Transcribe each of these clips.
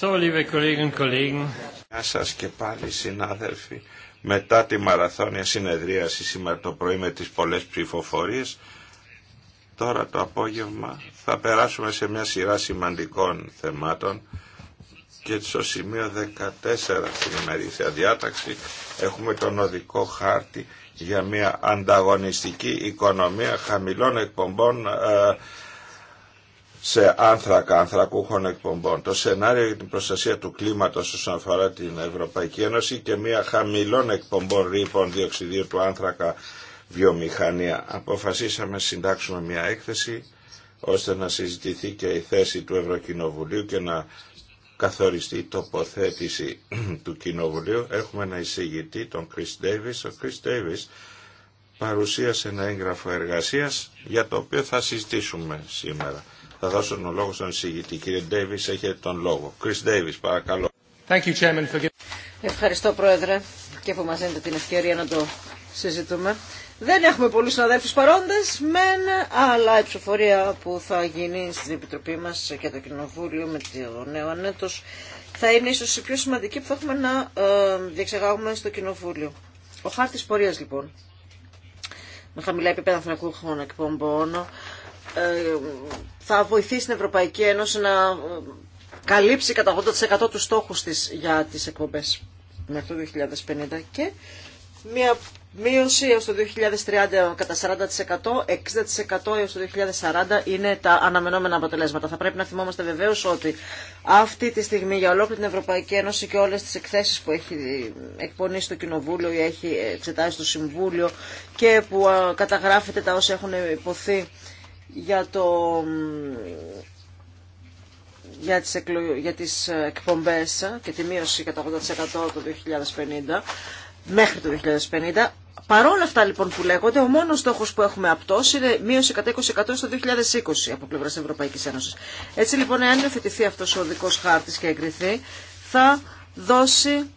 So, liebe σας και πάλι συνάδελφοι. Μετά τη μαραθώνια συνεδρίαση σήμερα το πρωί με τι πολλέ ψηφοφορίε, τώρα το απόγευμα θα περάσουμε σε μια σειρά σημαντικών θεμάτων και στο σημείο 14 στην ημερήσια διάταξη έχουμε τον οδικό χάρτη για μια ανταγωνιστική οικονομία χαμηλών εκπομπών ε, σε άνθρακα, ανθρακούχων εκπομπών. Το σενάριο για την προστασία του κλίματος όσον αφορά την Ευρωπαϊκή Ένωση και μια χαμηλών εκπομπών ρήπων διοξιδίου του άνθρακα βιομηχανία. Αποφασίσαμε να συντάξουμε μια έκθεση ώστε να συζητηθεί και η θέση του Ευρωκοινοβουλίου και να καθοριστεί η τοποθέτηση του Κοινοβουλίου. Έχουμε ένα εισηγητή, τον Chris Davis. Ο Chris Davis παρουσίασε ένα έγγραφο εργασίας για το οποίο θα συζητήσουμε σήμερα. Θα δώσω τον λόγο στον εισηγητή. Κύριε Ντέιβις, έχετε τον λόγο. Chris Davis, παρακαλώ. Thank you, Chairman, for... Ευχαριστώ, Πρόεδρε, και που μας δίνετε την ευκαιρία να το συζητούμε. Δεν έχουμε πολλούς συναδέλφους παρόντες, μεν, αλλά η ψηφοφορία που θα γίνει στην Επιτροπή μας και το Κοινοβούλιο με το νέο ανέτος θα είναι ίσως η πιο σημαντική που θα έχουμε να ε, διεξεγάγουμε στο Κοινοβούλιο. Ο χάρτης πορείας λοιπόν, με χαμηλά επίπεδα ανθρακού εκπομπών, ε, θα βοηθήσει την Ευρωπαϊκή Ένωση να ε, καλύψει κατά 80% του στόχους της για τις εκπομπές μέχρι το 2050 και μια μείωση έως το 2030 κατά 40%, 60% έως το 2040 είναι τα αναμενόμενα αποτελέσματα. Θα πρέπει να θυμόμαστε βεβαίως ότι αυτή τη στιγμή για ολόκληρη την Ευρωπαϊκή Ένωση και όλες τις εκθέσεις που έχει εκπονήσει το Κοινοβούλιο ή έχει εξετάσει το Συμβούλιο και που ε, καταγράφεται τα όσα έχουν υποθεί για, το, για, τις, για τις ε, εκπομπές και τη μείωση κατά 80% το 2050 μέχρι το 2050. Παρόλα αυτά λοιπόν που λέγονται, ο μόνος στόχος που έχουμε απτώσει είναι μείωση κατά 20% στο 2020 από πλευράς Ευρωπαϊκής Ένωσης. Έτσι λοιπόν, εάν υιοθετηθεί αυτός ο οδικός χάρτης και εγκριθεί, θα δώσει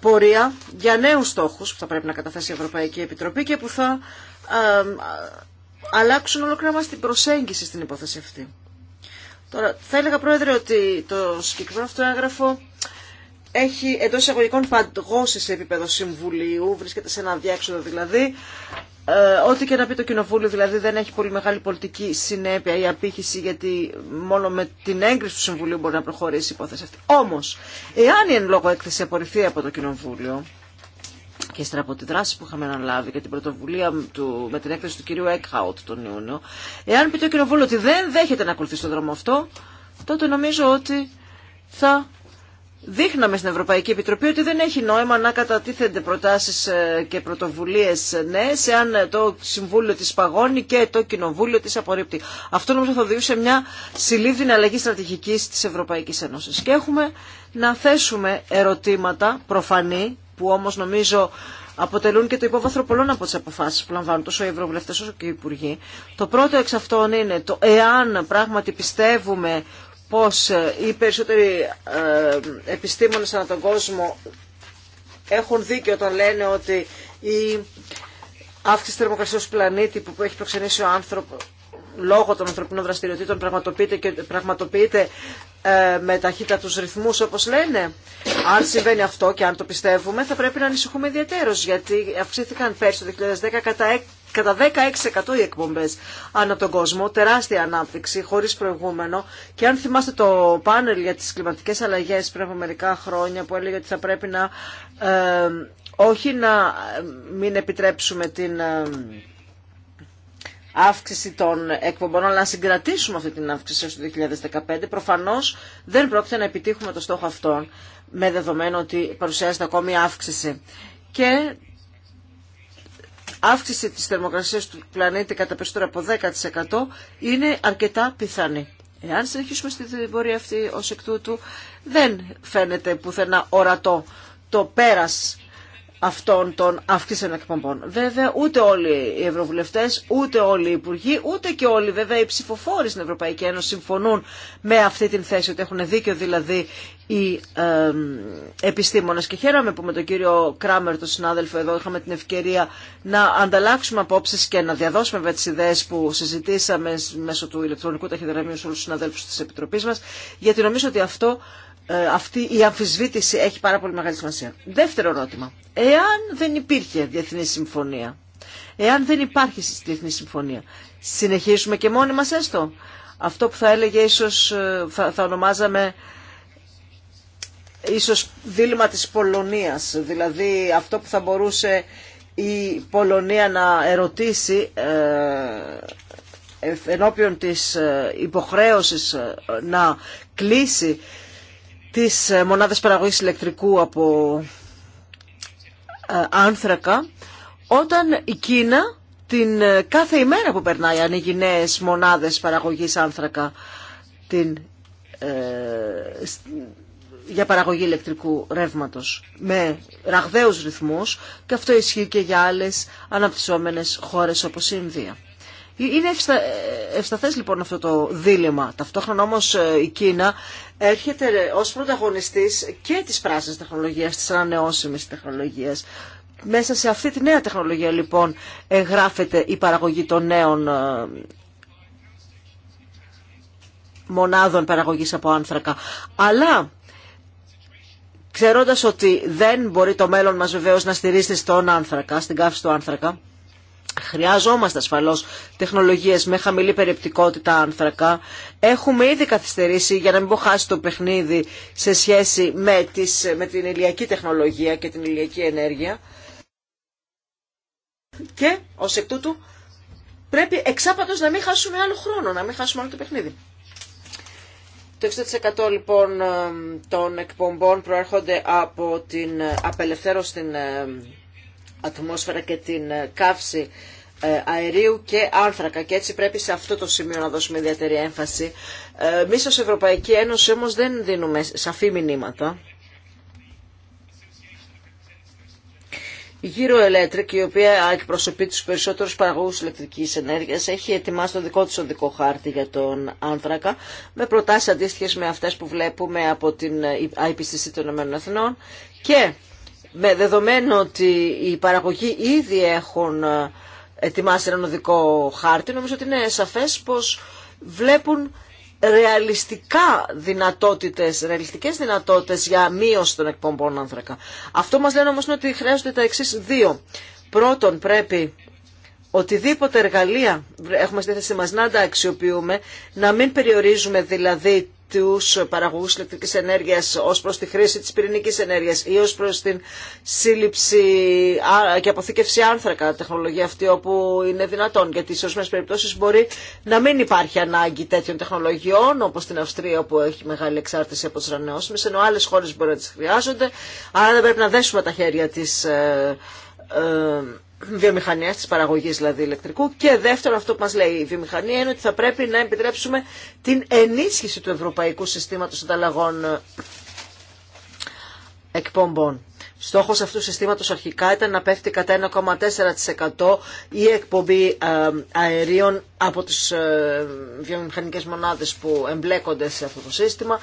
πορεία για νέους στόχους που θα πρέπει να καταθέσει η Ευρωπαϊκή Επιτροπή και που θα αλλάξουν ολόκληρα στην την προσέγγιση στην υπόθεση αυτή. Τώρα, θα έλεγα πρόεδρε ότι το συγκεκριμένο αυτό έγγραφο έχει εντό εισαγωγικών παντγώσει σε επίπεδο συμβουλίου, βρίσκεται σε ένα διέξοδο δηλαδή. Ε, ό,τι και να πει το κοινοβούλιο δηλαδή δεν έχει πολύ μεγάλη πολιτική συνέπεια ή απήχηση γιατί μόνο με την έγκριση του συμβουλίου μπορεί να προχωρήσει η υπόθεση αυτή. Όμω, εάν η εν λόγω έκθεση απορριφθεί από το κοινοβούλιο, και ύστερα από τη δράση που είχαμε αναλάβει και την πρωτοβουλία του, με την έκθεση του κυρίου Έκχαουτ τον Ιούνιο, εάν πει το κοινοβούλιο ότι δεν δέχεται να ακολουθεί στον δρόμο αυτό, τότε νομίζω ότι θα δείχναμε στην Ευρωπαϊκή Επιτροπή ότι δεν έχει νόημα να κατατίθενται προτάσεις ε, και πρωτοβουλίες νέε εάν ε, το Συμβούλιο της παγώνει και το Κοινοβούλιο της απορρίπτει. Αυτό νομίζω θα οδηγούσε μια συλλήβδινη αλλαγή στρατηγικής της Ευρωπαϊκής Ένωσης. Και έχουμε να θέσουμε ερωτήματα προφανή που όμως νομίζω αποτελούν και το υπόβαθρο πολλών από τι αποφάσει που λαμβάνουν τόσο οι ευρωβουλευτέ όσο και οι υπουργοί. Το πρώτο εξ αυτών είναι το εάν πράγματι πιστεύουμε πως οι περισσότεροι ε, επιστήμονες ανά τον κόσμο έχουν δίκιο όταν λένε ότι η αύξηση θερμοκρασία του πλανήτη που έχει προξενήσει ο άνθρωπο λόγω των ανθρωπινών δραστηριοτήτων πραγματοποιείται, και, πραγματοποιείται ε, με ταχύτητα τους ρυθμούς όπως λένε. Αν συμβαίνει αυτό και αν το πιστεύουμε θα πρέπει να ανησυχούμε ιδιαίτερως γιατί αυξήθηκαν πέρσι το 2010 κατά, κατά 16% οι εκπομπές ανά τον κόσμο, τεράστια ανάπτυξη χωρίς προηγούμενο και αν θυμάστε το πάνελ για τις κλιματικές αλλαγές πριν από μερικά χρόνια που έλεγε ότι θα πρέπει να ε, όχι να ε, μην επιτρέψουμε την αύξηση των εκπομπών, αλλά να συγκρατήσουμε αυτή την αύξηση έως το 2015. Προφανώς δεν πρόκειται να επιτύχουμε το στόχο αυτόν, με δεδομένο ότι παρουσιάζεται ακόμη αύξηση. Και αύξηση της θερμοκρασίας του πλανήτη κατά περισσότερο από 10% είναι αρκετά πιθανή. Εάν συνεχίσουμε στη πορεία αυτή ως εκ τούτου, δεν φαίνεται πουθενά ορατό το πέρας αυτών των αύξησεων εκπομπών. Βέβαια, ούτε όλοι οι ευρωβουλευτέ, ούτε όλοι οι υπουργοί, ούτε και όλοι βέβαια οι ψηφοφόροι στην Ευρωπαϊκή Ένωση συμφωνούν με αυτή την θέση, ότι έχουν δίκιο δηλαδή οι ε, επιστήμονε. Και χαίρομαι που με τον κύριο Κράμερ, τον συνάδελφο εδώ, είχαμε την ευκαιρία να ανταλλάξουμε απόψει και να διαδώσουμε βέβαια τι ιδέε που συζητήσαμε μέσω του ηλεκτρονικού ταχυδραμείου σε όλου του συναδέλφου τη Επιτροπή μα, γιατί νομίζω ότι αυτό ε, αυτή η αμφισβήτηση έχει πάρα πολύ μεγάλη σημασία. Δεύτερο ερώτημα. Εάν δεν υπήρχε διεθνή συμφωνία, εάν δεν υπάρχει διεθνή συμφωνία, συνεχίζουμε και μόνοι μας έστω. Αυτό που θα έλεγε ίσως, ε, θα, θα ονομάζαμε ίσως δίλημα της Πολωνίας, δηλαδή αυτό που θα μπορούσε η Πολωνία να ερωτήσει ε, ενώπιον της υποχρέωσης να κλείσει τις ε, μονάδες παραγωγής ηλεκτρικού από ε, άνθρακα, όταν η Κίνα την ε, κάθε ημέρα που περνάει ανοίγει νέες μονάδες παραγωγής άνθρακα την, για παραγωγή ηλεκτρικού ρεύματος με ραγδαίους ρυθμούς και αυτό ισχύει και για άλλες αναπτυσσόμενες χώρες όπως η Ινδία. Είναι ευστα... ευσταθές λοιπόν αυτό το δίλημα. Ταυτόχρονα όμως ε, η Κίνα έρχεται ε, ως πρωταγωνιστής και της πράσινης τεχνολογίας, της ανανεώσιμης τεχνολογίας. Μέσα σε αυτή τη νέα τεχνολογία λοιπόν εγγράφεται η παραγωγή των νέων ε, μονάδων παραγωγής από άνθρακα. Αλλά ξέροντας ότι δεν μπορεί το μέλλον μας βεβαίως να στηρίζεται στον άνθρακα, στην καύση του άνθρακα, Χρειάζομαστε ασφαλώς τεχνολογίες με χαμηλή περιεπτικότητα άνθρακα. Έχουμε ήδη καθυστερήσει για να μην πω χάσει το παιχνίδι σε σχέση με, τις, με την ηλιακή τεχνολογία και την ηλιακή ενέργεια. Και ως εκ τούτου πρέπει εξάπατος να μην χάσουμε άλλο χρόνο, να μην χάσουμε άλλο το παιχνίδι. Το 60% λοιπόν των εκπομπών προέρχονται από την απελευθέρωση ατμόσφαιρα και την ε, καύση ε, αερίου και άνθρακα και έτσι πρέπει σε αυτό το σημείο να δώσουμε ιδιαίτερη έμφαση. Ε, Εμεί ως Ευρωπαϊκή Ένωση όμως δεν δίνουμε σαφή μηνύματα. Η Giro Electric, η οποία εκπροσωπεί τους περισσότερους παραγωγούς ηλεκτρικής ενέργειας, έχει ετοιμάσει το δικό της οδικό χάρτη για τον άνθρακα, με προτάσεις αντίστοιχες με αυτές που βλέπουμε από την IPCC των ΗΠΑ και με δεδομένο ότι οι παραγωγοί ήδη έχουν ε, ετοιμάσει έναν οδικό χάρτη, νομίζω ότι είναι σαφές πως βλέπουν ρεαλιστικά δυνατότητες, ρεαλιστικές δυνατότητες για μείωση των εκπομπών άνθρακα. Αυτό μας λένε όμως είναι ότι χρειάζονται τα εξής δύο. Πρώτον πρέπει οτιδήποτε εργαλεία έχουμε στη θέση μας να τα αξιοποιούμε, να μην περιορίζουμε δηλαδή του παραγωγού ηλεκτρικής ενέργειας ως προς τη χρήση της πυρηνική ενέργειας ή ω προς την σύλληψη και αποθήκευση άνθρακα τεχνολογία αυτή όπου είναι δυνατόν γιατί σε ορισμένε περιπτώσεις μπορεί να μην υπάρχει ανάγκη τέτοιων τεχνολογιών όπως στην Αυστρία που έχει μεγάλη εξάρτηση από τι ανανεώσιμε, ενώ άλλε χώρε μπορεί να τι χρειάζονται άρα δεν πρέπει να δέσουμε τα χέρια της ε, ε, βιομηχανία, τη παραγωγή δηλαδή ηλεκτρικού. Και δεύτερον, αυτό που μα λέει η βιομηχανία είναι ότι θα πρέπει να επιτρέψουμε την ενίσχυση του ευρωπαϊκού συστήματο ανταλλαγών ε, εκπομπών. Στόχος αυτού του συστήματος αρχικά ήταν να πέφτει κατά 1,4% η εκπομπή ε, αερίων από τις ε, βιομηχανικές μονάδες που εμπλέκονται σε αυτό το σύστημα,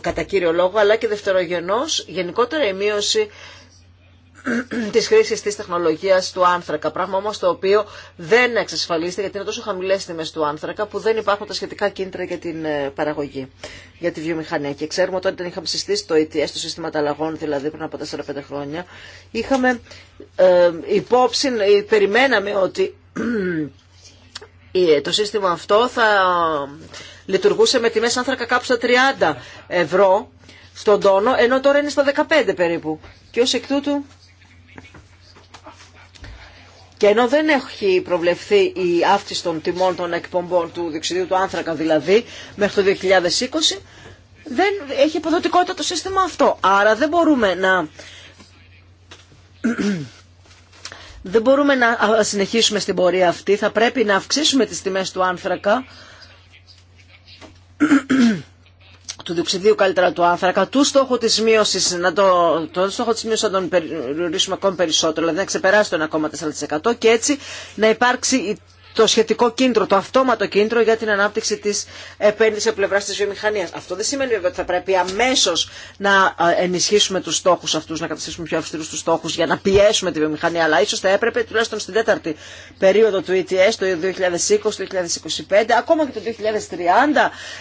κατά κύριο λόγο, αλλά και δευτερογενώς γενικότερα η μείωση της χρήσης της τεχνολογίας του άνθρακα, πράγμα όμως το οποίο δεν εξασφαλίζεται γιατί είναι τόσο χαμηλές τιμέ του άνθρακα που δεν υπάρχουν τα σχετικά κίνητρα για την ε, παραγωγή, για τη βιομηχανία. Και ξέρουμε ότι όταν είχαμε συστήσει το ETS, ε το σύστημα ανταλλαγών δηλαδή πριν από 4-5 χρόνια, είχαμε ε, υπόψη, ε, περιμέναμε ότι το σύστημα αυτό θα λειτουργούσε με τιμές άνθρακα κάπου στα 30 ευρώ στον τόνο, ενώ τώρα είναι στα 15 περίπου. Και ως εκ τούτου και ενώ δεν έχει προβλεφθεί η αύξηση των τιμών των εκπομπών του διοξιδίου του άνθρακα δηλαδή μέχρι το 2020, δεν έχει υποδοτικότητα το σύστημα αυτό. Άρα δεν μπορούμε να... Δεν μπορούμε να συνεχίσουμε στην πορεία αυτή. Θα πρέπει να αυξήσουμε τις τιμές του άνθρακα του διοξιδίου καλύτερα του άνθρακα, του στόχου της μείωσης, να το, στόχο της μείωσης να τον περιορίσουμε ακόμη περισσότερο, δηλαδή να ξεπεράσει τον 1,4% και έτσι να υπάρξει το σχετικό κίνητρο, το αυτόματο κίνητρο για την ανάπτυξη τη επένδυση από πλευρά τη βιομηχανία. Αυτό δεν σημαίνει βέβαια ότι θα πρέπει αμέσω να ε, ενισχύσουμε του στόχου αυτού, να καταστήσουμε πιο αυστηρού του στόχου για να πιέσουμε τη βιομηχανία, αλλά ίσω θα έπρεπε τουλάχιστον στην τέταρτη περίοδο του ETS, το 2020-2025, ακόμα και το 2030,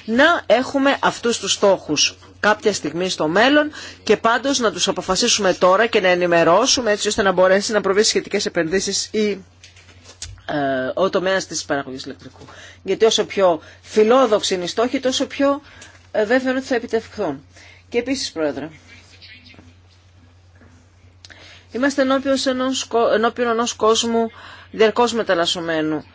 να έχουμε αυτού του στόχου κάποια στιγμή στο μέλλον και πάντως να τους αποφασίσουμε τώρα και να ενημερώσουμε έτσι ώστε να μπορέσει να προβεί σχετικές επενδύσεις η ε, ο τομέας της παραγωγής ηλεκτρικού. Γιατί όσο πιο φιλόδοξοι είναι οι στόχοι, τόσο πιο ε, βέβαιο ότι θα επιτευχθούν. Και επίσης, Πρόεδρε, είμαστε ενώπιον ενός κόσμου διαρκώς μεταλλασσομένου.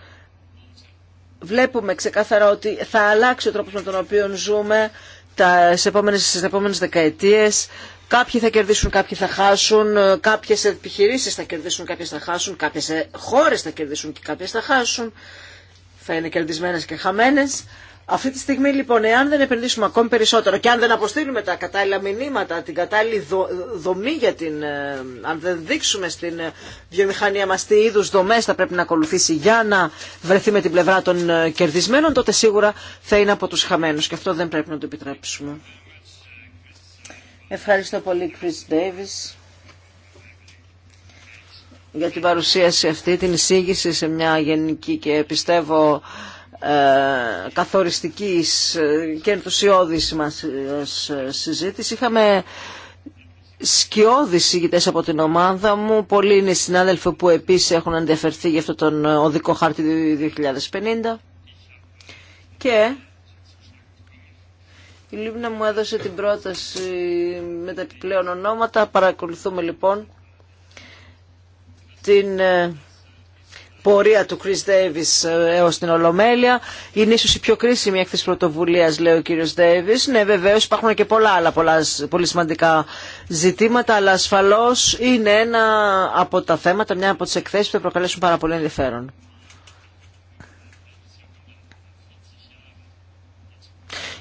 Βλέπουμε ξεκάθαρα ότι θα αλλάξει ο τρόπος με τον οποίο ζούμε τα, στις στις επόμενες δεκαετίες, Κάποιοι θα κερδίσουν, κάποιοι θα χάσουν, ε, κάποιες επιχειρήσεις θα κερδίσουν, κάποιες θα χάσουν, κάποιες ε, χώρες θα κερδίσουν και κάποιες θα χάσουν. Θα είναι κερδισμένες και χαμένες. Αυτή τη στιγμή λοιπόν, εάν δεν επενδύσουμε ακόμη περισσότερο και αν δεν αποστείλουμε τα κατάλληλα μηνύματα, την κατάλληλη δομή για την, ε, αν δεν δείξουμε στην βιομηχανία μας τι είδους δομές θα πρέπει να ακολουθήσει για να βρεθεί με την πλευρά των κερδισμένων, τότε σίγουρα θα είναι από τους χαμένους και αυτό δεν πρέπει να το επιτρέψουμε. Ευχαριστώ πολύ, Chris Davis, για την παρουσίαση αυτή, την εισήγηση σε μια γενική και πιστεύω ε, καθοριστικής ε, και ενθουσιώδης μας ε, συζήτηση. Είχαμε σκιώδη ηγητέ από την ομάδα μου. Πολλοί είναι συνάδελφοι που επίση έχουν ενδιαφερθεί για αυτόν τον ε, οδικό χάρτη 2050. Και η Λίμνα μου έδωσε την πρόταση με τα επιπλέον ονόματα. Παρακολουθούμε λοιπόν την ε, πορεία του Chris Davis ε, έως την Ολομέλεια. Είναι ίσως η πιο κρίσιμη έκθεση πρωτοβουλίας, λέει ο κύριος Davis. Ναι, βεβαίως υπάρχουν και πολλά άλλα πολλά, πολύ σημαντικά ζητήματα, αλλά ασφαλώς είναι ένα από τα θέματα, μια από τις εκθέσεις που θα προκαλέσουν πάρα πολύ ενδιαφέρον.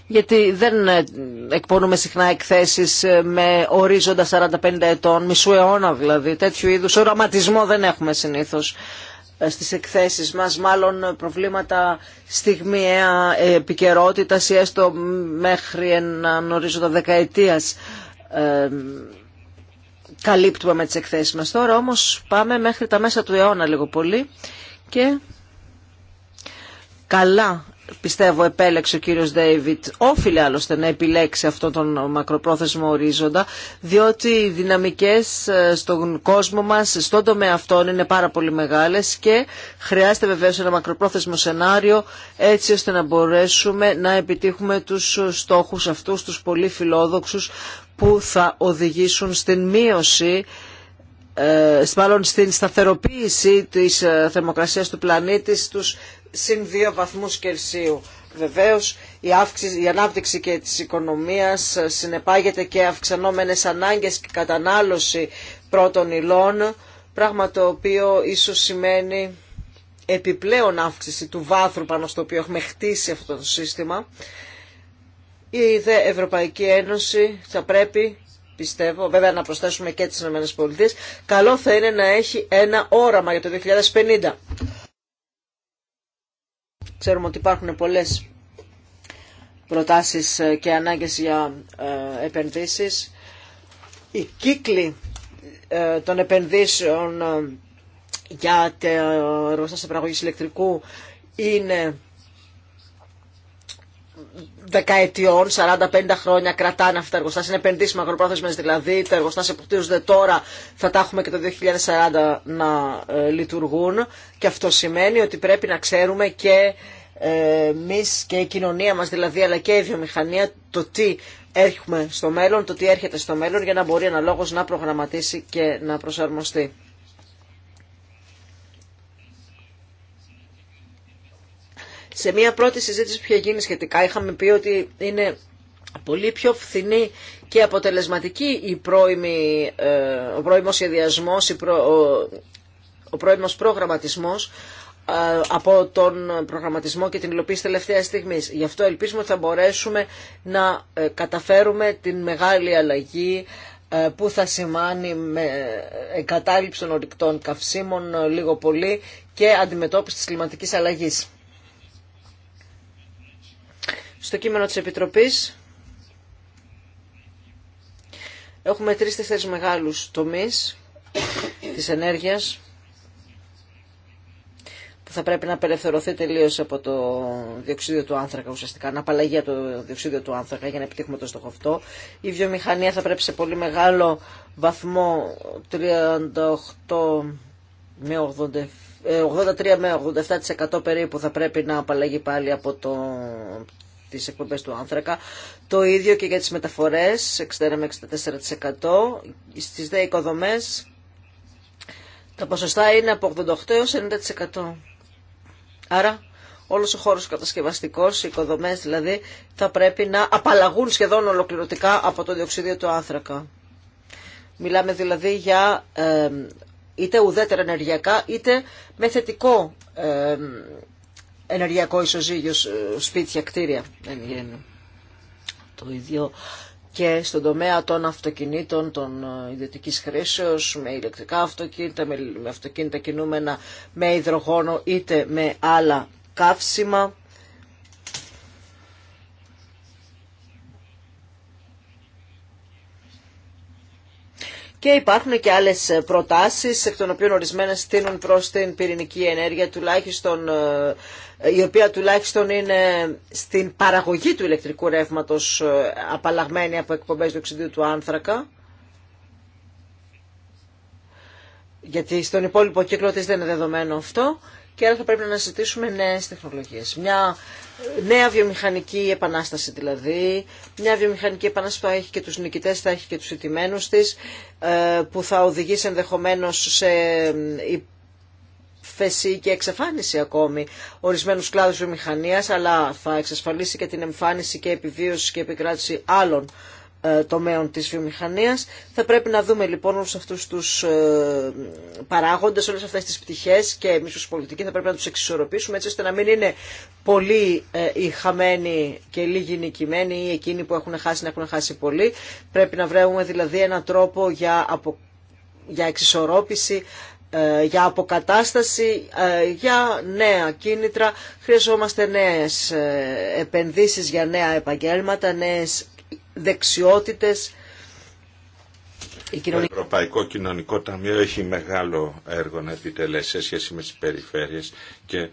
γιατί δεν ε, εκπονούμε συχνά εκθέσεις ε, με ορίζοντα 40-50 ετών, μισού αιώνα δηλαδή, τέτοιου είδους οραματισμό δεν έχουμε συνήθως ε, στις εκθέσεις μας, μάλλον προβλήματα στιγμιαία επικαιρότητα ή έστω μέχρι έναν ορίζοντα δεκαετίας καλύπτουμε με τις εκθέσεις μας. Τώρα όμως πάμε μέχρι τα μέσα του αιώνα λίγο πολύ και καλά πιστεύω επέλεξε ο κύριος Ντέιβιτ, όφιλε άλλωστε να επιλέξει αυτόν τον μακροπρόθεσμο ορίζοντα, διότι οι δυναμικές ε, στον κόσμο μας, στον τομέα αυτών είναι πάρα πολύ μεγάλες και χρειάζεται βεβαίως ένα μακροπρόθεσμο σενάριο έτσι ώστε να μπορέσουμε να επιτύχουμε τους στόχους αυτούς, τους πολύ φιλόδοξους που θα οδηγήσουν στην μείωση ε, μάλλον στην σταθεροποίηση της ε, θερμοκρασίας του πλανήτη στους συν 2 βαθμούς Κελσίου. Βεβαίως η, αύξηση, η ανάπτυξη και της οικονομίας ε, συνεπάγεται και αυξανόμενες ανάγκες και κατανάλωση πρώτων υλών, πράγμα το οποίο ίσως σημαίνει επιπλέον αύξηση του βάθρου πάνω στο οποίο έχουμε χτίσει αυτό το σύστημα. Η ΔΕ Ευρωπαϊκή Ένωση θα πρέπει, πιστεύω, βέβαια να προσθέσουμε και τις ΗΠΑ, καλό θα είναι να έχει ένα όραμα για το 2050. Ξέρουμε ότι υπάρχουν πολλές προτάσεις και ανάγκες για ε, επενδύσεις. Η κύκλη ε, των επενδύσεων ε, για τα εργοστάσια παραγωγής ηλεκτρικού είναι δεκαετιών, 40-50 χρόνια κρατάνε αυτά τα εργοστάσια. Είναι επενδύσει μακροπρόθεσμε δηλαδή. Τα εργοστάσια που χτίζονται τώρα θα τα έχουμε και το 2040 να ε, λειτουργούν. Και αυτό σημαίνει ότι πρέπει να ξέρουμε και ε, εμεί και η κοινωνία μα δηλαδή, αλλά και η βιομηχανία, το τι έρχουμε στο μέλλον, το τι έρχεται στο μέλλον για να μπορεί αναλόγω να προγραμματίσει και να προσαρμοστεί. Σε μια πρώτη συζήτηση που είχε γίνει σχετικά είχαμε πει ότι είναι πολύ πιο φθηνή και αποτελεσματική η πρώιμη, ε, ο πρώιμος σχεδιασμός, η ο, ο πρώιμος προγραμματισμός ε, από τον προγραμματισμό και την υλοποίηση τελευταία στιγμή. Γι' αυτό ελπίζουμε ότι θα μπορέσουμε να ε, καταφέρουμε την μεγάλη αλλαγή που θα σημάνει με εγκατάλειψη των ορυκτών καυσίμων λίγο πολύ και αντιμετώπιση της κλιματικής αλλαγής στο κείμενο της Επιτροπής έχουμε τρεις-τέσσερις μεγάλους τομείς της ενέργειας που θα πρέπει να απελευθερωθεί τελείω από το διοξίδιο του άνθρακα ουσιαστικά, να απαλλαγεί από το διοξίδιο του άνθρακα για να επιτύχουμε το στόχο αυτό. Η βιομηχανία θα πρέπει σε πολύ μεγάλο βαθμό 38 με 83 ε, με 87% περίπου θα πρέπει να απαλλαγεί πάλι από το, τις εκπομπές του άνθρακα. Το ίδιο και για τις μεταφορές, 61 με 64%. Στις δε οικοδομές τα ποσοστά είναι από 88 έως 90%. Άρα όλος ο χώρος κατασκευαστικός, οι οικοδομές δηλαδή, θα πρέπει να απαλλαγούν σχεδόν ολοκληρωτικά από το διοξίδιο του άνθρακα. Μιλάμε δηλαδή για ε, είτε ουδέτερα ενεργειακά, είτε με θετικό ε, ενεργειακό ισοζύγιο ε, σπίτια, κτίρια Το ίδιο και στον τομέα των αυτοκινήτων, των ε, ιδιωτική χρήσεω, με ηλεκτρικά αυτοκίνητα, με αυτοκίνητα κινούμενα με υδρογόνο είτε με άλλα καύσιμα. και υπάρχουν και άλλες προτάσεις εκ των οποίων ορισμένες στείνουν προς την πυρηνική ενέργεια τουλάχιστον ε, η οποία τουλάχιστον είναι στην παραγωγή του ηλεκτρικού ρεύματος ε, απαλλαγμένη από εκπομπές διοξιδίου του άνθρακα. Γιατί στον υπόλοιπο κύκλο της δεν είναι δεδομένο αυτό και άρα θα πρέπει να αναζητήσουμε νέες τεχνολογίες. Μια νέα βιομηχανική επανάσταση δηλαδή, μια βιομηχανική επανάσταση που θα έχει και τους νικητές, θα έχει και τους ηττημένους της, ε, που θα οδηγήσει ενδεχομένως σε φεσή και εξαφάνιση ακόμη ορισμένους κλάδους βιομηχανίας, αλλά θα εξασφαλίσει και την εμφάνιση και επιβίωση και επικράτηση άλλων ε, τομέων της βιομηχανίας. Θα πρέπει να δούμε λοιπόν όλους αυτούς τους ε, παράγοντες, όλες αυτές τις πτυχές και εμείς ως πολιτικοί θα πρέπει να τους εξισορροπήσουμε έτσι ώστε να μην είναι πολύ ε, οι χαμένοι και λίγοι νικημένοι ή εκείνοι που έχουν χάσει να έχουν χάσει πολύ. Πρέπει να βρέουμε, δηλαδή έναν τρόπο για, απο... για εξισορρόπηση για αποκατάσταση, για νέα κίνητρα. Χρειαζόμαστε νέες επενδύσεις για νέα επαγγέλματα, νέες δεξιότητες. Η Το Ευρωπαϊκό Κοινωνικό Ταμείο έχει μεγάλο έργο να επιτελέσει σε σχέση με τις περιφέρειες και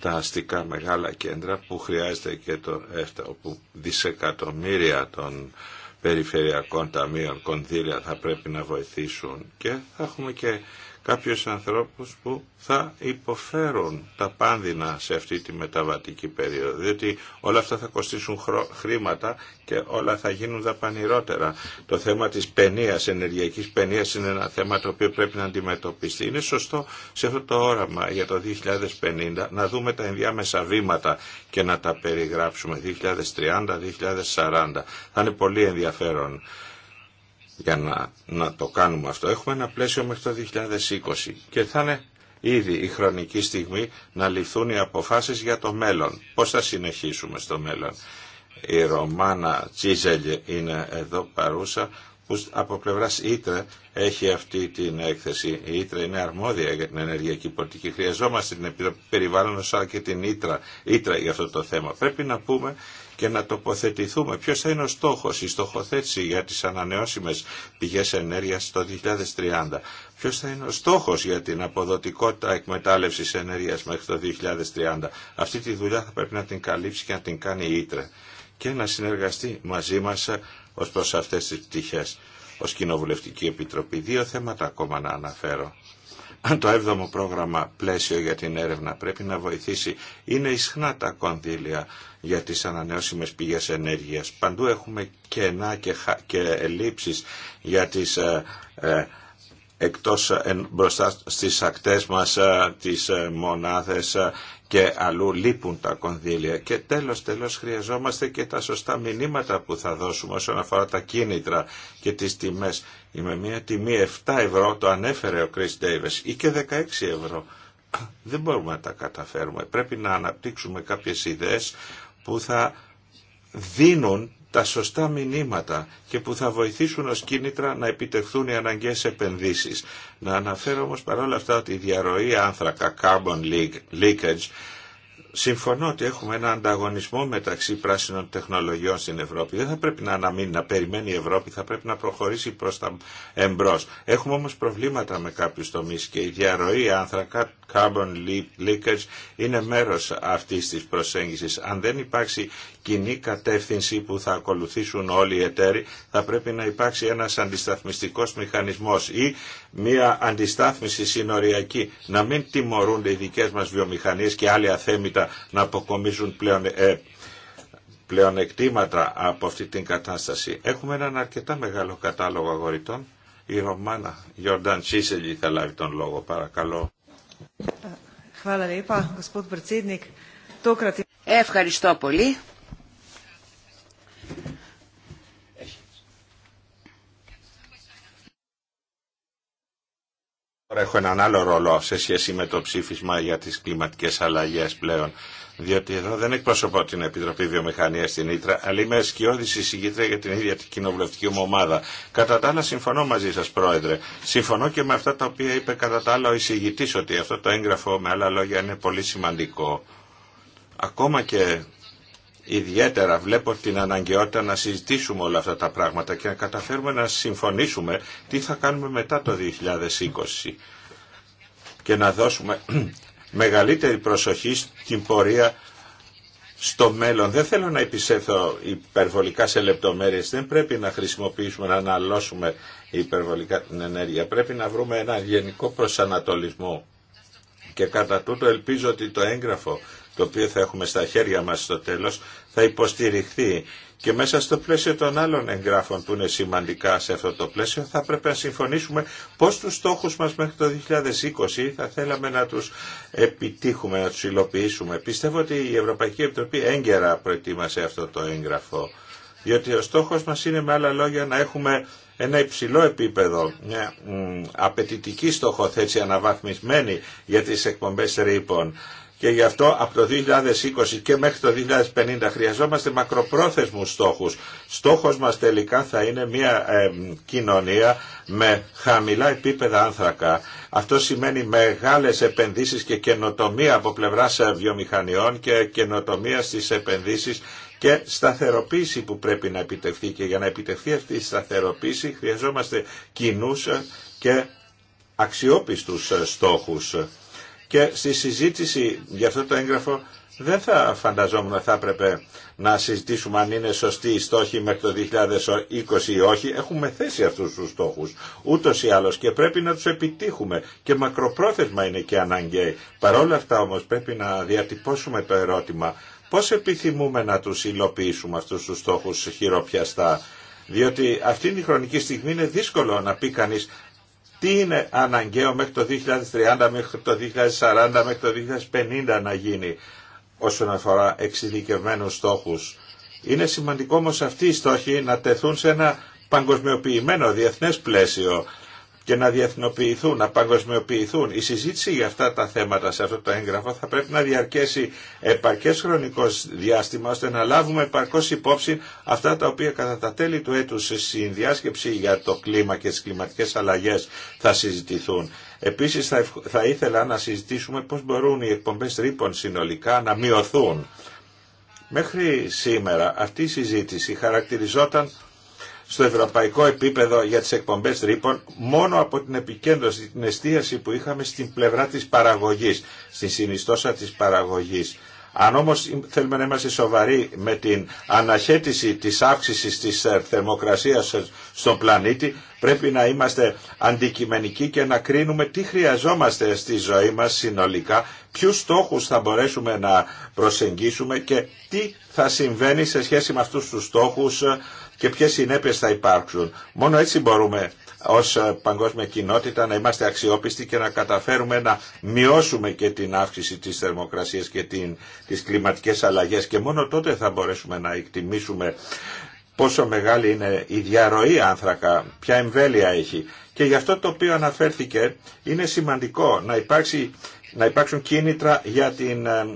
τα αστικά μεγάλα κέντρα που χρειάζεται και το ΕΦΤΑ, όπου δισεκατομμύρια των περιφερειακών ταμείων κονδύλια θα πρέπει να βοηθήσουν και θα έχουμε και κάποιους ανθρώπους που θα υποφέρουν τα πάνδυνα σε αυτή τη μεταβατική περίοδο, διότι όλα αυτά θα κοστίσουν χρήματα και όλα θα γίνουν δαπανηρότερα. Το θέμα της παινίας, ενεργειακής παινίας είναι ένα θέμα το οποίο πρέπει να αντιμετωπιστεί. Είναι σωστό σε αυτό το όραμα για το 2050 να δούμε τα ενδιάμεσα βήματα και να τα περιγράψουμε 2030-2040. Θα είναι πολύ ενδιαφέρον για να, να το κάνουμε αυτό. Έχουμε ένα πλαίσιο μέχρι το 2020 και θα είναι ήδη η χρονική στιγμή να ληφθούν οι αποφάσεις για το μέλλον. Πώς θα συνεχίσουμε στο μέλλον. Η Ρωμάνα Τσίζελ είναι εδώ παρούσα που από πλευρά Ήτρε έχει αυτή την έκθεση. Η Ήτρε είναι αρμόδια για την ενεργειακή πολιτική. Χρειαζόμαστε την περιβάλλον και την Ήτρα για αυτό το θέμα. Πρέπει να πούμε και να τοποθετηθούμε ποιος θα είναι ο στόχος, η στοχοθέτηση για τις ανανεώσιμες πηγές ενέργειας το 2030. Ποιος θα είναι ο στόχος για την αποδοτικότητα εκμετάλλευση ενέργειας μέχρι το 2030. Αυτή τη δουλειά θα πρέπει να την καλύψει και να την κάνει η και να συνεργαστεί μαζί μας ε, ως προς αυτές τις πτυχέ ω Κοινοβουλευτική Επιτροπή. Δύο θέματα ακόμα να αναφέρω το έβδομο πρόγραμμα πλαίσιο για την έρευνα πρέπει να βοηθήσει. Είναι ισχνά τα κονδύλια για τις ανανεώσιμες πηγές ενέργειας. Παντού έχουμε κενά και, και ελλείψεις για τις ε, ε εκτός μπροστά στις ακτές μας, ε, τις ε, μονάδες και αλλού λείπουν τα κονδύλια. Και τέλος, τέλος χρειαζόμαστε και τα σωστά μηνύματα που θα δώσουμε όσον αφορά τα κίνητρα και τις τιμές. Με μια τιμή 7 ευρώ, το ανέφερε ο Chris Davis, ή και 16 ευρώ. Δεν μπορούμε να τα καταφέρουμε. Πρέπει να αναπτύξουμε κάποιες ιδέες που θα δίνουν τα σωστά μηνύματα και που θα βοηθήσουν ως κίνητρα να επιτευχθούν οι αναγκαίες επενδύσεις. Να αναφέρω όμως παρόλα αυτά ότι η διαρροή άνθρακα Carbon Leakage συμφωνώ ότι έχουμε ένα ανταγωνισμό μεταξύ πράσινων τεχνολογιών στην Ευρώπη. Δεν θα πρέπει να αναμείνει, να περιμένει η Ευρώπη, θα πρέπει να προχωρήσει προ τα εμπρό. Έχουμε όμω προβλήματα με κάποιου τομεί και η διαρροή άνθρακα, carbon leakage, είναι μέρο αυτή τη προσέγγιση. Αν δεν υπάρξει κοινή κατεύθυνση που θα ακολουθήσουν όλοι οι εταίροι, θα πρέπει να υπάρξει ένα αντισταθμιστικό μηχανισμό ή μια αντιστάθμιση συνοριακή. Να μην τιμωρούνται οι δικέ μα βιομηχανίε και άλλοι αθέμητα να αποκομίζουν πλέον ε, πλεονεκτήματα από αυτή την κατάσταση. Έχουμε έναν αρκετά μεγάλο κατάλογο αγορητών. Η Ρωμάνα Γιορντάν Σίσελη θα λάβει τον λόγο. Παρακαλώ. Ευχαριστώ πολύ. έχω έναν άλλο ρόλο σε σχέση με το ψήφισμα για τις κλιματικές αλλαγές πλέον. Διότι εδώ δεν εκπροσωπώ την Επιτροπή Βιομηχανία στην Ήτρα, αλλά είμαι σκιώδη εισηγήτρια για την ίδια την κοινοβουλευτική μου ομάδα. Κατά τα άλλα, συμφωνώ μαζί σα, Πρόεδρε. Συμφωνώ και με αυτά τα οποία είπε κατά τα άλλα ο εισηγητή, ότι αυτό το έγγραφο, με άλλα λόγια, είναι πολύ σημαντικό. Ακόμα και ιδιαίτερα βλέπω την αναγκαιότητα να συζητήσουμε όλα αυτά τα πράγματα και να καταφέρουμε να συμφωνήσουμε τι θα κάνουμε μετά το 2020 και να δώσουμε μεγαλύτερη προσοχή στην πορεία στο μέλλον. Δεν θέλω να επισέθω υπερβολικά σε λεπτομέρειες. Δεν πρέπει να χρησιμοποιήσουμε, να αναλώσουμε υπερβολικά την ενέργεια. Πρέπει να βρούμε ένα γενικό προσανατολισμό. Και κατά τούτο ελπίζω ότι το έγγραφο το οποίο θα έχουμε στα χέρια μας στο τέλος, θα υποστηριχθεί και μέσα στο πλαίσιο των άλλων εγγράφων που είναι σημαντικά σε αυτό το πλαίσιο θα πρέπει να συμφωνήσουμε πώς τους στόχους μας μέχρι το 2020 θα θέλαμε να τους επιτύχουμε, να τους υλοποιήσουμε. Πιστεύω ότι η Ευρωπαϊκή Επιτροπή έγκαιρα προετοίμασε αυτό το έγγραφο. Διότι ο στόχος μας είναι με άλλα λόγια να έχουμε ένα υψηλό επίπεδο, μια απαιτητική στοχοθέτηση αναβαθμισμένη για τις εκπομπές ρήπων και γι' αυτό από το 2020 και μέχρι το 2050 χρειαζόμαστε μακροπρόθεσμους στόχους. Στόχος μας τελικά θα είναι μια κοινωνία με χαμηλά επίπεδα άνθρακα. Αυτό σημαίνει μεγάλες επενδύσεις και καινοτομία από πλευράς ε, βιομηχανιών και καινοτομία στις επενδύσεις και σταθεροποίηση που πρέπει να επιτευχθεί. Και για να επιτευχθεί αυτή η σταθεροποίηση χρειαζόμαστε κοινούς ε, και αξιόπιστους ε, στόχους. Και στη συζήτηση για αυτό το έγγραφο δεν θα φανταζόμουν θα έπρεπε να συζητήσουμε αν είναι σωστή η στόχοι μέχρι το 2020 ή όχι. Έχουμε θέσει αυτούς τους στόχους ούτως ή άλλως και πρέπει να τους επιτύχουμε και μακροπρόθεσμα είναι και αναγκαίοι. όλα αυτά όμως πρέπει να διατυπώσουμε το ερώτημα πώς επιθυμούμε να τους υλοποιήσουμε αυτούς τους στόχους χειροπιαστά. Διότι αυτή η χρονική στιγμή είναι δύσκολο να πει κανείς τι είναι αναγκαίο μέχρι το 2030, μέχρι το 2040, μέχρι το 2050 να γίνει όσον αφορά εξειδικευμένους στόχους. Είναι σημαντικό όμως αυτοί οι στόχοι να τεθούν σε ένα παγκοσμιοποιημένο διεθνές πλαίσιο και να διεθνοποιηθούν, να παγκοσμιοποιηθούν. Η συζήτηση για αυτά τα θέματα σε αυτό το έγγραφο θα πρέπει να διαρκέσει επαρκέ χρονικό διάστημα ώστε να λάβουμε επαρκώ υπόψη αυτά τα οποία κατά τα τέλη του έτου, σε συνδιάσκεψη για το κλίμα και τι κλιματικέ αλλαγέ θα συζητηθούν. Επίση θα, ήθελα να συζητήσουμε πώ μπορούν οι εκπομπές ρήπων συνολικά να μειωθούν. Μέχρι σήμερα αυτή η συζήτηση χαρακτηριζόταν στο ευρωπαϊκό επίπεδο για τις εκπομπές ρήπων μόνο από την επικέντρωση, την εστίαση που είχαμε στην πλευρά της παραγωγής, στην συνιστόσα της παραγωγής. Αν όμως θέλουμε να είμαστε σοβαροί με την αναχέτηση της αύξησης της ε, θερμοκρασίας ε, στον πλανήτη, πρέπει να είμαστε αντικειμενικοί και να κρίνουμε τι χρειαζόμαστε στη ζωή μας συνολικά, ποιους στόχους θα μπορέσουμε να προσεγγίσουμε και τι θα συμβαίνει σε σχέση με αυτούς τους στόχους ε, και ποιες συνέπειες θα υπάρξουν. Μόνο έτσι μπορούμε ως ε, παγκόσμια κοινότητα να είμαστε αξιόπιστοι και να καταφέρουμε να μειώσουμε και την αύξηση της θερμοκρασίας και την, τις κλιματικές αλλαγές και μόνο τότε θα μπορέσουμε να εκτιμήσουμε πόσο μεγάλη είναι η διαρροή άνθρακα, ποια εμβέλεια έχει. Και γι' αυτό το οποίο αναφέρθηκε είναι σημαντικό να, να υπάρξουν κίνητρα για την ε,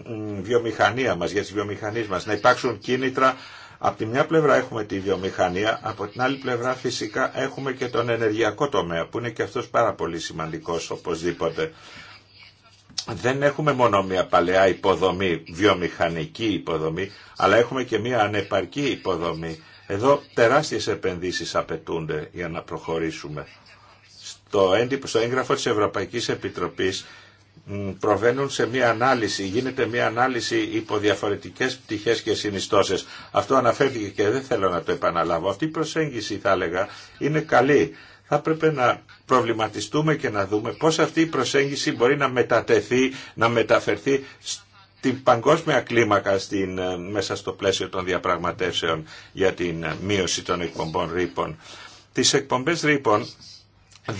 βιομηχανία μας, για τις βιομηχανίες μας, να υπάρξουν κίνητρα από τη μια πλευρά έχουμε τη βιομηχανία, από την άλλη πλευρά φυσικά έχουμε και τον ενεργειακό τομέα που είναι και αυτός πάρα πολύ σημαντικός οπωσδήποτε. Δεν έχουμε μόνο μια παλαιά υποδομή, βιομηχανική υποδομή, αλλά έχουμε και μια ανεπαρκή υποδομή. Εδώ τεράστιες επενδύσεις απαιτούνται για να προχωρήσουμε. Στο έγγραφο της Ευρωπαϊκής Επιτροπής προβαίνουν σε μια ανάλυση, γίνεται μια ανάλυση υπό διαφορετικές πτυχές και συνιστώσεις. Αυτό αναφέρθηκε και δεν θέλω να το επαναλάβω. Αυτή η προσέγγιση θα έλεγα είναι καλή. Θα πρέπει να προβληματιστούμε και να δούμε πώς αυτή η προσέγγιση μπορεί να μετατεθεί, να μεταφερθεί την παγκόσμια κλίμακα στην, ε, μέσα στο πλαίσιο των διαπραγματεύσεων για την ε, μείωση των εκπομπών ρήπων. Τις εκπομπές ρήπων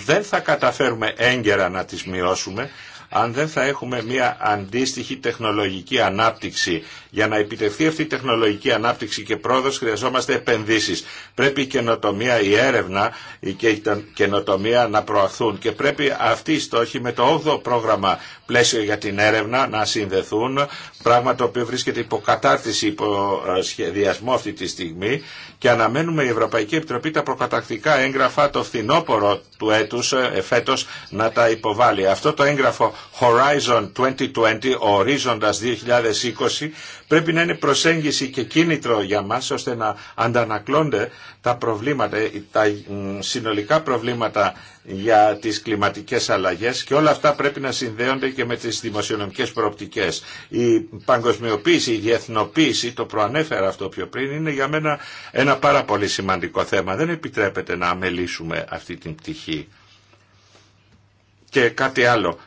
δεν θα καταφέρουμε έγκαιρα να τις μειώσουμε αν δεν θα έχουμε μια αντίστοιχη τεχνολογική ανάπτυξη, για να επιτευχθεί αυτή η τεχνολογική ανάπτυξη και πρόοδος χρειαζόμαστε επενδύσεις. Πρέπει η καινοτομία, η έρευνα και η καινοτομία να προαχθούν και πρέπει αυτοί οι στόχοι με το 8ο πρόγραμμα πλαίσιο για την έρευνα να συνδεθούν, πράγμα το οποίο βρίσκεται υπό κατάρτιση, υπό ε, σχεδιασμό αυτή τη στιγμή και αναμένουμε η Ευρωπαϊκή Επιτροπή τα προκατακτικά έγγραφα το φθινόπωρο του έτους εφέτος να τα υποβάλει. Αυτό το έγγραφο Horizon 2020, ο ορίζοντας 2020, πρέπει να είναι προσέγγιση και κίνητρο για μας ώστε να αντανακλώνται τα προβλήματα, τα συνολικά προβλήματα για τις κλιματικές αλλαγές και όλα αυτά πρέπει να συνδέονται και με τις δημοσιονομικές προοπτικές. Η παγκοσμιοποίηση, η διεθνοποίηση, το προανέφερα αυτό πιο πριν, είναι για μένα ένα πάρα πολύ σημαντικό θέμα. Δεν επιτρέπεται να αμελήσουμε αυτή την πτυχή. Και κάτι άλλο,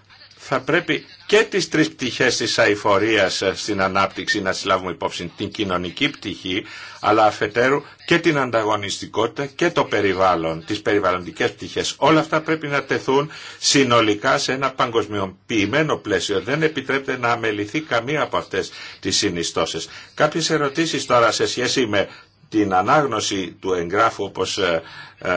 θα πρέπει και τις τρεις πτυχές της αηφορίας ε, στην ανάπτυξη να συλλάβουμε υπόψη την κοινωνική πτυχή, αλλά αφετέρου και την ανταγωνιστικότητα και το περιβάλλον, τις περιβαλλοντικές πτυχές. Όλα αυτά πρέπει να τεθούν συνολικά σε ένα παγκοσμιοποιημένο πλαίσιο. Δεν επιτρέπεται να αμεληθεί καμία από αυτές τις συνιστώσεις. Κάποιες ερωτήσεις τώρα σε σχέση με την ανάγνωση του εγγράφου όπως ε, ε,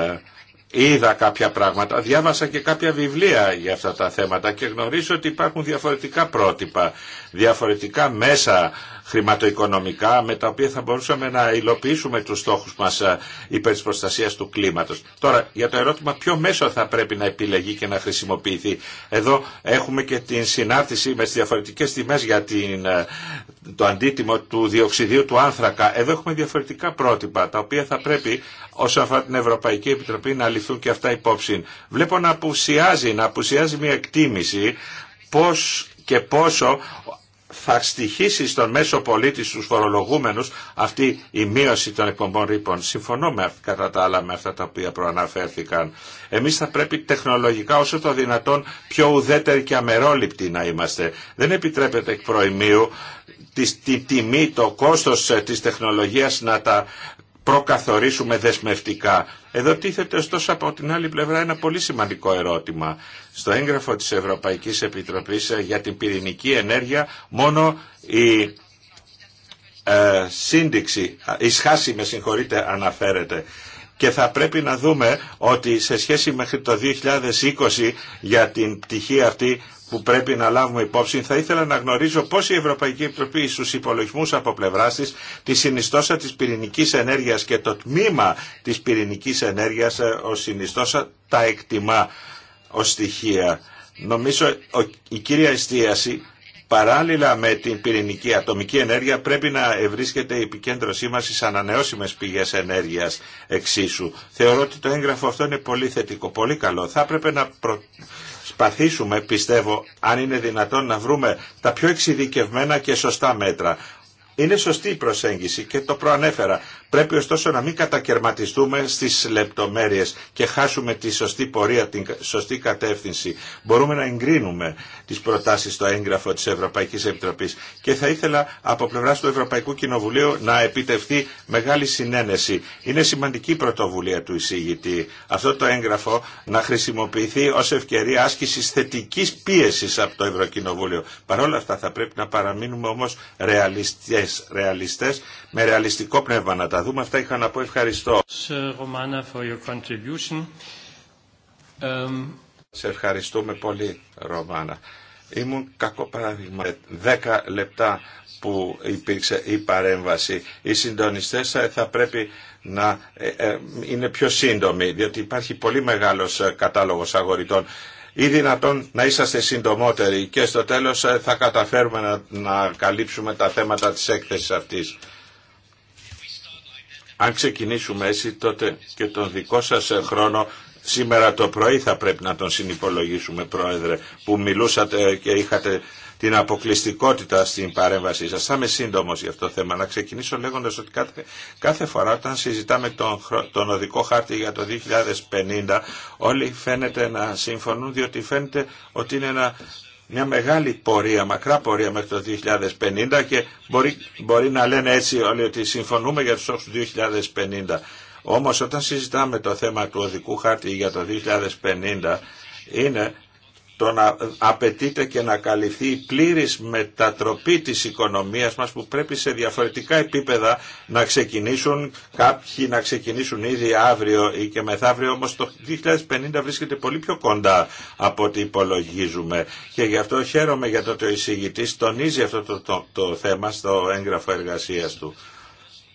είδα κάποια πράγματα, διάβασα και κάποια βιβλία για αυτά τα θέματα και γνωρίζω ότι υπάρχουν διαφορετικά πρότυπα, διαφορετικά μέσα χρηματοοικονομικά με τα οποία θα μπορούσαμε να υλοποιήσουμε τους στόχους μας ε, υπέρ της προστασίας του κλίματος. Τώρα για το ερώτημα ποιο μέσο θα πρέπει να επιλεγεί και να χρησιμοποιηθεί. Εδώ έχουμε και την συνάρτηση με τις διαφορετικές τιμές για την, ε, το αντίτιμο του διοξιδίου του άνθρακα. Εδώ έχουμε διαφορετικά πρότυπα τα οποία θα πρέπει όσον αφορά την Ευρωπαϊκή Επιτροπή να ληφθούν και αυτά υπόψη. Βλέπω να απουσιάζει, να απουσιάζει μια εκτίμηση πώς και πόσο θα στοιχήσει στον μέσο πολίτη στους φορολογούμενους αυτή η μείωση των εκπομπών ρήπων. Συμφωνώ με, κατά τα άλλα με αυτά τα οποία προαναφέρθηκαν. Εμείς θα πρέπει τεχνολογικά όσο το δυνατόν πιο ουδέτεροι και αμερόληπτοι να είμαστε. Δεν επιτρέπεται εκ προημίου τη τιμή, το κόστος ε, τη τεχνολογίας να τα προκαθορίσουμε δεσμευτικά. Εδώ τίθεται ωστόσο από την άλλη πλευρά ένα πολύ σημαντικό ερώτημα. Στο έγγραφο της Ευρωπαϊκής Επιτροπής ε, για την πυρηνική ενέργεια μόνο η ε, σύνδεξη, η σχάση με συγχωρείτε αναφέρεται και θα πρέπει να δούμε ότι σε σχέση μέχρι το 2020 για την πτυχή αυτή που πρέπει να λάβουμε υπόψη, θα ήθελα να γνωρίζω πω η Ευρωπαϊκή Επιτροπή στου υπολογισμού από πλευρά τη, τη συνιστόσα τη πυρηνική ενέργεια και το τμήμα τη πυρηνική ενέργεια ε, ω συνιστόσα τα εκτιμά ω στοιχεία. Νομίζω η κύρια εστίαση Παράλληλα με την πυρηνική ατομική ενέργεια πρέπει να ευρίσκεται η επικέντρωσή μας στις ανανεώσιμες πηγές ενέργειας εξίσου. Θεωρώ ότι το έγγραφο αυτό είναι πολύ θετικό, πολύ καλό. Θα έπρεπε να προ προσπαθήσουμε, πιστεύω, αν είναι δυνατόν να βρούμε τα πιο εξειδικευμένα και σωστά μέτρα. Είναι σωστή η προσέγγιση και το προανέφερα. Πρέπει ωστόσο να μην κατακαιρματιστούμε στις λεπτομέρειες και χάσουμε τη σωστή πορεία, την σωστή κατεύθυνση. Μπορούμε να εγκρίνουμε τις προτάσεις στο έγγραφο της Ευρωπαϊκής Επιτροπής και θα ήθελα από πλευρά του Ευρωπαϊκού Κοινοβουλίου να επιτευχθεί μεγάλη συνένεση. Είναι σημαντική πρωτοβουλία του εισηγητή αυτό το έγγραφο να χρησιμοποιηθεί ως ευκαιρία άσκησης θετικής πίεσης από το Ευρωκοινοβούλιο. Παρ' όλα αυτά θα πρέπει να παραμείνουμε όμως ρεαλιστές, ρεαλιστές με ρεαλιστικό πνεύμα να τα τα δούμε αυτά είχα να πω ευχαριστώ. Um, Σε ευχαριστούμε πολύ Ρωμάνα. Ήμουν κακό παράδειγμα. Δέκα λεπτά που υπήρξε η παρέμβαση. Οι συντονιστές θα πρέπει να ε, ε, είναι πιο σύντομοι, διότι υπάρχει πολύ μεγάλος ε, κατάλογος αγοριτών ή δυνατόν να είσαστε συντομότεροι και στο τέλος θα καταφέρουμε να, να καλύψουμε τα θέματα της έκθεσης αυτής. Αν ξεκινήσουμε έτσι τότε και τον δικό σας χρόνο σήμερα το πρωί θα πρέπει να τον συνυπολογίσουμε πρόεδρε που μιλούσατε και είχατε την αποκλειστικότητα στην παρέμβασή σας. Θα είμαι σύντομο για αυτό το θέμα. Να ξεκινήσω λέγοντας ότι κάθε, κάθε φορά όταν συζητάμε τον, τον οδικό χάρτη για το 2050 όλοι φαίνεται να συμφωνούν διότι φαίνεται ότι είναι ένα μια μεγάλη πορεία, μακρά πορεία μέχρι το 2050 και μπορεί, μπορεί να λένε έτσι όλοι ότι συμφωνούμε για τους στόχους του 2050. Όμως όταν συζητάμε το θέμα του οδικού χάρτη για το 2050 είναι το να απαιτείται και να καλυφθεί η πλήρης μετατροπή της οικονομίας μας που πρέπει σε διαφορετικά επίπεδα να ξεκινήσουν κάποιοι να ξεκινήσουν ήδη αύριο ή και μεθαύριο όμως το 2050 βρίσκεται πολύ πιο κοντά από ό,τι υπολογίζουμε και γι' αυτό χαίρομαι για το ότι ο εισηγητής τονίζει αυτό το, το, το θέμα στο έγγραφο εργασίας του.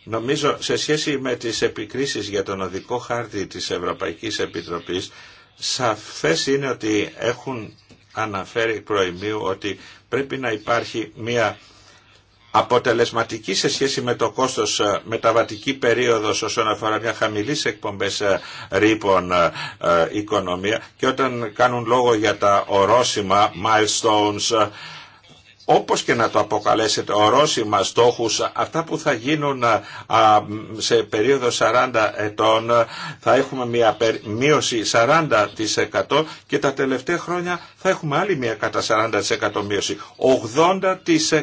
Νομίζω σε σχέση με τις επικρίσεις για τον οδικό χάρτη της Ευρωπαϊκής Επιτροπής σαφές είναι ότι έχουν αναφέρει προημίου ότι πρέπει να υπάρχει μια αποτελεσματική σε σχέση με το κόστος ε, μεταβατική περίοδος όσον αφορά μια χαμηλή εκπομπές ε, ρήπων ε, οικονομία και όταν κάνουν λόγο για τα ορόσημα milestones όπως και να το αποκαλέσετε, ορόσημα, στόχους, αυτά που θα γίνουν σε περίοδο 40 ετών, θα έχουμε μια μείωση 40% και τα τελευταία χρόνια θα έχουμε άλλη μια κατά 40% μείωση.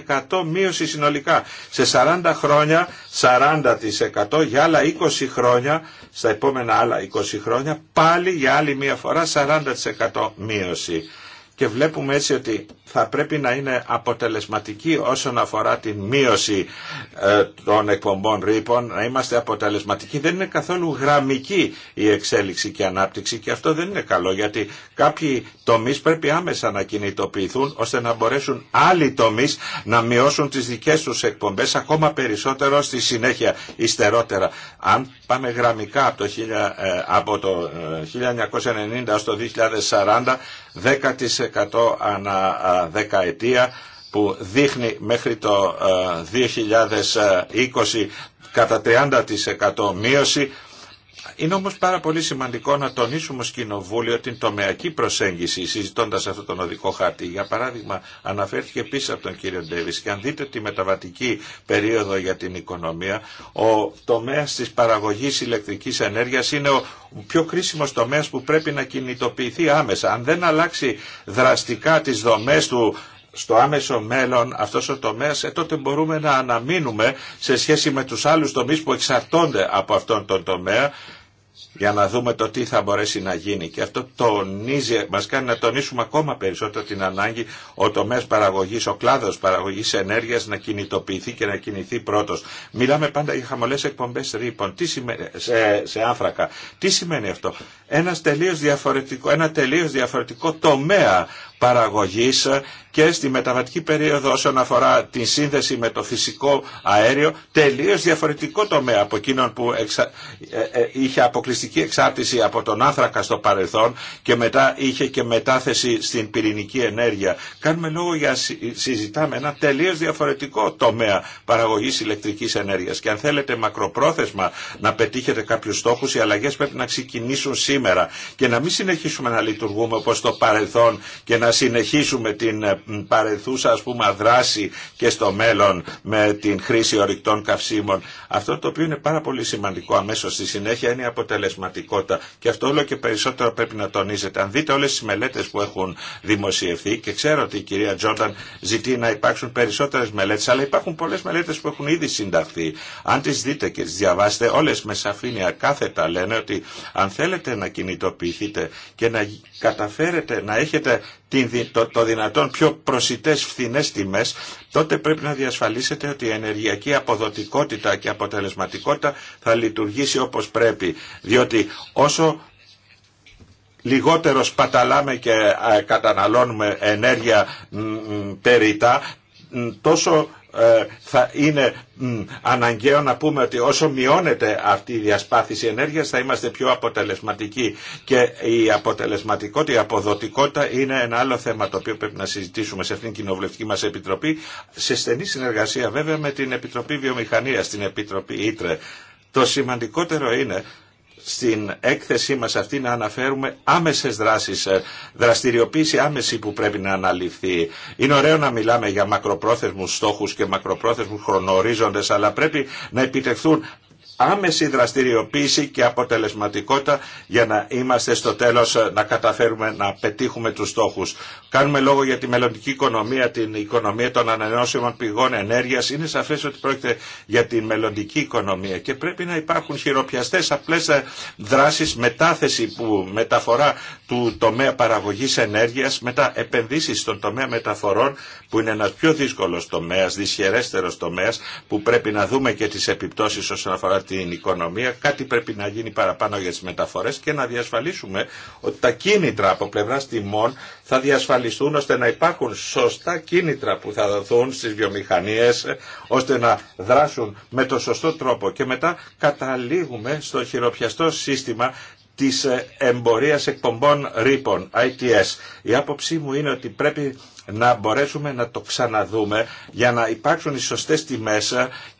80% μείωση συνολικά. Σε 40 χρόνια 40% για άλλα 20 χρόνια, στα επόμενα άλλα 20 χρόνια, πάλι για άλλη μια φορά 40% μείωση και βλέπουμε έτσι ότι θα πρέπει να είναι αποτελεσματική όσον αφορά την μείωση ε, των εκπομπών ρήπων, να είμαστε αποτελεσματικοί. Δεν είναι καθόλου γραμμική η εξέλιξη και η ανάπτυξη και αυτό δεν είναι καλό γιατί κάποιοι τομείς πρέπει άμεσα να κινητοποιηθούν ώστε να μπορέσουν άλλοι τομείς να μειώσουν τις δικές τους εκπομπές ακόμα περισσότερο στη συνέχεια, υστερότερα. Αν πάμε γραμμικά από το 1990 στο ε, το 2040 ε, 10% ανά δεκαετία που δείχνει μέχρι το 2020 κατά 30% μείωση είναι όμως πάρα πολύ σημαντικό να τονίσουμε ως Κοινοβούλιο την τομεακή προσέγγιση συζητώντας αυτόν τον οδικό χάρτη. Για παράδειγμα αναφέρθηκε επίσης από τον κύριο Ντέβις και αν δείτε τη μεταβατική περίοδο για την οικονομία ο τομέας της παραγωγής ηλεκτρικής ενέργειας είναι ο πιο κρίσιμος τομέας που πρέπει να κινητοποιηθεί άμεσα. Αν δεν αλλάξει δραστικά τις δομές του στο άμεσο μέλλον αυτός ο τομέας, ε, τότε μπορούμε να αναμείνουμε σε σχέση με τους άλλους τομείς που εξαρτώνται από αυτόν τον τομέα για να δούμε το τι θα μπορέσει να γίνει. Και αυτό τονίζει, μας κάνει να τονίσουμε ακόμα περισσότερο την ανάγκη ο τομέας παραγωγής, ο κλάδος παραγωγής ενέργειας να κινητοποιηθεί και να κινηθεί πρώτος. Μιλάμε πάντα για χαμολές εκπομπές ρήπων τι σε, σε άνθρακα. Τι σημαίνει αυτό. Ένας τελείως διαφορετικό, ένα τελείως διαφορετικό τομέα παραγωγής και στη μεταβατική περίοδο όσον αφορά την σύνδεση με το φυσικό αέριο τελείως διαφορετικό τομέα από εκείνον που ε, ε, είχε αποκλειστική εξάρτηση από τον άνθρακα στο παρελθόν και μετά είχε και μετάθεση στην πυρηνική ενέργεια. Κάνουμε λόγο για συζητάμε ένα τελείως διαφορετικό τομέα παραγωγής ηλεκτρικής ενέργειας και αν θέλετε μακροπρόθεσμα να πετύχετε κάποιους στόχους οι αλλαγές πρέπει να ξεκινήσουν σήμερα και να μην συνεχίσουμε να λειτουργούμε όπως το παρελθόν και να συνεχίσουμε την ε, παρελθούσα ας πούμε δράση και στο μέλλον με την χρήση ορυκτών καυσίμων. Αυτό το οποίο είναι πάρα πολύ σημαντικό αμέσως στη συνέχεια είναι η αποτελεσματικότητα και αυτό όλο και περισσότερο πρέπει να τονίζεται. Αν δείτε όλες τις μελέτες που έχουν δημοσιευθεί και ξέρω ότι η κυρία Τζόρνταν ζητεί να υπάρξουν περισσότερες μελέτες αλλά υπάρχουν πολλές μελέτες που έχουν ήδη συνταχθεί. Αν τις δείτε και τις διαβάσετε όλες με σαφήνεια κάθετα λένε ότι αν θέλετε να κινητοποιηθείτε και να καταφέρετε να έχετε το δυνατόν πιο προσιτές φθηνές τιμές, τότε πρέπει να διασφαλίσετε ότι η ενεργειακή αποδοτικότητα και αποτελεσματικότητα θα λειτουργήσει όπως πρέπει. Διότι όσο λιγότερο σπαταλάμε και ε, καταναλώνουμε ενέργεια περίτα, τόσο ε, θα είναι αναγκαίο να πούμε ότι όσο μειώνεται αυτή η διασπάθηση ενέργειας θα είμαστε πιο αποτελεσματικοί και η αποτελεσματικότητα, η αποδοτικότητα είναι ένα άλλο θέμα το οποίο πρέπει να συζητήσουμε σε αυτήν την κοινοβουλευτική μας επιτροπή σε στενή συνεργασία βέβαια με την Επιτροπή Βιομηχανίας, την Επιτροπή Ήτρε. Το σημαντικότερο είναι στην έκθεσή μας αυτή να αναφέρουμε άμεσες δράσεις, ε, δραστηριοποίηση άμεση που πρέπει να αναλυφθεί. Είναι ωραίο να μιλάμε για μακροπρόθεσμους στόχους και μακροπρόθεσμους χρονορίζοντες, αλλά πρέπει να επιτευχθούν άμεση δραστηριοποίηση και αποτελεσματικότητα για να είμαστε στο τέλος να καταφέρουμε να πετύχουμε τους στόχους. Κάνουμε λόγο για τη μελλοντική οικονομία, την οικονομία των ανανεώσιμων πηγών ενέργειας. Είναι σαφές ότι πρόκειται για τη μελλοντική οικονομία και πρέπει να υπάρχουν χειροπιαστές απλές ε, δράσεις, μετάθεση που μεταφορά του τομέα παραγωγής ενέργειας, μετά επενδύσεις στον τομέα μεταφορών που είναι ένας πιο δύσκολος τομέας, δυσχερέστερος τομέας που πρέπει να δούμε και τις επιπτώσεις όσον αφορά την οικονομία, κάτι πρέπει να γίνει παραπάνω για τις μεταφορές και να διασφαλίσουμε ότι τα κίνητρα από πλευράς τιμών θα διασφαλιστούν ώστε να υπάρχουν σωστά κίνητρα που θα δοθούν στις βιομηχανίες ώστε να δράσουν με το σωστό τρόπο και μετά καταλήγουμε στο χειροπιαστό σύστημα της ε, εμπορίας εκπομπών ρήπων, ITS. Η άποψή μου είναι ότι πρέπει να μπορέσουμε να το ξαναδούμε για να υπάρξουν οι σωστές τιμές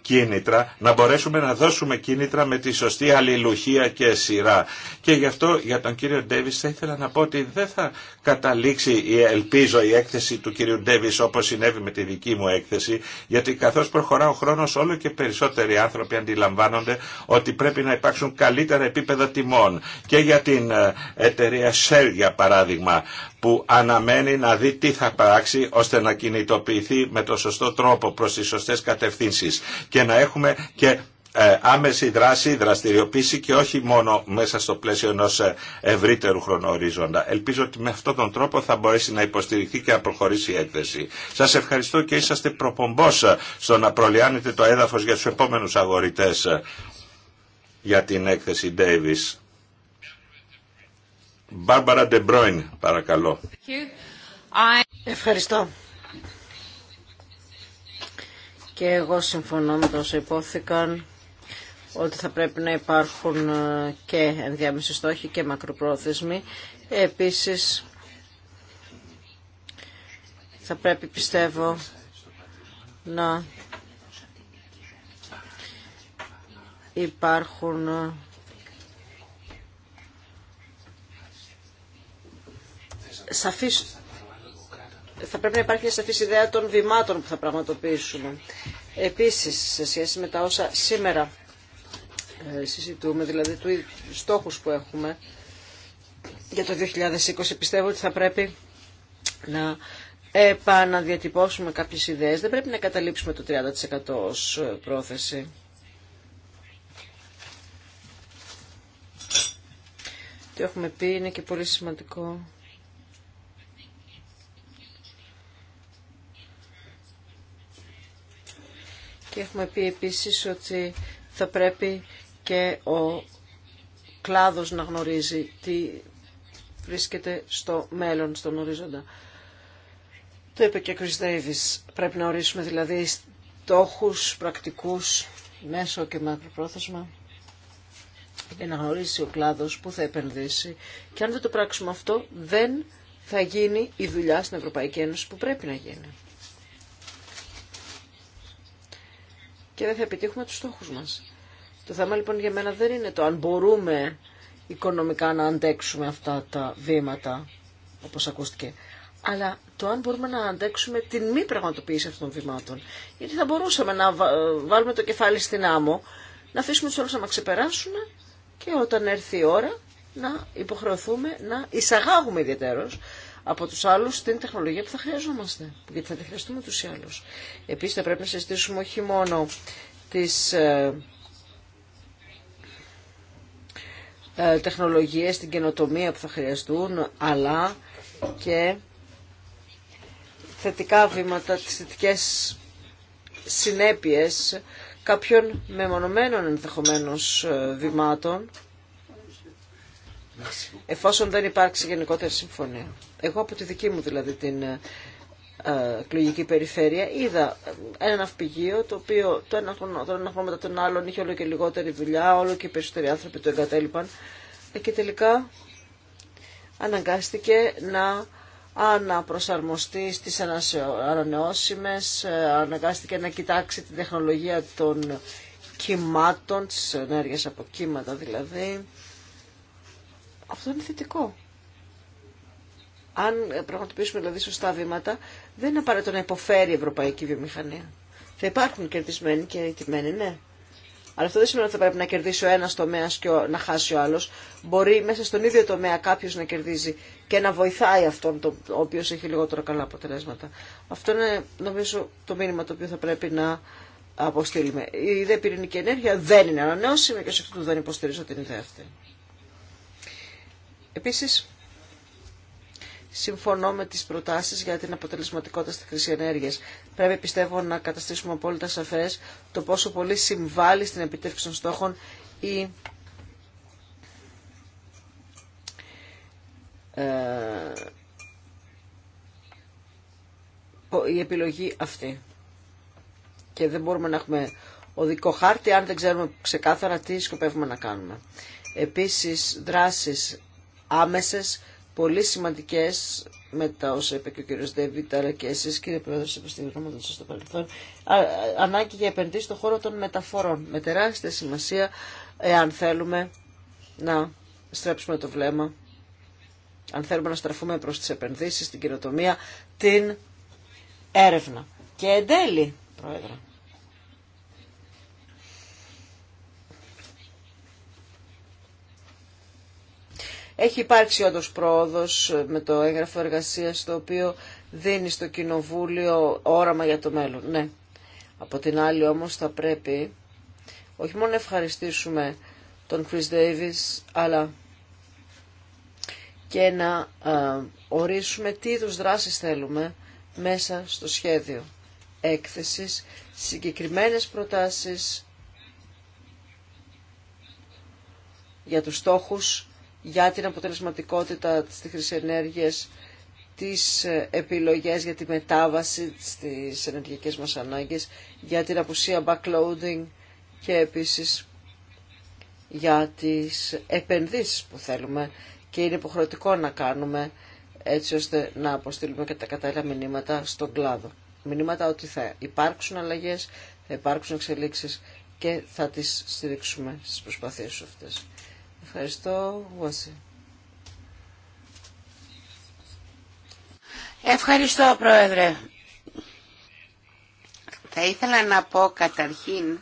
κίνητρα, να μπορέσουμε να δώσουμε κίνητρα με τη σωστή αλληλουχία και σειρά. Και γι' αυτό για τον κύριο Ντέβις θα ήθελα να πω ότι δεν θα καταλήξει η ελπίζω η έκθεση του κύριου Ντέβις όπως συνέβη με τη δική μου έκθεση, γιατί καθώς προχωρά ο χρόνος όλο και περισσότεροι άνθρωποι αντιλαμβάνονται ότι πρέπει να υπάρξουν καλύτερα επίπεδα τιμών και για την ε, εταιρεία Shell για παράδειγμα που αναμένει να δει τι θα πράξει ώστε να κινητοποιηθεί με το σωστό τρόπο προς τις σωστές κατευθύνσεις και να έχουμε και ε, άμεση δράση, δραστηριοποίηση και όχι μόνο μέσα στο πλαίσιο ενός ε, ευρύτερου χρονοορίζοντα. Ελπίζω ότι με αυτόν τον τρόπο θα μπορέσει να υποστηριχθεί και να προχωρήσει η έκθεση. Σας ευχαριστώ και είσαστε προπομπός ε, στο να προλιάνετε το έδαφος για τους επόμενους αγορητές για την έκθεση Davis. Μπάρμπαρα Ντεμπρόιν, παρακαλώ. Ευχαριστώ. Και εγώ συμφωνώ με το υπόθηκαν ότι θα πρέπει να υπάρχουν ε, και ενδιάμεσοι στόχοι και μακροπρόθεσμοι. Επίσης, θα πρέπει πιστεύω να υπάρχουν ε, σαφείς θα πρέπει να υπάρχει μια σαφής ιδέα των βημάτων που θα πραγματοποιήσουμε. Επίσης, σε σχέση με τα όσα σήμερα ε, συζητούμε, δηλαδή του στόχους που έχουμε για το 2020, πιστεύω ότι θα πρέπει να επαναδιατυπώσουμε κάποιες ιδέες. Δεν πρέπει να καταλήψουμε το 30% ως ε, πρόθεση. Τι έχουμε πει, είναι και πολύ σημαντικό. Και έχουμε πει επίσης ότι θα πρέπει και ο κλάδος να γνωρίζει τι βρίσκεται στο μέλλον, στον ορίζοντα. Το είπε και ο Chris Davis. Πρέπει να ορίσουμε δηλαδή στόχους, πρακτικούς, μέσο και μακροπρόθεσμα για να γνωρίσει ο κλάδος που θα επενδύσει. Και αν δεν το πράξουμε αυτό, δεν θα γίνει η δουλειά στην Ευρωπαϊκή Ένωση που πρέπει να γίνει. και δεν θα επιτύχουμε τους στόχους μας. Το θέμα λοιπόν για μένα δεν είναι το αν μπορούμε οικονομικά να αντέξουμε αυτά τα βήματα, όπως ακούστηκε, αλλά το αν μπορούμε να αντέξουμε την μη πραγματοποίηση αυτών των βημάτων. Γιατί θα μπορούσαμε να βάλουμε το κεφάλι στην άμμο, να αφήσουμε τους όλους να μας ξεπεράσουν και όταν έρθει η ώρα να υποχρεωθούμε να εισαγάγουμε ιδιαίτερως από τους άλλους την τεχνολογία που θα χρειαζόμαστε, γιατί θα τη χρειαστούμε τους άλλους. Επίσης θα πρέπει να συζητήσουμε όχι μόνο τις ε, ε, τεχνολογίες, την καινοτομία που θα χρειαστούν, αλλά και θετικά βήματα, τις θετικές συνέπειες κάποιων μεμονωμένων ενδεχομένω ε, βημάτων εφόσον δεν υπάρξει γενικότερη συμφωνία. Εγώ από τη δική μου δηλαδή την ε, ε, εκλογική περιφέρεια είδα ένα ναυπηγείο το οποίο το ένα χρόνο, μετά τον άλλον είχε όλο και λιγότερη δουλειά, όλο και περισσότεροι άνθρωποι το εγκατέλειπαν ε, και τελικά αναγκάστηκε να αναπροσαρμοστεί στις ανανεώσιμες, αναγκάστηκε να κοιτάξει την τεχνολογία των κυμάτων, της ενέργειας από κύματα δηλαδή, αυτό είναι θετικό. Αν πραγματοποιήσουμε δηλαδή σωστά βήματα, δεν είναι απαραίτητο να υποφέρει η ευρωπαϊκή βιομηχανία. Θα υπάρχουν κερδισμένοι και ηττημένοι, ναι. Αλλά αυτό δεν σημαίνει ότι θα πρέπει να κερδίσει ο ένα τομέα και να χάσει ο άλλο. Μπορεί μέσα στον ίδιο τομέα κάποιο να κερδίζει και να βοηθάει αυτόν το ο οποίο έχει λιγότερο καλά αποτελέσματα. Αυτό είναι νομίζω το μήνυμα το οποίο θα πρέπει να αποστείλουμε. Η δε πυρηνική ενέργεια δεν είναι ανανεώσιμη και σε αυτό δεν υποστηρίζω την ιδέα Επίσης, συμφωνώ με τις προτάσεις για την αποτελεσματικότητα στη χρήση ενέργειας. Πρέπει, πιστεύω, να καταστήσουμε απόλυτα σαφές το πόσο πολύ συμβάλλει στην επιτεύξη των στόχων η ε, η επιλογή αυτή. Και δεν μπορούμε να έχουμε οδικό χάρτη αν δεν ξέρουμε ξεκάθαρα τι σκοπεύουμε να κάνουμε. Επίσης, δράσεις άμεσες, πολύ σημαντικές με τα όσα είπε και ο κύριος Ντέβιτ, αλλά και εσείς κύριε Πρόεδρος είπα γνώμη στο παρελθόν, ανάγκη για επενδύσεις στον χώρο των μεταφορών, με τεράστια σημασία, εάν θέλουμε να στρέψουμε το βλέμμα, αν θέλουμε να στραφούμε προς τις επενδύσεις, την κοινοτομία, την έρευνα. Και εν τέλει, Πρόεδρε, Έχει υπάρξει όντω πρόοδος με το έγγραφο εργασίας το οποίο δίνει στο Κοινοβούλιο όραμα για το μέλλον. Ναι. Από την άλλη όμως θα πρέπει όχι μόνο να ευχαριστήσουμε τον Chris Davis αλλά και να ορίσουμε τι είδους δράσεις θέλουμε μέσα στο σχέδιο έκθεσης, συγκεκριμένες προτάσεις για τους στόχους για την αποτελεσματικότητα της χρήση ενέργειας, τις επιλογές για τη μετάβαση στις ενεργειακές μας ανάγκες, για την απουσία backloading και επίσης για τις επενδύσεις που θέλουμε και είναι υποχρεωτικό να κάνουμε έτσι ώστε να αποστείλουμε και τα κατάλληλα μηνύματα στον κλάδο. Μηνύματα ότι θα υπάρξουν αλλαγές, θα υπάρξουν εξελίξεις και θα τις στηρίξουμε στις προσπαθίες αυτές. Ευχαριστώ. Ευχαριστώ, Πρόεδρε. Θα ήθελα να πω καταρχήν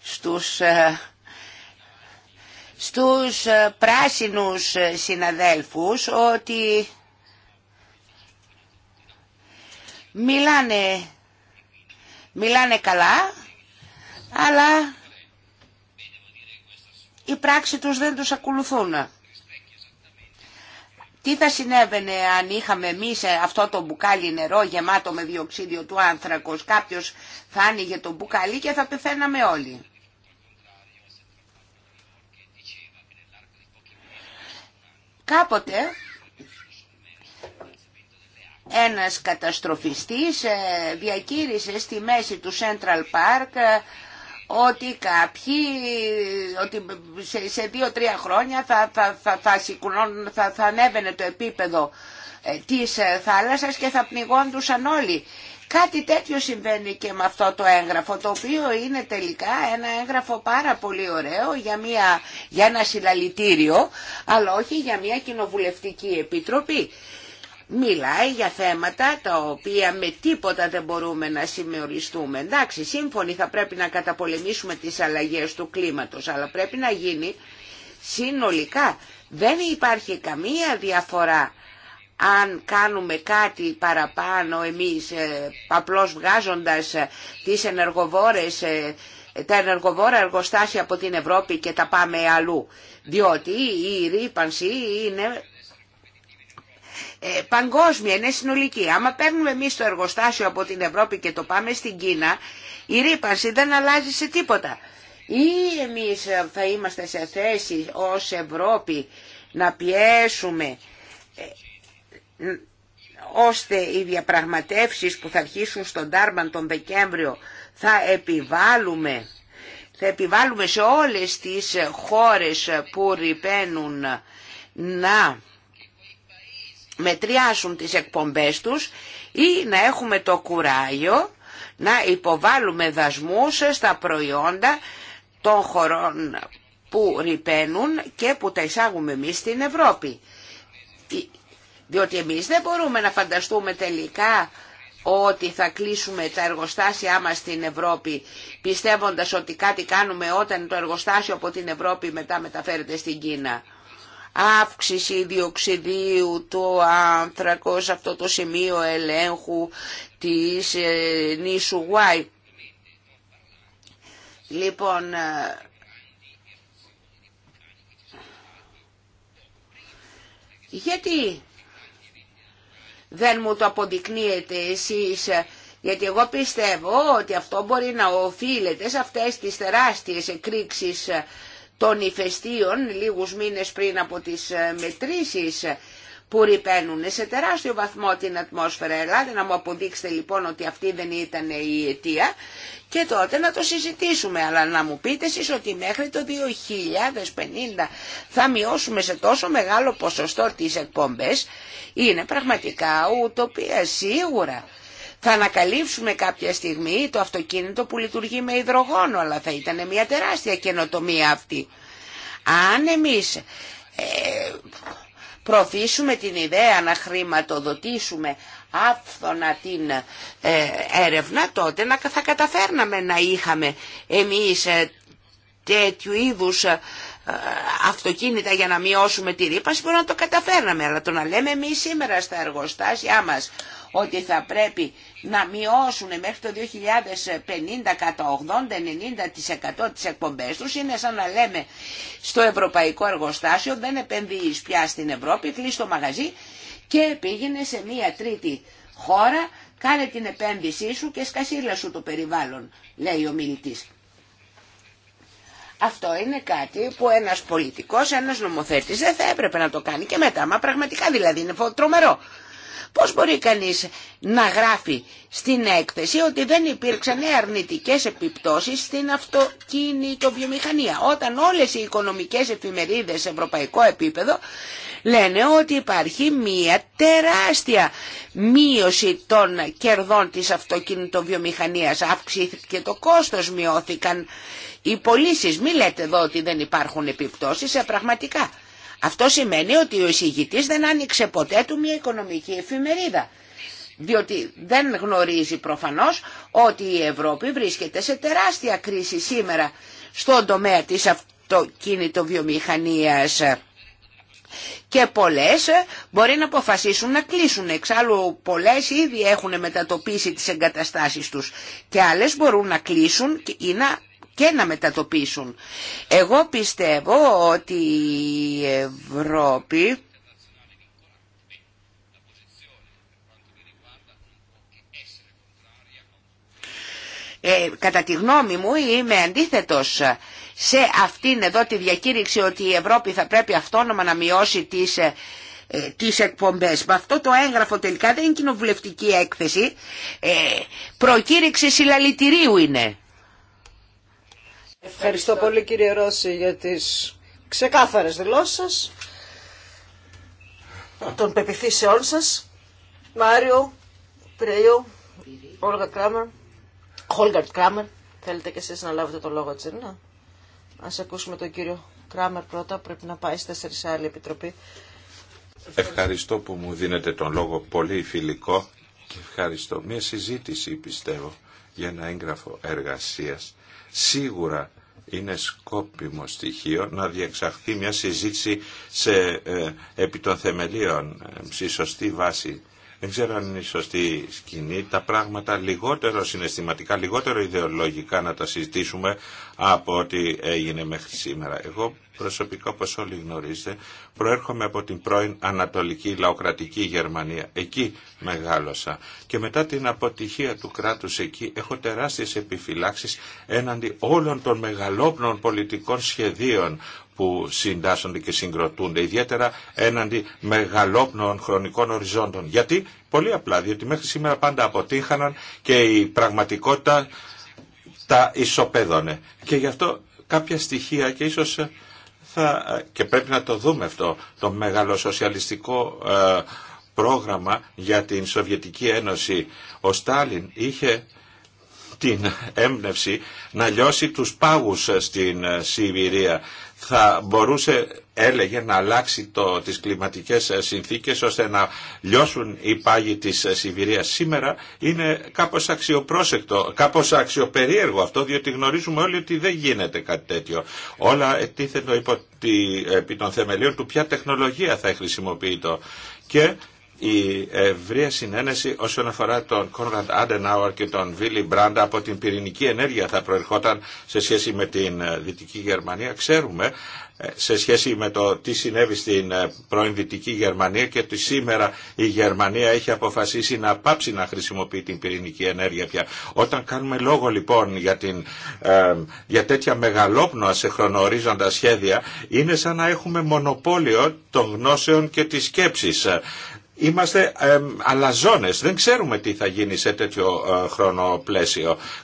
στους, ε, στους ε, πράσινους συναδέλφους ότι μιλάνε, μιλάνε καλά αλλά οι πράξη τους δεν τους ακολουθούν. Τι θα συνέβαινε αν είχαμε εμεί ε, αυτό το μπουκάλι νερό γεμάτο με διοξίδιο του άνθρακος. Κάποιος θα άνοιγε το μπουκάλι και θα πεθαίναμε όλοι. Κάποτε ένας καταστροφιστής ε, διακήρυσε στη μέση του Central Park ε, ότι κάποιοι ότι σε δύο-τρία χρόνια θα, θα, θα, θα, σηκουνών, ανέβαινε το επίπεδο ε, της ε, θάλασσας και θα πνιγόντουσαν όλοι. Κάτι τέτοιο συμβαίνει και με αυτό το έγγραφο, το οποίο είναι τελικά ένα έγγραφο πάρα πολύ ωραίο για, μια, για ένα συλλαλητήριο, αλλά όχι για μια κοινοβουλευτική επιτροπή μιλάει για θέματα τα οποία με τίποτα δεν μπορούμε να συμμεριστούμε. Εντάξει, σύμφωνοι θα πρέπει να καταπολεμήσουμε τις αλλαγές του κλίματος, αλλά πρέπει να γίνει συνολικά. Δεν υπάρχει καμία διαφορά αν κάνουμε κάτι παραπάνω εμείς, ε, απλώς βγάζοντας ε, τις ενεργοβόρες, ε, τα ενεργοβόρα εργοστάσια από την Ευρώπη και τα πάμε αλλού. Διότι η ρήπανση είναι ε, παγκόσμια, είναι συνολική. Άμα παίρνουμε εμείς το εργοστάσιο από την Ευρώπη και το πάμε στην Κίνα, η ρήπανση δεν αλλάζει σε τίποτα. Ή εμείς ε, θα είμαστε σε θέση ως Ευρώπη να πιέσουμε ε, ώστε οι διαπραγματεύσεις που θα αρχίσουν στον Τάρμαν τον Δεκέμβριο θα επιβάλλουμε, θα επιβάλλουμε σε όλες τις χώρες που ρηπαίνουν να μετριάσουν τις εκπομπές τους ή να έχουμε το κουράγιο να υποβάλουμε δασμούς στα προϊόντα των χωρών που ρηπαίνουν και που τα εισάγουμε εμείς στην Ευρώπη. Διότι εμείς δεν μπορούμε να φανταστούμε τελικά ότι θα κλείσουμε τα εργοστάσια μας στην Ευρώπη πιστεύοντας ότι κάτι κάνουμε όταν το εργοστάσιο από την Ευρώπη μετά μεταφέρεται στην Κίνα αύξηση διοξιδίου του άνθρακος αυτό το σημείο ελέγχου της ε, νήσου Γουάι. Λοιπόν, ε, γιατί δεν μου το αποδεικνύετε εσείς, ε, γιατί εγώ πιστεύω ότι αυτό μπορεί να οφείλεται σε αυτές τις τεράστιες εκρήξεις των ηφαιστείων λίγους μήνες πριν από τις ε, μετρήσεις που ρηπαίνουν σε τεράστιο βαθμό την ατμόσφαιρα. Ελάτε να μου αποδείξετε λοιπόν ότι αυτή δεν ήταν η αιτία και τότε να το συζητήσουμε. Αλλά να μου πείτε εσείς ότι μέχρι το 2050 θα μειώσουμε σε τόσο μεγάλο ποσοστό τις εκπομπές είναι πραγματικά ουτοπία σίγουρα. Θα ανακαλύψουμε κάποια στιγμή το αυτοκίνητο που λειτουργεί με υδρογόνο, αλλά θα ήταν μια τεράστια καινοτομία αυτή. Αν εμείς ε, προωθήσουμε την ιδέα να χρηματοδοτήσουμε άφθονα την ε, έρευνα, τότε να, θα καταφέρναμε να είχαμε εμείς ε, τέτοιου είδους ε, αυτοκίνητα για να μειώσουμε τη ρήπανση, μπορεί να το καταφέρναμε. Αλλά το να λέμε εμείς σήμερα στα εργοστάσια μας ότι θα πρέπει να μειώσουν μέχρι το 2050 κατά 80-90% τις εκπομπές τους. Είναι σαν να λέμε στο ευρωπαϊκό εργοστάσιο δεν επενδύεις πια στην Ευρώπη, κλείς το μαγαζί και πήγαινε σε μία τρίτη χώρα, κάνε την επένδυσή σου και σκασίλα σου το περιβάλλον, λέει ο μιλητής. Αυτό είναι κάτι που ένας πολιτικός, ένας νομοθέτης δεν θα έπρεπε να το κάνει και μετά. Μα πραγματικά δηλαδή είναι τρομερό. Πώς μπορεί κανείς να γράφει στην έκθεση ότι δεν υπήρξαν αρνητικές επιπτώσεις στην αυτοκίνητοβιομηχανία, όταν όλες οι οικονομικές εφημερίδες σε ευρωπαϊκό επίπεδο λένε ότι υπάρχει μία τεράστια μείωση των κερδών της αυτοκίνητοβιομηχανίας. Αυξήθηκε το κόστος, μειώθηκαν οι πωλήσει. Μην λέτε εδώ ότι δεν υπάρχουν επιπτώσεις, σε πραγματικά. Αυτό σημαίνει ότι ο εισηγητής δεν άνοιξε ποτέ του μια οικονομική εφημερίδα. Διότι δεν γνωρίζει προφανώς ότι η Ευρώπη βρίσκεται σε τεράστια κρίση σήμερα στον τομέα της αυτοκίνητοβιομηχανίας και πολλές ε, μπορεί να αποφασίσουν να κλείσουν. Εξάλλου πολλές ήδη έχουν μετατοπίσει τις εγκαταστάσεις τους και άλλες μπορούν να κλείσουν ή να και να μετατοπίσουν. Εγώ πιστεύω ότι η Ευρώπη ε, κατά τη γνώμη μου είμαι αντίθετος σε αυτήν εδώ τη διακήρυξη ότι η Ευρώπη θα πρέπει αυτόνομα να μειώσει τις, ε, εκπομπές. Με αυτό το έγγραφο τελικά δεν είναι κοινοβουλευτική έκθεση, ε, προκήρυξη συλλαλητηρίου είναι. Ευχαριστώ πολύ κύριε Ρώση για τις ξεκάθαρες δηλώσεις σας, των πεπιθήσεών σας. Μάριο, Πρέιο, Όλγα Κράμερ, Χόλγαρτ Κράμερ. Θέλετε και εσείς να λάβετε το λόγο έτσι, Να Ας ακούσουμε τον κύριο Κράμερ πρώτα, πρέπει να πάει στη 4 άλλη επιτροπή. Ευχαριστώ που μου δίνετε τον λόγο πολύ φιλικό και ευχαριστώ. Μια συζήτηση πιστεύω για ένα έγγραφο εργασίας σίγουρα είναι σκόπιμο στοιχείο να διεξαχθεί μια συζήτηση σε, ε, επί των θεμελίων, ε, στη σωστή βάση δεν ξέρω αν είναι η σωστή σκηνή, τα πράγματα λιγότερο συναισθηματικά, λιγότερο ιδεολογικά να τα συζητήσουμε από ό,τι έγινε μέχρι σήμερα. Εγώ προσωπικά, όπω όλοι γνωρίζετε, προέρχομαι από την πρώην Ανατολική Λαοκρατική Γερμανία. Εκεί μεγάλωσα. Και μετά την αποτυχία του κράτους εκεί έχω τεράστιε επιφυλάξει έναντι όλων των μεγαλόπνων πολιτικών σχεδίων που συντάσσονται και συγκροτούνται, ιδιαίτερα έναντι μεγαλόπνοων χρονικών οριζόντων. Γιατί, πολύ απλά, διότι μέχρι σήμερα πάντα αποτύχαναν και η πραγματικότητα τα ισοπαίδωνε. Και γι' αυτό κάποια στοιχεία και ίσως ε, θα, ε, και πρέπει να το δούμε αυτό, το μεγαλοσοσιαλιστικό ε, πρόγραμμα για την Σοβιετική Ένωση. Ο Στάλιν είχε την έμπνευση να λιώσει τους πάγους στην Σιβηρία θα μπορούσε έλεγε να αλλάξει το, τις κλιματικές ε, συνθήκες ώστε να λιώσουν οι πάγοι της ε, Σιβηρίας σήμερα είναι κάπως αξιοπρόσεκτο, κάπως αξιοπερίεργο αυτό διότι γνωρίζουμε όλοι ότι δεν γίνεται κάτι τέτοιο. Όλα τίθεται υπό επί των θεμελίων του ποια τεχνολογία θα χρησιμοποιεί το. Και η ευρεία συνένεση όσον αφορά τον Κόνραντ Άντενάουαρ και τον Βίλι Μπράντα από την πυρηνική ενέργεια θα προερχόταν σε σχέση με την ε, Δυτική Γερμανία. Ξέρουμε ε, σε σχέση με το τι συνέβη στην ε, πρώην Δυτική Γερμανία και ότι σήμερα η Γερμανία έχει αποφασίσει να πάψει να χρησιμοποιεί την πυρηνική ενέργεια πια. Όταν κάνουμε λόγο λοιπόν για, την, για τέτοια μεγαλόπνοα σε χρονορίζοντα σχέδια είναι σαν να έχουμε μονοπόλιο των γνώσεων και της σκέψης είμαστε ε, αλαζόνες, δεν ξέρουμε τι θα γίνει σε τέτοιο ε, χρόνο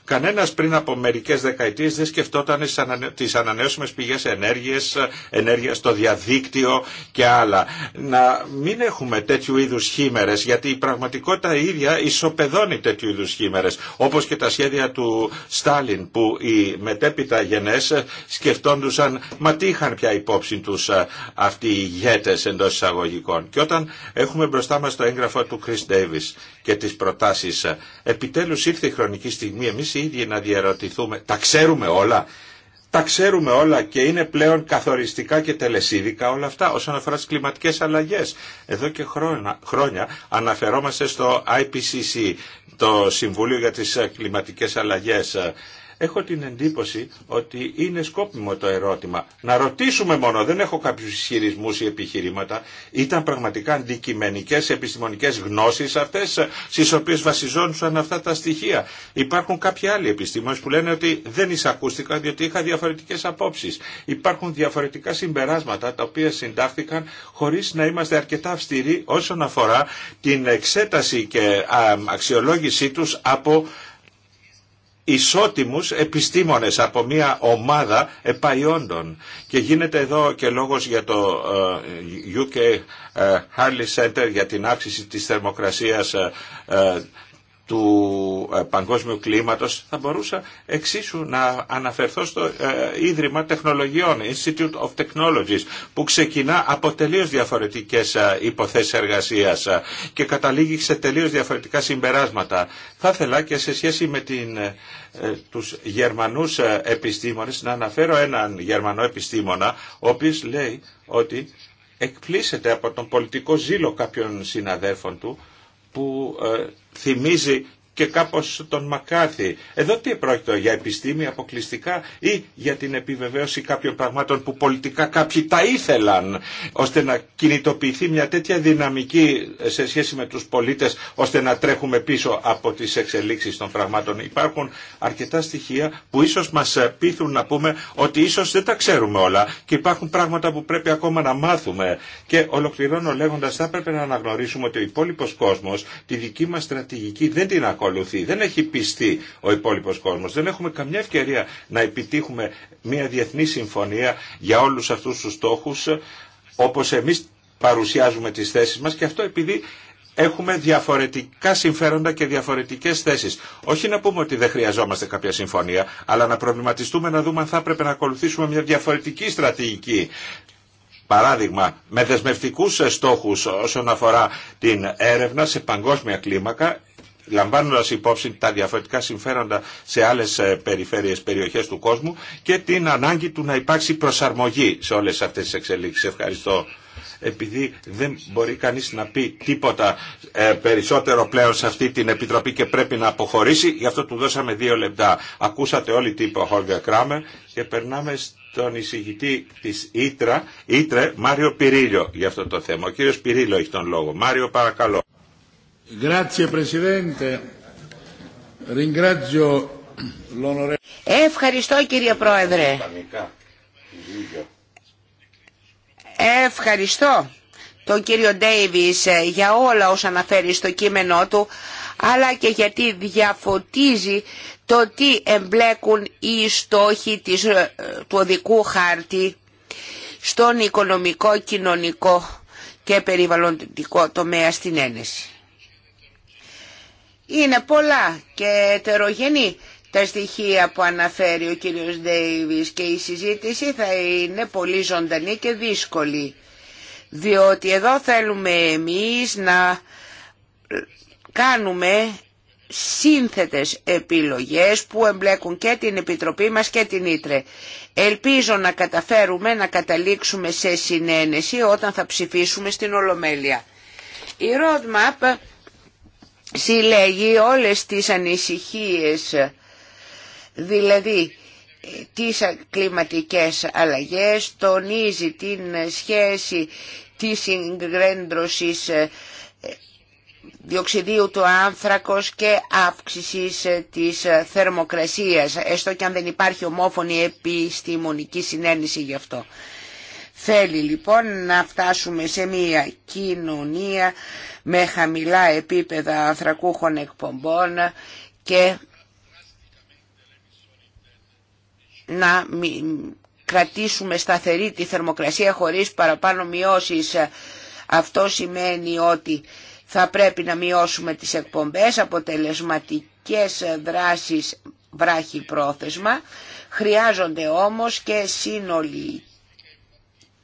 Κανένας πριν από μερικές δεκαετίες δεν σκεφτόταν τις ανανεώσιμες πηγές ενέργειας, ε, ενέργειας στο διαδίκτυο και άλλα. Να μην έχουμε τέτοιου είδους χήμερες, γιατί η πραγματικότητα ίδια ισοπεδώνει τέτοιου είδους χήμερες, όπως και τα σχέδια του Στάλιν που οι μετέπειτα γενές ε, σκεφτόντουσαν μα τι είχαν πια υπόψη τους ε, αυτοί οι ηγέτες εντός εισαγωγικών. Και όταν έχουμε μπροστά μας το έγγραφο του Chris Davis και τις προτάσεις. Επιτέλους ήρθε η χρονική στιγμή εμείς οι ίδιοι να διαρωτηθούμε. Τα ξέρουμε όλα. Τα ξέρουμε όλα και είναι πλέον καθοριστικά και τελεσίδικα όλα αυτά όσον αφορά τις κλιματικές αλλαγές. Εδώ και χρόνια, χρόνια αναφερόμαστε στο IPCC, το Συμβούλιο για τις Κλιματικές Αλλαγές έχω την εντύπωση ότι είναι σκόπιμο το ερώτημα. Να ρωτήσουμε μόνο, δεν έχω κάποιους ισχυρισμού ή επιχειρήματα. Ήταν πραγματικά αντικειμενικές επιστημονικές γνώσεις αυτές στις οποίες βασιζόντουσαν αυτά τα στοιχεία. Υπάρχουν κάποιοι άλλοι επιστήμονες που λένε ότι δεν εισακούστηκα διότι είχα διαφορετικές απόψεις. Υπάρχουν διαφορετικά συμπεράσματα τα οποία συντάχθηκαν χωρίς να είμαστε αρκετά αυστηροί όσον αφορά την εξέταση και αξιολόγησή τους από ισότιμους επιστήμονες από μια ομάδα επαϊόντων. Και γίνεται εδώ και λόγος για το ε, UK ε, Harley Center για την αύξηση της θερμοκρασίας ε, του ε, παγκόσμιου κλίματος θα μπορούσα εξίσου να αναφερθώ στο ε, Ίδρυμα Τεχνολογιών, Institute of Technologies, που ξεκινά από τελείως διαφορετικές ε, υποθέσεις εργασίας και καταλήγει σε τελείως διαφορετικά συμπεράσματα. Θα ήθελα και σε σχέση με την, τους Γερμανούς επιστήμονες να αναφέρω έναν Γερμανό επιστήμονα, ο οποίος λέει ότι εκπλήσεται από τον πολιτικό ζήλο κάποιων συναδέρφων του, που θυμίζει και κάπως τον Μακάθη. Εδώ τι πρόκειται για επιστήμη αποκλειστικά ή για την επιβεβαίωση κάποιων πραγμάτων που πολιτικά κάποιοι τα ήθελαν ώστε να κινητοποιηθεί μια τέτοια δυναμική σε σχέση με τους πολίτες ώστε να τρέχουμε πίσω από τις εξελίξεις των πραγμάτων. Υπάρχουν αρκετά στοιχεία που ίσως μας πείθουν να πούμε ότι ίσως δεν τα ξέρουμε όλα και υπάρχουν πράγματα που πρέπει ακόμα να μάθουμε και ολοκληρώνω λέγοντας θα πρέπει να αναγνωρίσουμε ότι ο υπόλοιπο κόσμος τη δική μας στρατηγική δεν την ακόμα δεν έχει πιστεί ο υπόλοιπο κόσμο. Δεν έχουμε καμιά ευκαιρία να επιτύχουμε μια διεθνή συμφωνία για όλου αυτού του στόχου όπω εμεί παρουσιάζουμε τι θέσει μα και αυτό επειδή έχουμε διαφορετικά συμφέροντα και διαφορετικέ θέσει. Όχι να πούμε ότι δεν χρειαζόμαστε κάποια συμφωνία, αλλά να προβληματιστούμε να δούμε αν θα έπρεπε να ακολουθήσουμε μια διαφορετική στρατηγική. Παράδειγμα, με δεσμευτικούς στόχους όσον αφορά την έρευνα σε παγκόσμια κλίμακα Λαμβάνοντα υπόψη τα διαφορετικά συμφέροντα σε άλλε ε, περιφέρειες, περιοχέ του κόσμου και την ανάγκη του να υπάρξει προσαρμογή σε όλε αυτέ τι εξελίξει. Ευχαριστώ επειδή δεν μπορεί κανεί να πει τίποτα ε, περισσότερο πλέον σε αυτή την Επιτροπή και πρέπει να αποχωρήσει, γι' αυτό του δώσαμε δύο λεπτά. Ακούσατε όλοι τι είπε ο Χόλγκα Κράμερ και περνάμε στον εισηγητή τη Ήτρα, Ήτρε, Μάριο Πυρίλιο για αυτό το θέμα. Ο κύριο Πυρίλιο έχει τον λόγο. Μάριο παρακαλώ. Ευχαριστώ κύριε Πρόεδρε. Ευχαριστώ τον κύριο Ντέιβις ε, για όλα όσα αναφέρει στο κείμενό του αλλά και γιατί διαφωτίζει το τι εμπλέκουν οι στόχοι της, ε, του οδικού χάρτη στον οικονομικό, κοινωνικό και περιβαλλοντικό τομέα στην Ένεση. Είναι πολλά και ετερογενή τα στοιχεία που αναφέρει ο κύριος Ντέιβις και η συζήτηση θα είναι πολύ ζωντανή και δύσκολη. Διότι εδώ θέλουμε εμείς να κάνουμε σύνθετες επιλογές που εμπλέκουν και την Επιτροπή μας και την Ήτρε. Ελπίζω να καταφέρουμε να καταλήξουμε σε συνένεση όταν θα ψηφίσουμε στην Ολομέλεια. Η roadmap συλλέγει όλες τις ανησυχίες, δηλαδή τις κλιματικές αλλαγές, τονίζει την σχέση της συγκρέντρωσης ε, διοξιδίου του άνθρακος και αύξησης ε, της θερμοκρασίας, έστω και αν δεν υπάρχει ομόφωνη επιστημονική συνένεση γι' αυτό. Θέλει λοιπόν να φτάσουμε σε μια κοινωνία με χαμηλά επίπεδα ανθρακούχων εκπομπών και να κρατήσουμε σταθερή τη θερμοκρασία χωρίς παραπάνω μειώσεις. Αυτό σημαίνει ότι θα πρέπει να μειώσουμε τις εκπομπές, αποτελεσματικές δράσεις βράχη πρόθεσμα, χρειάζονται όμως και σύνολοι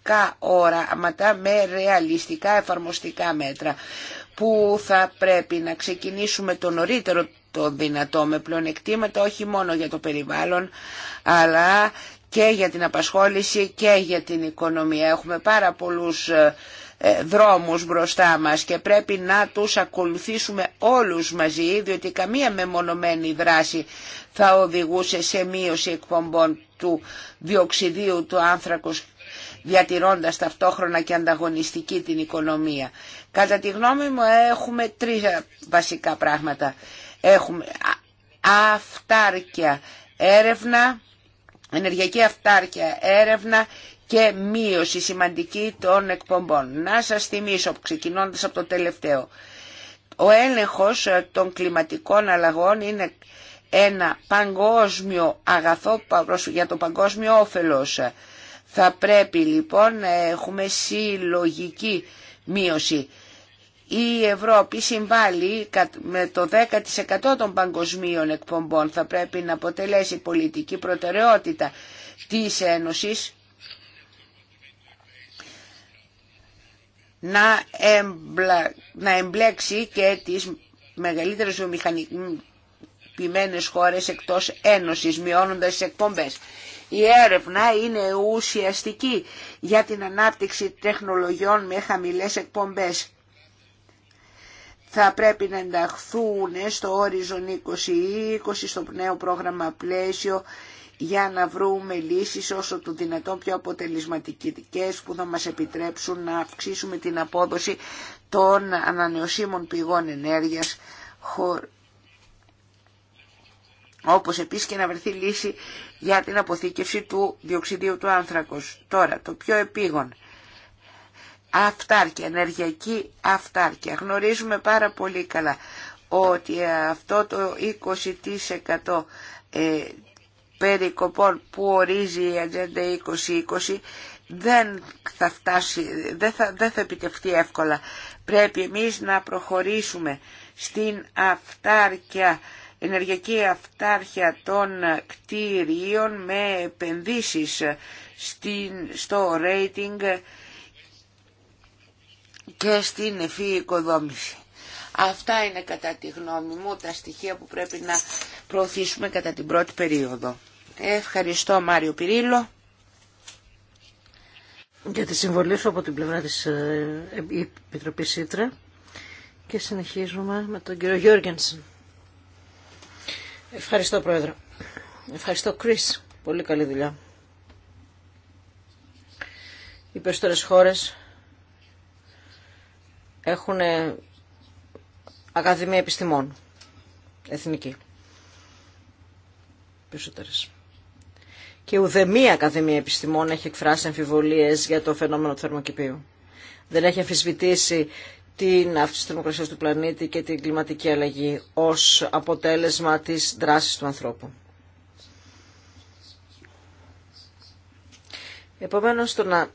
κα όραματα με ρεαλιστικά εφαρμοστικά μέτρα που θα πρέπει να ξεκινήσουμε το νωρίτερο το δυνατό με πλονεκτήματα όχι μόνο για το περιβάλλον αλλά και για την απασχόληση και για την οικονομία. Έχουμε πάρα πολλούς ε, ε, δρόμους μπροστά μας και πρέπει να τους ακολουθήσουμε όλους μαζί διότι καμία μεμονωμένη δράση θα οδηγούσε σε μείωση εκπομπών του διοξιδίου του άνθρακος διατηρώντας ταυτόχρονα και ανταγωνιστική την οικονομία. Κατά τη γνώμη μου έχουμε τρία βασικά πράγματα. Έχουμε αυτάρκεια έρευνα, ενεργειακή αυτάρκεια έρευνα και μείωση σημαντική των εκπομπών. Να σας θυμίσω, ξεκινώντας από το τελευταίο. Ο έλεγχος των κλιματικών αλλαγών είναι ένα παγκόσμιο αγαθό για το παγκόσμιο όφελος. Θα πρέπει λοιπόν να έχουμε συλλογική μείωση. Η Ευρώπη συμβάλλει με το 10% των παγκοσμίων εκπομπών. Θα πρέπει να αποτελέσει πολιτική προτεραιότητα της Ένωσης να, να εμπλέξει και τις μεγαλύτερες βιομηχανικές χώρες εκτός Ένωσης, μειώνοντας τις εκπομπές. Η έρευνα είναι ουσιαστική για την ανάπτυξη τεχνολογιών με χαμηλές εκπομπές. Θα πρέπει να ενταχθούν στο Horizon 2020, στο νέο πρόγραμμα πλαίσιο, για να βρούμε λύσεις όσο το δυνατόν πιο αποτελεσματικές που θα μας επιτρέψουν να αυξήσουμε την απόδοση των ανανεωσίμων πηγών ενέργειας όπως επίσης και να βρεθεί λύση για την αποθήκευση του διοξιδίου του άνθρακος. Τώρα, το πιο επίγον, αυτάρκεια, ενεργειακή αυτάρκεια. Γνωρίζουμε πάρα πολύ καλά ότι αυτό το 20% ε, περικοπών που ορίζει η Ατζέντα 2020 δεν θα, φτάσει, δεν, θα, δεν θα επιτευχθεί εύκολα. Πρέπει εμείς να προχωρήσουμε στην αυτάρκεια ενεργειακή αυτάρχεια των κτηρίων με επενδύσεις στην, στο rating και στην ευφύ οικοδόμηση. Αυτά είναι κατά τη γνώμη μου τα στοιχεία που πρέπει να προωθήσουμε κατά την πρώτη περίοδο. Ευχαριστώ Μάριο Πυρίλο. Για τη συμβολή σου από την πλευρά της ε, Επιτροπής Ήτρα και συνεχίζουμε με τον κύριο Γιώργενσεν. Ευχαριστώ, Πρόεδρε. Ευχαριστώ, Chris. Πολύ καλή δουλειά. Οι περισσότερε χώρες έχουν ε, Ακαδημία Επιστημών. Εθνική. Περισσότερες. Και ουδεμία Ακαδημία Επιστημών έχει εκφράσει αμφιβολίες για το φαινόμενο του θερμοκηπίου. Δεν έχει αμφισβητήσει την αύξηση θερμοκρασίας του πλανήτη και την κλιματική αλλαγή ως αποτέλεσμα της δράσης του ανθρώπου. Επομένως, το να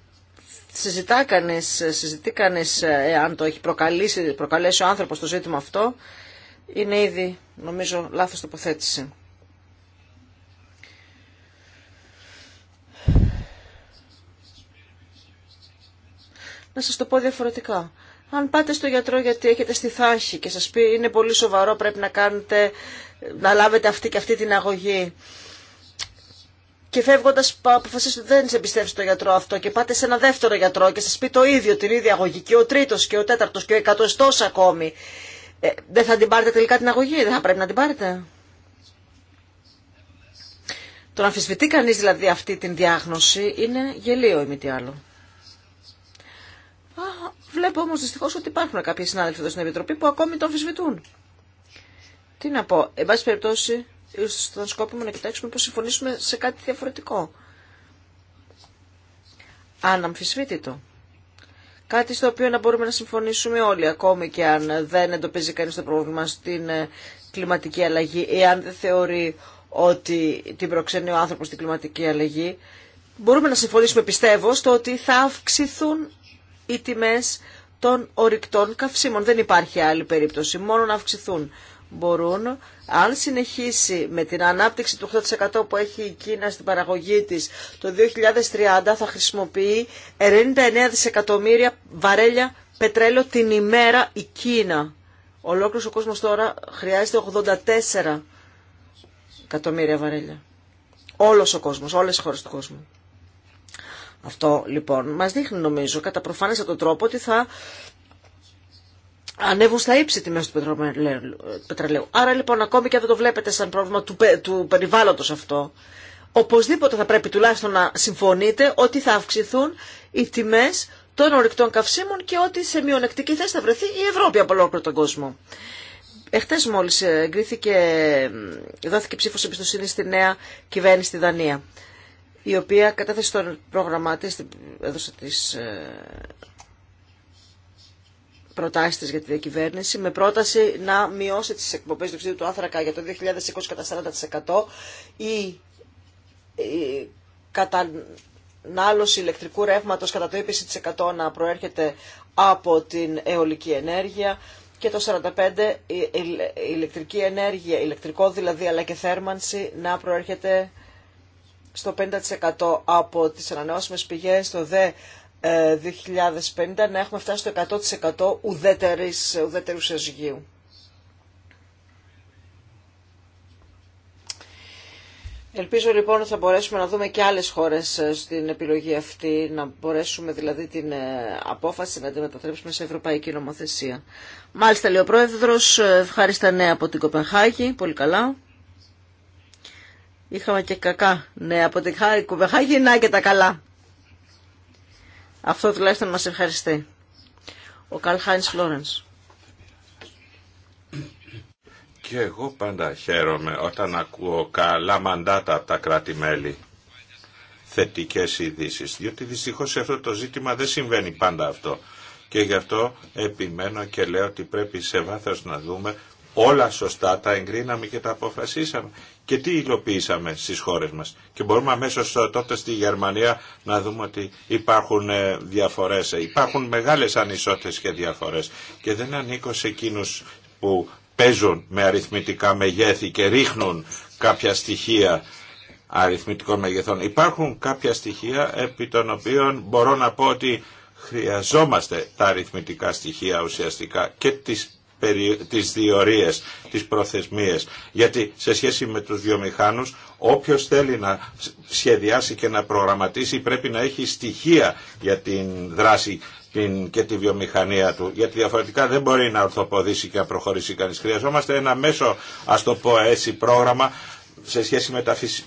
συζητά κανείς, συζητεί κανείς εάν το έχει προκαλέσει, προκαλέσει ο άνθρωπος το ζήτημα αυτό, είναι ήδη, νομίζω, λάθος τοποθέτηση. Να σας το πω διαφορετικά. Αν πάτε στο γιατρό γιατί έχετε στη θάχη και σας πει είναι πολύ σοβαρό πρέπει να κάνετε, να λάβετε αυτή και αυτή την αγωγή και φεύγοντα, αποφασίσετε ότι δεν σε εμπιστεύσει το γιατρό αυτό και πάτε σε ένα δεύτερο γιατρό και σα πει το ίδιο, την ίδια αγωγή και ο τρίτο και ο τέταρτο και ο εκατοστό ακόμη. Ε, δεν θα την πάρετε τελικά την αγωγή, δεν θα πρέπει να την πάρετε. Το να αμφισβητεί κανεί δηλαδή αυτή την διάγνωση είναι γελίο ή μη τι άλλο. Βλέπω όμω δυστυχώ ότι υπάρχουν κάποιοι συνάδελφοι εδώ στην Επιτροπή που ακόμη το αμφισβητούν. Τι να πω, εν πάση περιπτώσει, στον σκόπο μου να κοιτάξουμε πω συμφωνήσουμε σε κάτι διαφορετικό. Αναμφισβήτητο. Κάτι στο οποίο να μπορούμε να συμφωνήσουμε όλοι, ακόμη και αν δεν εντοπίζει κανεί το πρόβλημα στην ε, κλιματική αλλαγή, ή αν δεν θεωρεί ότι την προξενεί ο άνθρωπο στην κλιματική αλλαγή, μπορούμε να συμφωνήσουμε, πιστεύω, στο ότι θα αυξηθούν οι τιμές των ορυκτών καυσίμων. Δεν υπάρχει άλλη περίπτωση, μόνο να αυξηθούν. Μπορούν, αν συνεχίσει με την ανάπτυξη του 8% που έχει η Κίνα στην παραγωγή της, το 2030 θα χρησιμοποιεί 99 δισεκατομμύρια βαρέλια πετρέλαιο την ημέρα η Κίνα. Ολόκληρος ο κόσμος τώρα χρειάζεται 84 εκατομμύρια βαρέλια. Όλος ο κόσμος, όλες οι χώρες του κόσμου. Αυτό λοιπόν μας δείχνει νομίζω κατά τον τρόπο ότι θα ανέβουν στα ύψη τιμές του πετρελαίου. Άρα λοιπόν ακόμη και αν δεν το βλέπετε σαν πρόβλημα του, του περιβάλλοντος αυτό, οπωσδήποτε θα πρέπει τουλάχιστον να συμφωνείτε ότι θα αυξηθούν οι τιμές των ορυκτών καυσίμων και ότι σε μειονεκτική θέση θα βρεθεί η Ευρώπη από ολόκληρο τον κόσμο. Εχθές μόλις ε, εγκρίθηκε, ε, δόθηκε ψήφος εμπιστοσύνη στη νέα κυβέρνηση στη Δανία η οποία κατέθεσε το πρόγραμμά της, έδωσε τις ε, προτάσεις της για τη διακυβέρνηση με πρόταση να μειώσει τις εκπομπές του του άνθρακα για το 2020 κατά 40% ή η κατανάλωση ηλεκτρικού ρεύματος κατά το 20% να προέρχεται από την αιωλική ενέργεια και το 45% η ηλεκτρική ενέργεια, ηλεκτρικό δηλαδή αλλά και θέρμανση να προέρχεται στο 50% από τις ανανεώσιμες πηγές, το δε 2050 ε, να έχουμε φτάσει στο 100% ουδέτερης, ουδέτερου σεζυγίου. Ελπίζω λοιπόν ότι θα μπορέσουμε να δούμε και άλλες χώρες ε, στην επιλογή αυτή, να μπορέσουμε δηλαδή την ε, απόφαση να την μετατρέψουμε σε ευρωπαϊκή νομοθεσία. Μάλιστα λέει ο Πρόεδρος, ευχάριστα από την Κοπενχάγη, πολύ καλά. Είχαμε και κακά. Ναι, από τη χάρη γυρνάει και τα καλά. Αυτό τουλάχιστον μας ευχαριστεί. Ο Καλ Χάινς Φλόρενς. Και εγώ πάντα χαίρομαι όταν ακούω καλά μαντάτα από τα κράτη-μέλη. Θετικές ειδήσει. Διότι δυστυχώς σε αυτό το ζήτημα δεν συμβαίνει πάντα αυτό. Και γι' αυτό επιμένω και λέω ότι πρέπει σε βάθος να δούμε όλα σωστά τα εγκρίναμε και τα αποφασίσαμε και τι υλοποιήσαμε στις χώρες μας. Και μπορούμε αμέσω τότε στη Γερμανία να δούμε ότι υπάρχουν ε, διαφορές, υπάρχουν μεγάλες ανισότητες και διαφορές. Και δεν ανήκω σε εκείνους που παίζουν με αριθμητικά μεγέθη και ρίχνουν κάποια στοιχεία αριθμητικών μεγεθών. Υπάρχουν κάποια στοιχεία επί των οποίων μπορώ να πω ότι χρειαζόμαστε τα αριθμητικά στοιχεία ουσιαστικά και τις τις διορίες, τις προθεσμίες. Γιατί σε σχέση με τους βιομηχάνους, όποιος θέλει να σχεδιάσει και να προγραμματίσει πρέπει να έχει στοιχεία για την δράση και τη βιομηχανία του. Γιατί διαφορετικά δεν μπορεί να ορθοποδήσει και να προχωρήσει κανείς. Χρειαζόμαστε ένα μέσο, ας το πω έτσι, πρόγραμμα σε σχέση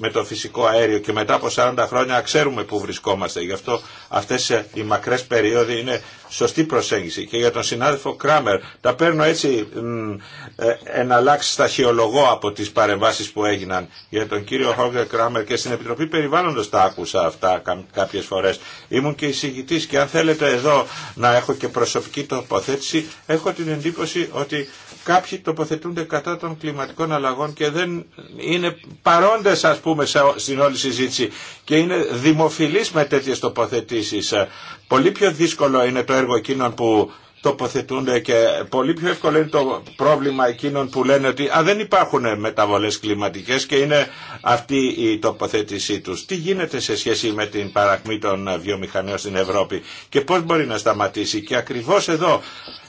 με, το φυσικό αέριο και μετά από 40 χρόνια ξέρουμε πού βρισκόμαστε. Γι' αυτό αυτές ε, οι μακρές περίοδοι είναι σωστή προσέγγιση. Και για τον συνάδελφο Κράμερ, τα παίρνω έτσι ε, εναλλάξει σταχυολογώ από τις παρεμβάσεις που έγιναν. Για τον κύριο Χόγκερ Κράμερ και στην Επιτροπή Περιβάλλοντος τα άκουσα αυτά κάποιες φορές. Ήμουν και εισηγητής και αν θέλετε εδώ να έχω και προσωπική τοποθέτηση, έχω την εντύπωση ότι κάποιοι τοποθετούνται κατά των κλιματικών αλλαγών και δεν είναι παρόντες ας πούμε στην όλη συζήτηση και είναι δημοφιλής με τέτοιες τοποθετήσεις. Πολύ πιο δύσκολο είναι το έργο εκείνων που τοποθετούνται και πολύ πιο εύκολο είναι το πρόβλημα εκείνων που λένε ότι α, δεν υπάρχουν μεταβολές κλιματικές και είναι αυτή η τοποθέτησή τους. Τι γίνεται σε σχέση με την παρακμή των βιομηχανιών στην Ευρώπη και πώς μπορεί να σταματήσει και ακριβώς εδώ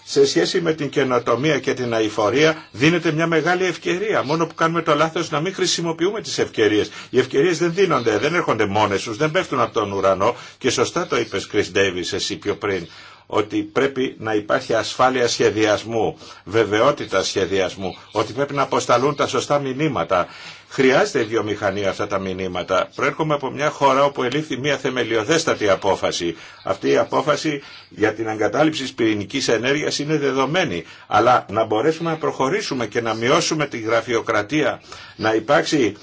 σε σχέση με την καινοτομία και την αηφορία δίνεται μια μεγάλη ευκαιρία. Μόνο που κάνουμε το λάθος να μην χρησιμοποιούμε τις ευκαιρίες. Οι ευκαιρίες δεν δίνονται, δεν έρχονται μόνες τους, δεν πέφτουν από τον ουρανό και σωστά το είπες Chris Davis εσύ πιο πριν ότι πρέπει να υπάρχει ασφάλεια σχεδιασμού, βεβαιότητα σχεδιασμού, ότι πρέπει να αποσταλούν τα σωστά μηνύματα. Χρειάζεται η βιομηχανία αυτά τα μηνύματα. Προέρχομαι από μια χώρα όπου ελήφθη μια θεμελιωδέστατη απόφαση. Αυτή η απόφαση για την εγκατάλειψη τη πυρηνική ενέργεια είναι δεδομένη. Αλλά να μπορέσουμε να προχωρήσουμε και να μειώσουμε τη γραφειοκρατία, να υπάρξει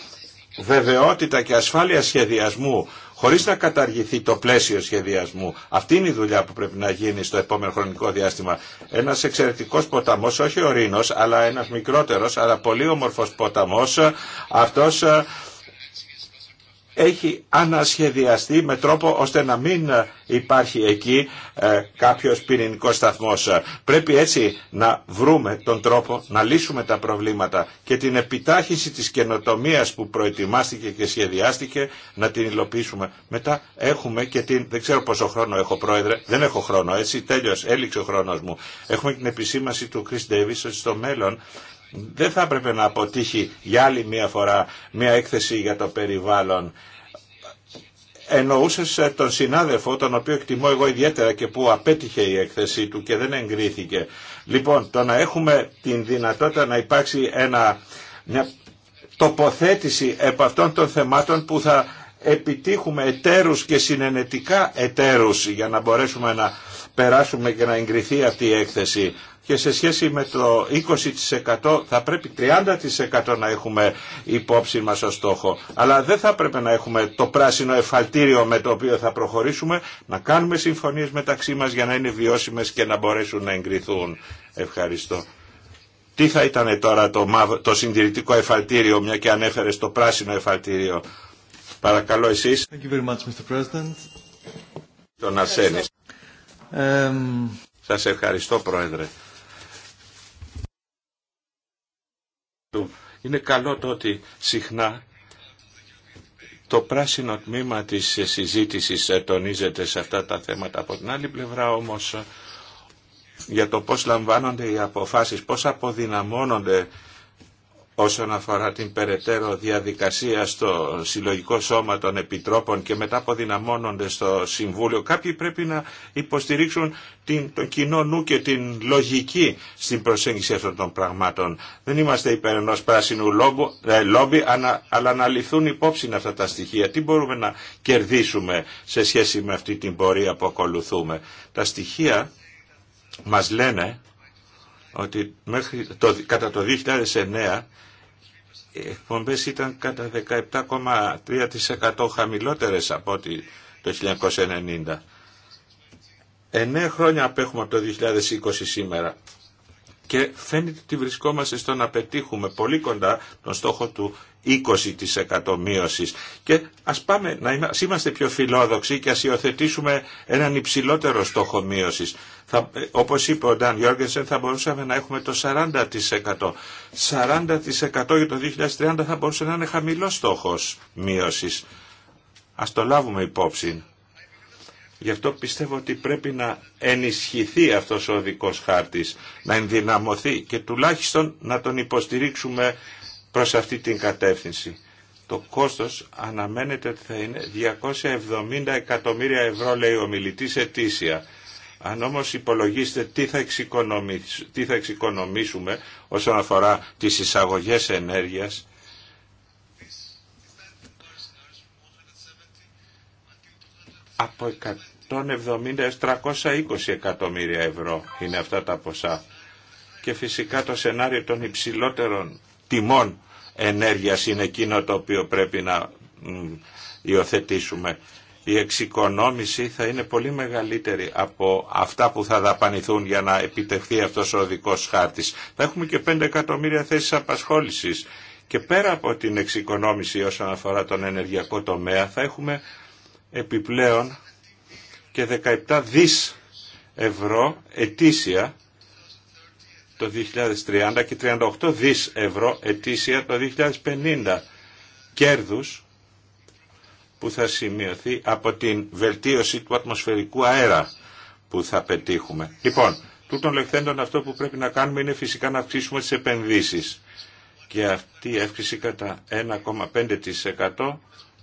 βεβαιότητα και ασφάλεια σχεδιασμού χωρίς να καταργηθεί το πλαίσιο σχεδιασμού. Αυτή είναι η δουλειά που πρέπει να γίνει στο επόμενο χρονικό διάστημα. Ένας εξαιρετικός ποταμός, όχι ορίνος, αλλά ένας μικρότερος, αλλά πολύ όμορφος ποταμός, αυτός ε, έχει ανασχεδιαστεί με τρόπο ώστε να μην ε, υπάρχει εκεί ε, κάποιος πυρηνικός σταθμός. Πρέπει έτσι να βρούμε τον τρόπο να λύσουμε τα προβλήματα και την επιτάχυνση της καινοτομίας που προετοιμάστηκε και σχεδιάστηκε να την υλοποιήσουμε. Μετά έχουμε και την, δεν ξέρω πόσο χρόνο έχω πρόεδρε, δεν έχω χρόνο έτσι, τέλειος, έληξε ο χρόνος μου. Έχουμε την επισήμαση του Chris Davis ότι στο μέλλον δεν θα έπρεπε να αποτύχει για άλλη μία φορά μία έκθεση για το περιβάλλον εννοούσε ε, τον συνάδελφο, τον οποίο εκτιμώ εγώ ιδιαίτερα και που απέτυχε η έκθεσή του και δεν εγκρίθηκε. Λοιπόν, το να έχουμε την δυνατότητα να υπάρξει ένα, μια τοποθέτηση από αυτών των θεμάτων που θα επιτύχουμε εταίρους και συνενετικά εταίρους για να μπορέσουμε να περάσουμε και να εγκριθεί αυτή η έκθεση και σε σχέση με το 20% θα πρέπει 30% να έχουμε υπόψη μας ως στόχο. Αλλά δεν θα πρέπει να έχουμε το πράσινο εφαλτήριο με το οποίο θα προχωρήσουμε, να κάνουμε συμφωνίες μεταξύ μας για να είναι βιώσιμες και να μπορέσουν να εγκριθούν. Ευχαριστώ. Τι θα ήταν τώρα το, το συντηρητικό εφαλτήριο, μια και ανέφερε το πράσινο εφαλτήριο. Παρακαλώ εσείς. Thank Τον Σας ευχαριστώ, Πρόεδρε. Είναι καλό το ότι συχνά το πράσινο τμήμα της συζήτησης ε, τονίζεται σε αυτά τα θέματα. Από την άλλη πλευρά όμως ε, για το πώς λαμβάνονται οι αποφάσεις, πώς αποδυναμώνονται όσον αφορά την περαιτέρω διαδικασία στο Συλλογικό Σώμα των Επιτρόπων και μετά αποδυναμώνονται στο Συμβούλιο. Κάποιοι πρέπει να υποστηρίξουν την, το κοινό νου και την λογική στην προσέγγιση αυτών των πραγμάτων. Δεν είμαστε υπέρ ενό πράσινου λόμπου, ε, λόμπι, αλλά να ληφθούν υπόψη αυτά τα στοιχεία. Τι μπορούμε να κερδίσουμε σε σχέση με αυτή την πορεία που ακολουθούμε. Τα στοιχεία μας λένε ότι μέχρι το, κατά το 2009 οι εκπομπές ήταν κατά 17,3% χαμηλότερες από ότι το 1990. Εννέα χρόνια απέχουμε από το 2020 σήμερα και φαίνεται ότι βρισκόμαστε στο να πετύχουμε πολύ κοντά τον στόχο του 20% μείωση. Και ας, πάμε, να είμαστε, πιο φιλόδοξοι και ας υιοθετήσουμε έναν υψηλότερο στόχο μείωση θα, όπως είπε ο Νταν Γιώργενσεν, θα μπορούσαμε να έχουμε το 40%. 40% για το 2030 θα μπορούσε να είναι χαμηλός στόχος μείωσης. Ας το λάβουμε υπόψη. Γι' αυτό πιστεύω ότι πρέπει να ενισχυθεί αυτός ο οδικός χάρτης, να ενδυναμωθεί και τουλάχιστον να τον υποστηρίξουμε προς αυτή την κατεύθυνση. Το κόστος αναμένεται ότι θα είναι 270 εκατομμύρια ευρώ, λέει ο μιλητής, ετήσια. Αν όμως υπολογίσετε τι θα, τι θα εξοικονομήσουμε όσον αφορά τις εισαγωγές ενέργειας, από 170 έως 320 εκατομμύρια ευρώ είναι αυτά τα ποσά. Και φυσικά το σενάριο των υψηλότερων τιμών ενέργειας είναι εκείνο το οποίο πρέπει να υιοθετήσουμε η εξοικονόμηση θα είναι πολύ μεγαλύτερη από αυτά που θα δαπανηθούν για να επιτευχθεί αυτός ο οδικός χάρτης. Θα έχουμε και 5 εκατομμύρια θέσεις απασχόλησης και πέρα από την εξοικονόμηση όσον αφορά τον ενεργειακό τομέα θα έχουμε επιπλέον και 17 δις ευρώ ετήσια το 2030 και 38 δις ευρώ ετήσια το 2050 κέρδους που θα σημειωθεί από την βελτίωση του ατμοσφαιρικού αέρα που θα πετύχουμε. Λοιπόν, τούτων λεχθέντων αυτό που πρέπει να κάνουμε είναι φυσικά να αυξήσουμε τις επενδύσεις και αυτή η αύξηση κατά 1,5%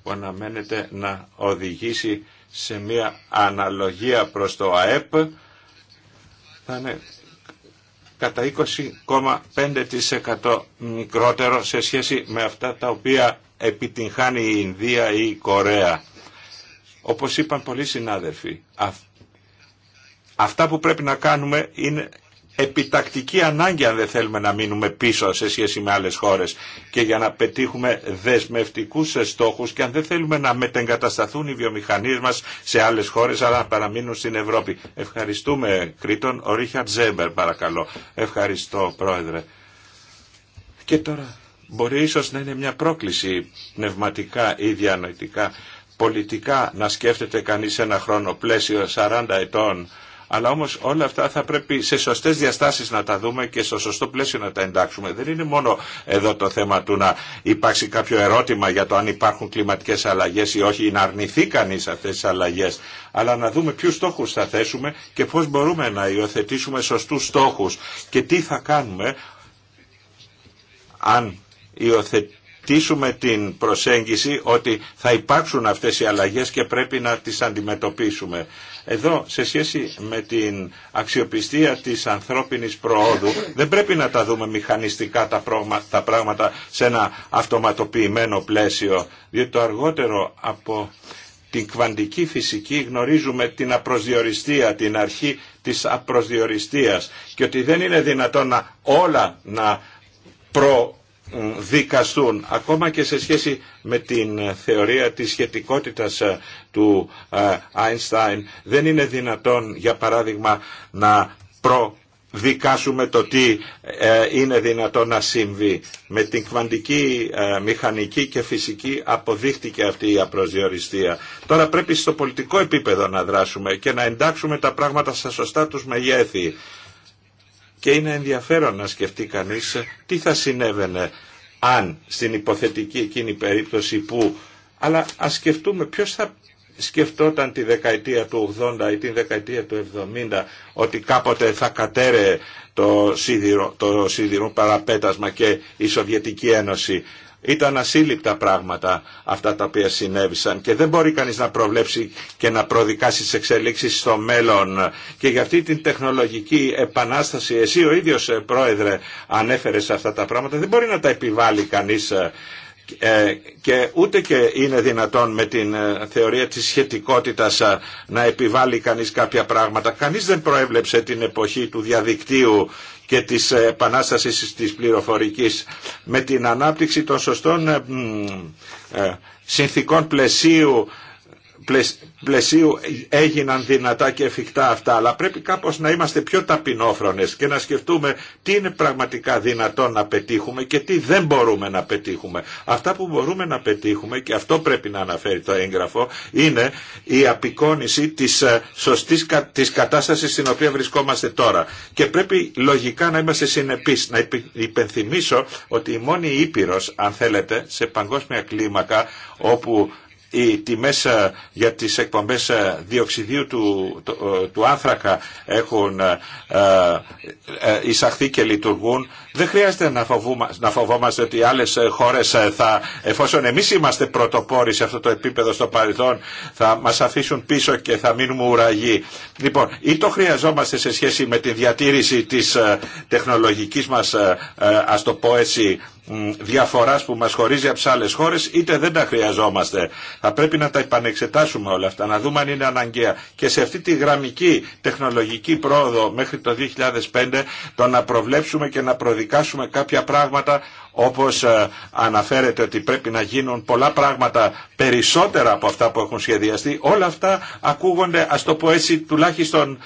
που αναμένεται να οδηγήσει σε μια αναλογία προς το ΑΕΠ θα είναι κατά 20,5% μικρότερο σε σχέση με αυτά τα οποία επιτυγχάνει η Ινδία ή η Κορέα. Όπως είπαν πολλοί συνάδελφοι, αυτά που πρέπει να κάνουμε είναι επιτακτική ανάγκη αν δεν θέλουμε να μείνουμε πίσω σε σχέση με άλλες χώρες και για να πετύχουμε δεσμευτικούς στόχους και αν δεν θέλουμε να μετεγκατασταθούν οι βιομηχανίες μας σε άλλες χώρες αλλά να παραμείνουν στην Ευρώπη. Ευχαριστούμε Κρήτον. Ο Ρίχαρτ Ζέμπερ παρακαλώ. Ευχαριστώ Πρόεδρε. Και τώρα μπορεί ίσως να είναι μια πρόκληση πνευματικά ή διανοητικά, πολιτικά να σκέφτεται κανείς ένα χρόνο πλαίσιο 40 ετών, αλλά όμως όλα αυτά θα πρέπει σε σωστές διαστάσεις να τα δούμε και στο σωστό πλαίσιο να τα εντάξουμε. Δεν είναι μόνο εδώ το θέμα του να υπάρξει κάποιο ερώτημα για το αν υπάρχουν κλιματικές αλλαγές ή όχι, ή να αρνηθεί κανείς αυτές τις αλλαγές, αλλά να δούμε ποιους στόχους θα θέσουμε και πώς μπορούμε να υιοθετήσουμε σωστούς στόχους και τι θα κάνουμε αν υιοθετήσουμε την προσέγγιση ότι θα υπάρξουν αυτές οι αλλαγές και πρέπει να τις αντιμετωπίσουμε. Εδώ, σε σχέση με την αξιοπιστία της ανθρώπινης προόδου, δεν πρέπει να τα δούμε μηχανιστικά τα πράγματα σε ένα αυτοματοποιημένο πλαίσιο, διότι το αργότερο από την κβαντική φυσική γνωρίζουμε την απροσδιοριστία, την αρχή της απροσδιοριστίας και ότι δεν είναι δυνατόν να όλα να προ δικαστούν ακόμα και σε σχέση με την θεωρία της σχετικότητας ε, του Άινστάιν ε, δεν είναι δυνατόν για παράδειγμα να προδικάσουμε το τι ε, είναι δυνατό να συμβεί. Με την κβαντική μηχανική και φυσική αποδείχτηκε αυτή η απροσδιοριστία. Τώρα πρέπει στο πολιτικό επίπεδο να δράσουμε και να εντάξουμε τα πράγματα στα σωστά τους μεγέθη και είναι ενδιαφέρον να σκεφτεί κανείς τι θα συνέβαινε αν στην υποθετική εκείνη περίπτωση που αλλά ας σκεφτούμε ποιος θα σκεφτόταν τη δεκαετία του 80 ή τη δεκαετία του 70 ότι κάποτε θα κατέρεε το σίδηρο, το σίδηρο παραπέτασμα και η Σοβιετική Ένωση ήταν ασύλληπτα πράγματα αυτά τα οποία συνέβησαν και δεν μπορεί κανείς να προβλέψει και να προδικάσει τις εξέλιξεις στο μέλλον. Και για αυτή την τεχνολογική επανάσταση, εσύ ο ίδιος ε, πρόεδρε ανέφερε σε αυτά τα πράγματα, δεν μπορεί να τα επιβάλλει κανείς ε, ε, και ούτε και είναι δυνατόν με την θεωρία της σχετικότητας να επιβάλλει κανείς κάποια πράγματα. Κανείς δεν προέβλεψε την εποχή του διαδικτύου και της επανάστασης της πληροφορικής με την ανάπτυξη των σωστών ε, συνθήκων πλαισίου πλαισίου έγιναν δυνατά και εφικτά αυτά, αλλά πρέπει κάπως να είμαστε πιο ταπεινόφρονες και να σκεφτούμε τι είναι πραγματικά δυνατόν να πετύχουμε και τι δεν μπορούμε να πετύχουμε. Αυτά που μπορούμε να πετύχουμε και αυτό πρέπει να αναφέρει το έγγραφο είναι η απεικόνηση της ε, σωστής της κατάστασης στην οποία βρισκόμαστε τώρα. Και πρέπει λογικά να είμαστε συνεπείς, να υπενθυμίσω ότι η μόνη Ήπειρος, αν θέλετε, σε παγκόσμια κλίμακα όπου οι τιμές ε, για τις εκπομπές ε, διοξιδίου του, του, ε, του άνθρακα έχουν εισαχθεί και λειτουργούν δεν χρειάζεται να, να φοβόμαστε ότι άλλες ε, χώρες ε, θα, εφόσον εμείς είμαστε πρωτοπόροι σε αυτό το επίπεδο στο παρελθόν, θα μας αφήσουν πίσω και θα μείνουμε ουραγοί. Λοιπόν, ή το χρειαζόμαστε σε σχέση με τη διατήρηση της ε, τεχνολογικής μας, ας το πω έτσι, διαφοράς που μας χωρίζει από τις άλλες χώρες είτε δεν τα χρειαζόμαστε. Θα πρέπει να τα επανεξετάσουμε όλα αυτά, να δούμε αν είναι αναγκαία. Και σε αυτή τη γραμμική τεχνολογική πρόοδο μέχρι το 2005 το να προβλέψουμε και να καταδικάσουμε κάποια πράγματα όπως ε, αναφέρεται ότι πρέπει να γίνουν πολλά πράγματα περισσότερα από αυτά που έχουν σχεδιαστεί, όλα αυτά ακούγονται, ας το πω έτσι, τουλάχιστον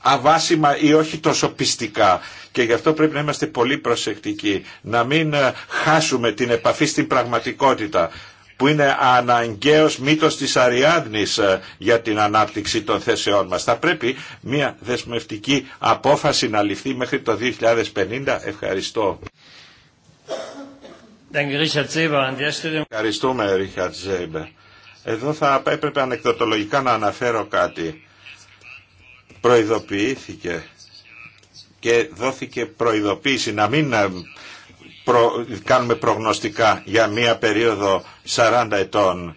αβάσιμα ή όχι τόσο πιστικά. Και γι' αυτό πρέπει να είμαστε πολύ προσεκτικοί, να μην ε, χάσουμε την επαφή στην πραγματικότητα που είναι αναγκαίος μύτος της Αριάδνης ε, για την ανάπτυξη των θέσεών μας. Θα πρέπει μια δεσμευτική απόφαση να ληφθεί μέχρι το 2050. Ευχαριστώ. Ευχαριστούμε, Ρίχαρτ Ζέιμπερ. Εδώ θα έπρεπε ανεκδοτολογικά να αναφέρω κάτι. Προειδοποιήθηκε και δόθηκε προειδοποίηση να μην ε, κάνουμε προγνωστικά για μία περίοδο 40 ετών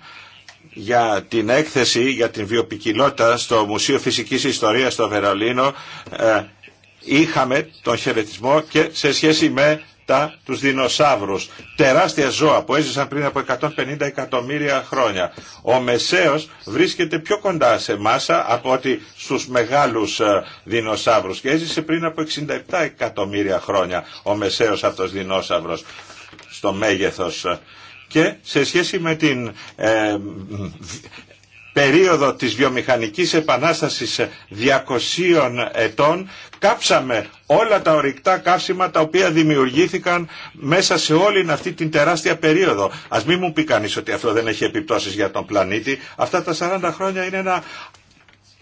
για την έκθεση για την βιοπικιλότητα στο Μουσείο Φυσικής Ιστορίας στο Βερολίνο ε, είχαμε τον χαιρετισμό και σε σχέση με αυτά τους δεινοσαύρους, τεράστια ζώα που έζησαν πριν από 150 εκατομμύρια χρόνια. Ο Μεσαίος βρίσκεται πιο κοντά σε μάσα από ότι στους μεγάλους ε, δεινοσαύρους και έζησε πριν από 67 εκατομμύρια χρόνια ο Μεσαίος αυτός δεινόσαυρος στο μέγεθος και σε σχέση με την ε, περίοδο της βιομηχανικής επανάστασης 200 ετών κάψαμε όλα τα ορυκτά καύσιμα τα οποία δημιουργήθηκαν μέσα σε όλη αυτή την τεράστια περίοδο. Ας μην μου πει κανείς ότι αυτό δεν έχει επιπτώσεις για τον πλανήτη. Αυτά τα 40 χρόνια είναι ένα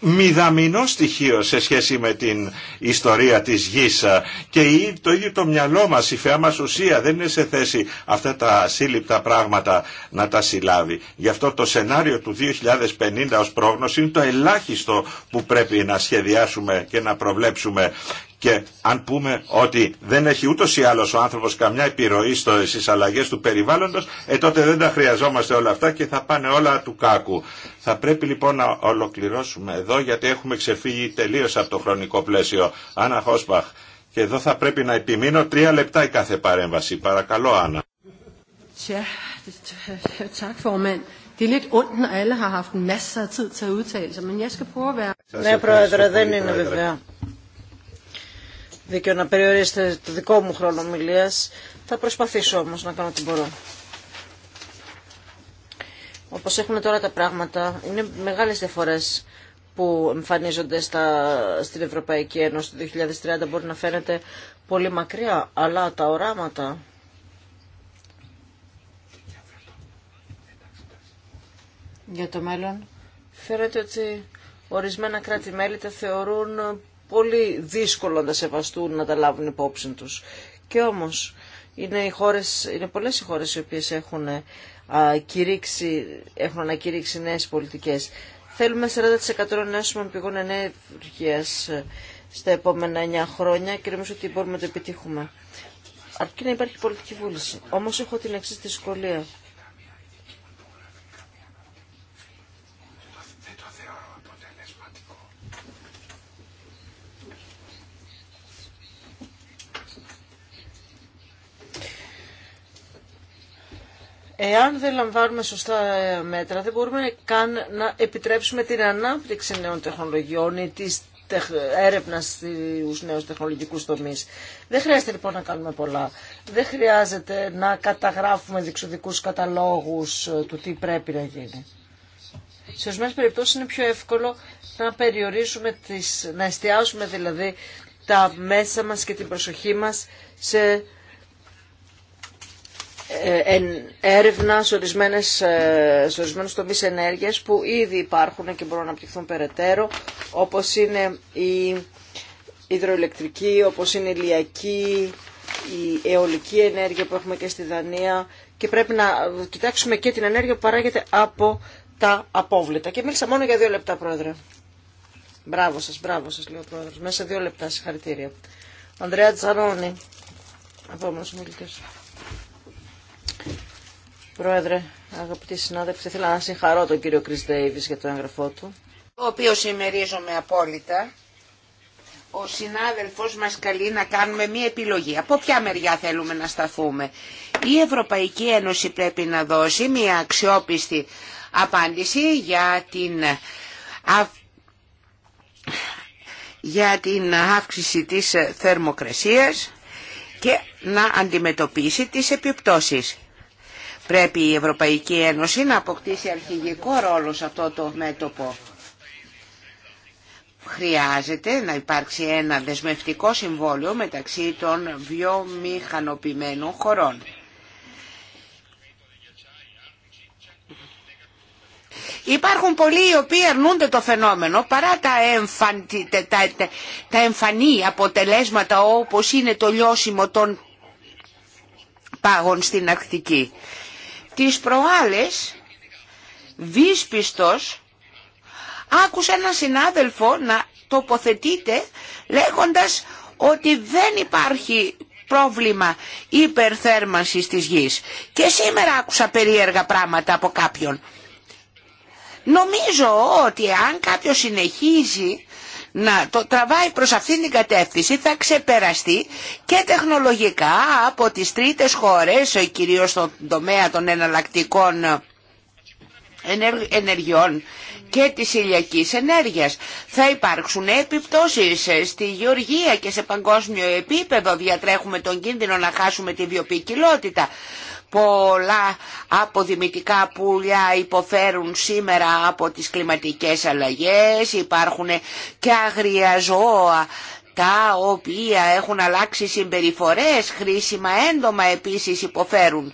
μηδαμινό στοιχείο σε σχέση με την ιστορία της γης και το ίδιο το μυαλό μας, η φαιά μας ουσία δεν είναι σε θέση αυτά τα σύλληπτα πράγματα να τα συλλάβει. Γι' αυτό το σενάριο του 2050 ως πρόγνωση είναι το ελάχιστο που πρέπει να σχεδιάσουμε και να προβλέψουμε και αν πούμε ότι δεν έχει ούτω ή άλλω ο άνθρωπο καμιά επιρροή στι αλλαγέ του περιβάλλοντο, ε, τότε δεν τα χρειαζόμαστε όλα αυτά και θα πάνε όλα του κάκου. Θα πρέπει λοιπόν να ολοκληρώσουμε εδώ, γιατί έχουμε ξεφύγει τελείω από το χρονικό πλαίσιο. Άννα Χόσπαχ, και εδώ θα πρέπει να επιμείνω τρία λεπτά η κάθε παρέμβαση. Παρακαλώ, Άννα. Er ναι, Πρόεδρε, δεν είναι βέβαια δίκαιο να περιορίσετε το δικό μου χρόνο ομιλία. Θα προσπαθήσω όμω να κάνω ό,τι μπορώ. Όπω έχουμε τώρα τα πράγματα, είναι μεγάλες διαφορέ που εμφανίζονται στα, στην Ευρωπαϊκή Ένωση το 2030 μπορεί να φαίνεται πολύ μακριά, αλλά τα οράματα για το μέλλον φαίνεται ότι ορισμένα κράτη-μέλη τα θεωρούν πολύ δύσκολο να σεβαστούν, να τα λάβουν υπόψη τους. Και όμως είναι, οι χώρες, είναι πολλές οι χώρες οι οποίες έχουν, ε, α, κηρύξει, έχουν ανακηρύξει νέες πολιτικές. Θέλουμε 40% νέων πηγών ενέργειας ε, στα επόμενα 9 χρόνια και νομίζω ότι μπορούμε να το επιτύχουμε. Αρκεί να υπάρχει πολιτική βούληση. Όμως έχω την εξή δυσκολία. Εάν δεν λαμβάνουμε σωστά ε, μέτρα, δεν μπορούμε καν να επιτρέψουμε την ανάπτυξη νέων τεχνολογιών ή της έρευνα στους νέους τεχνολογικούς τομείς. Δεν χρειάζεται λοιπόν να κάνουμε πολλά. Δεν χρειάζεται να καταγράφουμε διεξοδικούς καταλόγους ε, του τι πρέπει να γίνει. Σε ορισμένε περιπτώσει είναι πιο εύκολο να περιορίσουμε τις, να εστιάσουμε δηλαδή τα μέσα μας και την προσοχή μας σε ε, έρευνα σε, ορισμένες, ε, σε ενέργεια τομείς ενέργειας που ήδη υπάρχουν και μπορούν να αναπτυχθούν περαιτέρω, όπως είναι η υδροηλεκτρική, όπως είναι η ηλιακή, η αιωλική ενέργεια που έχουμε και στη Δανία και πρέπει να κοιτάξουμε και την ενέργεια που παράγεται από τα απόβλητα. Και μίλησα μόνο για δύο λεπτά, Πρόεδρε. Μπράβο σας, μπράβο σας, λέει ο Μέσα δύο λεπτά, συγχαρητήρια. Ανδρέα Τζαρόνι, επόμενος μιλητής. Πρόεδρε, αγαπητοί συνάδελφοι, θέλω να συγχαρώ τον κύριο Κρυς Ντέιβις για το έγγραφό του. Το οποίο συμμερίζομαι απόλυτα. Ο συνάδελφος μας καλεί να κάνουμε μία επιλογή. Από ποια μεριά θέλουμε να σταθούμε. Η Ευρωπαϊκή Ένωση πρέπει να δώσει μία αξιόπιστη απάντηση για την, για την αύξηση της θερμοκρασίας και να αντιμετωπίσει τις επιπτώσεις. Πρέπει η Ευρωπαϊκή Ένωση να αποκτήσει αρχηγικό ρόλο σε αυτό το μέτωπο. Χρειάζεται να υπάρξει ένα δεσμευτικό συμβόλαιο μεταξύ των βιομηχανοποιημένων χωρών. Υπάρχουν πολλοί οι οποίοι αρνούνται το φαινόμενο παρά τα, τα, τα, εμφανή αποτελέσματα όπως είναι το λιώσιμο των πάγων στην Ακτική τις προάλλες δύσπιστος άκουσε έναν συνάδελφο να τοποθετείται λέγοντας ότι δεν υπάρχει πρόβλημα υπερθέρμανσης της γης. Και σήμερα άκουσα περίεργα πράγματα από κάποιον. Νομίζω ότι αν κάποιος συνεχίζει να το τραβάει προς αυτήν την κατεύθυνση θα ξεπεραστεί και τεχνολογικά από τις τρίτες χώρες, κυρίως στον τομέα των εναλλακτικών ενεργειών και της ηλιακής ενέργειας. Θα υπάρξουν επιπτώσεις στη γεωργία και σε παγκόσμιο επίπεδο διατρέχουμε τον κίνδυνο να χάσουμε τη βιοποικιλότητα πολλά αποδημητικά πουλιά υποφέρουν σήμερα από τις κλιματικές αλλαγές, υπάρχουν και άγρια ζώα τα οποία έχουν αλλάξει συμπεριφορές, χρήσιμα έντομα επίσης υποφέρουν.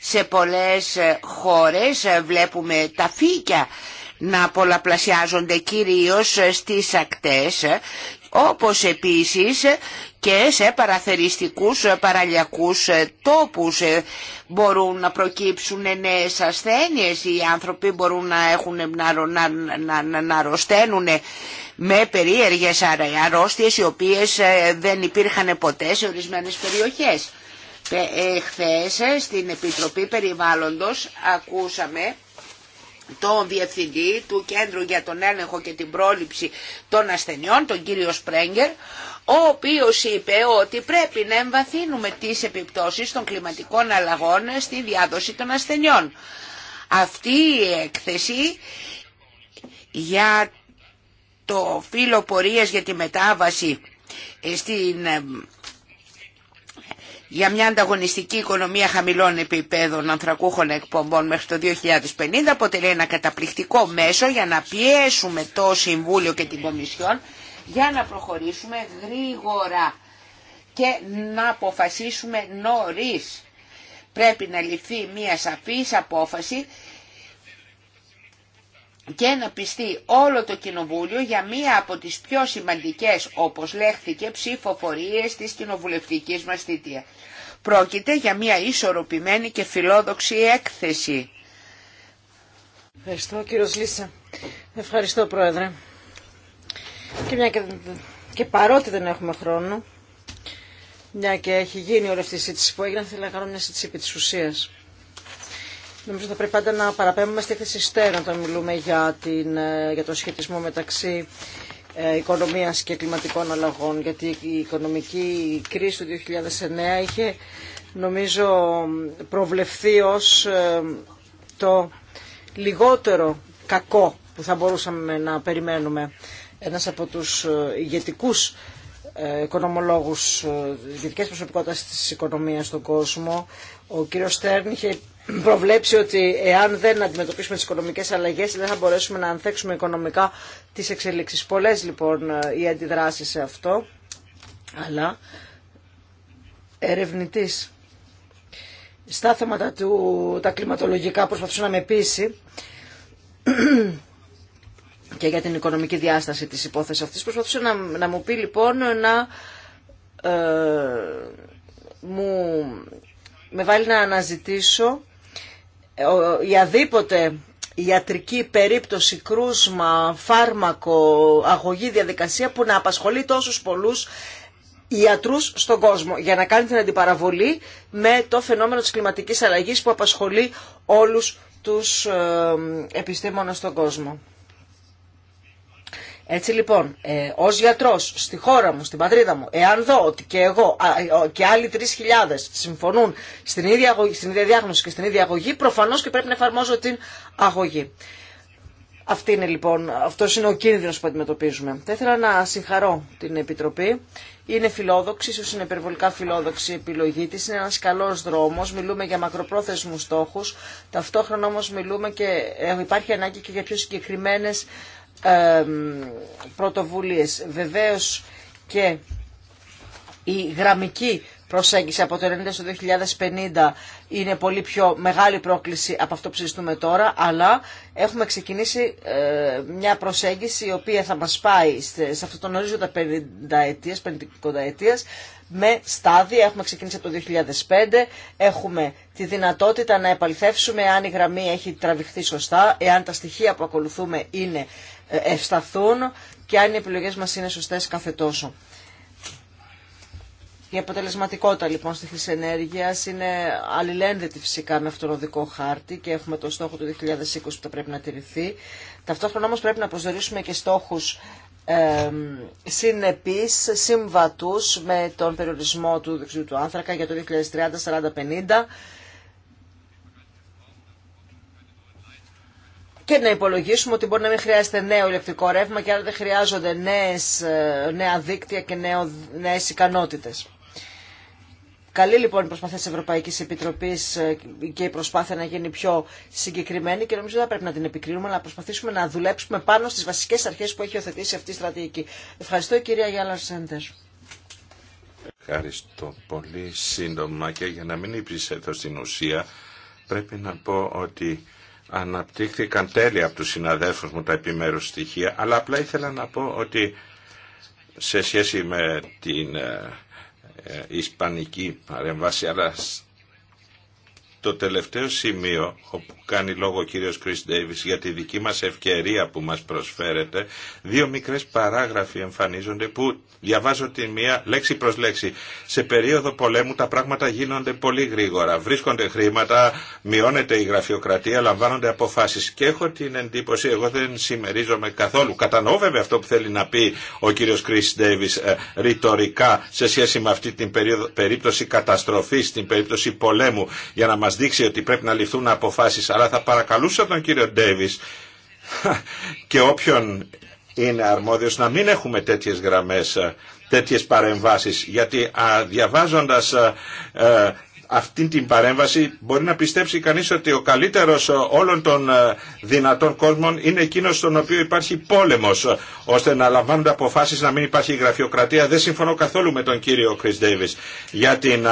Σε πολλές χώρες βλέπουμε τα φύκια να πολλαπλασιάζονται κυρίως στις ακτές όπως επίσης και σε παραθεριστικούς ε, παραλιακούς ε, τόπους ε, μπορούν να προκύψουν νέες ασθένειες, οι άνθρωποι μπορούν να, έχουν, να, να, να, αρρωσταίνουν με περίεργες αρρώστιες οι οποίες δεν υπήρχαν ποτέ σε ορισμένες περιοχές. Χθες στην Επιτροπή Περιβάλλοντος ακούσαμε τον Διευθυντή του Κέντρου για τον Έλεγχο και την Πρόληψη των Ασθενειών, τον κύριο Σπρέγκερ, ο οποίος είπε ότι πρέπει να εμβαθύνουμε τις επιπτώσεις των κλιματικών αλλαγών στη διάδοση των ασθενειών. Αυτή η έκθεση για το φύλλο πορείας για τη μετάβαση στην ε, για μια ανταγωνιστική οικονομία χαμηλών επιπέδων ανθρακούχων εκπομπών μέχρι το 2050 αποτελεί ένα καταπληκτικό μέσο για να πιέσουμε το Συμβούλιο και την Κομισιόν για να προχωρήσουμε γρήγορα και να αποφασίσουμε νωρίς. Πρέπει να ληφθεί μια σαφής απόφαση και να πιστεί όλο το Κοινοβούλιο για μία από τις πιο σημαντικές, όπως λέχθηκε, ψηφοφορίες της κοινοβουλευτικής μας θητεία. Πρόκειται για μία ισορροπημένη και φιλόδοξη έκθεση. Ευχαριστώ κύριο Λίσσα. Ευχαριστώ πρόεδρε. Και, και, παρότι δεν έχουμε χρόνο, μια και έχει γίνει όλη αυτή η συζήτηση που έγινε, θέλω να κάνω μια συζήτηση επί της ουσίας. Νομίζω ότι θα πρέπει πάντα να παραπέμπουμε στη θέση στέρα όταν μιλούμε για, την, ε, για τον σχετισμό μεταξύ ε, οικονομίας και κλιματικών αλλαγών, γιατί η οικονομική κρίση του 2009 είχε, νομίζω, προβλεφθεί ως ε, το λιγότερο κακό που θα μπορούσαμε να περιμένουμε. Ένας από τους ηγετικούς οικονομολόγους, ηγετικές προσωπικότητες της οικονομίας στον κόσμο, ο κύριος Στέρν είχε προβλέψει ότι εάν δεν αντιμετωπίσουμε τις οικονομικές αλλαγές δεν θα μπορέσουμε να ανθέξουμε οικονομικά τις εξελίξεις. Πολλές λοιπόν ε, οι αντιδράσεις σε αυτό, αλλά ερευνητής στα θέματα του, τα κλιματολογικά προσπαθούσε να με πείσει και για την οικονομική διάσταση της υπόθεσης αυτής προσπαθούσε να, να μου πει λοιπόν να ε, μου, με βάλει να αναζητήσω οποιαδήποτε ιατρική περίπτωση, κρούσμα, φάρμακο, αγωγή, διαδικασία που να απασχολεί τόσους πολλούς ιατρούς στον κόσμο για να κάνει την αντιπαραβολή με το φαινόμενο της κλιματικής αλλαγής που απασχολεί όλους τους ε, επιστήμονες στον κόσμο. Έτσι λοιπόν, ε, ως γιατρός στη χώρα μου, στην πατρίδα μου, εάν δω ότι και εγώ και άλλοι 3.000 συμφωνούν στην ίδια, αγωγή, στην ίδια διάγνωση και στην ίδια αγωγή, προφανώ και πρέπει να εφαρμόζω την αγωγή. Αυτή είναι λοιπόν, αυτό είναι ο κίνδυνο που αντιμετωπίζουμε. Θα ήθελα να συγχαρώ την Επιτροπή. Είναι φιλόδοξη, ίσω είναι υπερβολικά φιλόδοξη η επιλογή τη, Είναι ένα καλό δρόμο, μιλούμε για μακροπρόθεσμου στόχου. Ταυτόχρονα όμω, μιλούμε και ε, υπάρχει ανάγκη και για πιο συγκεκριμένε πρωτοβουλίες. Βεβαίως και η γραμμική προσέγγιση από το 90 στο 2050 είναι πολύ πιο μεγάλη πρόκληση από αυτό που συζητούμε τώρα, αλλά έχουμε ξεκινήσει μια προσέγγιση η οποία θα μας πάει σε αυτό το ορίζοντα 50 ετίας, 50 ετίας, με στάδια. Έχουμε ξεκινήσει από το 2005, έχουμε τη δυνατότητα να επαληθεύσουμε αν η γραμμή έχει τραβηχθεί σωστά, εάν τα στοιχεία που ακολουθούμε είναι ευσταθούν και αν οι επιλογές μας είναι σωστές κάθε τόσο. Η αποτελεσματικότητα λοιπόν στη χρήση ενέργεια είναι αλληλένδετη φυσικά με αυτόν τον οδικό χάρτη και έχουμε το στόχο του 2020 που θα πρέπει να τηρηθεί. Ταυτόχρονα όμω πρέπει να προσδιορίσουμε και στόχου ε, συνεπείς, συμβατούς με τον περιορισμό του δεξιού του άνθρακα για το 2030-40-50 και να υπολογίσουμε ότι μπορεί να μην χρειάζεται νέο ηλεκτρικό ρεύμα και άρα δεν χρειάζονται νέες, ε, νέα δίκτυα και νέο, νέες ικανότητες. Καλή λοιπόν η προσπάθεια της Ευρωπαϊκής Επιτροπής ε, και η προσπάθεια να γίνει πιο συγκεκριμένη και νομίζω δεν πρέπει να την επικρίνουμε, αλλά να προσπαθήσουμε να δουλέψουμε πάνω στις βασικές αρχές που έχει οθετήσει αυτή η στρατηγική. Ευχαριστώ κυρία Γιάννα Σέντερ. Ευχαριστώ πολύ σύντομα και για να μην υπησέτω στην ουσία πρέπει να πω ότι αναπτύχθηκαν τέλεια από τους συναδέλφους μου τα επιμέρους στοιχεία, αλλά απλά ήθελα να πω ότι σε σχέση με την ε, ε, ισπανική παρέμβαση, αλλά το τελευταίο σημείο όπου κάνει λόγο ο κύριος Κρίς Ντέιβις για τη δική μας ευκαιρία που μας προσφέρεται, δύο μικρές παράγραφοι εμφανίζονται που διαβάζω τη μία λέξη προς λέξη. Σε περίοδο πολέμου τα πράγματα γίνονται πολύ γρήγορα. Βρίσκονται χρήματα, μειώνεται η γραφειοκρατία, λαμβάνονται αποφάσεις. Και έχω την εντύπωση, εγώ δεν συμμερίζομαι καθόλου. Κατανοώ βέβαια αυτό που θέλει να πει ο κύριος Κρίς Ντέιβις ε, ρητορικά σε σχέση με αυτή την περίοδο περίπτωση καταστροφής, την περίπτωση πολέμου, για να μας δείξει ότι πρέπει να ληφθούν αποφάσεις, αλλά θα παρακαλούσα τον κύριο Ντέβις και όποιον είναι αρμόδιος να μην έχουμε τέτοιες γραμμές, τέτοιες παρεμβάσεις, γιατί α, διαβάζοντας αυτή την παρέμβαση μπορεί να πιστέψει κανείς ότι ο καλύτερος όλων των δυνατών κόσμων είναι εκείνος στον οποίο υπάρχει πόλεμος ώστε να λαμβάνονται αποφάσεις να μην υπάρχει γραφειοκρατία. Δεν συμφωνώ καθόλου με τον κύριο Κρις Ντέιβις για την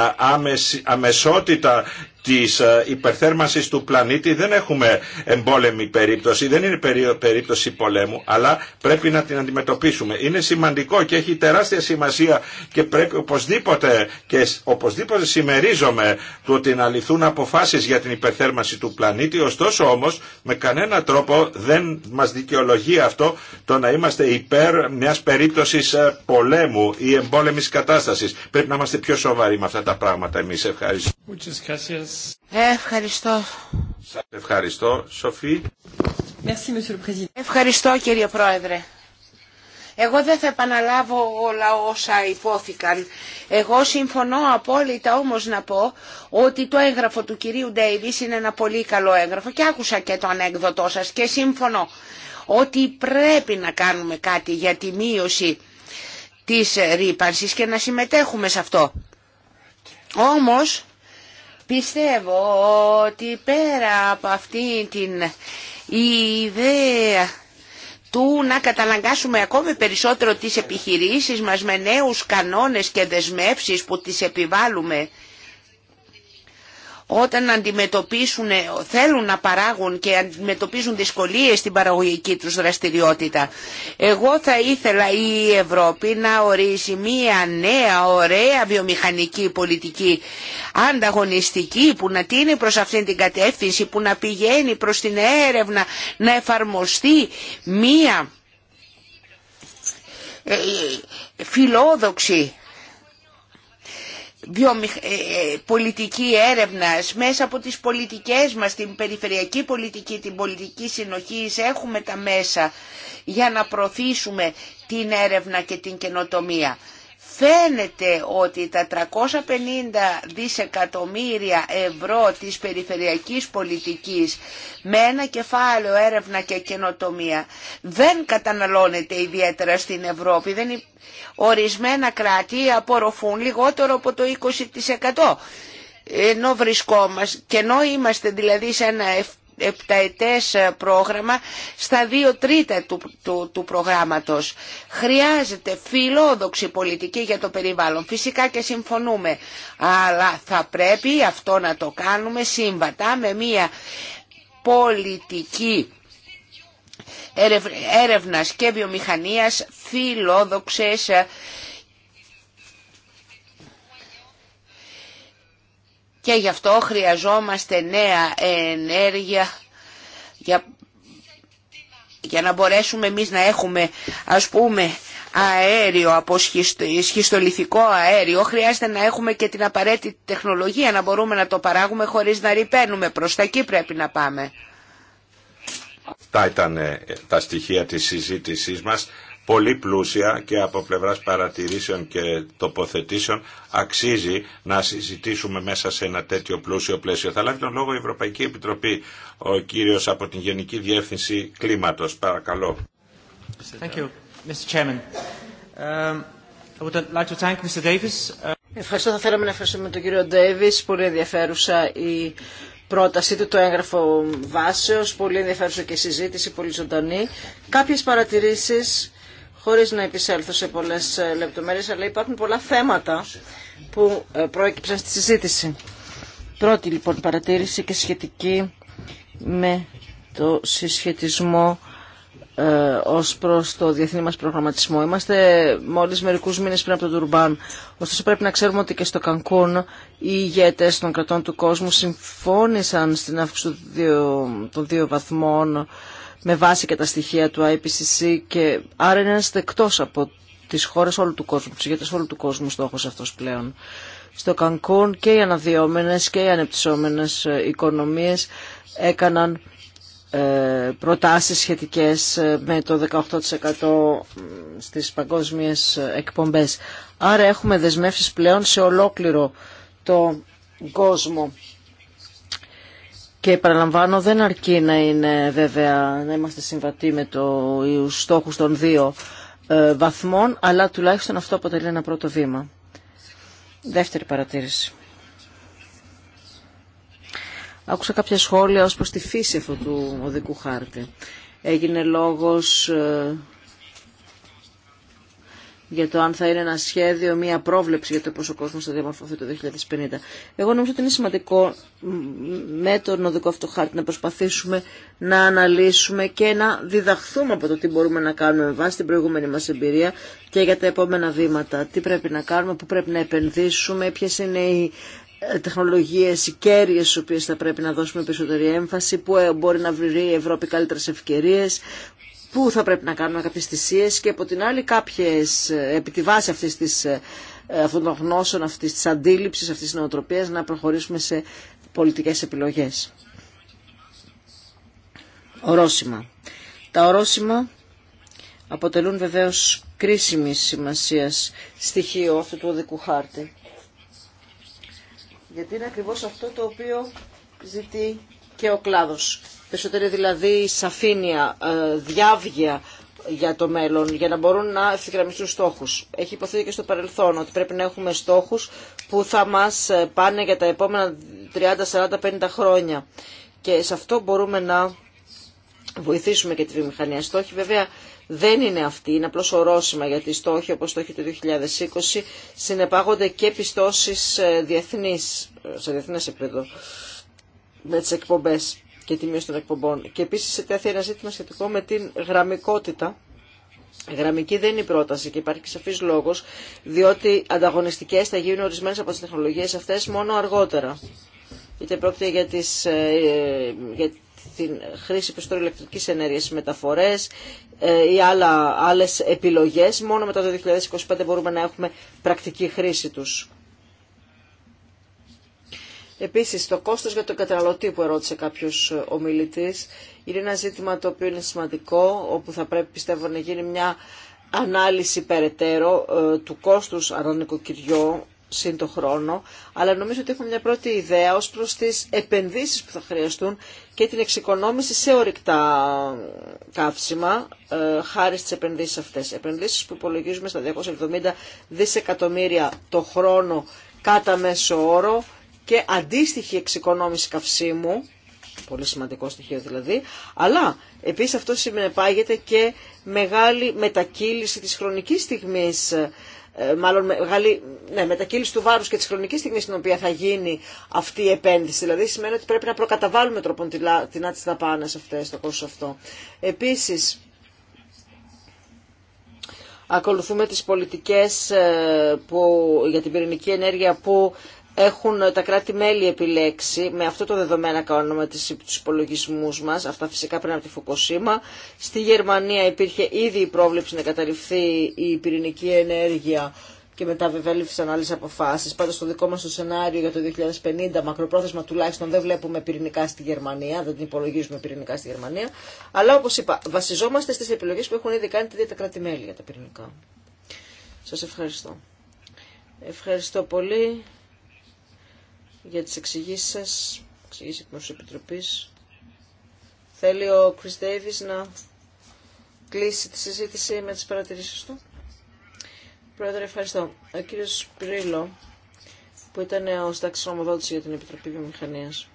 αμεσότητα της ε, υπερθέρμανσης του πλανήτη δεν έχουμε εμπόλεμη περίπτωση, δεν είναι περίπτωση πολέμου, αλλά πρέπει να την αντιμετωπίσουμε. Είναι σημαντικό και έχει τεράστια σημασία και πρέπει οπωσδήποτε και οπωσδήποτε συμμερίζομαι του ότι να λυθούν αποφάσεις για την υπερθέρμανση του πλανήτη, ωστόσο όμως με κανένα τρόπο δεν μας δικαιολογεί αυτό το να είμαστε υπέρ μιας περίπτωσης ε, πολέμου ή εμπόλεμης κατάστασης. Πρέπει να είμαστε πιο σοβαροί με αυτά τα πράγματα εμείς. Ευχαριστώ. Ευχαριστώ. ευχαριστώ. Σοφή. Ευχαριστώ κύριε Πρόεδρε. Εγώ δεν θα επαναλάβω όλα όσα υπόθηκαν. Εγώ συμφωνώ απόλυτα όμως να πω ότι το έγγραφο του κυρίου Ντέιβις είναι ένα πολύ καλό έγγραφο και άκουσα και το ανέκδοτό σας και συμφωνώ ότι πρέπει να κάνουμε κάτι για τη μείωση της ρήπανσης και να συμμετέχουμε σε αυτό. Όμως Πιστεύω ότι πέρα από αυτή την ιδέα του να καταναγκάσουμε ακόμη περισσότερο τις επιχειρήσεις μας με νέους κανόνες και δεσμεύσεις που τις επιβάλλουμε όταν αντιμετωπίσουν, θέλουν να παράγουν και αντιμετωπίζουν δυσκολίες στην παραγωγική τους δραστηριότητα. Εγώ θα ήθελα η Ευρώπη να ορίσει μία νέα ωραία βιομηχανική πολιτική ανταγωνιστική που να τίνει προς αυτήν την κατεύθυνση, που να πηγαίνει προς την έρευνα, να εφαρμοστεί μία ε, φιλόδοξη ε, ε, πολιτική έρευνας, μέσα από τις πολιτικές μας, την περιφερειακή πολιτική, την πολιτική συνοχή, έχουμε τα μέσα για να προωθήσουμε την έρευνα και την καινοτομία φαίνεται ότι τα 350 δισεκατομμύρια ευρώ της περιφερειακής πολιτικής με ένα κεφάλαιο έρευνα και καινοτομία δεν καταναλώνεται ιδιαίτερα στην Ευρώπη. Δεν... Ορισμένα κράτη απορροφούν λιγότερο από το 20% ενώ βρισκόμαστε και ενώ είμαστε δηλαδή σε ένα επταετές ε, πρόγραμμα στα δύο τρίτα του, του, του προγράμματος. Χρειάζεται φιλόδοξη πολιτική για το περιβάλλον. Φυσικά και συμφωνούμε, αλλά θα πρέπει αυτό να το κάνουμε σύμβατα με μια πολιτική έρευνας και βιομηχανίας φιλόδοξες ε, και γι' αυτό χρειαζόμαστε νέα ενέργεια για, για να μπορέσουμε εμείς να έχουμε ας πούμε αέριο, από σχιστολιθικό αέριο, χρειάζεται να έχουμε και την απαραίτητη τεχνολογία να μπορούμε να το παράγουμε χωρίς να ρηπαίνουμε. Προς τα εκεί πρέπει να πάμε. Αυτά ήταν ε, τα στοιχεία της συζήτησής μας πολύ πλούσια και από πλευράς παρατηρήσεων και τοποθετήσεων αξίζει να συζητήσουμε μέσα σε ένα τέτοιο πλούσιο πλαίσιο. Θα λάβει τον λόγο η Ευρωπαϊκή Επιτροπή, ο κύριος από την Γενική Διεύθυνση Κλίματος. Παρακαλώ. Ευχαριστώ. Θα θέλαμε να ευχαριστούμε τον κύριο Ντέιβις. Πολύ ενδιαφέρουσα η πρότασή του, το έγγραφο βάσεως. Πολύ ενδιαφέρουσα και η συζήτηση, πολύ ζωντανή. Κάποιες παρατηρήσεις χωρίς να επισέλθω σε πολλές ε, λεπτομέρειες, αλλά υπάρχουν πολλά θέματα που ε, προέκυψαν στη συζήτηση. Πρώτη λοιπόν παρατήρηση και σχετική με το συσχετισμό ε, ως προς το διεθνή μας προγραμματισμό. Είμαστε μόλις μερικούς μήνες πριν από τον Τουρμπάν. Ωστόσο πρέπει να ξέρουμε ότι και στο Κανκούν οι ηγέτες των κρατών του κόσμου συμφώνησαν στην αύξηση των δύο βαθμών με βάση και τα στοιχεία του IPCC και άρα είναι ένας δεκτός από τις χώρες όλου του κόσμου, τους ηγέτες όλου του κόσμου στόχος αυτός πλέον. Στο Κανκούν και οι αναδυόμενες και οι ανεπτυσσόμενες ε, οικονομίες έκαναν ε, προτάσεις σχετικές ε, με το 18% στις παγκόσμιες εκπομπές. Άρα έχουμε δεσμεύσεις πλέον σε ολόκληρο το κόσμο. Και παραλαμβάνω, δεν αρκεί να είναι βέβαια να είμαστε συμβατοί με το στόχου των δύο ε, βαθμών, αλλά τουλάχιστον αυτό αποτελεί ένα πρώτο βήμα. Δεύτερη παρατήρηση. Άκουσα κάποια σχόλια ως προς τη φύση αυτού του οδικού χάρτη. Έγινε λόγος ε, για το αν θα είναι ένα σχέδιο, μία πρόβλεψη για το πώς κόσμο κόσμος θα διαμορφωθεί το 2050. Εγώ νομίζω ότι είναι σημαντικό με τον οδικό αυτό χάρτη να προσπαθήσουμε να αναλύσουμε και να διδαχθούμε από το τι μπορούμε να κάνουμε με βάση την προηγούμενη μας εμπειρία και για τα επόμενα βήματα. Τι πρέπει να κάνουμε, πού πρέπει να επενδύσουμε, ποιες είναι οι ε, τεχνολογίες, οι κέρυες στις οποίες θα πρέπει να δώσουμε περισσότερη έμφαση, που πρεπει να επενδυσουμε ποιε ειναι οι τεχνολογιες οι κερυες στις οποιες θα πρεπει να δωσουμε περισσοτερη εμφαση που μπορει να βρει η Ευρώπη καλύτερες ευκαιρίες, που θα πρέπει να κάνουμε κάποιες θυσίες και από την άλλη κάποιες, επί τη βάση αυτής της, ε, αυτών των γνώσεων, αυτής της αντίληψης, αυτής της νοοτροπίας, να προχωρήσουμε σε πολιτικές επιλογές. Ορόσημα. Τα ορόσημα αποτελούν βεβαίως κρίσιμη σημασία στοιχείο αυτού του οδικού χάρτη. Γιατί είναι ακριβώς αυτό το οποίο ζητεί και ο κλάδος. Περισσότερη δηλαδή σαφήνεια, ε, διάβγεια για το μέλλον, για να μπορούν να ευθυγραμμιστούν στόχους. Έχει υποθεί και στο παρελθόν ότι πρέπει να έχουμε στόχους που θα μας ε, πάνε για τα επόμενα 30, 40, 50 χρόνια. Και σε αυτό μπορούμε να βοηθήσουμε και τη βιομηχανία. Στόχοι βέβαια δεν είναι αυτή, είναι απλώς ορόσημα γιατί στόχοι όπως στόχοι του 2020 συνεπάγονται και πιστώσεις ε, διεθνείς, σε διεθνές επίπεδο με τις εκπομπές και τη μείωση των εκπομπών. Και επίσης ετέθη ένα ζήτημα σχετικό με την γραμμικότητα. Γραμμική δεν είναι η πρόταση και υπάρχει σαφή λόγο, διότι ανταγωνιστικέ θα γίνουν ορισμένε από τι τεχνολογίε αυτέ μόνο αργότερα. Είτε πρόκειται για, τις, ε, για την χρήση περισσότερη ηλεκτρική ενέργεια στι μεταφορέ ε, ή άλλε επιλογέ. Μόνο μετά το 2025 μπορούμε να έχουμε πρακτική χρήση του. Επίσης, το κόστος για τον καταναλωτή που ερώτησε κάποιος ομιλητής είναι ένα ζήτημα το οποίο είναι σημαντικό, όπου θα πρέπει πιστεύω να γίνει μια ανάλυση περαιτέρω ε, του κόστους ανοικοκυριό σύν το χρόνο, αλλά νομίζω ότι έχουμε μια πρώτη ιδέα ως προς τις επενδύσεις που θα χρειαστούν και την εξοικονόμηση σε ορυκτά καύσιμα ε, χάρη στις επενδύσεις αυτές. Επενδύσεις που υπολογίζουμε στα 270 δισεκατομμύρια το χρόνο κατά μέσο όρο, και αντίστοιχη εξοικονόμηση καυσίμου, πολύ σημαντικό στοιχείο δηλαδή, αλλά επίσης αυτό συνεπάγεται και μεγάλη μετακύληση της χρονικής στιγμής, ε, μάλλον μεγάλη ναι, μετακύληση του βάρους και της χρονικής στιγμής στην οποία θα γίνει αυτή η επένδυση. Δηλαδή σημαίνει ότι πρέπει να προκαταβάλουμε τρόπον την άτσι σε αυτές, στο κόστος αυτό. Επίσης, ακολουθούμε τις πολιτικές ε, για την πυρηνική ενέργεια που έχουν τα κράτη-μέλη επιλέξει με αυτό το δεδομένα κάνουμε του τους υπολογισμού μας, αυτά φυσικά πριν από τη Φουκοσίμα. Στη Γερμανία υπήρχε ήδη η πρόβλεψη να καταρριφθεί η πυρηνική ενέργεια και μετά βέβαια άλλε αποφάσει. Πάντω στο δικό μα το σενάριο για το 2050, μακροπρόθεσμα τουλάχιστον δεν βλέπουμε πυρηνικά στη Γερμανία, δεν την υπολογίζουμε πυρηνικά στη Γερμανία. Αλλά όπω είπα, βασιζόμαστε στι επιλογέ που έχουν ήδη κάνει τα κράτη-μέλη για τα πυρηνικά. Σα ευχαριστώ. Ευχαριστώ πολύ για τις εξηγήσεις σας, εξηγήσεις εκ Επιτροπής. Θέλει ο Chris Davis να κλείσει τη συζήτηση με τις παρατηρήσεις του. Πρόεδρε, ευχαριστώ. Ο κύριος Πυρίλο, που ήταν ο συντάξης για την Επιτροπή Βιομηχανίας.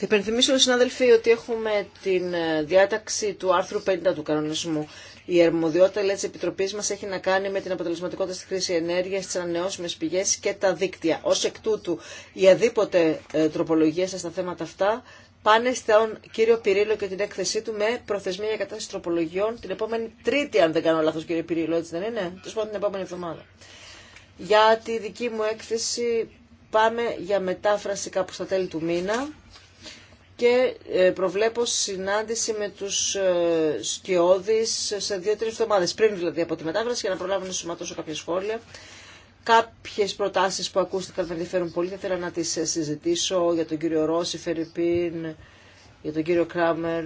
Θα υπενθυμίσω, συνάδελφοι, ότι έχουμε την ε, διάταξη του άρθρου 50 του κανονισμού. Η αρμοδιότητα τη της Επιτροπής μας έχει να κάνει με την αποτελεσματικότητα στη χρήση ενέργειας, τις ανανεώσιμες πηγές και τα δίκτυα. Ως εκ τούτου, οι αδίποτε ε, τροπολογίες στα θέματα αυτά πάνε στον κύριο Πυρίλο και την έκθεσή του με προθεσμία για κατάσταση τροπολογιών την επόμενη Τρίτη, αν δεν κάνω λάθος κύριε Πυρίλο, έτσι δεν είναι, Του πω την επόμενη εβδομάδα. Για τη δική μου έκθεση πάμε για μετάφραση κάπου στα τέλη του μήνα και ε, προβλέπω συνάντηση με τους ε, σκιώδεις σε δύο-τρεις εβδομάδες, πριν δηλαδή από τη μετάφραση, για να προλάβουν να σωματώσω κάποια σχόλια. Κάποιες προτάσεις που ακούστηκαν με ενδιαφέρουν πολύ, θα ήθελα να τις ε, συζητήσω για τον κύριο Ρώση, Φερρυπίν, για τον κύριο Κράμερ.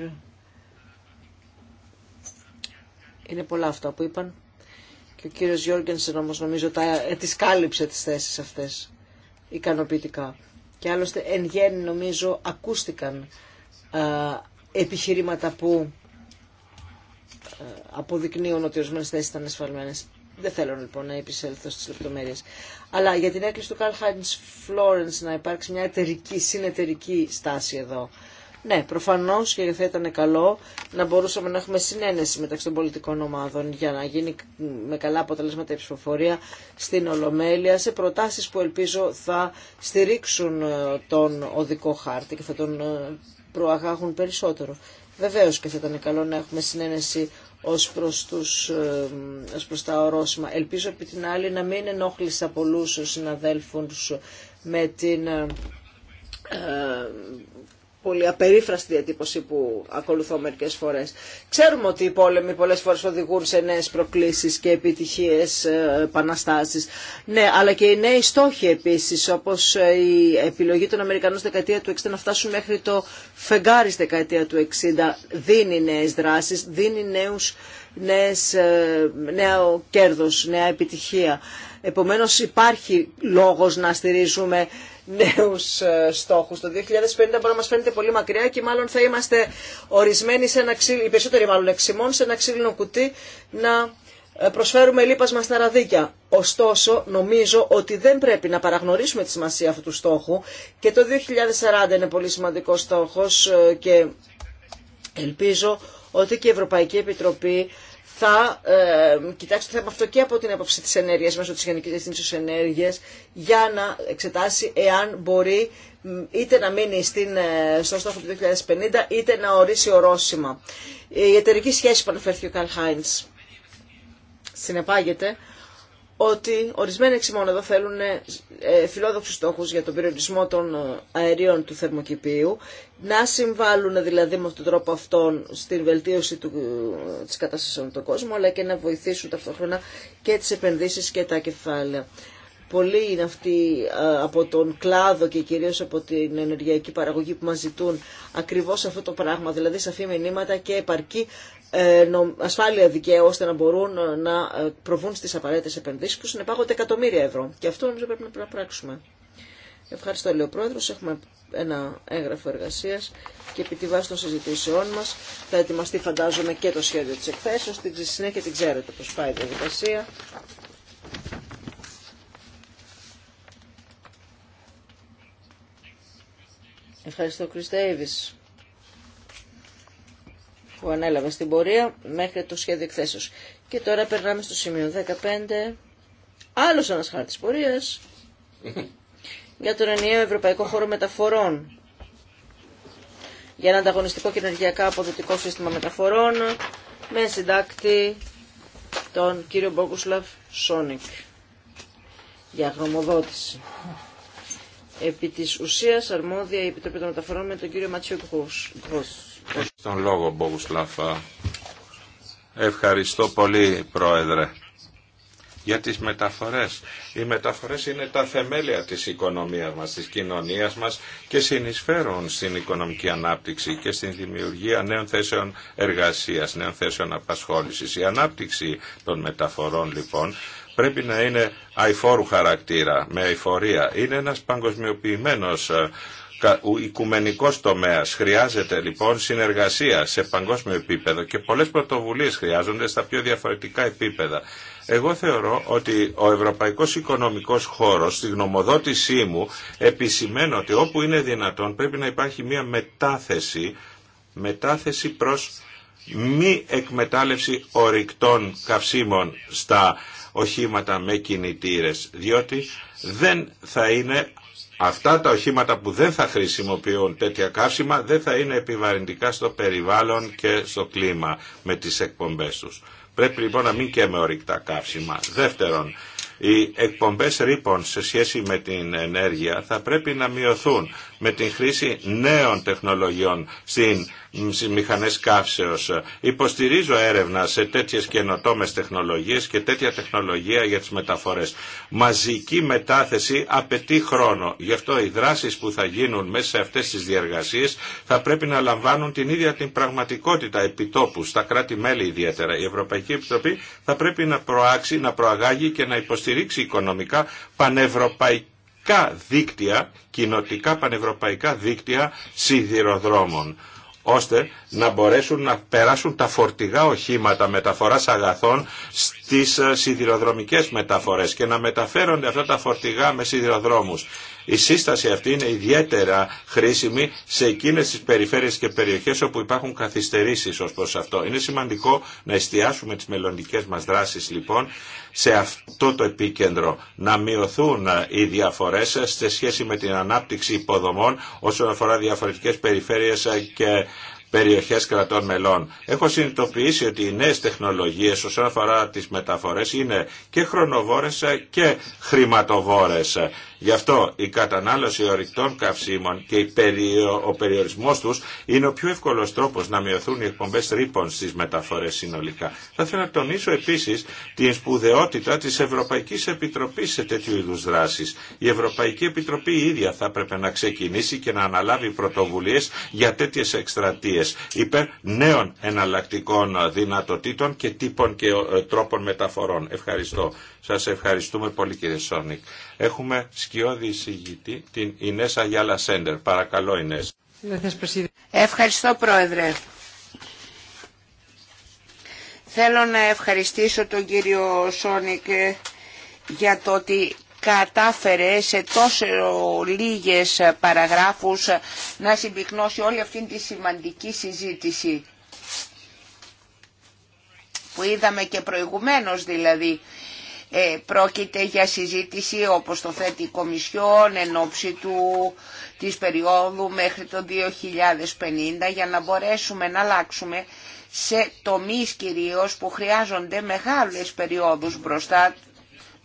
Είναι πολλά αυτά που είπαν. Και ο κύριος Γιώργενσεν όμως νομίζω τα, ε, τις κάλυψε τις θέσεις αυτές ικανοποιητικά και άλλωστε εν γέννη νομίζω ακούστηκαν ε, επιχειρήματα που ε, αποδεικνύουν ότι ορισμένε θέσει ήταν ασφαλμένε. Δεν θέλω λοιπόν να επισέλθω στις λεπτομέρειες. Αλλά για την έκκληση του Καρλ Χάιντ να υπάρξει μια εταιρική, συνεταιρική στάση εδώ. Ναι, προφανώς και θα ήταν καλό να μπορούσαμε να έχουμε συνένεση μεταξύ των πολιτικών ομάδων για να γίνει με καλά αποτελέσματα η ψηφοφορία στην Ολομέλεια σε προτάσεις που ελπίζω θα στηρίξουν ε, τον οδικό χάρτη και θα τον ε, προαγάγουν περισσότερο. Βεβαίω και θα ήταν καλό να έχουμε συνένεση ως προς, ε, προς τα ορόσημα. Ελπίζω επί την άλλη να μην ενόχλησα πολλούς συναδέλφους με την πολύ απερίφραστη διατύπωση που ακολουθώ μερικέ φορέ. Ξέρουμε ότι οι πόλεμοι πολλέ φορέ οδηγούν σε νέε προκλήσει και επιτυχίε, επαναστάσει. Ναι, αλλά και οι νέοι στόχοι επίση, όπω ε, η επιλογή των Αμερικανών στη δεκαετία του 60 να φτάσουν μέχρι το φεγγάρι στη δεκαετία του 60, δίνει νέε δράσει, δίνει νέους, ε, νέο κέρδο, νέα επιτυχία. Επομένως υπάρχει λόγος να στηρίζουμε νέους ε, στόχου. Το 2050 μπορεί να μα φαίνεται πολύ μακριά και μάλλον θα είμαστε ορισμένοι σε ένα ξύλινο, περισσότεροι μάλλον εξημών, σε ένα ξύλινο κουτί να ε, προσφέρουμε λίπασμα στα ραδίκια. Ωστόσο, νομίζω ότι δεν πρέπει να παραγνωρίσουμε τη σημασία αυτού του στόχου και το 2040 είναι πολύ σημαντικός στόχος ε, και ελπίζω ότι και η Ευρωπαϊκή Επιτροπή θα ε, κοιτάξει το θέμα αυτό και από την έποψη της ενέργειας μέσω της Γενικής Διευθύνσης Ενέργειας για να εξετάσει εάν μπορεί είτε να μείνει στην, ε, στο στόχο του 2050 είτε να ορίσει ορόσημα. Η εταιρική σχέση που αναφέρθηκε ο Καλ Χάιντ. συνεπάγεται ότι ορισμένοι εξημών εδώ θέλουν ε, ε, φιλόδοξους στόχους για τον περιορισμό των ε, αερίων του θερμοκηπίου, να συμβάλλουν δηλαδή με αυτόν τον τρόπο αυτόν στην βελτίωση του, της κατάστασης τον κόσμο, αλλά και να βοηθήσουν ταυτόχρονα και τις επενδύσεις και τα κεφάλαια. Πολλοί είναι αυτοί από τον κλάδο και κυρίως από την ενεργειακή παραγωγή που μας ζητούν ακριβώς αυτό το πράγμα, δηλαδή σαφή μηνύματα και επαρκή ε, ασφάλεια δικαίου ώστε να μπορούν ε, να ε, προβούν στις απαραίτητες επενδύσεις που συνεπάγονται εκατομμύρια ευρώ. Και αυτό νομίζω πρέπει να πράξουμε. Ευχαριστώ, λέει ο Έχουμε ένα έγγραφο εργασίας και επί τη βάση των συζητήσεών μας θα ετοιμαστεί φαντάζομαι και το σχέδιο της εκθέσεως. στην συνέχεια την ξέρετε πώ πάει η διαδικασία. Ευχαριστώ, Chris που ανέλαβε στην πορεία μέχρι το σχέδιο εκθέσεως. Και τώρα περνάμε στο σημείο 15. Άλλο ένα χάρτη πορεία για τον ενιαίο ευρωπαϊκό χώρο μεταφορών. Για ένα ανταγωνιστικό και ενεργειακά αποδοτικό σύστημα μεταφορών με συντάκτη τον κύριο Μπόγκουσλαφ Σόνικ για γνωμοδότηση. Επί της ουσίας αρμόδια η Επιτροπή των Μεταφορών με τον κύριο Ματσίου Γκρούς. Έχει λόγο, Μπογουσλάφα. Ευχαριστώ πολύ, Πρόεδρε. Για τις μεταφορές. Οι μεταφορές είναι τα θεμέλια της οικονομίας μας, της κοινωνίας μας και συνεισφέρουν στην οικονομική ανάπτυξη και στην δημιουργία νέων θέσεων εργασίας, νέων θέσεων απασχόλησης. Η ανάπτυξη των μεταφορών, λοιπόν, πρέπει να είναι αηφόρου χαρακτήρα, με αηφορία. Είναι ένας παγκοσμιοποιημένος ε, ο οικουμενικός τομέας. Χρειάζεται λοιπόν συνεργασία σε παγκόσμιο επίπεδο και πολλές πρωτοβουλίες χρειάζονται στα πιο διαφορετικά επίπεδα. Εγώ θεωρώ ότι ο Ευρωπαϊκός Οικονομικός Χώρος, στη γνωμοδότησή μου, επισημαίνω ότι όπου είναι δυνατόν πρέπει να υπάρχει μια μετάθεση, μετάθεση προς μη εκμετάλλευση ορυκτών καυσίμων στα οχήματα με κινητήρες, διότι δεν θα είναι Αυτά τα οχήματα που δεν θα χρησιμοποιούν τέτοια καύσιμα δεν θα είναι επιβαρυντικά στο περιβάλλον και στο κλίμα με τις εκπομπές τους. Πρέπει λοιπόν να μην και με ορυκτά καύσιμα. Δεύτερον, οι εκπομπές ρήπων σε σχέση με την ενέργεια θα πρέπει να μειωθούν με την χρήση νέων τεχνολογιών στην μηχανές καύσεως. Υποστηρίζω έρευνα σε τέτοιες καινοτόμες τεχνολογίες και τέτοια τεχνολογία για τις μεταφορές. Μαζική μετάθεση απαιτεί χρόνο. Γι' αυτό οι δράσεις που θα γίνουν μέσα σε αυτές τις διεργασίες θα πρέπει να λαμβάνουν την ίδια την πραγματικότητα επιτόπου, στα κράτη-μέλη ιδιαίτερα. Η Ευρωπαϊκή Επιτροπή θα πρέπει να προάξει, να προαγάγει και να υποστηρίξει οικονομικά πανευρωπαϊκή δίκτυα, κοινοτικά πανευρωπαϊκά δίκτυα σιδηροδρόμων ώστε να μπορέσουν να περάσουν τα φορτηγά οχήματα μεταφοράς αγαθών στις σιδηροδρομικές μεταφορές και να μεταφέρονται αυτά τα φορτηγά με σιδηροδρόμους. Η σύσταση αυτή είναι ιδιαίτερα χρήσιμη σε εκείνες τις περιφέρειες και περιοχές όπου υπάρχουν καθυστερήσεις ως προς αυτό. Είναι σημαντικό να εστιάσουμε τις μελλοντικέ μας δράσεις λοιπόν σε αυτό το επίκεντρο να μειωθούν οι διαφορές σε σχέση με την ανάπτυξη υποδομών όσον αφορά διαφορετικές περιφέρειες και περιοχές κρατών μελών. Έχω συνειδητοποιήσει ότι οι νέες τεχνολογίες όσον αφορά τις μεταφορές είναι και χρονοβόρες και χρηματοβόρες Γι' αυτό η κατανάλωση ορυκτών καυσίμων και ο περιορισμός τους είναι ο πιο εύκολος τρόπος να μειωθούν οι εκπομπές ρήπων στις μεταφορές συνολικά. Θα ήθελα να τονίσω επίσης την σπουδαιότητα της Ευρωπαϊκής Επιτροπής σε τέτοιου είδους δράσεις. Η Ευρωπαϊκή Επιτροπή ίδια θα έπρεπε να ξεκινήσει και να αναλάβει πρωτοβουλίες για τέτοιες εκστρατείες υπέρ νέων εναλλακτικών δυνατοτήτων και τύπων και ε, τρόπων μεταφορών. Ευχαριστώ. Σας ευχαριστούμε πολύ κύριε Σόνικ. Έχουμε σκιώδη εισηγητή, την Ινέσα Αγιάλα Σέντερ. Παρακαλώ Ινέσα. Ευχαριστώ Πρόεδρε. Θέλω να ευχαριστήσω τον κύριο Σόνικ για το ότι κατάφερε σε τόσο λίγες παραγράφους να συμπυκνώσει όλη αυτή τη σημαντική συζήτηση που είδαμε και προηγουμένως δηλαδή ε, πρόκειται για συζήτηση όπως το θέτει η Κομισιόν εν ώψη του, της περίοδου μέχρι το 2050 για να μπορέσουμε να αλλάξουμε σε τομείς κυρίως που χρειάζονται μεγάλες περιόδους μπροστά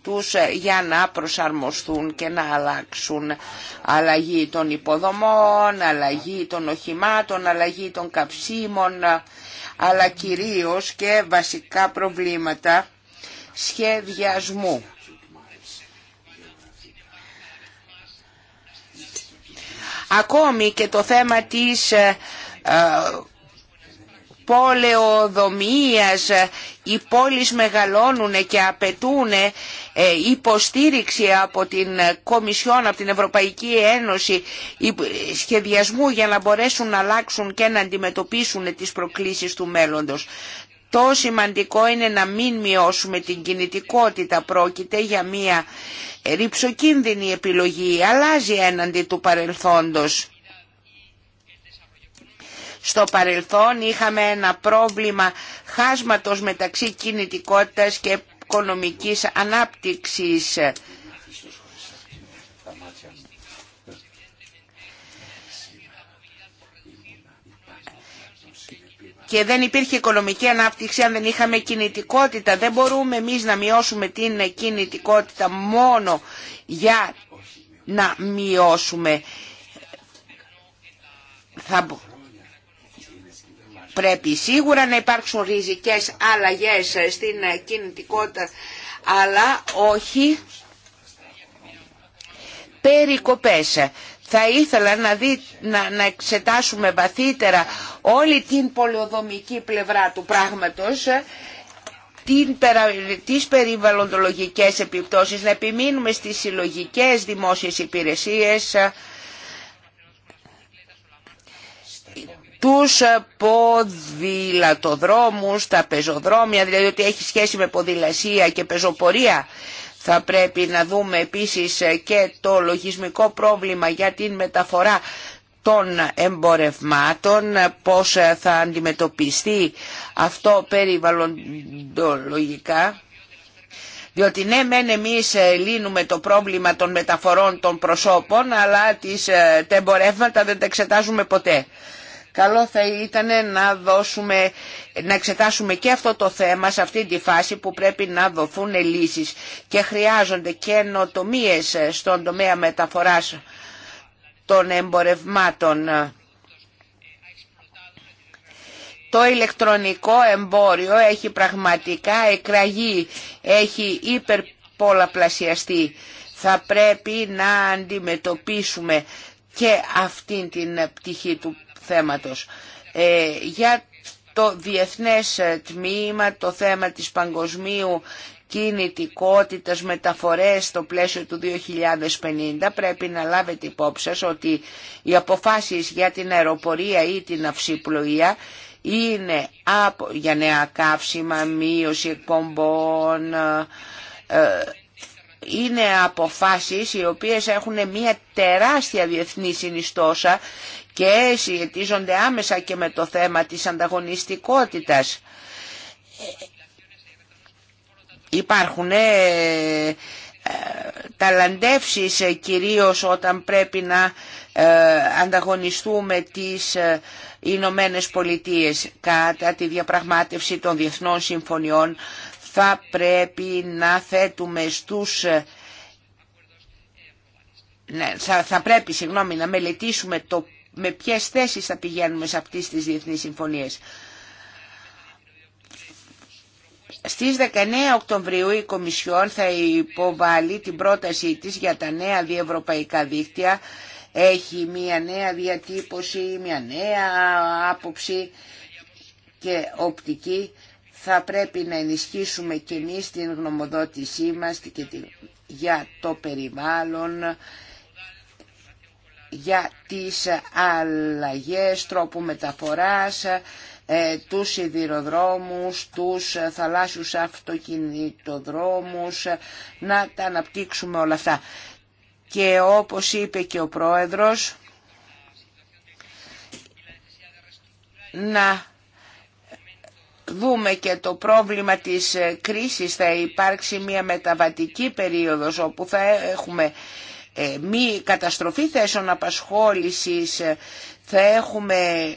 τους ε, για να προσαρμοστούν και να αλλάξουν αλλαγή των υποδομών, αλλαγή των οχημάτων, αλλαγή των καψίμων ε, αλλά κυρίως και βασικά προβλήματα σχεδιασμού. Ακόμη και το θέμα της ε, ε, πολεοδομίας, οι πόλεις μεγαλώνουν και απαιτούν ε, υποστήριξη από την Κομισιόν, από την Ευρωπαϊκή Ένωση σχεδιασμού για να μπορέσουν να αλλάξουν και να αντιμετωπίσουν τις προκλήσεις του μέλλοντος το σημαντικό είναι να μην μειώσουμε την κινητικότητα. Πρόκειται για μια ρηψοκίνδυνη επιλογή. Αλλάζει έναντι του παρελθόντος. Στο παρελθόν είχαμε ένα πρόβλημα χάσματος μεταξύ κινητικότητας και οικονομικής ανάπτυξης. και δεν υπήρχε οικονομική ανάπτυξη αν δεν είχαμε κινητικότητα. Δεν μπορούμε εμείς να μειώσουμε την κινητικότητα μόνο για να μειώσουμε. Θα... Πρέπει σίγουρα να υπάρξουν ριζικές αλλαγές στην κινητικότητα, αλλά όχι περικοπές θα ήθελα να, δει, να, εξετάσουμε βαθύτερα όλη την πολεοδομική πλευρά του πράγματος ε, την, τις περιβαλλοντολογικές επιπτώσεις, να επιμείνουμε στις συλλογικές δημόσιες υπηρεσίες, ε, τους ποδηλατοδρόμους, τα πεζοδρόμια, δηλαδή ότι έχει σχέση με ποδηλασία και πεζοπορία θα πρέπει να δούμε επίσης ε, και το λογισμικό πρόβλημα για την μεταφορά των εμπορευμάτων, ε, πώς ε, θα αντιμετωπιστεί αυτό περιβαλλοντολογικά. Διότι ναι μεν εμείς λύνουμε το πρόβλημα των μεταφορών των προσώπων αλλά τις, τα εμπορεύματα δεν τα εξετάζουμε ποτέ. Καλό θα ήταν να, δώσουμε, να εξετάσουμε και αυτό το θέμα σε αυτή τη φάση που πρέπει να δοθούν λύσεις και χρειάζονται καινοτομίε στον τομέα μεταφοράς των εμπορευμάτων. Το ηλεκτρονικό εμπόριο έχει πραγματικά εκραγεί, έχει υπερπολαπλασιαστεί. Θα πρέπει να αντιμετωπίσουμε και αυτήν την πτυχή του θέματος. Ε, για το διεθνές ε, τμήμα, το θέμα της παγκοσμίου κινητικότητας, μεταφορές στο πλαίσιο του 2050 πρέπει να λάβετε υπόψη σας ότι οι αποφάσεις για την αεροπορία ή την αυσιπλοεία είναι από, για νέα καύσιμα, μείωση εκπομπών, ε, είναι αποφάσεις οι οποίες έχουν μια τεράστια διεθνή συνιστόσα και σχετίζονται άμεσα και με το θέμα της ανταγωνιστικότητας. Υπάρχουν ε, ε, ταλαντεύσεις ε, κυρίως όταν πρέπει να ανταγωνιστούμε τις Ηνωμένε Πολιτείε κατά τη διαπραγμάτευση των διεθνών συμφωνιών θα πρέπει να θέτουμε στους ναι, θα πρέπει συγγνώμη, να μελετήσουμε το με ποιες θέσεις θα πηγαίνουμε σε αυτές τις διεθνείς συμφωνίες. Στις 19 Οκτωβρίου η Κομισιόν θα υποβάλει την πρότασή της για τα νέα διευρωπαϊκά δίκτυα. Έχει μια νέα διατύπωση, μια νέα άποψη και οπτική. Θα πρέπει να ενισχύσουμε και εμείς την γνωμοδότησή μας για το περιβάλλον για τις αλλαγές τρόπου μεταφοράς, ε, τους σιδηροδρόμους, τους θαλάσσιους αυτοκινητοδρόμους, να τα αναπτύξουμε όλα αυτά. Και όπως είπε και ο Πρόεδρος, να δούμε και το πρόβλημα της κρίσης θα υπάρξει μια μεταβατική περίοδος όπου θα έχουμε ε, μη καταστροφή θέσεων απασχόλησης ε, θα έχουμε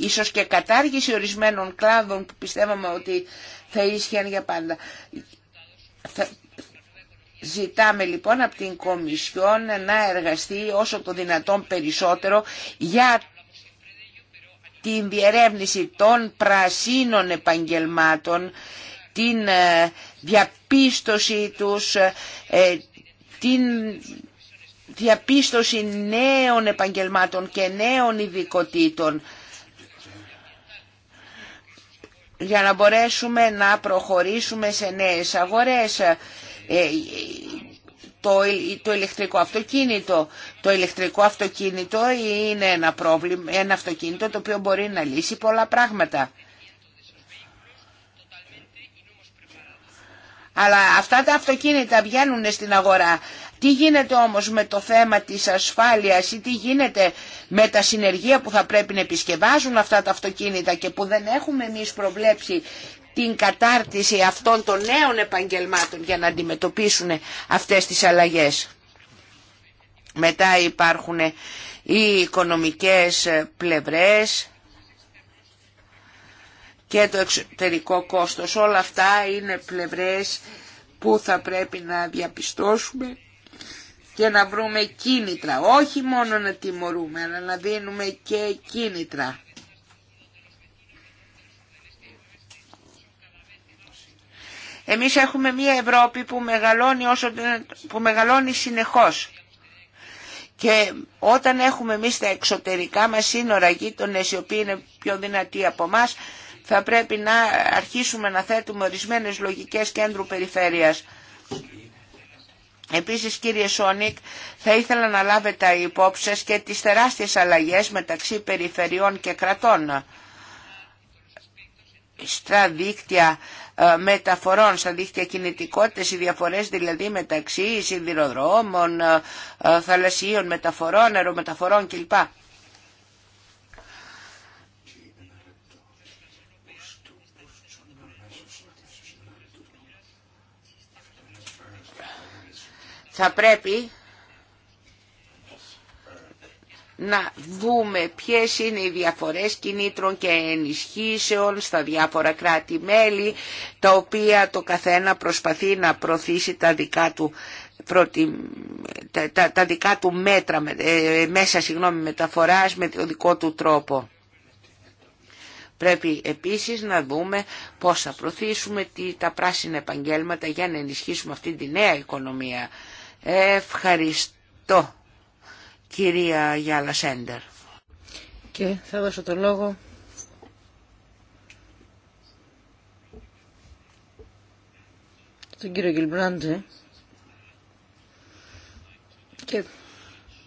ίσως και κατάργηση ορισμένων κλάδων που πιστεύαμε ότι θα ίσχυαν για πάντα. Ζητάμε λοιπόν από την Κομισιόν να εργαστεί όσο το δυνατόν περισσότερο για την διερεύνηση των πρασίνων επαγγελμάτων την ε, διαπίστωση τους, ε, την διαπίστωση νέων επαγγελμάτων και νέων ειδικοτήτων για να μπορέσουμε να προχωρήσουμε σε νέες αγορές. Ε, το, το ηλεκτρικό αυτοκίνητο. Το ηλεκτρικό αυτοκίνητο είναι ένα αυτοκίνητο το οποίο μπορεί να λύσει πολλά πράγματα. Αλλά αυτά τα αυτοκίνητα βγαίνουν στην αγορά. Τι γίνεται όμως με το θέμα της ασφάλειας ή τι γίνεται με τα συνεργεία που θα πρέπει να επισκευάζουν αυτά τα αυτοκίνητα και που δεν έχουμε εμείς προβλέψει την κατάρτιση αυτών των νέων επαγγελμάτων για να αντιμετωπίσουν αυτές τις αλλαγές. Μετά υπάρχουν οι οικονομικές πλευρές, και το εξωτερικό κόστος. Όλα αυτά είναι πλευρές που θα πρέπει να διαπιστώσουμε και να βρούμε κίνητρα. Όχι μόνο να τιμωρούμε, αλλά να δίνουμε και κίνητρα. Εμείς έχουμε μια Ευρώπη που μεγαλώνει, όσο, που μεγαλώνει συνεχώς. Και όταν έχουμε εμεί τα εξωτερικά μας σύνορα γείτονες οι οποίοι είναι πιο δυνατοί από μας, θα πρέπει να αρχίσουμε να θέτουμε ορισμένες λογικές κέντρου περιφέρειας. Επίσης κύριε Σόνικ, θα ήθελα να λάβετε υπόψη και τις τεράστιες αλλαγές μεταξύ περιφερειών και κρατών στα δίκτυα ε, μεταφορών, στα δίκτυα κινητικότητες, οι διαφορές δηλαδή μεταξύ σιδηροδρόμων, ε, ε, θαλασσίων μεταφορών, αερομεταφορών κλπ. θα πρέπει να δούμε ποιες είναι οι διαφορές κινήτρων και ενισχύσεων στα διάφορα κράτη-μέλη, τα οποία το καθένα προσπαθεί να προωθήσει τα δικά του, του μέτρα, ε, μέσα συγγνώμη, μεταφοράς με το δικό του τρόπο. Πρέπει επίσης να δούμε πώς θα προωθήσουμε τα πράσινα επαγγέλματα για να ενισχύσουμε αυτή τη νέα οικονομία. Ευχαριστώ κυρία Γιάλα Σέντερ. Και θα δώσω το λόγο στον κύριο Γκυλμπράντε και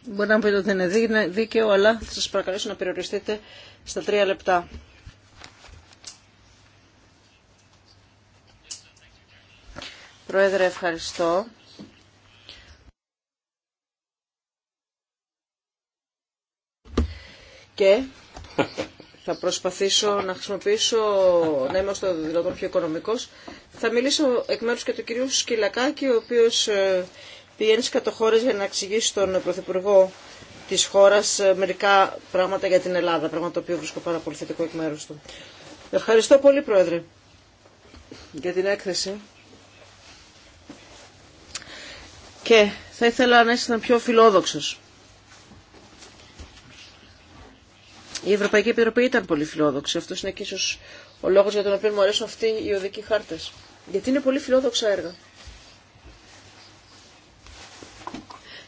μπορεί να μου πείτε ότι δεν είναι δίκαιο αλλά θα σας παρακαλέσω να περιοριστείτε στα τρία λεπτά. Πρόεδρε ευχαριστώ. και θα προσπαθήσω να χρησιμοποιήσω, να είμαι στο δυνατόν πιο οικονομικός. Θα μιλήσω εκ μέρου και του κυρίου Σκυλακάκη, ο οποίος ε, πηγαίνει στι κατοχώρε για να εξηγήσει τον Πρωθυπουργό της χώρας ε, μερικά πράγματα για την Ελλάδα, πράγμα το οποίο βρίσκω πάρα πολύ θετικό εκ μέρους του. Ευχαριστώ πολύ, Πρόεδρε, για την έκθεση. Και θα ήθελα να ήσασταν πιο φιλόδοξος Η Ευρωπαϊκή Επιτροπή ήταν πολύ φιλόδοξη. Αυτό είναι και ίσω ο λόγο για τον οποίο μου αρέσουν αυτοί οι οδικοί χάρτε. Γιατί είναι πολύ φιλόδοξα έργα.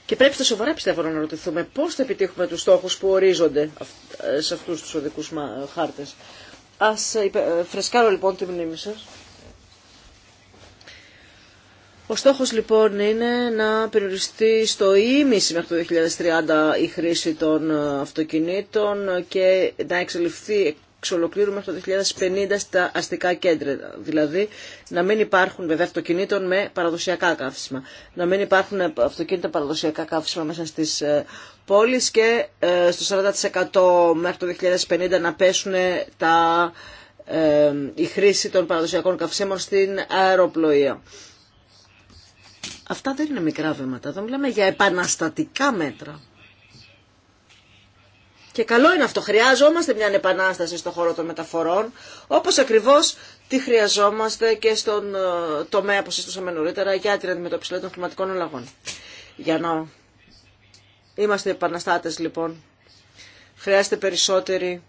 Και πρέπει στα σοβαρά πιστεύω να ρωτηθούμε πώ θα επιτύχουμε του στόχου που ορίζονται ε, σε αυτού του οδικού χάρτε. Α ε, ε, φρεσκάρω λοιπόν τη μνήμη σα. Ο στόχος λοιπόν είναι να περιοριστεί στο ίμιση μέχρι το 2030 η χρήση των ε, αυτοκινήτων και να εξελιχθεί εξ ολοκλήρου μέχρι το 2050 στα αστικά κέντρα. Δηλαδή να μην υπάρχουν βέβαια αυτοκινήτων με παραδοσιακά καύσιμα. Να μην υπάρχουν αυτοκίνητα παραδοσιακά καύσιμα μέσα στις ε, πόλεις και ε, στο 40% μέχρι το 2050 να πέσουν τα, η χρήση των παραδοσιακών καυσίμων στην αεροπλοεία. Αυτά δεν είναι μικρά βήματα, εδώ μιλάμε για επαναστατικά μέτρα. Και καλό είναι αυτό, χρειάζομαστε μια επανάσταση στον χώρο των μεταφορών, όπως ακριβώς τι χρειαζόμαστε και στον ε, τομέα που συστούσαμε νωρίτερα για την αντιμετώπιση των κλιματικών αλλαγών. Για να είμαστε επαναστάτες λοιπόν, χρειάζεται περισσότερη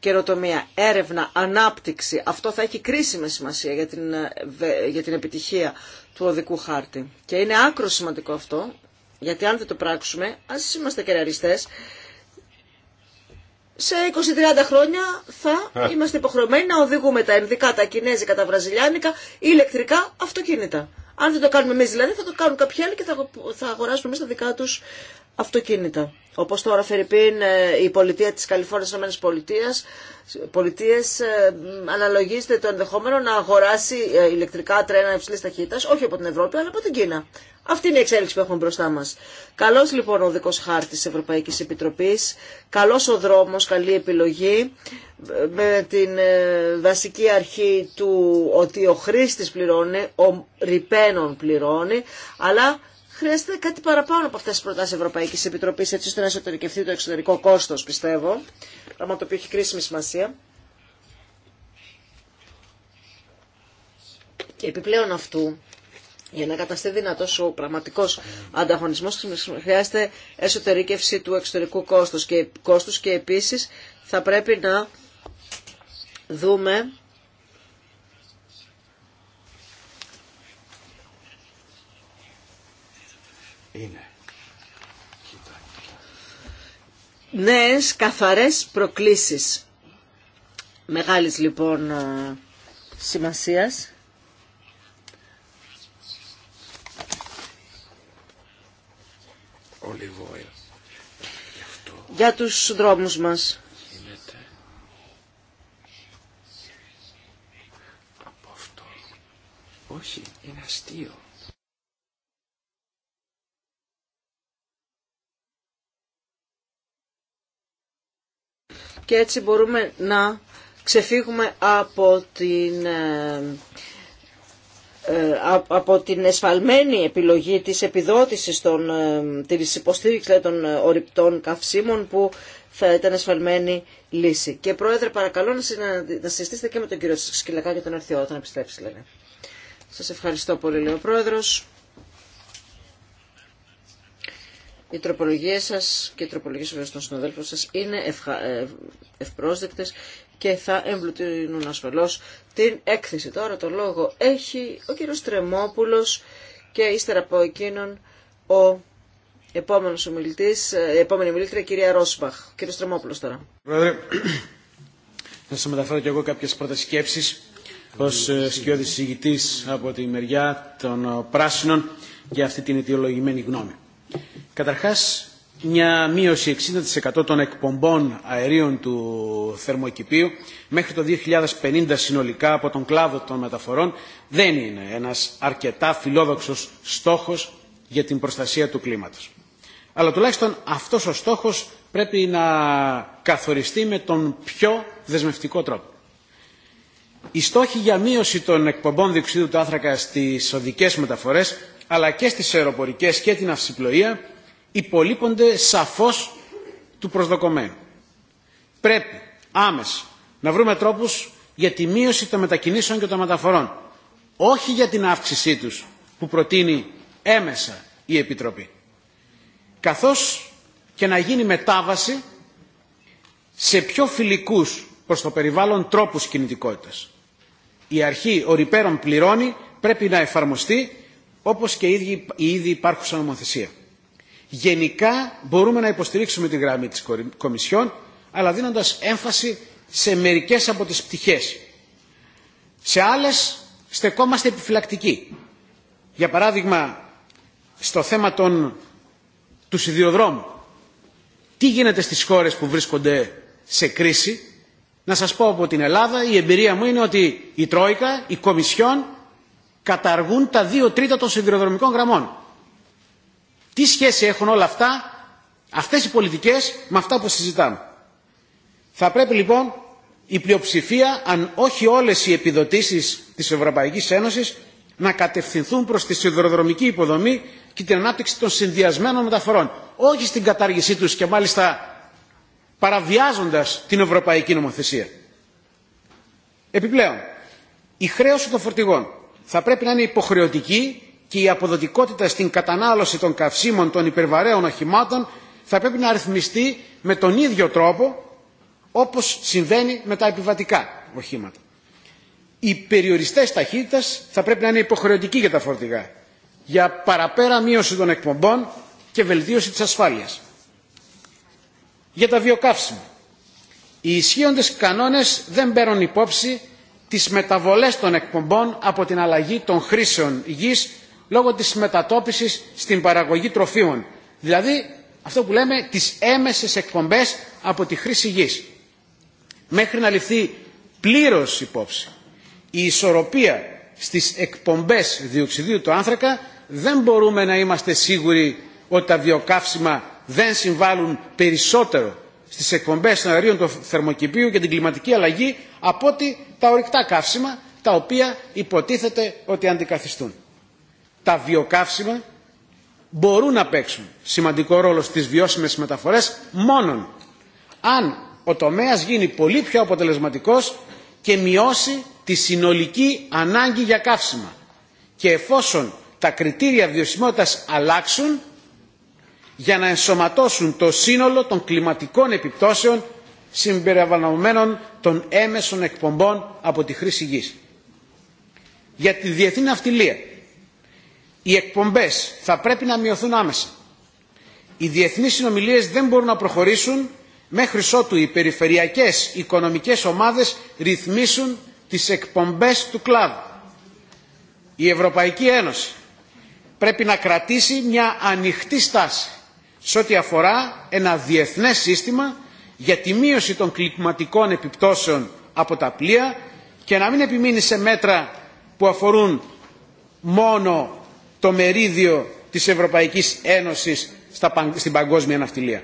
καιροτομία, έρευνα, ανάπτυξη. Αυτό θα έχει κρίσιμη σημασία για την, ε, για την επιτυχία του οδικού χάρτη. Και είναι άκρο σημαντικό αυτό, γιατί αν δεν το πράξουμε, ας είμαστε κεραριστές, σε 20-30 χρόνια θα είμαστε υποχρεωμένοι να οδηγούμε τα ενδικά, τα κινέζικα, τα βραζιλιάνικα ηλεκτρικά αυτοκίνητα. Αν δεν το κάνουμε εμεί δηλαδή, θα το κάνουν κάποιοι άλλοι και θα αγοράσουμε εμεί τα δικά του αυτοκίνητα. Όπω τώρα, Φερρυπίν, ε, η πολιτεία τη Καλιφόρνια τη Πολιτείε ε, αναλογίζεται το ενδεχόμενο να αγοράσει ε, ηλεκτρικά τρένα υψηλή ταχύτητα, όχι από την Ευρώπη, αλλά από την Κίνα. Αυτή είναι η εξέλιξη που έχουμε μπροστά μα. Καλό λοιπόν ο δικό χάρτη τη Ευρωπαϊκή Επιτροπή, καλό ο δρόμο, καλή επιλογή, με την βασική ε, αρχή του ότι ο χρήστη πληρώνει, ο ρηπαίνων πληρώνει, αλλά χρειάζεται κάτι παραπάνω από αυτέ τι προτάσει Ευρωπαϊκή Επιτροπή, έτσι ώστε να εσωτερικευτεί το εξωτερικό κόστο, πιστεύω, πράγμα το οποίο έχει κρίσιμη σημασία. Και επιπλέον αυτού, για να καταστεί δυνατό ο πραγματικό ανταγωνισμό, χρειάζεται εσωτερήκευση του εξωτερικού κόστου και, κόστους και επίση θα πρέπει να δούμε Είναι. Νέες καθαρές προκλήσεις μεγάλης λοιπόν ε, σημασίας Για τους δρόμους μας. από αυτό. Όχι, είναι αστείο. Και έτσι μπορούμε να ξεφύγουμε από την ε, ε, από την εσφαλμένη επιλογή της επιδότησης των, ε, της υποστήριξης των ε, ορυπτών καυσίμων που θα ήταν εσφαλμένη λύση. Και Πρόεδρε παρακαλώ να, συζητήσετε και με τον κύριο Σκυλακά και τον Αρθιό όταν επιστρέψει λένε. Σας ευχαριστώ πολύ λέει ο Πρόεδρος. Οι τροπολογίες σας και οι τροπολογίες των συνοδέλφων σας είναι ευπρόσδεκτες και θα εμπλουτίνουν ασφαλώς την έκθεση. Τώρα το λόγο έχει ο κύριος Τρεμόπουλος και ύστερα από εκείνον ο επόμενος ομιλητής, ε, επόμενη ομιλήτρια κυρία Ρόσπαχ Κύριος Τρεμόπουλος τώρα. Πρόεδρε, θα σας μεταφέρω και εγώ κάποιες πρώτες σκέψεις ως ε, σκιώδης συγητής από τη μεριά των ε, πράσινων για αυτή την αιτιολογημένη γνώμη. Καταρχάς, μια μείωση 60% των εκπομπών αερίων του θερμοκηπίου μέχρι το 2050 συνολικά από τον κλάδο των μεταφορών δεν είναι ένας αρκετά φιλόδοξος στόχος για την προστασία του κλίματος. Αλλά τουλάχιστον αυτός ο στόχος πρέπει να καθοριστεί με τον πιο δεσμευτικό τρόπο. Οι στόχοι για μείωση των εκπομπών διοξιδίου του άνθρακα στις οδικές μεταφορές αλλά και στις αεροπορικές και την αυσιπλοεία υπολείπονται σαφώς του προσδοκομένου. Πρέπει άμεσα να βρούμε τρόπους για τη μείωση των μετακινήσεων και των μεταφορών, όχι για την αύξησή τους που προτείνει έμεσα η Επιτροπή. Καθώς και να γίνει μετάβαση σε πιο φιλικούς προς το περιβάλλον τρόπους κινητικότητας. Η αρχή οριπέρων πληρώνει πρέπει να εφαρμοστεί όπως και η ήδη υπάρχουσα νομοθεσία. Γενικά μπορούμε να υποστηρίξουμε τη γραμμή της Κομισιόν, αλλά δίνοντας έμφαση σε μερικές από τις πτυχές. Σε άλλες στεκόμαστε επιφυλακτικοί. Για παράδειγμα, στο θέμα των, του σιδηροδρόμου. Τι γίνεται στις χώρες που βρίσκονται σε κρίση. Να σας πω από την Ελλάδα, η εμπειρία μου είναι ότι η Τρόικα, η Κομισιόν καταργούν τα δύο τρίτα των σιδηροδρομικών γραμμών. Τι σχέση έχουν όλα αυτά, αυτές οι πολιτικές, με αυτά που συζητάμε. Θα πρέπει λοιπόν η πλειοψηφία, αν όχι όλες οι επιδοτήσεις της Ευρωπαϊκής Ένωσης, να κατευθυνθούν προς τη σιδηροδρομική υποδομή και την ανάπτυξη των συνδυασμένων μεταφορών. Όχι στην κατάργησή τους και μάλιστα παραβιάζοντας την Ευρωπαϊκή Νομοθεσία. Επιπλέον, η χρέωση των φορτηγών θα πρέπει να είναι υποχρεωτική και η αποδοτικότητα στην κατανάλωση των καυσίμων των υπερβαρέων οχημάτων θα πρέπει να αριθμιστεί με τον ίδιο τρόπο όπως συμβαίνει με τα επιβατικά οχήματα. Οι περιοριστές ταχύτητας θα πρέπει να είναι υποχρεωτικοί για τα φορτηγά για παραπέρα μείωση των εκπομπών και βελτίωση της ασφάλειας. Για τα βιοκαύσιμα. Οι ισχύοντες κανόνες δεν παίρνουν υπόψη τις μεταβολές των εκπομπών από την αλλαγή των χρήσεων γης λόγω της μετατόπισης στην παραγωγή τροφίμων. Δηλαδή αυτό που λέμε τις έμεσες εκπομπές από τη χρήση γης. Μέχρι να ληφθεί πλήρως υπόψη η ισορροπία στις εκπομπές διοξιδίου του άνθρακα δεν μπορούμε να είμαστε σίγουροι ότι τα βιοκαύσιμα δεν συμβάλλουν περισσότερο στις εκπομπές των αερίων του θερμοκηπίου και την κλιματική αλλαγή από ότι τα ορυκτά καύσιμα τα οποία υποτίθεται ότι αντικαθιστούν τα βιοκαύσιμα μπορούν να παίξουν σημαντικό ρόλο στις βιώσιμες μεταφορές μόνον αν ο τομέας γίνει πολύ πιο αποτελεσματικός και μειώσει τη συνολική ανάγκη για καύσιμα. Και εφόσον τα κριτήρια βιωσιμότητας αλλάξουν για να ενσωματώσουν το σύνολο των κλιματικών επιπτώσεων συμπεριλαμβανομένων των έμεσων εκπομπών από τη χρήση γης. Για τη διεθνή ναυτιλία οι εκπομπές θα πρέπει να μειωθούν άμεσα. Οι διεθνείς συνομιλίες δεν μπορούν να προχωρήσουν μέχρι ότου οι περιφερειακές οικονομικές ομάδες ρυθμίσουν τις εκπομπές του κλάδου. Η Ευρωπαϊκή Ένωση πρέπει να κρατήσει μια ανοιχτή στάση σε ό,τι αφορά ένα διεθνές σύστημα για τη μείωση των κλιματικών επιπτώσεων από τα πλοία και να μην επιμείνει σε μέτρα που αφορούν μόνο το μερίδιο της Ευρωπαϊκής Ένωσης στην παγκόσμια ναυτιλία.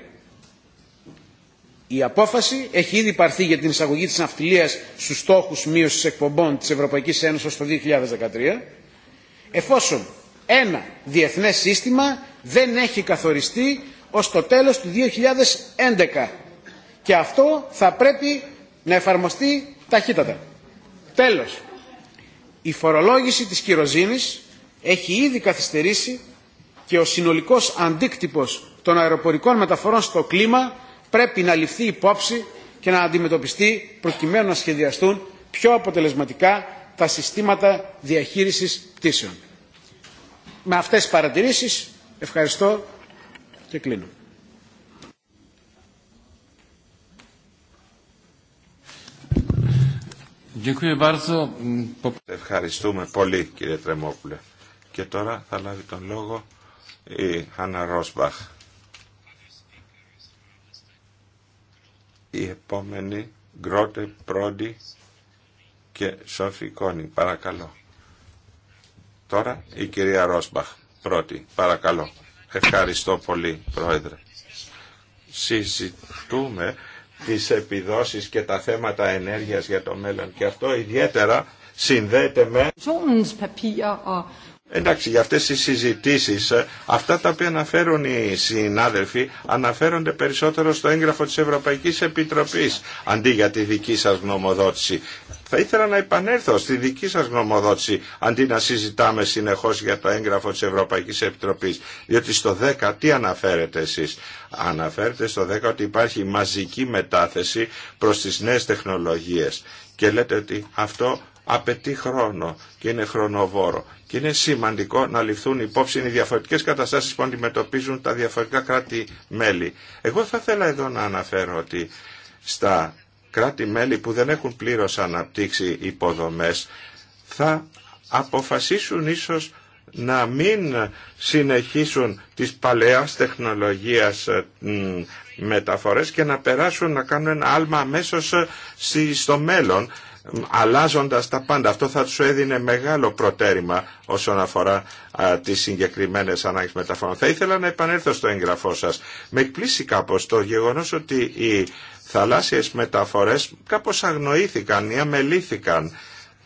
Η απόφαση έχει ήδη πάρθει για την εισαγωγή της ναυτιλίας στους στόχους μείωσης εκπομπών της Ευρωπαϊκής Ένωσης το 2013, εφόσον ένα διεθνές σύστημα δεν έχει καθοριστεί ως το τέλος του 2011 και αυτό θα πρέπει να εφαρμοστεί ταχύτατα. Τέλος, η φορολόγηση της κυροζήνης έχει ήδη καθυστερήσει και ο συνολικός αντίκτυπος των αεροπορικών μεταφορών στο κλίμα πρέπει να ληφθεί υπόψη και να αντιμετωπιστεί προκειμένου να σχεδιαστούν πιο αποτελεσματικά τα συστήματα διαχείρισης πτήσεων. Με αυτές τις παρατηρήσεις ευχαριστώ και κλείνω. Ευχαριστούμε πολύ κύριε Τρεμόπουλε. Και τώρα θα λάβει τον λόγο η Χάνα Ρόσμπαχ. Η επόμενη Γκρότε Πρόντι και Σόφι Κόνη. Παρακαλώ. Τώρα η κυρία Ρόσμπαχ. Πρώτη. Παρακαλώ. Ευχαριστώ πολύ, Πρόεδρε. Συζητούμε τις επιδόσεις και τα θέματα ενέργειας για το μέλλον και αυτό ιδιαίτερα συνδέεται με Εντάξει, για αυτές τις συζητήσεις, ε, αυτά τα οποία αναφέρουν οι συνάδελφοι αναφέρονται περισσότερο στο έγγραφο της Ευρωπαϊκής Επιτροπής αντί για τη δική σας γνωμοδότηση. Θα ήθελα να επανέλθω στη δική σας γνωμοδότηση αντί να συζητάμε συνεχώς για το έγγραφο της Ευρωπαϊκής Επιτροπής. Διότι στο 10 τι αναφέρετε εσείς. Αναφέρετε στο 10 ότι υπάρχει μαζική μετάθεση προς τις νέες τεχνολογίες. Και λέτε ότι αυτό απαιτεί χρόνο και είναι χρονοβόρο. Και είναι σημαντικό να ληφθούν υπόψη οι διαφορετικέ καταστάσει που αντιμετωπίζουν τα διαφορετικά κράτη-μέλη. Εγώ θα ήθελα εδώ να αναφέρω ότι στα κράτη-μέλη που δεν έχουν πλήρω αναπτύξει υποδομέ θα αποφασίσουν ίσως να μην συνεχίσουν τις παλαιάς τεχνολογίας μεταφορές και να περάσουν να κάνουν ένα άλμα αμέσως ε, στο μέλλον αλλάζοντας τα πάντα. Αυτό θα σου έδινε μεγάλο προτέρημα όσον αφορά α, τις συγκεκριμένες ανάγκες μεταφορών. Θα ήθελα να επανέλθω στο έγγραφό σας. Με εκπλήσει κάπως το γεγονός ότι οι θαλάσσιες μεταφορές κάπως αγνοήθηκαν ή αμελήθηκαν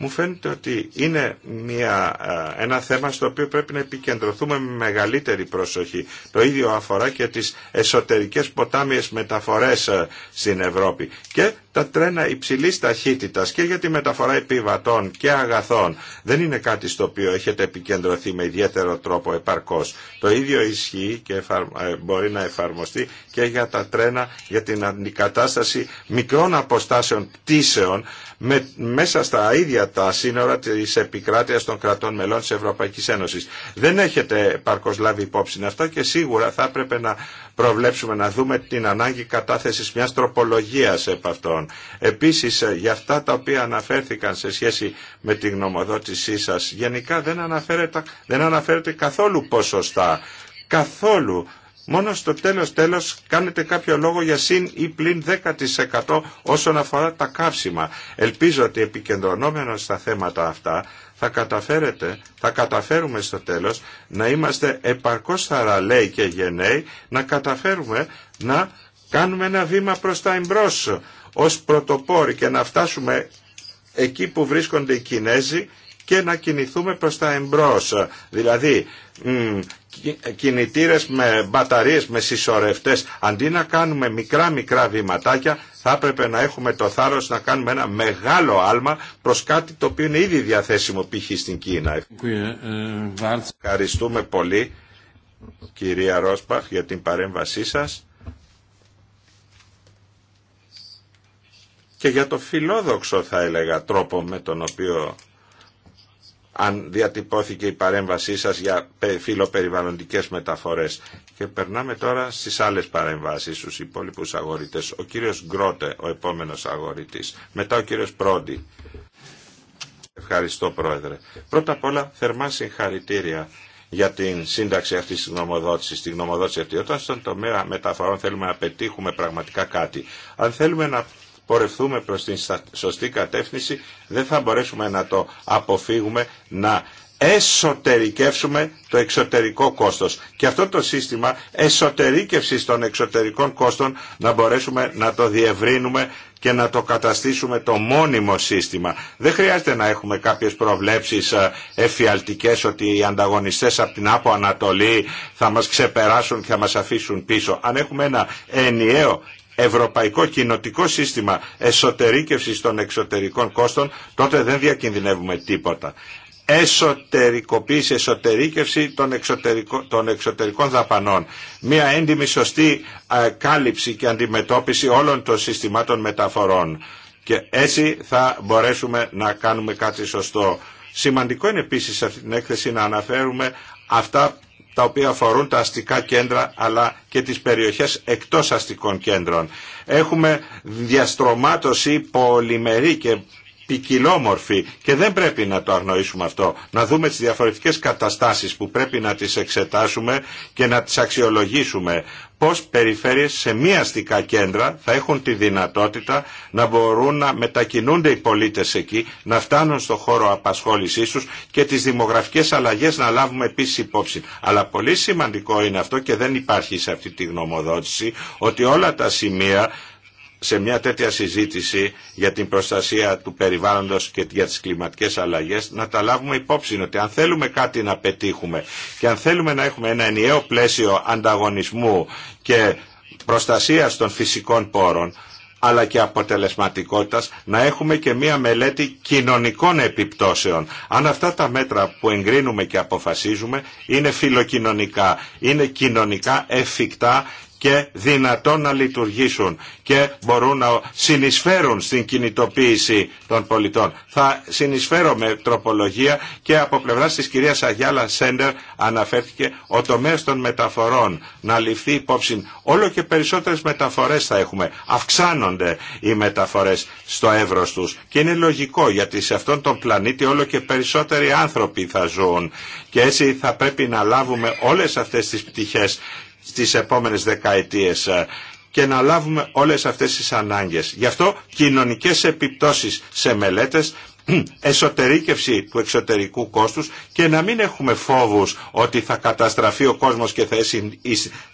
μου φαίνεται ότι είναι μια, ένα θέμα στο οποίο πρέπει να επικεντρωθούμε με μεγαλύτερη προσοχή. Το ίδιο αφορά και τις εσωτερικές ποτάμιες μεταφορές στην Ευρώπη και τα τρένα υψηλής ταχύτητας και για τη μεταφορά επιβατών και αγαθών. Δεν είναι κάτι στο οποίο έχετε επικεντρωθεί με ιδιαίτερο τρόπο επαρκώς. Το ίδιο ισχύει και μπορεί να εφαρμοστεί και για τα τρένα για την αντικατάσταση μικρών αποστάσεων πτήσεων μέσα στα ίδια τα σύνορα της επικράτειας των κρατών μελών της Ευρωπαϊκής Ένωσης. Δεν έχετε παρκώς λάβει υπόψη αυτά και σίγουρα θα έπρεπε να προβλέψουμε να δούμε την ανάγκη κατάθεσης μιας τροπολογίας επ' αυτών. Επίσης, για αυτά τα οποία αναφέρθηκαν σε σχέση με την γνωμοδότησή σας, γενικά δεν αναφέρεται, δεν αναφέρεται καθόλου ποσοστά καθόλου μόνο στο τέλος τέλος κάνετε κάποιο λόγο για συν ή πλην 10% όσον αφορά τα καύσιμα. Ελπίζω ότι επικεντρωνόμενος στα θέματα αυτά θα καταφέρετε, θα καταφέρουμε στο τέλος να είμαστε επαρκώς θαραλέοι και γενναίοι, να καταφέρουμε να κάνουμε ένα βήμα προς τα εμπρός ως πρωτοπόροι και να φτάσουμε εκεί που βρίσκονται οι Κινέζοι και να κινηθούμε προς τα εμπρός. Δηλαδή κινητήρες με μπαταρίες, με συσσωρευτές, αντί να κάνουμε μικρά μικρά βηματάκια, θα έπρεπε να έχουμε το θάρρος να κάνουμε ένα μεγάλο άλμα προς κάτι το οποίο είναι ήδη διαθέσιμο π.χ. στην Κίνα. Ευχαριστούμε πολύ κυρία Ρόσπαχ για την παρέμβασή σας και για το φιλόδοξο θα έλεγα τρόπο με τον οποίο αν διατυπώθηκε η παρέμβασή σας για φιλοπεριβαλλοντικές μεταφορές. Και περνάμε τώρα στις άλλες παρεμβάσεις, στους υπόλοιπους αγορητές. Ο κύριος Γκρότε, ο επόμενος αγορητής. Μετά ο κύριος Πρόντι. Ευχαριστώ Πρόεδρε. Πρώτα απ' όλα θερμά συγχαρητήρια για την σύνταξη αυτή τη γνωμοδότηση, τη γνωμοδότηση αυτή. Όταν στον τομέα μεταφορών θέλουμε να πετύχουμε πραγματικά κάτι, αν θέλουμε να πορευθούμε προς την σωστή κατεύθυνση, δεν θα μπορέσουμε να το αποφύγουμε, να εσωτερικεύσουμε το εξωτερικό κόστος. Και αυτό το σύστημα εσωτερικεύσης των εξωτερικών κόστων να μπορέσουμε να το διευρύνουμε και να το καταστήσουμε το μόνιμο σύστημα. Δεν χρειάζεται να έχουμε κάποιες προβλέψεις ε, εφιαλτικές ότι οι ανταγωνιστές από την Άπο Ανατολή θα μας ξεπεράσουν και θα μας αφήσουν πίσω. Αν έχουμε ένα ενιαίο ευρωπαϊκό κοινοτικό σύστημα εσωτερήκευσης των εξωτερικών κόστων, τότε δεν διακινδυνεύουμε τίποτα. Εσωτερικοποίηση, εσωτερήκευση των, εξωτερικο, των εξωτερικών δαπανών. Μια έντιμη σωστή κάλυψη και αντιμετώπιση όλων των συστημάτων μεταφορών. Και έτσι θα μπορέσουμε να κάνουμε κάτι σωστό. Σημαντικό είναι επίσης σε αυτή την έκθεση να αναφέρουμε αυτά τα οποία αφορούν τα αστικά κέντρα αλλά και τις περιοχές εκτός αστικών κέντρων. Έχουμε διαστρωμάτωση πολυμερή και ποικιλόμορφη και δεν πρέπει να το αγνοήσουμε αυτό. Να δούμε τις διαφορετικές καταστάσεις που πρέπει να τις εξετάσουμε και να τις αξιολογήσουμε. Πώς περιφέρειες σε μία αστικά κέντρα θα έχουν τη δυνατότητα να μπορούν να μετακινούνται οι πολίτες εκεί, να φτάνουν στο χώρο απασχόλησής τους και τις δημογραφικές αλλαγές να λάβουμε επίσης υπόψη. Αλλά πολύ σημαντικό είναι αυτό και δεν υπάρχει σε αυτή τη γνωμοδότηση ότι όλα τα σημεία σε μια τέτοια συζήτηση για την προστασία του περιβάλλοντος και για τις κλιματικές αλλαγές να τα λάβουμε υπόψη ότι αν θέλουμε κάτι να πετύχουμε και αν θέλουμε να έχουμε ένα ενιαίο πλαίσιο ανταγωνισμού και προστασίας των φυσικών πόρων αλλά και αποτελεσματικότητας να έχουμε και μία μελέτη κοινωνικών επιπτώσεων. Αν αυτά τα μέτρα που εγκρίνουμε και αποφασίζουμε είναι φιλοκοινωνικά, είναι κοινωνικά εφικτά και δυνατόν να λειτουργήσουν και μπορούν να συνεισφέρουν στην κινητοποίηση των πολιτών. Θα συνεισφέρω με τροπολογία και από πλευρά τη κυρία Αγιάλα Σέντερ αναφέρθηκε ο τομέα των μεταφορών να ληφθεί υπόψη. Όλο και περισσότερε μεταφορέ θα έχουμε. Αυξάνονται οι μεταφορέ στο εύρο του και είναι λογικό γιατί σε αυτόν τον πλανήτη όλο και περισσότεροι άνθρωποι θα ζουν και έτσι θα πρέπει να λάβουμε όλες αυτέ τι πτυχέ στις επόμενες δεκαετίες ε, και να λάβουμε όλες αυτές τις ανάγκες. Γι' αυτό κοινωνικές επιπτώσεις σε μελέτες εσωτερήκευση του εξωτερικού κόστους και να μην έχουμε φόβους ότι θα καταστραφεί ο κόσμος και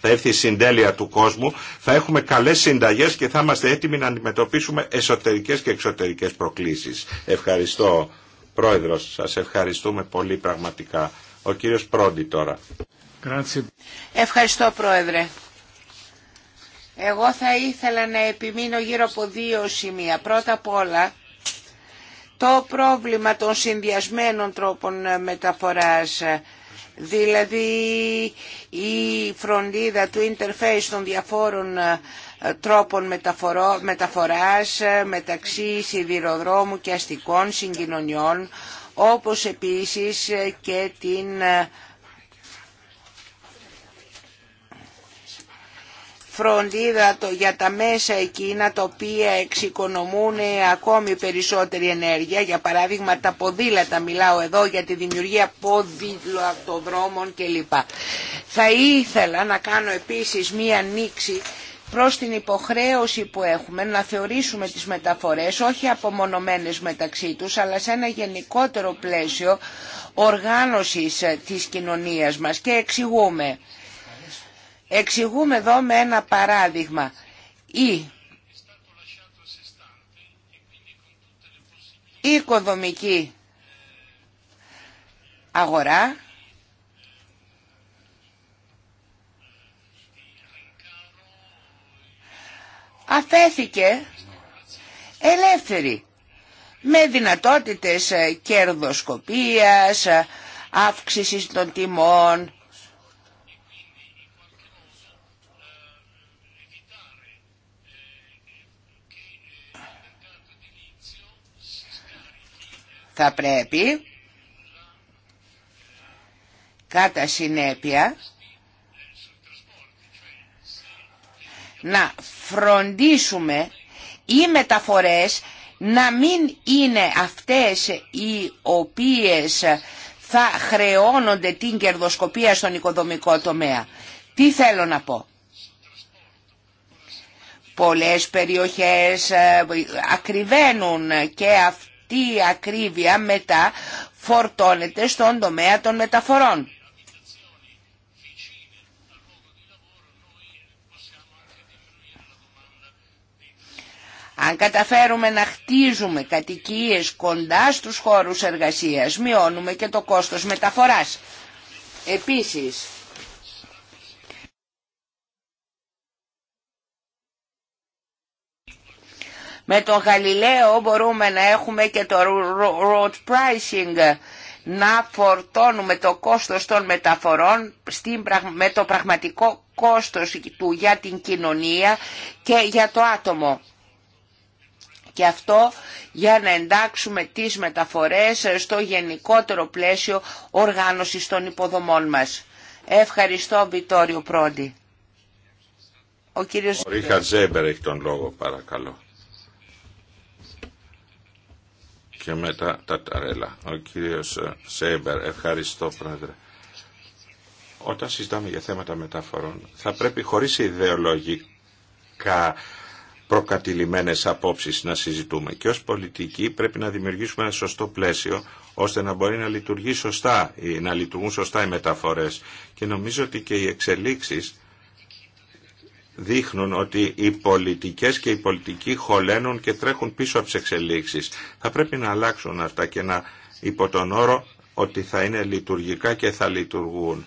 θα έρθει η συντέλεια του κόσμου, θα έχουμε καλές συνταγές και θα είμαστε έτοιμοι να αντιμετωπίσουμε εσωτερικές και εξωτερικές προκλήσεις. Ευχαριστώ Πρόεδρος, σας ευχαριστούμε πολύ πραγματικά. Ο κύριος Πρόντι τώρα. Ευχαριστώ Πρόεδρε. Εγώ θα ήθελα να επιμείνω γύρω από δύο σημεία. Πρώτα απ' όλα το πρόβλημα των συνδυασμένων τρόπων μεταφοράς, δηλαδή η φροντίδα του interface των διαφόρων ε, τρόπων μεταφοράς ε, μεταξύ σιδηροδρόμου και αστικών συγκοινωνιών, όπως επίσης ε, και την φροντίδα για τα μέσα εκείνα τα οποία εξοικονομούν ακόμη περισσότερη ενέργεια. Για παράδειγμα τα ποδήλατα, μιλάω εδώ για τη δημιουργία ποδήλατοδρόμων κλπ. Θα ήθελα να κάνω επίσης μία ανοίξη προς την υποχρέωση που έχουμε να θεωρήσουμε τις μεταφορές όχι απομονωμένες μεταξύ τους αλλά σε ένα γενικότερο πλαίσιο οργάνωσης της κοινωνίας μας και εξηγούμε Εξηγούμε εδώ με ένα παράδειγμα. Η οικοδομική αγορά αφέθηκε ελεύθερη με δυνατότητες κερδοσκοπίας, αύξησης των τιμών, Θα πρέπει κατά συνέπεια να φροντίσουμε οι μεταφορές να μην είναι αυτές οι οποίες θα χρεώνονται την κερδοσκοπία στον οικοδομικό τομέα. Τι θέλω να πω. Πολλές περιοχές ε, ακριβένουν και αυτές αυτή η ακρίβεια μετά φορτώνεται στον τομέα των μεταφορών. Αν καταφέρουμε να χτίζουμε κατοικίες κοντά στους χώρους εργασίας, μειώνουμε και το κόστος μεταφοράς. Επίσης, Με τον Γαλιλαίο μπορούμε να έχουμε και το road pricing, να φορτώνουμε το κόστος των μεταφορών με το πραγματικό κόστος του για την κοινωνία και για το άτομο. Και αυτό για να εντάξουμε τις μεταφορές στο γενικότερο πλαίσιο οργάνωσης των υποδομών μας. Ευχαριστώ, Βιτόριο Πρόντι. Ο κύριος Ρίχα Ζέμπερ έχει τον λόγο, παρακαλώ. και μετά τα ταρέλα. Ο κύριος ε, Σέιμπερ, ευχαριστώ πρόεδρε. Όταν συζητάμε για θέματα μεταφορών, θα πρέπει χωρίς ιδεολογικά προκατηλημένες απόψεις να συζητούμε. Και ως πολιτικοί πρέπει να δημιουργήσουμε ένα σωστό πλαίσιο ώστε να μπορεί να λειτουργεί σωστά, να λειτουργούν σωστά οι μεταφορές. Και νομίζω ότι και οι εξελίξεις δείχνουν ότι οι πολιτικές και οι πολιτικοί χωλένουν και τρέχουν πίσω από τις εξελίξεις. Θα πρέπει να αλλάξουν αυτά και να υπό τον όρο ότι θα είναι λειτουργικά και θα λειτουργούν.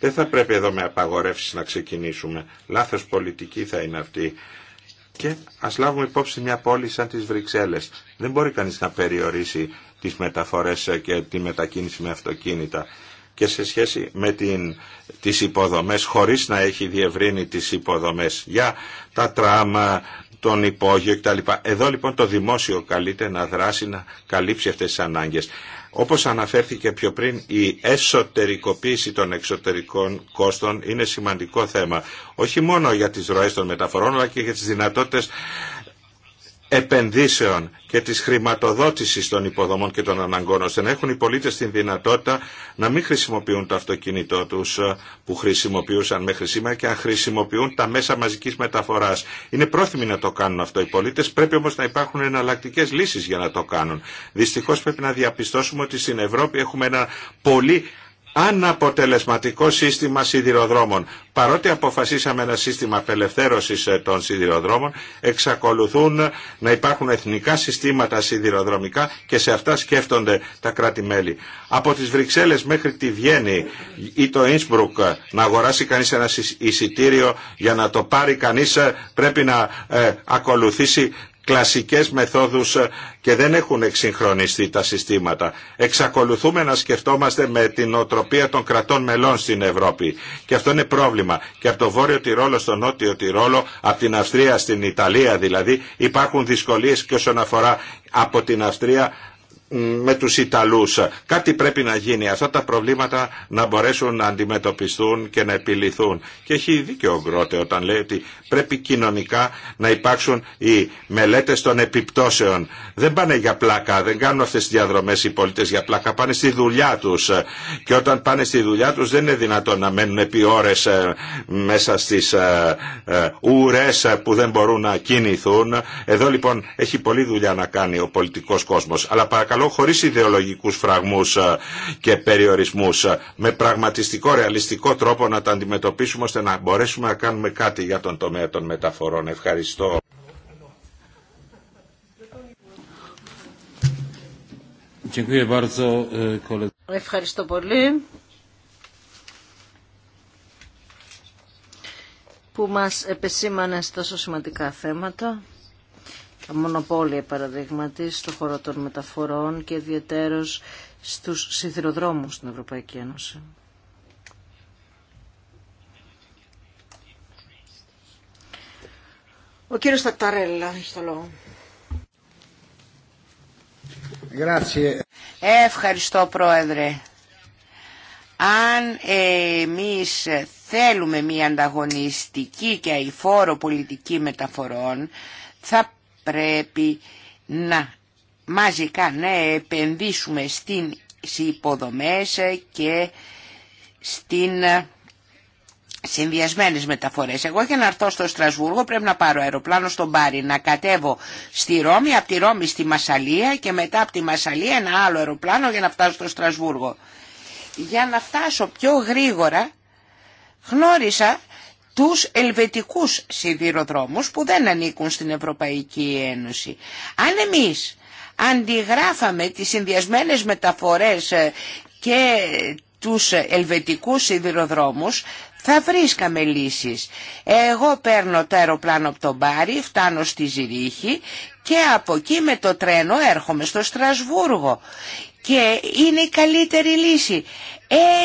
Δεν θα πρέπει εδώ με απαγορεύσεις να ξεκινήσουμε. Λάθος πολιτική θα είναι αυτή. Και ας λάβουμε υπόψη μια πόλη σαν τις Βρυξέλλες. Δεν μπορεί κανείς να περιορίσει τις μεταφορές και τη μετακίνηση με αυτοκίνητα και σε σχέση με την, τις υποδομές χωρίς να έχει διευρύνει τις υποδομές για τα τράμα, τον υπόγειο κτλ. Εδώ λοιπόν το δημόσιο καλείται να δράσει, να καλύψει αυτές τις ανάγκες. Όπως αναφέρθηκε πιο πριν, η εσωτερικοποίηση των εξωτερικών κόστων είναι σημαντικό θέμα. Όχι μόνο για τις ροές των μεταφορών, αλλά και για τις δυνατότητες επενδύσεων και της χρηματοδότησης των υποδομών και των αναγκών ώστε να έχουν οι πολίτες την δυνατότητα να μην χρησιμοποιούν το αυτοκίνητό τους ε, που χρησιμοποιούσαν μέχρι σήμερα και να χρησιμοποιούν τα μέσα μαζικής μεταφοράς. Είναι πρόθυμοι να το κάνουν αυτό οι πολίτες, πρέπει όμως να υπάρχουν εναλλακτικέ λύσεις για να το κάνουν. Δυστυχώς πρέπει να διαπιστώσουμε ότι στην Ευρώπη έχουμε ένα πολύ αναποτελεσματικό σύστημα σιδηροδρόμων. Παρότι αποφασίσαμε ένα σύστημα απελευθέρωσης ε, των σιδηροδρόμων, εξακολουθούν να υπάρχουν εθνικά συστήματα σιδηροδρομικά και σε αυτά σκέφτονται τα κράτη-μέλη. Από τις Βρυξέλλες μέχρι τη Βιέννη ή το Ίνσμπρουκ ε, να αγοράσει κανείς ένα εισιτήριο για να το πάρει κανείς ε, πρέπει να ακολουθήσει κλασικές μεθόδους ε, και δεν έχουν εξυγχρονιστεί τα συστήματα. Εξακολουθούμε να σκεφτόμαστε με την οτροπία των κρατών μελών στην Ευρώπη. Και αυτό είναι πρόβλημα. Και από το Βόρειο Τυρόλο στο Νότιο Τυρόλο, από την Αυστρία στην Ιταλία δηλαδή, υπάρχουν δυσκολίες και όσον αφορά από την Αυστρία με τους Ιταλούς. Κάτι πρέπει να γίνει. Αυτά τα προβλήματα να μπορέσουν να αντιμετωπιστούν και να επιληθούν. Και έχει δίκιο ο Γκρότε όταν λέει ότι πρέπει κοινωνικά να υπάρξουν οι μελέτες των επιπτώσεων. Δεν πάνε για πλάκα, δεν κάνουν αυτές τις διαδρομές οι πολίτες για πλάκα, πάνε στη δουλειά τους. Και όταν πάνε στη δουλειά τους δεν είναι δυνατόν να μένουν επί ώρες ε, μέσα στις ε, ε, ουρές που δεν μπορούν να κινηθούν. Εδώ λοιπόν έχει πολλή δουλειά να κάνει ο πολιτικός κόσμος. Αλλά καλό χωρίς ιδεολογικούς φραγμούς ε, και περιορισμούς ε, με πραγματιστικό ρεαλιστικό τρόπο να τα αντιμετωπίσουμε ώστε να μπορέσουμε να κάνουμε κάτι για τον τομέα των μεταφορών. Ευχαριστώ. E, Ευχαριστώ πολύ που μας επεσήμανε τόσο σημαντικά θέματα μονοπόλια παραδείγματι στον χώρο των μεταφορών και ιδιαίτερως στους σιδηροδρόμους στην Ευρωπαϊκή Ένωση. Ο κύριος Τακταρέλα έχει το λόγο. Ευχαριστώ Πρόεδρε. Αν εμείς θέλουμε μια ανταγωνιστική και αηφόρο πολιτική μεταφορών, θα πρέπει να μαζικά να επενδύσουμε στην υποδομές και στην ε, συνδυασμένες μεταφορές. Εγώ για να έρθω στο Στρασβούργο πρέπει να πάρω αεροπλάνο στον Πάρη, να κατέβω στη Ρώμη, από τη Ρώμη στη Μασαλία και μετά από τη Μασαλία ένα άλλο αεροπλάνο για να φτάσω στο Στρασβούργο. Για να φτάσω πιο γρήγορα γνώρισα τους ελβετικούς σιδηροδρόμους που δεν ανήκουν στην Ευρωπαϊκή Ένωση. Αν εμείς αντιγράφαμε τις συνδυασμένες μεταφορές ε, και τους ελβετικούς σιδηροδρόμους θα βρίσκαμε λύσεις. Εγώ παίρνω το αεροπλάνο από τον Μπάρι, φτάνω στη Ζηρίχη και από εκεί με το τρένο έρχομαι στο Στρασβούργο. Και είναι η καλύτερη λύση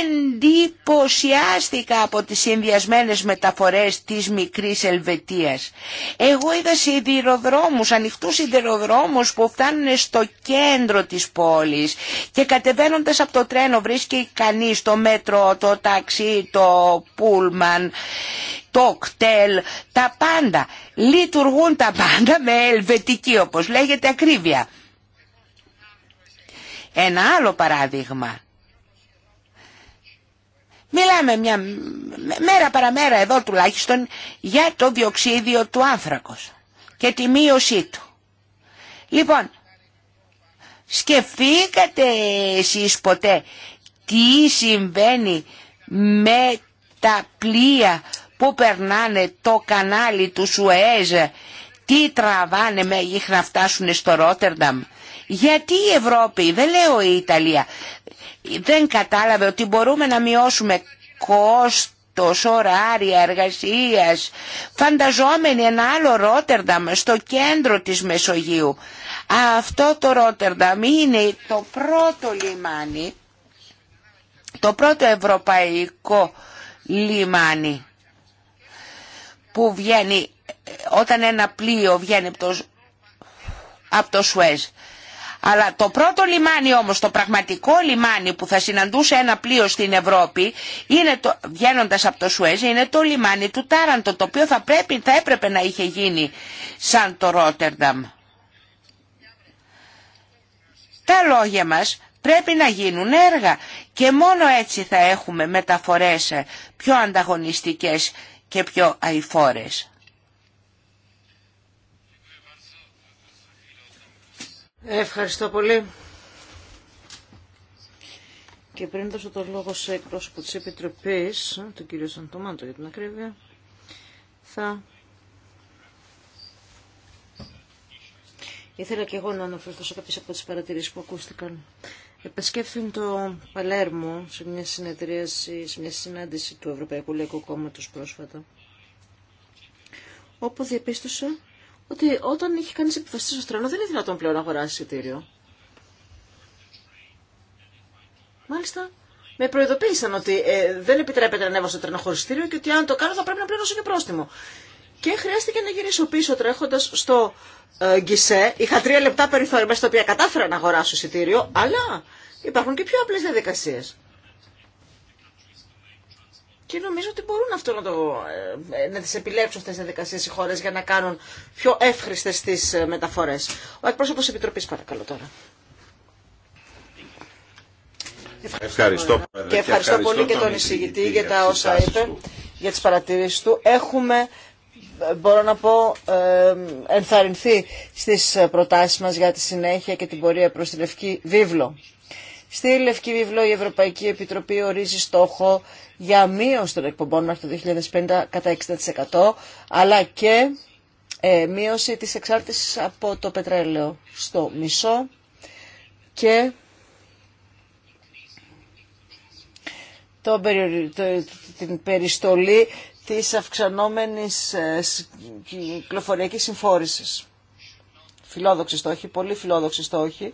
εντυπωσιάστηκα από τις συνδυασμένες μεταφορές της μικρής Ελβετίας. Εγώ είδα σιδηροδρόμους, ανοιχτούς σιδηροδρόμους που φτάνουν στο κέντρο της πόλης και κατεβαίνοντας από το τρένο βρίσκει κανείς το μέτρο, το ταξί, το πούλμαν, το κτέλ, τα πάντα. Λειτουργούν τα πάντα με ελβετική όπως λέγεται ακρίβεια. Ένα άλλο παράδειγμα Μιλάμε μια μέρα παραμέρα εδώ τουλάχιστον για το διοξίδιο του άνθρακος και τη μείωσή του. Λοιπόν, σκεφτήκατε εσείς ποτέ τι συμβαίνει με τα πλοία που περνάνε το κανάλι του Σουέζ, τι τραβάνε μέχρι να φτάσουν στο Ρότερνταμ. Γιατί η Ευρώπη, δεν λέω η Ιταλία, δεν κατάλαβε ότι μπορούμε να μειώσουμε κόστος, ωράρια, εργασίας, φανταζόμενοι ένα άλλο Ρότερνταμ στο κέντρο της Μεσογείου. Αυτό το Ρότερνταμ είναι το πρώτο λιμάνι, το πρώτο ευρωπαϊκό λιμάνι που βγαίνει, όταν ένα πλοίο βγαίνει από το, από το Σουέζ. Αλλά το πρώτο λιμάνι όμως, το πραγματικό λιμάνι που θα συναντούσε ένα πλοίο στην Ευρώπη, είναι το, βγαίνοντας από το Σουέζ, είναι το λιμάνι του Τάραντο, το οποίο θα, πρέπει, θα έπρεπε να είχε γίνει σαν το Ρότερνταμ. Τα λόγια μας πρέπει να γίνουν έργα και μόνο έτσι θα έχουμε μεταφορές πιο ανταγωνιστικές και πιο αηφόρες. Ευχαριστώ πολύ. Και πριν δώσω το λόγο σε εκπρόσωπο της Επιτροπής, τον κύριο Σαντομάντο για την ακρίβεια, θα... Ήθελα και εγώ να αναφερθώ σε κάποιες από τις παρατηρήσεις που ακούστηκαν. Επεσκέφθην το Παλέρμο σε μια, σε μια συνάντηση του Ευρωπαϊκού Λαϊκού Κόμματος πρόσφατα, όπου διαπίστωσα ότι όταν είχε κανεί επιφασίσει στο τρένο δεν είναι δυνατόν πλέον να αγοράσει εισιτήριο. Μάλιστα, με προειδοποίησαν ότι ε, δεν επιτρέπεται να ανέβω στο τρένο χωρί εισιτήριο και ότι αν το κάνω θα πρέπει να πληρώσω και πρόστιμο. Και χρειάστηκε να γυρίσω πίσω τρέχοντα στο ε, γκισέ. Είχα τρία λεπτά περιθώρια μέσα στα οποία κατάφερα να αγοράσω εισιτήριο, αλλά υπάρχουν και πιο απλέ διαδικασίε. Και νομίζω ότι μπορούν αυτό να, το, ε, ε, να τις επιλέξουν αυτές τις διαδικασίες οι χώρες για να κάνουν πιο εύχριστες τις ε, μεταφορές. Ο εκπρόσωπος Επιτροπής παρακαλώ τώρα. Ευχαριστώ. Και ευχαριστώ πολύ και τον εισηγητή για τα όσα είπε, για τις παρατηρήσεις του. Έχουμε μπορώ να πω, ενθαρρυνθεί στις προτάσεις μας για τη συνέχεια και την πορεία προς τη Λευκή Βίβλο. Στη Λευκή Βίβλο η Ευρωπαϊκή Επιτροπή ορίζει στόχο για μείωση των εκπομπών μέχρι το 2050 κατά 60% αλλά και ε, μείωση της εξάρτησης από το πετρέλαιο στο μισό και το, την περιστολή της αυξανόμενης ε, κυκλοφοριακής συμφόρησης. Φιλόδοξη στόχη, πολύ φιλόδοξη στόχη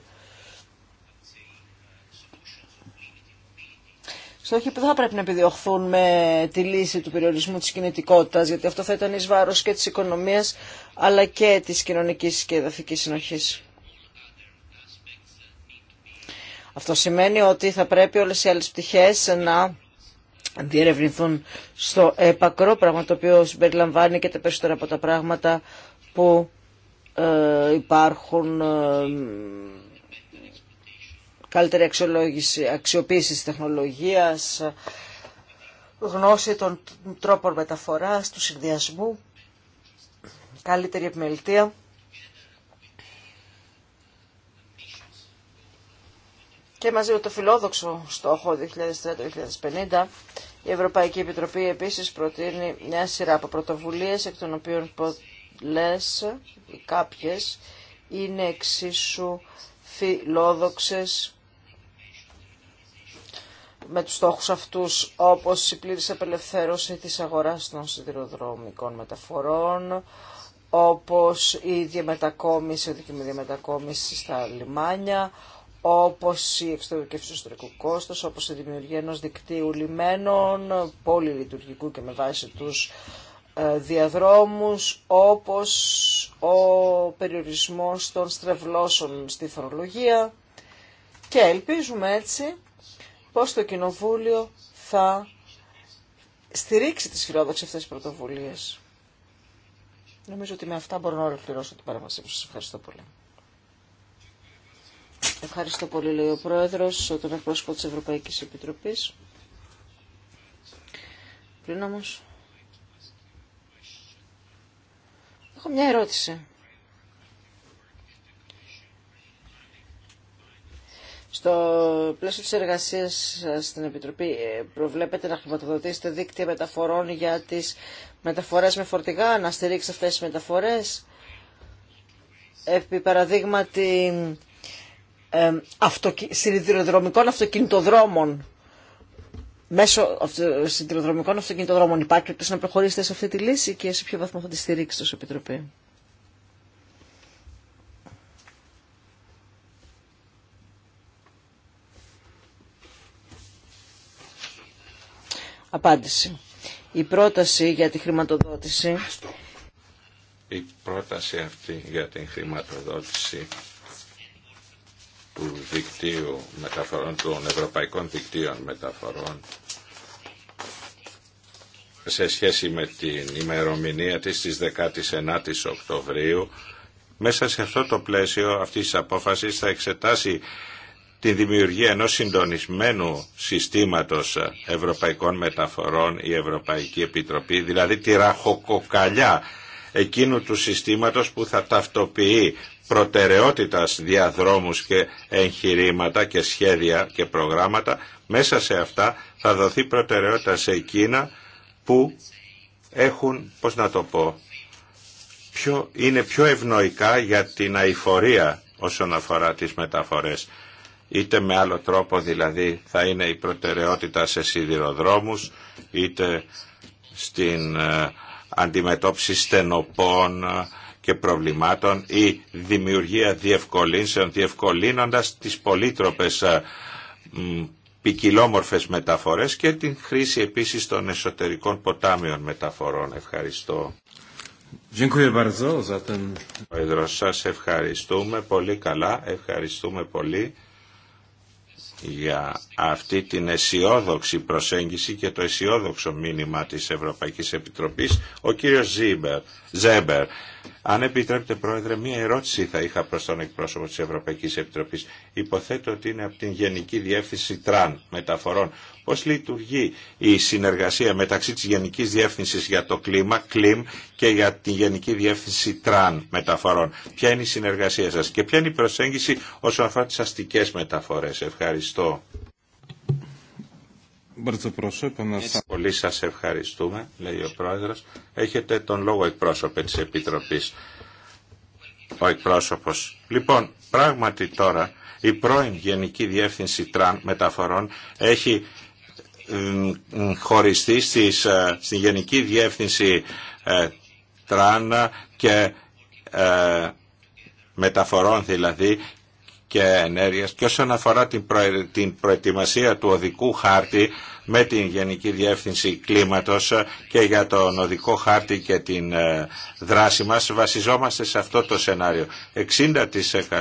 όχι που δεν θα πρέπει να επιδιωχθούν με τη λύση του περιορισμού της κινητικότητας, γιατί αυτό θα ήταν εις βάρος και της οικονομίας, αλλά και της κοινωνικής και εδαφικής συνοχής. Αυτό σημαίνει ότι θα πρέπει όλες οι άλλες πτυχές να διερευνηθούν στο επακρό πράγμα το οποίο συμπεριλαμβάνει και τα περισσότερα από τα πράγματα που ε, υπάρχουν ε, καλύτερη αξιοποίηση της τεχνολογίας, γνώση των τρόπων μεταφοράς, του συνδυασμού, καλύτερη επιμελητία. Και μαζί με το φιλόδοξο στόχο 2030-2050, η Ευρωπαϊκή Επιτροπή επίσης προτείνει μια σειρά από πρωτοβουλίες, εκ των οποίων πολλές ή κάποιες είναι εξίσου φιλόδοξες με τους στόχους αυτούς όπως η πλήρης απελευθέρωση της αγοράς των σιδηροδρομικών μεταφορών, όπως η διαμετακόμιση, η οδική διαμετακόμιση στα λιμάνια, όπως η του ιστορικού κόστος, όπως η δημιουργία ενός δικτύου λιμένων, πολυλειτουργικού και με βάση τους ε, διαδρόμους, όπως ο περιορισμός των στρεβλώσεων στη φορολογία και ελπίζουμε έτσι πώς το Κοινοβούλιο θα στηρίξει τις φιλόδοξες αυτές τις πρωτοβουλίες. Νομίζω ότι με αυτά μπορώ να ολοκληρώσω την παρέμβασή μου. Σας ευχαριστώ πολύ. Ευχαριστώ πολύ, λέει ο Πρόεδρος, τον εκπρόσωπο της Ευρωπαϊκής Επιτροπής. Πριν όμως... Έχω μια ερώτηση. Στο πλαίσιο της εργασίας στην Επιτροπή ε, προβλέπετε να χρηματοδοτήσετε δίκτυα μεταφορών για τις μεταφορές με φορτηγά, να στηρίξετε αυτές τις μεταφορές. Επί παραδείγματι ε, αυτοκινητοδρόμων μέσω αυτο... αυτοκινητοδρόμων υπάρχει να προχωρήσετε σε αυτή τη λύση και σε ποιο βαθμό θα τη στηρίξετε ως Επιτροπή. Απάντηση. Η πρόταση για τη χρηματοδότηση... Η πρόταση αυτή για την χρηματοδότηση του δικτύου μεταφορών, των ευρωπαϊκών δικτύων μεταφορών σε σχέση με την ημερομηνία της της 19ης Οκτωβρίου μέσα σε αυτό το πλαίσιο αυτής της απόφασης θα εξετάσει τη δημιουργία ενός συντονισμένου συστήματος ευρωπαϊκών μεταφορών η Ευρωπαϊκή Επιτροπή, δηλαδή τη ραχοκοκαλιά εκείνου του συστήματος που θα ταυτοποιεί προτεραιότητας διαδρόμους και εγχειρήματα και σχέδια και προγράμματα. Μέσα σε αυτά θα δοθεί προτεραιότητα σε εκείνα που έχουν, πώς να το πω, είναι πιο ευνοϊκά για την αηφορία όσον αφορά τις μεταφορές είτε με άλλο τρόπο δηλαδή θα είναι η προτεραιότητα σε σιδηροδρόμους, είτε στην ε, αντιμετώπιση στενοπών ε, και προβλημάτων ή δημιουργία διευκολύνσεων, διευκολύνοντας τις πολύτροπες ε, ποικιλόμορφε μεταφορές και την χρήση επίσης των εσωτερικών ποτάμιων μεταφορών. Ευχαριστώ. Dziękuję Σας ευχαριστούμε πολύ καλά, ευχαριστούμε πολύ για αυτή την αισιόδοξη προσέγγιση και το αισιόδοξο μήνυμα της Ευρωπαϊκής Επιτροπής ο κύριος Ζέμπερ αν επιτρέπετε, Πρόεδρε, μία ερώτηση θα είχα προς τον εκπρόσωπο της Ευρωπαϊκής Επιτροπής. Υποθέτω ότι είναι από την Γενική Διεύθυνση Τραν Μεταφορών. Πώς λειτουργεί η συνεργασία μεταξύ της Γενικής Διεύθυνσης για το κλίμα, κλίμ, και για την Γενική Διεύθυνση Τραν Μεταφορών. Ποια είναι η συνεργασία σας και ποια είναι η προσέγγιση όσον αφορά τις αστικές μεταφορές. Ευχαριστώ. Πολύ σας ευχαριστούμε, λέει ο Πρόεδρος. Έχετε τον λόγο εκπρόσωπε της Επιτροπής. Ο εκπρόσωπος. Λοιπόν, πράγματι τώρα η πρώην Γενική Διεύθυνση Τραν Μεταφορών έχει χωριστεί στις, ε, στην Γενική Διεύθυνση ε, Τραν και ε, μεταφορών δηλαδή και ενέργειας και όσον αφορά την, την προετοιμασία του οδικού χάρτη με την Γενική Διεύθυνση Κλίματος και για τον οδικό χάρτη και την ε, δράση μας βασιζόμαστε σε αυτό το σενάριο.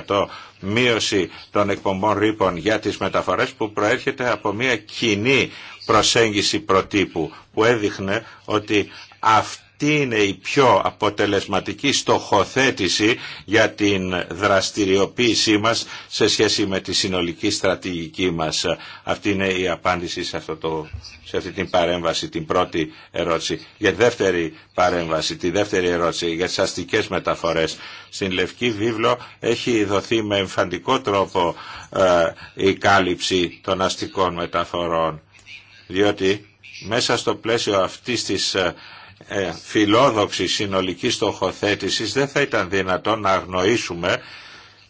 60% μείωση των εκπομπών ρήπων για τις μεταφορές που προέρχεται από μια κοινή προσέγγιση προτύπου που έδειχνε ότι αυτό τι είναι η πιο αποτελεσματική στοχοθέτηση για την δραστηριοποίησή μας σε σχέση με τη συνολική στρατηγική μας. Αυτή είναι η απάντηση σε, αυτό το, σε αυτή την παρέμβαση, την πρώτη ερώτηση. Για τη δεύτερη παρέμβαση, τη δεύτερη ερώτηση για τις αστικές μεταφορές. Στην Λευκή Βίβλο έχει δοθεί με εμφαντικό τρόπο ε, η κάλυψη των αστικών μεταφορών, διότι μέσα στο πλαίσιο αυτής της ε, ε, φιλόδοξη συνολική στοχοθέτηση δεν θα ήταν δυνατόν να αγνοήσουμε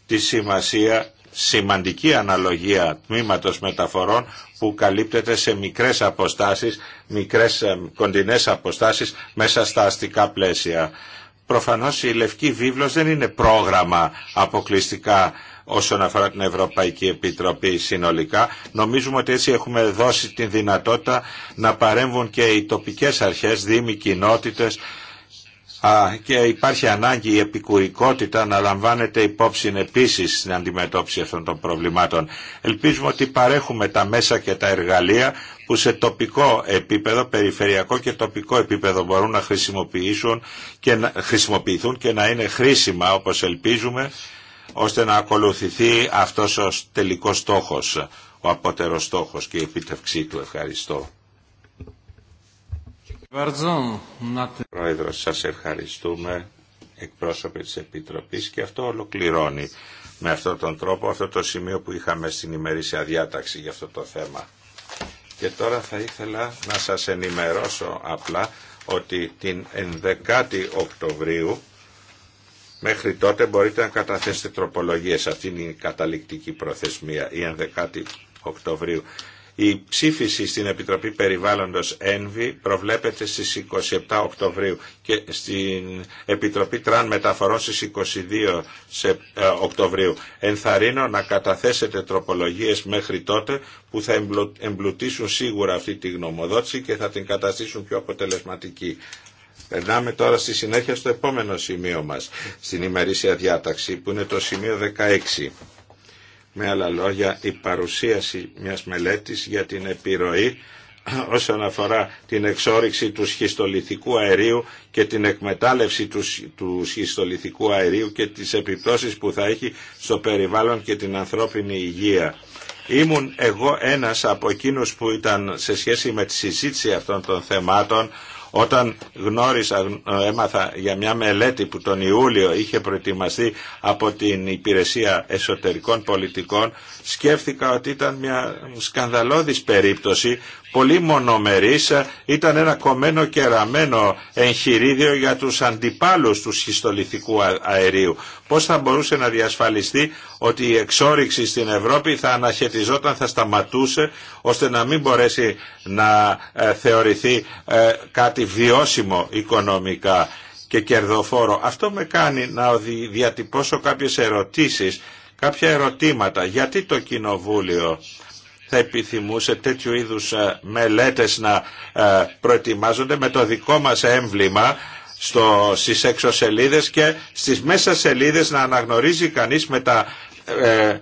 τη σημασία σημαντική αναλογία τμήματος μεταφορών που καλύπτεται σε μικρές αποστάσεις, μικρές ε, κοντινές αποστάσεις μέσα στα αστικά πλαίσια. Προφανώς η Λευκή Βίβλος δεν είναι πρόγραμμα αποκλειστικά όσον αφορά την Ευρωπαϊκή Επιτροπή συνολικά. Νομίζουμε ότι έτσι έχουμε δώσει την δυνατότητα να παρέμβουν και οι τοπικές αρχές, δήμοι, κοινότητες και υπάρχει ανάγκη η επικουρικότητα να λαμβάνεται υπόψη επίσης στην αντιμετώπιση αυτών των προβλημάτων. Ελπίζουμε ότι παρέχουμε τα μέσα και τα εργαλεία που σε τοπικό επίπεδο, περιφερειακό και τοπικό επίπεδο μπορούν να χρησιμοποιήσουν και να χρησιμοποιηθούν και να είναι χρήσιμα όπως ελπίζουμε ώστε να ακολουθηθεί αυτός ο τελικός στόχος, ο απότερος στόχος και η επίτευξή του. Ευχαριστώ. Πρόεδρος, σας ευχαριστούμε εκπρόσωποι της Επιτροπής και αυτό ολοκληρώνει με αυτόν τον τρόπο αυτό το σημείο που είχαμε στην ημερήσια διάταξη για αυτό το θέμα. Και τώρα θα ήθελα να σας ενημερώσω απλά ότι την 11η Οκτωβρίου Μέχρι τότε μπορείτε να καταθέσετε τροπολογίες. Αυτή είναι η καταληκτική προθεσμία, η 11η Οκτωβρίου. Η ψήφιση στην Επιτροπή Περιβάλλοντος ΕΝΒΗ προβλέπεται στις 27 Οκτωβρίου και στην Επιτροπή Τραν Μεταφορών στις 22 ε, Οκτωβρίου. Ενθαρρύνω να καταθέσετε τροπολογίες μέχρι τότε που θα εμπλουτίσουν σίγουρα αυτή τη γνωμοδότηση και θα την καταστήσουν πιο αποτελεσματική. Περνάμε τώρα στη συνέχεια στο επόμενο σημείο μας, στην ημερήσια διάταξη, που είναι το σημείο 16. Με άλλα λόγια, η παρουσίαση μιας μελέτης για την επιρροή όσον αφορά την εξόριξη του σχιστολιθικού αερίου και την εκμετάλλευση του, του σχιστολιθικού αερίου και τις επιπτώσεις που θα έχει στο περιβάλλον και την ανθρώπινη υγεία. Ήμουν εγώ ένας από εκείνους που ήταν σε σχέση με τη συζήτηση αυτών των θεμάτων όταν γνώρισα, έμαθα για μια μελέτη που τον Ιούλιο είχε προετοιμαστεί από την Υπηρεσία Εσωτερικών Πολιτικών, σκέφτηκα ότι ήταν μια σκανδαλώδης περίπτωση πολύ μονομερής ε, ήταν ένα κομμένο και ραμμένο εγχειρίδιο για τους αντιπάλους του σχιστολιθικού αερίου. Πώς θα μπορούσε να διασφαλιστεί ότι η εξόριξη στην Ευρώπη θα αναχαιτιζόταν, θα σταματούσε ώστε να μην μπορέσει να ε, θεωρηθεί ε, κάτι βιώσιμο οικονομικά και κερδοφόρο. Αυτό με κάνει να διατυπώσω κάποιες ερωτήσεις, κάποια ερωτήματα. Γιατί το Κοινοβούλιο θα επιθυμούσε τέτοιου είδους ε, μελέτες να ε, προετοιμάζονται με το δικό μας έμβλημα στο, στις εξωσελίδες και στις μέσα σελίδες να αναγνωρίζει κανείς με τα ε,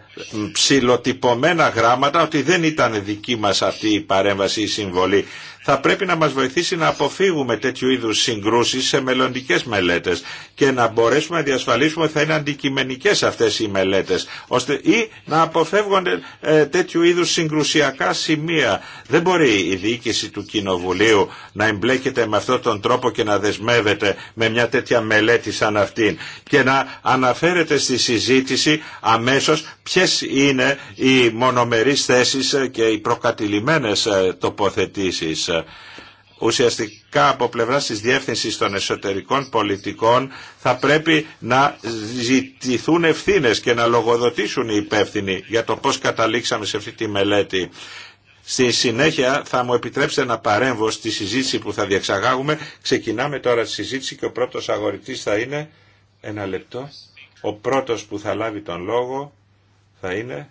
ψηλοτυπωμένα γράμματα ότι δεν ήταν δική μας αυτή η παρέμβαση ή συμβολή θα πρέπει να μας βοηθήσει να αποφύγουμε τέτοιου είδους συγκρούσεις σε μελλοντικέ μελέτες και να μπορέσουμε να διασφαλίσουμε ότι θα είναι αντικειμενικές αυτές οι μελέτες ώστε ή να αποφεύγονται ε, τέτοιου είδους συγκρουσιακά σημεία. Δεν μπορεί η διοίκηση του Κοινοβουλίου να εμπλέκεται με αυτόν τον τρόπο και να δεσμεύεται με μια τέτοια μελέτη σαν αυτήν και να αναφέρεται στη συζήτηση αμέσως ποιες είναι οι μονομερείς θέσεις ε, και οι προκατηλημένες ε, τοποθετήσεις ουσιαστικά από πλευρά της διεύθυνσης των εσωτερικών πολιτικών θα πρέπει να ζητηθούν ευθύνες και να λογοδοτήσουν οι υπεύθυνοι για το πώς καταλήξαμε σε αυτή τη μελέτη. Στη συνέχεια θα μου επιτρέψετε να παρέμβω στη συζήτηση που θα διεξαγάγουμε. Ξεκινάμε τώρα τη συζήτηση και ο πρώτος αγορητής θα είναι... Ένα λεπτό. Ο πρώτος που θα λάβει τον λόγο θα είναι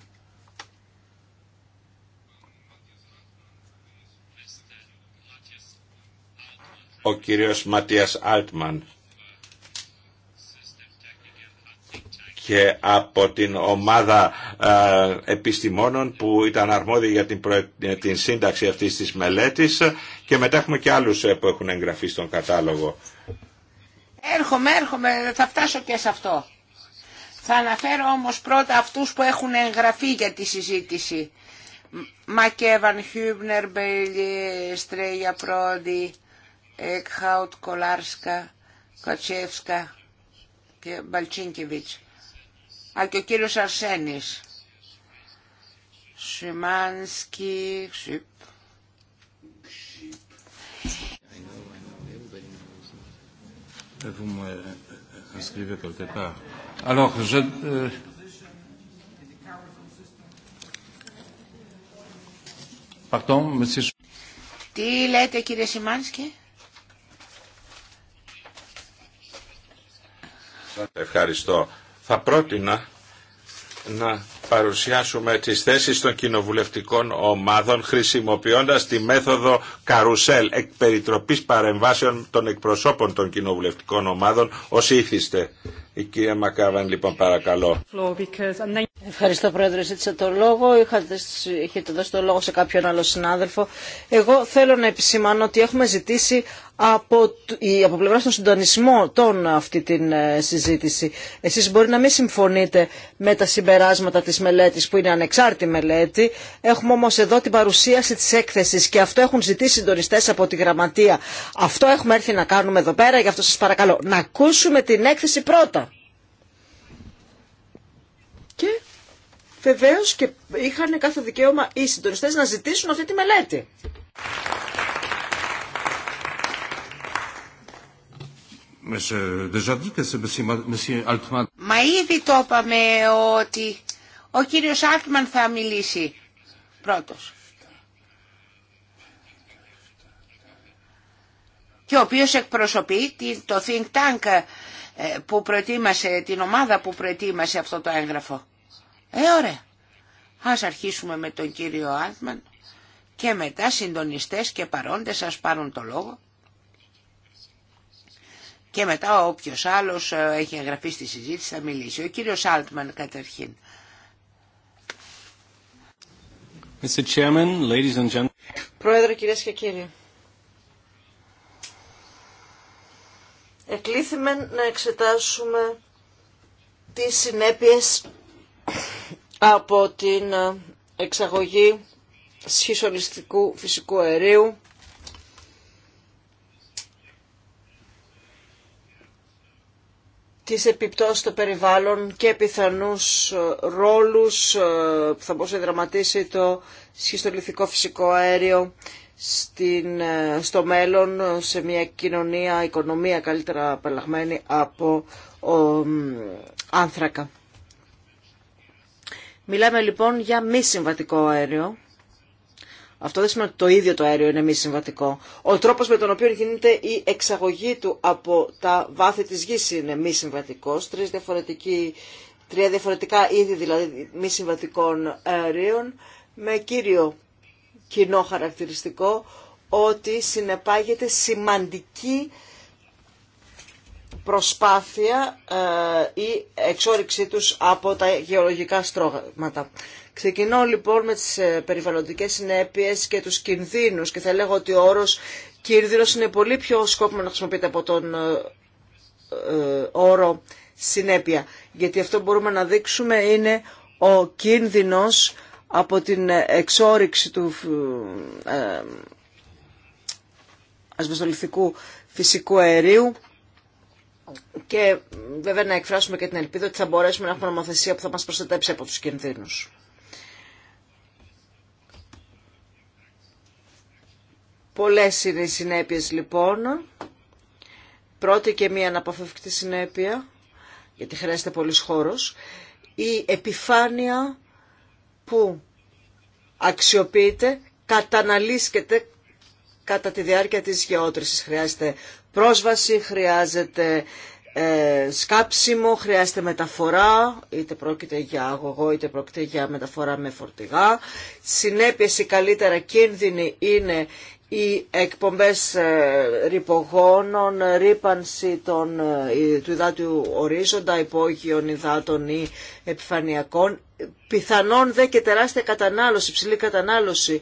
ο κύριος Ματίας Αλτμαν και από την ομάδα επιστημόνων που ήταν αρμόδιοι για την, την σύνταξη αυτής της μελέτης και μετά έχουμε και άλλους ε, που έχουν εγγραφεί στον κατάλογο. Έρχομαι, έρχομαι, θα φτάσω και σε αυτό. Θα αναφέρω όμως πρώτα αυτούς που έχουν εγγραφεί για τη συζήτηση. Μακέβαν, Χιούμπνερ, Μπέιλι, Στρέγια Πρόντι, Εκχάουτ, Κολάρσκα, Κατσέφσκα και Μπαλτσίνκεβιτς. Α, και ο κύριος Αρσένης. Σιμάνσκι, Σιπ. Ε, vous m'inscrivez quelque part. Alors, je, euh, Pardon, Τι λέτε κύριε Σιμάνσκι? Ευχαριστώ. Θα πρότεινα να παρουσιάσουμε τις θέσεις των κοινοβουλευτικών ομάδων χρησιμοποιώντας τη μέθοδο καρουσέλ εκ περιτροπής παρεμβάσεων των εκπροσώπων των κοινοβουλευτικών ομάδων ως ήθιστε. Η κυρία Μακάβαν λοιπόν παρακαλώ. Ευχαριστώ πρόεδρε, ζήτησα το λόγο, Είχατε, είχετε δώσει το λόγο σε κάποιον άλλο συνάδελφο. Εγώ θέλω να επισημάνω ότι έχουμε ζητήσει από, από πλευρά στον συντονισμό τον αυτή την ε, συζήτηση. Εσείς μπορεί να μην συμφωνείτε με τα συμπεράσματα της της μελέτης που είναι ανεξάρτητη μελέτη. Έχουμε όμως εδώ την παρουσίαση της έκθεσης και αυτό έχουν ζητήσει συντονιστές από τη γραμματεία. Αυτό έχουμε έρθει να κάνουμε εδώ πέρα, γι' αυτό σας παρακαλώ να ακούσουμε την έκθεση πρώτα. Και βεβαίω και είχαν κάθε δικαίωμα οι συντονιστές να ζητήσουν αυτή τη μελέτη. Μα ήδη το είπαμε ότι ο κύριος Άλτμαν θα μιλήσει πρώτος. Και ο οποίος εκπροσωπεί το Think Tank ε, που προετοίμασε, την ομάδα που προετοίμασε αυτό το έγγραφο. Ε, ωραία. Ας αρχίσουμε με τον κύριο Αλτμαν. και μετά συντονιστές και παρόντες σας πάρουν το λόγο. Και μετά όποιος άλλος ε, έχει εγγραφεί στη συζήτηση θα μιλήσει. Ο κύριος Άλτμαν καταρχήν. Mr. Πρόεδρε, κυρίες και κύριοι. Εκλήθημε να εξετάσουμε τις συνέπειες από την εξαγωγή σχισολιστικού φυσικού αερίου τις επιπτώσεις στο περιβάλλον και πιθανούς ε, ρόλους ε, που θα μπορούσε να δραματίσει το σχιστολιθικό φυσικό αέριο στην, ε, στο μέλλον σε μια κοινωνία, οικονομία καλύτερα απελαγμένη από άνθρακα. Μιλάμε λοιπόν για μη συμβατικό αέριο αυτό δεν σημαίνει ότι το ίδιο το αέριο είναι μη συμβατικό. Ο τρόπος με τον οποίο γίνεται η εξαγωγή του από τα βάθη της γης είναι μη συμβατικό, τρία διαφορετικά είδη δηλαδή μη συμβατικών αερίων με κύριο κοινό χαρακτηριστικό ότι συνεπάγεται σημαντική προσπάθεια ε, η εξόριξή τους από τα γεωλογικά στρώματα. Ξεκινώ λοιπόν με τις ε, περιβαλλοντικές συνέπειες και τους κινδύνους και θα λέγω ότι ο όρος κίνδυνος είναι πολύ πιο σκόπιμο να χρησιμοποιείται από τον ε, ε, όρο συνέπεια. Γιατί αυτό που μπορούμε να δείξουμε είναι ο κίνδυνος από την εξόριξη του ε, φυσικού αερίου και βέβαια να εκφράσουμε και την ελπίδα ότι θα μπορέσουμε να έχουμε νομοθεσία που θα μας προστατέψει από τους κινδύνους. Πολλές είναι οι συνέπειες λοιπόν. Πρώτη και μία αναπαφευκτή συνέπεια, γιατί χρειάζεται πολύς χώρος, η επιφάνεια που αξιοποιείται, καταναλύσκεται κατά τη διάρκεια της γεώτρησης. Χρειάζεται πρόσβαση, χρειάζεται ε, σκάψιμο, χρειάζεται μεταφορά, είτε πρόκειται για αγωγό, είτε πρόκειται για μεταφορά με φορτηγά. Συνέπειες καλύτερα κίνδυνοι είναι οι εκπομπές ε, ρηπογόνων, ρήπανση των, ε, του υδάτιου ορίζοντα, υπόγειων υδάτων ή επιφανειακών, πιθανόν δε και τεράστια κατανάλωση, υψηλή κατανάλωση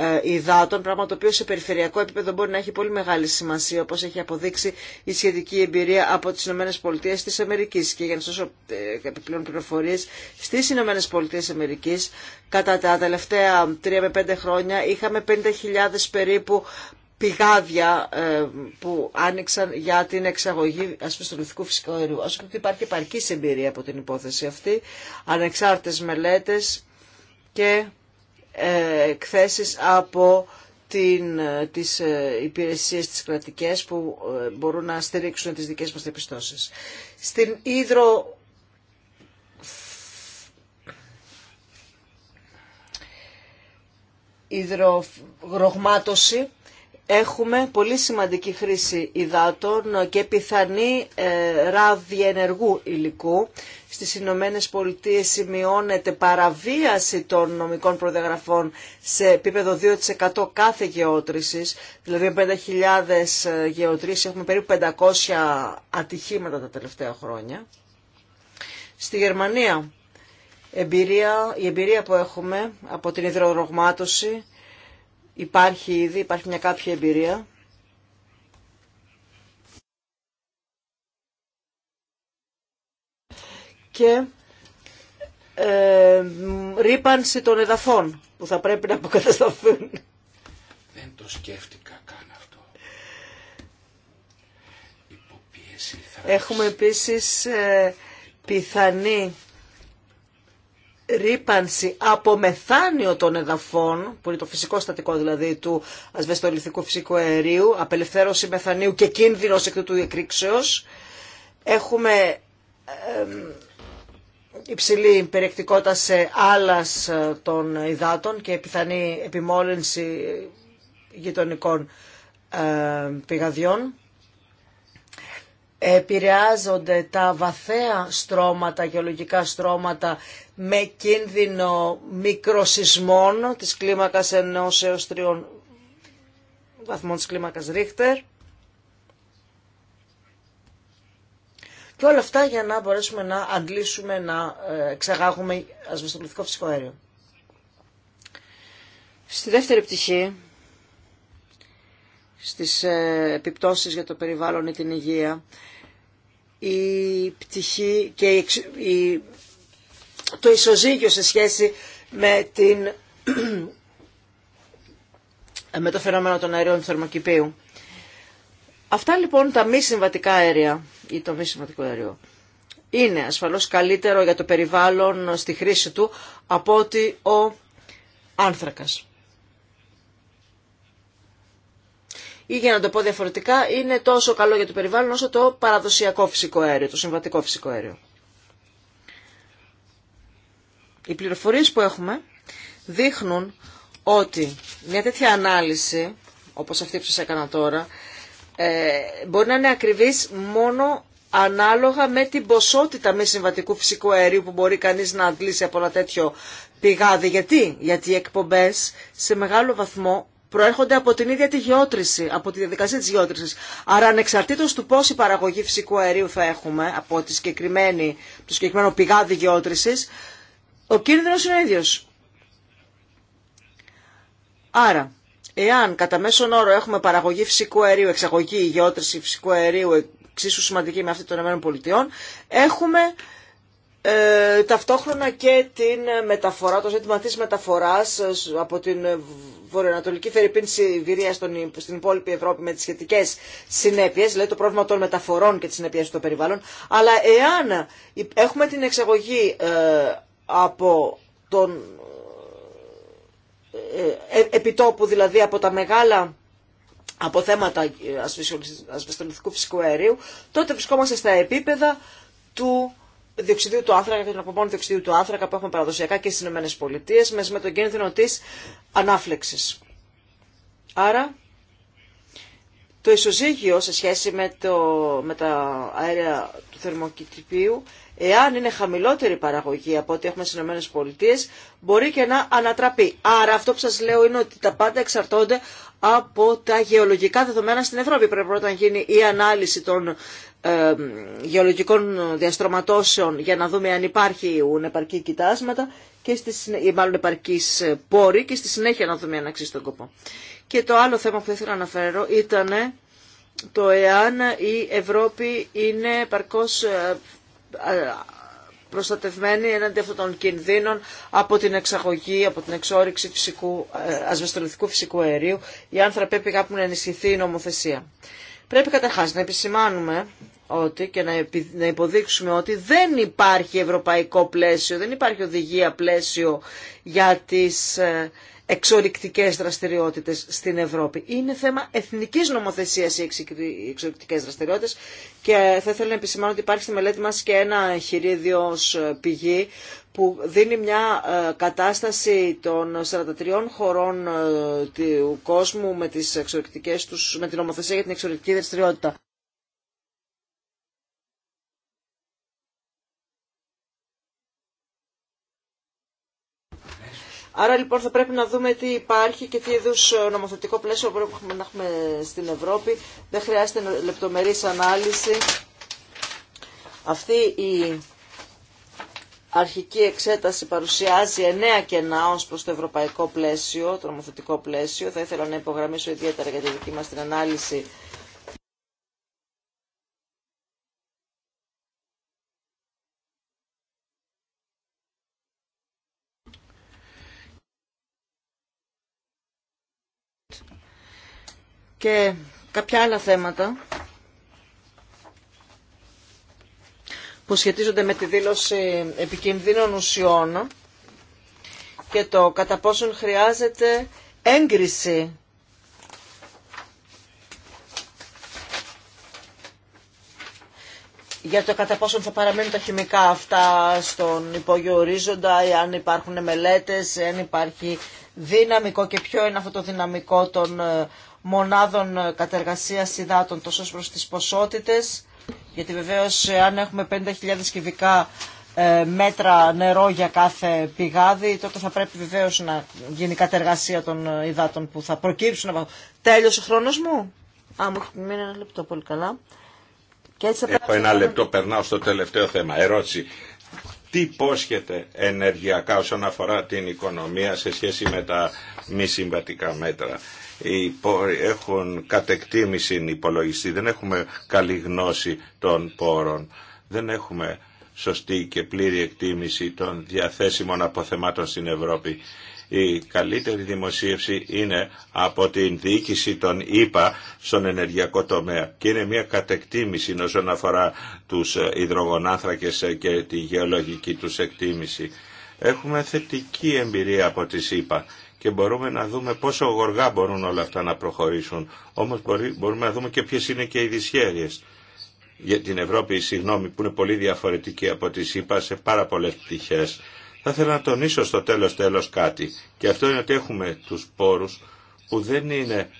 ε, υδάτων, πράγμα το οποίο σε περιφερειακό επίπεδο μπορεί να έχει πολύ μεγάλη σημασία, όπως έχει αποδείξει η σχετική εμπειρία από τις ΗΠΑ της Αμερικής. Και για να σας δώσω ε, επιπλέον πληροφορίες, στις ΗΠΑ Αμερικής κατά τα τελευταία 3 με 5 χρόνια είχαμε 50.000 περίπου πηγάδια ε, που άνοιξαν για την εξαγωγή ασφιστολιθικού φυσικού αερίου. Ας ότι υπάρχει επαρκή εμπειρία από την υπόθεση αυτή, ανεξάρτητες μελέτες και εκθέσεις από την, τις ε, υπηρεσίες της κρατικές που ε, μπορούν να στηρίξουν τις δικές μας διαπιστώσεις. Στην Ήδρο υδρογρογμάτωση έχουμε πολύ σημαντική χρήση υδάτων και πιθανή ε, ραδιενεργού υλικού. Στις Ηνωμένε Πολιτείε σημειώνεται παραβίαση των νομικών προδιαγραφών σε επίπεδο 2% κάθε γεώτρησης. Δηλαδή 5.000 ε, γεωτρήσεις έχουμε περίπου 500 ατυχήματα τα τελευταία χρόνια. Στη Γερμανία η εμπειρία που έχουμε από την υδρορογμάτωση Υπάρχει ήδη, υπάρχει μια κάποια εμπειρία. Και ε, ρήπανση των εδαφών που θα πρέπει να αποκατασταθούν. Δεν το σκέφτηκα καν αυτό. Έχουμε επίσης ε, πιθανή ρήπανση από μεθάνιο των εδαφών, που είναι το φυσικό στατικό δηλαδή του ασβεστολιθικού φυσικού αερίου, απελευθέρωση μεθανίου και κίνδυνος εκ του εκρήξεως. Έχουμε υψηλή περιεκτικότητα σε άλλας ε, των υδάτων και πιθανή επιμόλυνση γειτονικών ε, πηγαδιών επηρεάζονται τα βαθαία στρώματα, γεωλογικά στρώματα με κίνδυνο μικροσυσμών της κλίμακας ενός έως τριών βαθμών της κλίμακας Ρίχτερ. Και όλα αυτά για να μπορέσουμε να αντλήσουμε, να ε, εξαγάγουμε ασβεστοπληθικό φυσικό αέριο. Στη δεύτερη πτυχή στις ε, επιπτώσεις για το περιβάλλον ή την υγεία. Η πτυχή και το ισοζύγιο σε σχέση με, την, με το φαινόμενο των αερίων θερμοκηπίου. Αυτά λοιπόν τα μη συμβατικά αέρια ή το μη συμβατικό αέριο είναι ασφαλώς καλύτερο για το περιβάλλον στη χρήση του από ότι ο άνθρακας. ή για να το πω διαφορετικά είναι τόσο καλό για το περιβάλλον όσο το παραδοσιακό φυσικό αέριο, το συμβατικό φυσικό αέριο. Οι πληροφορίες που έχουμε δείχνουν ότι μια τέτοια ανάλυση, όπως αυτή που σας έκανα τώρα, ε, μπορεί να είναι ακριβής μόνο ανάλογα με την ποσότητα μη συμβατικού φυσικού αερίου που μπορεί κανείς να αντλήσει από ένα τέτοιο πηγάδι. Γιατί, Γιατί οι εκπομπές σε μεγάλο βαθμό προέρχονται από την ίδια τη γεώτρηση, από τη διαδικασία της γεώτρησης. Άρα ανεξαρτήτως του πόση παραγωγή φυσικού αερίου θα έχουμε από τη το συγκεκριμένο πηγάδι γεώτρησης, ο κίνδυνος είναι ίδιος. Άρα, εάν κατά μέσον όρο έχουμε παραγωγή φυσικού αερίου, εξαγωγή, γεώτρηση φυσικού αερίου, εξίσου σημαντική με αυτή των ΗΠΑ, έχουμε ε, ταυτόχρονα και την μεταφορά, το ζήτημα της μεταφοράς ε, από την βορειοανατολική Φερρυπίν βυρία στον, στην υπόλοιπη Ευρώπη με τις σχετικές συνέπειες, δηλαδή το πρόβλημα των μεταφορών και τις συνέπειες των περιβάλλον. αλλά εάν έχουμε την εξαγωγή ε, από τον ε, επιτόπου, δηλαδή από τα μεγάλα αποθέματα θέματα φυσικού αερίου, τότε βρισκόμαστε στα επίπεδα του διοξιδίου του άνθρακα και των απομόνων διοξιδίου του άνθρακα που έχουμε παραδοσιακά και στι ΗΠΑ μέσα με τον κίνδυνο τη ανάφλεξη. Άρα, το ισοζύγιο σε σχέση με, το, με τα αέρια του θερμοκηπίου, εάν είναι χαμηλότερη παραγωγή από ό,τι έχουμε στι ΗΠΑ, μπορεί και να ανατραπεί. Άρα, αυτό που σα λέω είναι ότι τα πάντα εξαρτώνται από τα γεωλογικά δεδομένα στην Ευρώπη. Πρέπει πρώτα να γίνει η ανάλυση των ε, γεωλογικών διαστρωματώσεων για να δούμε αν υπάρχει επαρκή κοιτάσματα και στη, ή μάλλον επαρκή πόροι και στη συνέχεια να δούμε αν αξίζει τον κόπο. Και το άλλο θέμα που ήθελα να αναφέρω ήταν το εάν η Ευρώπη είναι επαρκώς ε, ε, προστατευμένη έναντι αυτών των κινδύνων από την εξαγωγή, από την εξόριξη φυσικού, ασβεστολιθικού φυσικού αερίου ή αν θα πρέπει να ενισχυθεί η νομοθεσία. Πρέπει καταρχάς να επισημάνουμε ότι και να υποδείξουμε ότι δεν υπάρχει ευρωπαϊκό πλαίσιο, δεν υπάρχει οδηγία πλαίσιο για τις ε, εξορυκτικές δραστηριότητες στην Ευρώπη. Είναι θέμα εθνικής νομοθεσίας οι εξορυκτικές δραστηριότητες και θα ήθελα να επισημάνω ότι υπάρχει στη μελέτη μας και ένα χειρίδιο ε, πηγή που δίνει μια ε, κατάσταση των 43 χωρών ε, του κόσμου με, τις τους, με την ομοθεσία για την εξωτερική δραστηριότητα. Άρα λοιπόν θα πρέπει να δούμε τι υπάρχει και τι είδου ε, νομοθετικό πλαίσιο μπορούμε να έχουμε στην Ευρώπη. Δεν χρειάζεται λεπτομερής ανάλυση. Αυτή η αρχική εξέταση παρουσιάζει εννέα κενά ως προς το ευρωπαϊκό πλαίσιο, το νομοθετικό πλαίσιο. Θα ήθελα να υπογραμμίσω ιδιαίτερα για τη δική μας την ανάλυση και κάποια άλλα θέματα που σχετίζονται με τη δήλωση επικίνδυνων ουσιών και το κατά πόσον χρειάζεται έγκριση για το κατά πόσον θα παραμένουν τα χημικά αυτά στον υπόγειο ορίζοντα, ή αν υπάρχουν μελέτες, αν υπάρχει δυναμικό και ποιο είναι αυτό το δυναμικό των ε, μονάδων ε, κατεργασίας υδάτων τόσο προς τις ποσότητες, γιατί βεβαίως ε, αν έχουμε 50.000 κυβικά ε, μέτρα νερό για κάθε πηγάδι, τότε θα πρέπει βεβαίως να γίνει κατεργασία των υδάτων που θα προκύψουν. Από... Τέλειωσε ο χρόνος μου. Α, μου έχει μείνει ένα λεπτό πολύ καλά. Και έτσι θα Έχω ένα λεπτό, περνάω στο τελευταίο θέμα. Ερώτηση. Τι υπόσχεται ενεργειακά όσον αφορά την οικονομία σε σχέση με τα μη συμβατικά μέτρα οι πόροι έχουν κατεκτήμηση υπολογιστή, δεν έχουμε καλή γνώση των πόρων, δεν έχουμε σωστή και πλήρη εκτίμηση των διαθέσιμων αποθεμάτων στην Ευρώπη. Η καλύτερη δημοσίευση είναι από την διοίκηση των ΙΠΑ στον ενεργειακό τομέα και είναι μια κατεκτίμηση όσον αφορά τους ε, υδρογονάνθρακες ε, και τη γεωλογική τους εκτίμηση. Έχουμε θετική εμπειρία από τις ΙΠΑ και μπορούμε να δούμε πόσο γοργά μπορούν όλα αυτά να προχωρήσουν. Όμως μπορούμε να δούμε και ποιες είναι και οι δυσχέρειες για την Ευρώπη, συγγνώμη, που είναι πολύ διαφορετική από τη ΣΥΠΑ σε πάρα πολλές πτυχές. Θα ήθελα να τονίσω στο τέλος τέλος κάτι και αυτό είναι ότι έχουμε τους πόρους που δεν είναι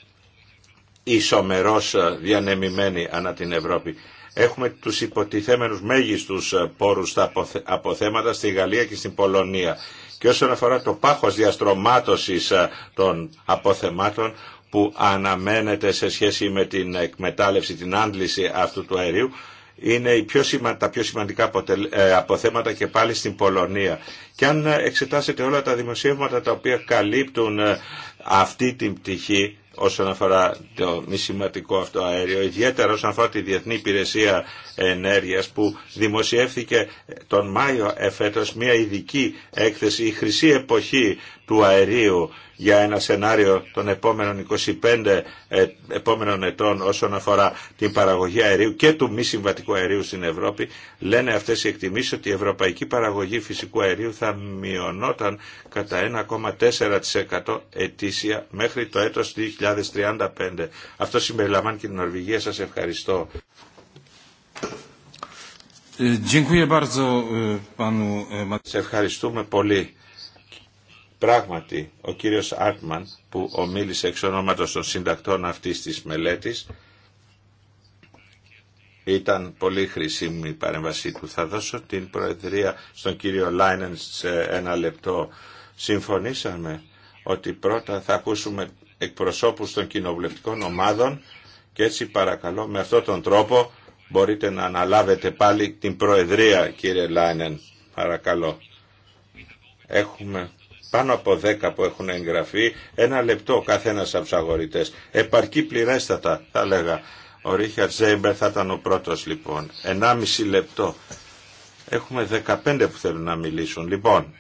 ισομερός ε, διανεμημένοι ανά την Ευρώπη. Έχουμε τους υποτιθέμενους μέγιστους ε, πόρους στα αποθέματα στη Γαλλία και στην Πολωνία και όσον αφορά το πάχος διαστρωμάτωσης ε, των αποθεμάτων που αναμένεται σε σχέση με την εκμετάλλευση, την άντληση αυτού του αερίου, είναι πιο τα πιο σημαντικά ε, αποθέματα και πάλι στην Πολωνία. Και αν ε, εξετάσετε όλα τα δημοσίευματα τα οποία καλύπτουν αυτή την πτυχή όσον αφορά το μη σημαντικό αυτό αέριο, ιδιαίτερα όσον αφορά τη Διεθνή Υπηρεσία Ενέργειας που δημοσιεύθηκε τον Μάιο εφέτος μια ειδική έκθεση, η Χρυσή Εποχή του αερίου για ένα σενάριο των επόμενων 25 ε, επόμενων ετών όσον αφορά την παραγωγή αερίου και του μη συμβατικού αερίου στην Ευρώπη, λένε αυτές οι εκτιμήσεις ότι η ευρωπαϊκή παραγωγή φυσικού αερίου θα μειωνόταν κατά 1,4% ετήσια μέχρι το έτος 2035. Αυτό συμπεριλαμβάνει και την Νορβηγία. Σας ευχαριστώ. Ε, ε, Σε ευχαριστούμε πολύ Πράγματι, ο κύριος Άρτμαν που ομίλησε εξ ονόματος των συντακτών αυτής της μελέτης ήταν πολύ χρήσιμη η παρέμβασή του. Θα δώσω την προεδρία στον κύριο Λάινεν σε ένα λεπτό. Συμφωνήσαμε ότι πρώτα θα ακούσουμε εκπροσώπους των κοινοβουλευτικών ομάδων και έτσι παρακαλώ με αυτόν τον τρόπο μπορείτε να αναλάβετε πάλι την προεδρία κύριε Λάινεν. Παρακαλώ. Έχουμε πάνω από 10 που έχουν εγγραφεί, ένα λεπτό καθένας από τους αγορητές. Επαρκεί πληρέστατα, θα έλεγα. Ο Ρίχαρτ Ζέιμπερ θα ήταν ο πρώτος λοιπόν. 1,5 λεπτό. Έχουμε 15 που θέλουν να μιλήσουν. Λοιπόν,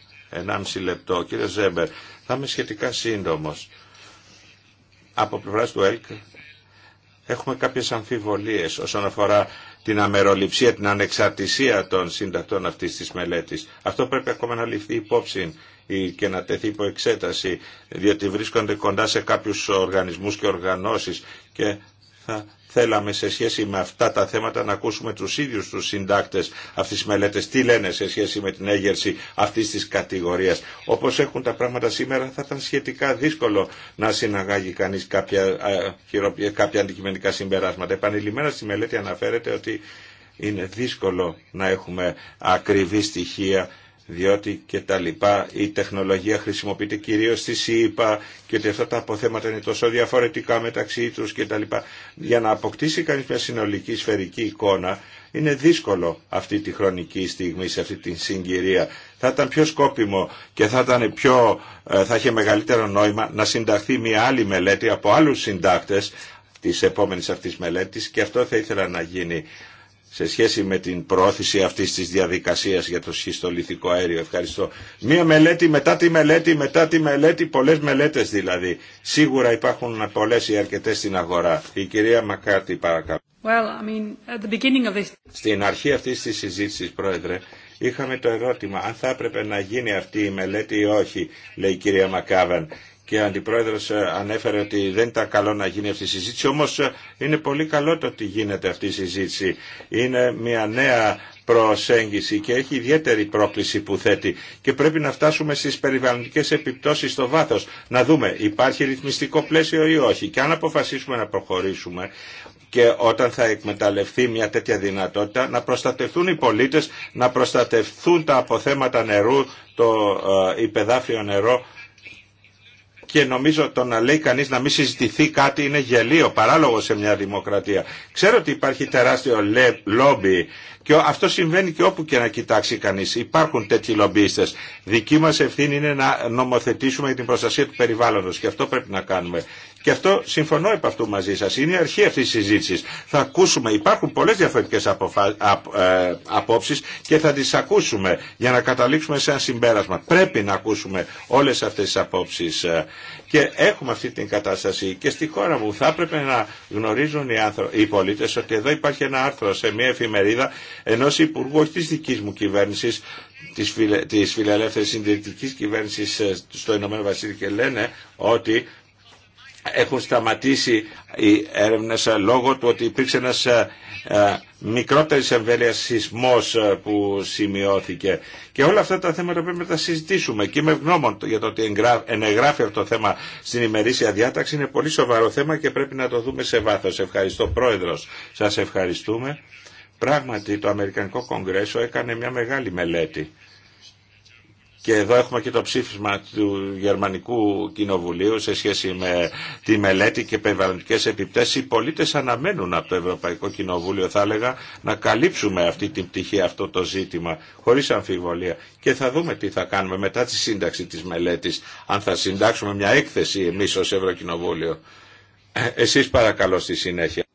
1,5 λεπτό. Κύριε Ζέμπερ, θα είμαι σχετικά σύντομος. Από πλευρά του ΕΛΚ έχουμε κάποιες αμφιβολίες όσον αφορά την αμεροληψία, την ανεξαρτησία των συντακτών αυτής της μελέτης. Αυτό πρέπει ακόμα να ληφθεί υπόψη και να τεθεί υπό εξέταση, διότι βρίσκονται κοντά σε κάποιους οργανισμούς και οργανώσεις και θα θέλαμε σε σχέση με αυτά τα θέματα να ακούσουμε τους ίδιους τους συντάκτες αυτής της μελέτης τι λένε σε σχέση με την έγερση αυτή της κατηγορίας. Όπως έχουν τα πράγματα σήμερα θα ήταν σχετικά δύσκολο να συναγάγει κανείς κάποια, κάποια αντικειμενικά συμπεράσματα. Επανειλημμένα στη μελέτη αναφέρεται ότι είναι δύσκολο να έχουμε ακριβή στοιχεία διότι και τα λοιπά η τεχνολογία χρησιμοποιείται κυρίως στη ΣΥΠΑ και ότι αυτά τα αποθέματα είναι τόσο διαφορετικά μεταξύ τους και τα λοιπά. Για να αποκτήσει κανείς μια συνολική σφαιρική εικόνα είναι δύσκολο αυτή τη χρονική στιγμή σε αυτή τη συγκυρία. Θα ήταν πιο σκόπιμο και θα, ήταν πιο, ε, θα είχε μεγαλύτερο νόημα να συνταχθεί μια άλλη μελέτη από άλλους συντάκτες της επόμενης αυτής μελέτης και αυτό θα ήθελα να γίνει σε σχέση με την προώθηση αυτής της διαδικασίας για το σχιστολιθικό αέριο. Ευχαριστώ. Μία μελέτη μετά τη μελέτη, μετά τη μελέτη, πολλές μελέτες δηλαδή. Σίγουρα υπάρχουν πολλές ή αρκετές πολλέ Η αρκετέ στην αγορα Μακάρτη παρακαλώ. Well, I mean, at the beginning of this... Στην αρχή αυτής της συζήτηση, Πρόεδρε, είχαμε το ερώτημα αν θα έπρεπε να γίνει αυτή η μελέτη ή όχι, λέει η κυρία Μακάβαν και ο Αντιπρόεδρος ε, ανέφερε ότι δεν ήταν καλό να γίνει αυτή η συζήτηση, όμως ε, είναι πολύ καλό το ότι γίνεται αυτή η συζήτηση. Είναι μια νέα προσέγγιση και έχει ιδιαίτερη πρόκληση που θέτει και πρέπει να φτάσουμε στις περιβαλλοντικές επιπτώσεις στο βάθος. Να δούμε υπάρχει ρυθμιστικό πλαίσιο ή όχι και αν αποφασίσουμε να προχωρήσουμε και όταν θα εκμεταλλευτεί μια τέτοια δυνατότητα να προστατευτούν οι πολίτες, να προστατευτούν τα αποθέματα νερού, το ε, υπεδάφιο νερό και νομίζω το να λέει κανείς να μην συζητηθεί κάτι είναι γελίο, παράλογο σε μια δημοκρατία. Ξέρω ότι υπάρχει τεράστιο λόμπι και αυτό συμβαίνει και όπου και να κοιτάξει κανείς. Υπάρχουν τέτοιοι λομπίστες. Δική μας ευθύνη είναι να νομοθετήσουμε για την προστασία του περιβάλλοντος και αυτό πρέπει να κάνουμε. Και αυτό συμφωνώ επ' αυτού μαζί σα. Είναι η αρχή αυτή τη συζήτηση. Θα ακούσουμε, υπάρχουν πολλέ διαφορετικέ αποφα... Ε, απόψει και θα τι ακούσουμε για να καταλήξουμε σε ένα συμπέρασμα. Πρέπει να ακούσουμε όλε αυτέ τι απόψει. Ε. Και έχουμε αυτή την κατάσταση και στη χώρα μου θα έπρεπε να γνωρίζουν οι, άνθρω... οι πολίτε ότι εδώ υπάρχει ένα άρθρο σε μια εφημερίδα ενό υπουργού, όχι τη δική μου κυβέρνηση, της, φιλελεύθερη της φιλελεύθερης συντηρητικής κυβέρνησης ε, στο Ηνωμένο Βασίλειο και λένε ότι έχουν σταματήσει οι έρευνες ε, λόγω του ότι υπήρξε ένας ε, ε, μικρότερης εμβέλειας σεισμός που σημειώθηκε. Και όλα αυτά τα θέματα πρέπει να τα συζητήσουμε και είμαι ευγνώμων για το ότι ενεγράφει αυτό το θέμα στην ημερήσια διάταξη. Είναι πολύ σοβαρό θέμα και πρέπει να το δούμε σε βάθος. Ευχαριστώ Πρόεδρος. Σας ευχαριστούμε. Πράγματι το Αμερικανικό Κογκρέσο έκανε μια μεγάλη μελέτη και εδώ έχουμε και το ψήφισμα του Γερμανικού Κοινοβουλίου σε σχέση με τη μελέτη και περιβαλλοντικέ επιπτώσεις. Οι πολίτε αναμένουν από το Ευρωπαϊκό Κοινοβούλιο, θα έλεγα, να καλύψουμε αυτή την πτυχή, αυτό το ζήτημα, χωρίς αμφιβολία. Και θα δούμε τι θα κάνουμε μετά τη σύνταξη της μελέτης, αν θα συντάξουμε μια έκθεση εμεί ω Ευρωκοινοβούλιο. Ε, Εσεί παρακαλώ στη συνέχεια.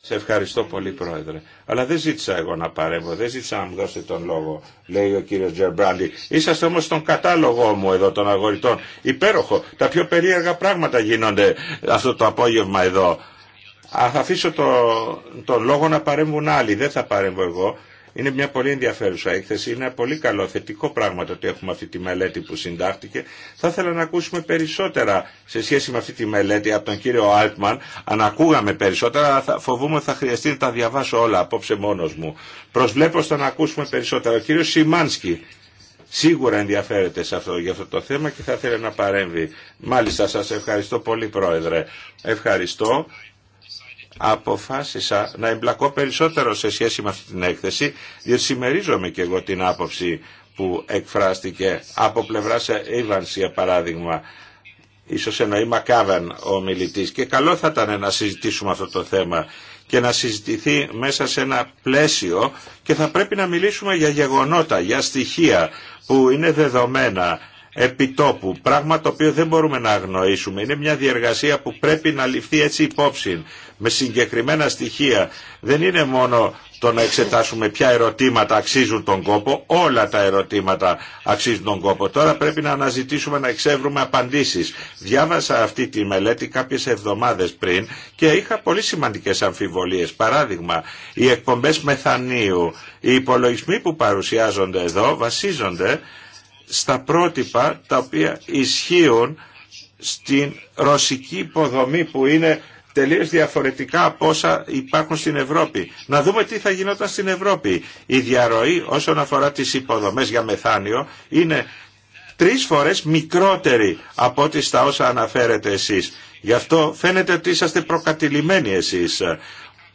Σε ευχαριστώ πολύ, Πρόεδρε. Αλλά δεν ζήτησα εγώ να παρέμβω, δεν ζήτησα να μου δώσετε τον λόγο, λέει ο κύριο Τζερμπράντι. Είσαστε όμω στον κατάλογο μου εδώ των αγοριτών. Υπέροχο. Τα πιο περίεργα πράγματα γίνονται αυτό το απόγευμα εδώ. Α, θα αφήσω το, τον λόγο να παρέμβουν άλλοι. Δεν θα παρέμβω εγώ. Είναι μια πολύ ενδιαφέρουσα έκθεση. Είναι ένα πολύ καλό θετικό πράγμα το ότι έχουμε αυτή τη μελέτη που συντάχθηκε. Θα ήθελα να ακούσουμε περισσότερα σε σχέση με αυτή τη μελέτη από τον κύριο Αλτμαν, Αν ακούγαμε περισσότερα, θα φοβούμαι ότι θα χρειαστεί να τα διαβάσω όλα απόψε μόνο μου. Προσβλέπω στο να ακούσουμε περισσότερα. Ο κύριο Σιμάνσκι σίγουρα ενδιαφέρεται σε αυτό, για αυτό το θέμα και θα ήθελε να παρέμβει. Μάλιστα σας ευχαριστώ πολύ πρόεδρε. Ευχαριστώ αποφάσισα να εμπλακώ περισσότερο σε σχέση με αυτή την έκθεση, διότι συμμερίζομαι και εγώ την άποψη που εκφράστηκε από πλευρά Evans, για παράδειγμα ίσως εννοεί Μακάβαν ο μιλητής και καλό θα ήταν να συζητήσουμε αυτό το θέμα και να συζητηθεί μέσα σε ένα πλαίσιο και θα πρέπει να μιλήσουμε για γεγονότα, για στοιχεία που είναι δεδομένα επιτόπου. Πράγμα το οποίο δεν μπορούμε να αγνοήσουμε. Είναι μια διεργασία που πρέπει να ληφθεί έτσι υπόψη με συγκεκριμένα στοιχεία. Δεν είναι μόνο το να εξετάσουμε ποια ερωτήματα αξίζουν τον κόπο, όλα τα ερωτήματα αξίζουν τον κόπο. Τώρα πρέπει να αναζητήσουμε να εξεύρουμε απαντήσεις. Διάβασα αυτή τη μελέτη κάποιες εβδομάδες πριν και είχα πολύ σημαντικές αμφιβολίες. Παράδειγμα, οι εκπομπές μεθανίου, οι υπολογισμοί που παρουσιάζονται εδώ βασίζονται στα πρότυπα τα οποία ισχύουν στην ρωσική υποδομή που είναι τελείως διαφορετικά από όσα υπάρχουν στην Ευρώπη. Να δούμε τι θα γινόταν στην Ευρώπη. Η διαρροή όσον αφορά τις υποδομές για μεθάνιο είναι τρεις φορές μικρότερη από ό,τι στα όσα αναφέρετε εσείς. Γι' αυτό φαίνεται ότι είσαστε προκατηλημένοι εσείς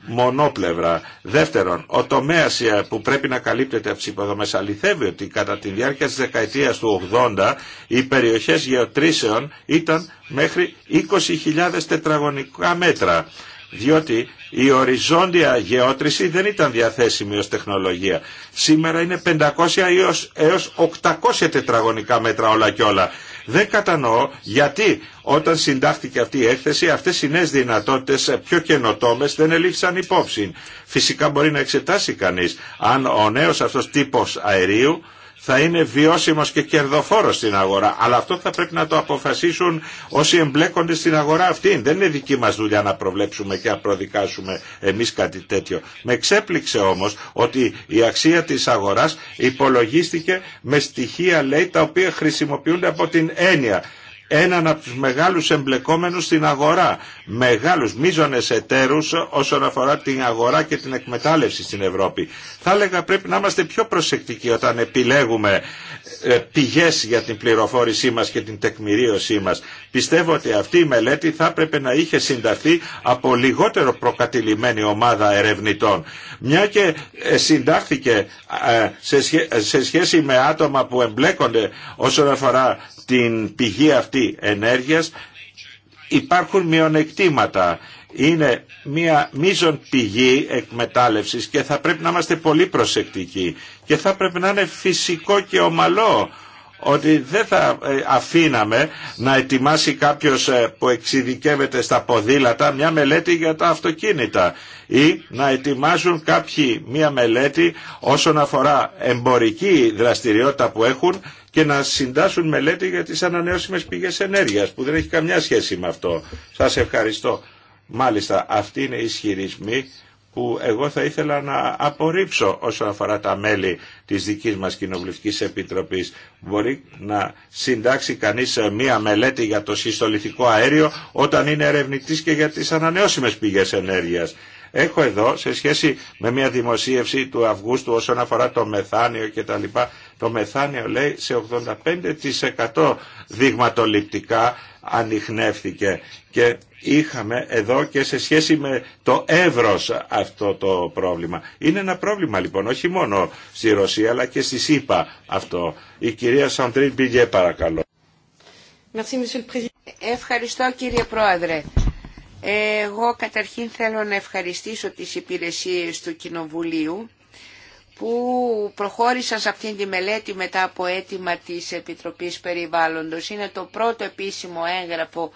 μονόπλευρα. Δεύτερον, ο τομέας ε, που πρέπει να καλύπτεται από τι υποδομέ αληθεύει ότι κατά τη διάρκεια τη δεκαετία του 80 οι περιοχές γεωτρήσεων ήταν μέχρι 20.000 τετραγωνικά μέτρα διότι η οριζόντια γεώτρηση δεν ήταν διαθέσιμη ως τεχνολογία. Σήμερα είναι 500 έως 800 τετραγωνικά μέτρα όλα και όλα δεν κατανοώ γιατί όταν συντάχθηκε αυτή η έκθεση αυτές οι νέες δυνατότητες πιο καινοτόμε δεν ελήφθησαν υπόψη. Φυσικά μπορεί να εξετάσει κανείς αν ο νέος αυτός τύπος αερίου θα είναι βιώσιμος και κερδοφόρος στην αγορά. Αλλά αυτό θα πρέπει να το αποφασίσουν όσοι εμπλέκονται στην αγορά αυτή. Δεν είναι δική μας δουλειά να προβλέψουμε και να προδικάσουμε εμείς κάτι τέτοιο. Με ξέπληξε όμως ότι η αξία της αγοράς υπολογίστηκε με στοιχεία λέει τα οποία χρησιμοποιούνται από την έννοια έναν από τους μεγάλους εμπλεκόμενους στην αγορά, μεγάλους μίζωνες εταίρους όσον αφορά την αγορά και την εκμετάλλευση στην Ευρώπη. Θα έλεγα πρέπει να είμαστε πιο προσεκτικοί όταν επιλέγουμε ε, πηγές για την πληροφόρησή μας και την τεκμηρίωσή μας. Πιστεύω ότι αυτή η μελέτη θα έπρεπε να είχε συνταχθεί από λιγότερο προκατηλημένη ομάδα ερευνητών. Μια και ε, συντάχθηκε ε, σε σχέση με άτομα που εμπλέκονται όσον αφορά στην πηγή αυτή ενέργειας υπάρχουν μειονεκτήματα. Είναι μια μείζον πηγή εκμετάλλευσης και θα πρέπει να είμαστε πολύ προσεκτικοί και θα πρέπει να είναι φυσικό και ομαλό ότι δεν θα ε, αφήναμε να ετοιμάσει κάποιος ε, που εξειδικεύεται στα ποδήλατα μια μελέτη για τα αυτοκίνητα ή να ετοιμάζουν κάποιοι μια μελέτη όσον αφορά εμπορική δραστηριότητα που έχουν και να συντάσσουν μελέτη για τις ανανεώσιμες πηγές ενέργειας που δεν έχει καμιά σχέση με αυτό. Σας ευχαριστώ. Μάλιστα αυτοί είναι οι ισχυρισμοί που εγώ θα ήθελα να απορρίψω όσον αφορά τα μέλη της δικής μας Κοινοβουλευτικής Επιτροπής. Μπορεί να συντάξει κανείς μία μελέτη για το συστολιθικό αέριο όταν είναι ερευνητής και για τις ανανεώσιμες πηγές ενέργειας. Έχω εδώ σε σχέση με μια δημοσίευση του Αυγούστου όσον αφορά το μεθάνιο και τα λοιπά. Το μεθάνιο λέει σε 85% δειγματοληπτικά ανοιχνεύτηκε και είχαμε εδώ και σε σχέση με το εύρος αυτό το πρόβλημα. Είναι ένα πρόβλημα λοιπόν όχι μόνο στη Ρωσία αλλά και στη ΣΥΠΑ αυτό. Η κυρία Σαντρίν Πηγέ παρακαλώ. Ευχαριστώ κύριε Πρόεδρε. Εγώ καταρχήν θέλω να ευχαριστήσω τις υπηρεσίες του Κοινοβουλίου που προχώρησαν σε αυτήν τη μελέτη μετά από αίτημα της Επιτροπής Περιβάλλοντος. Είναι το πρώτο επίσημο έγγραφο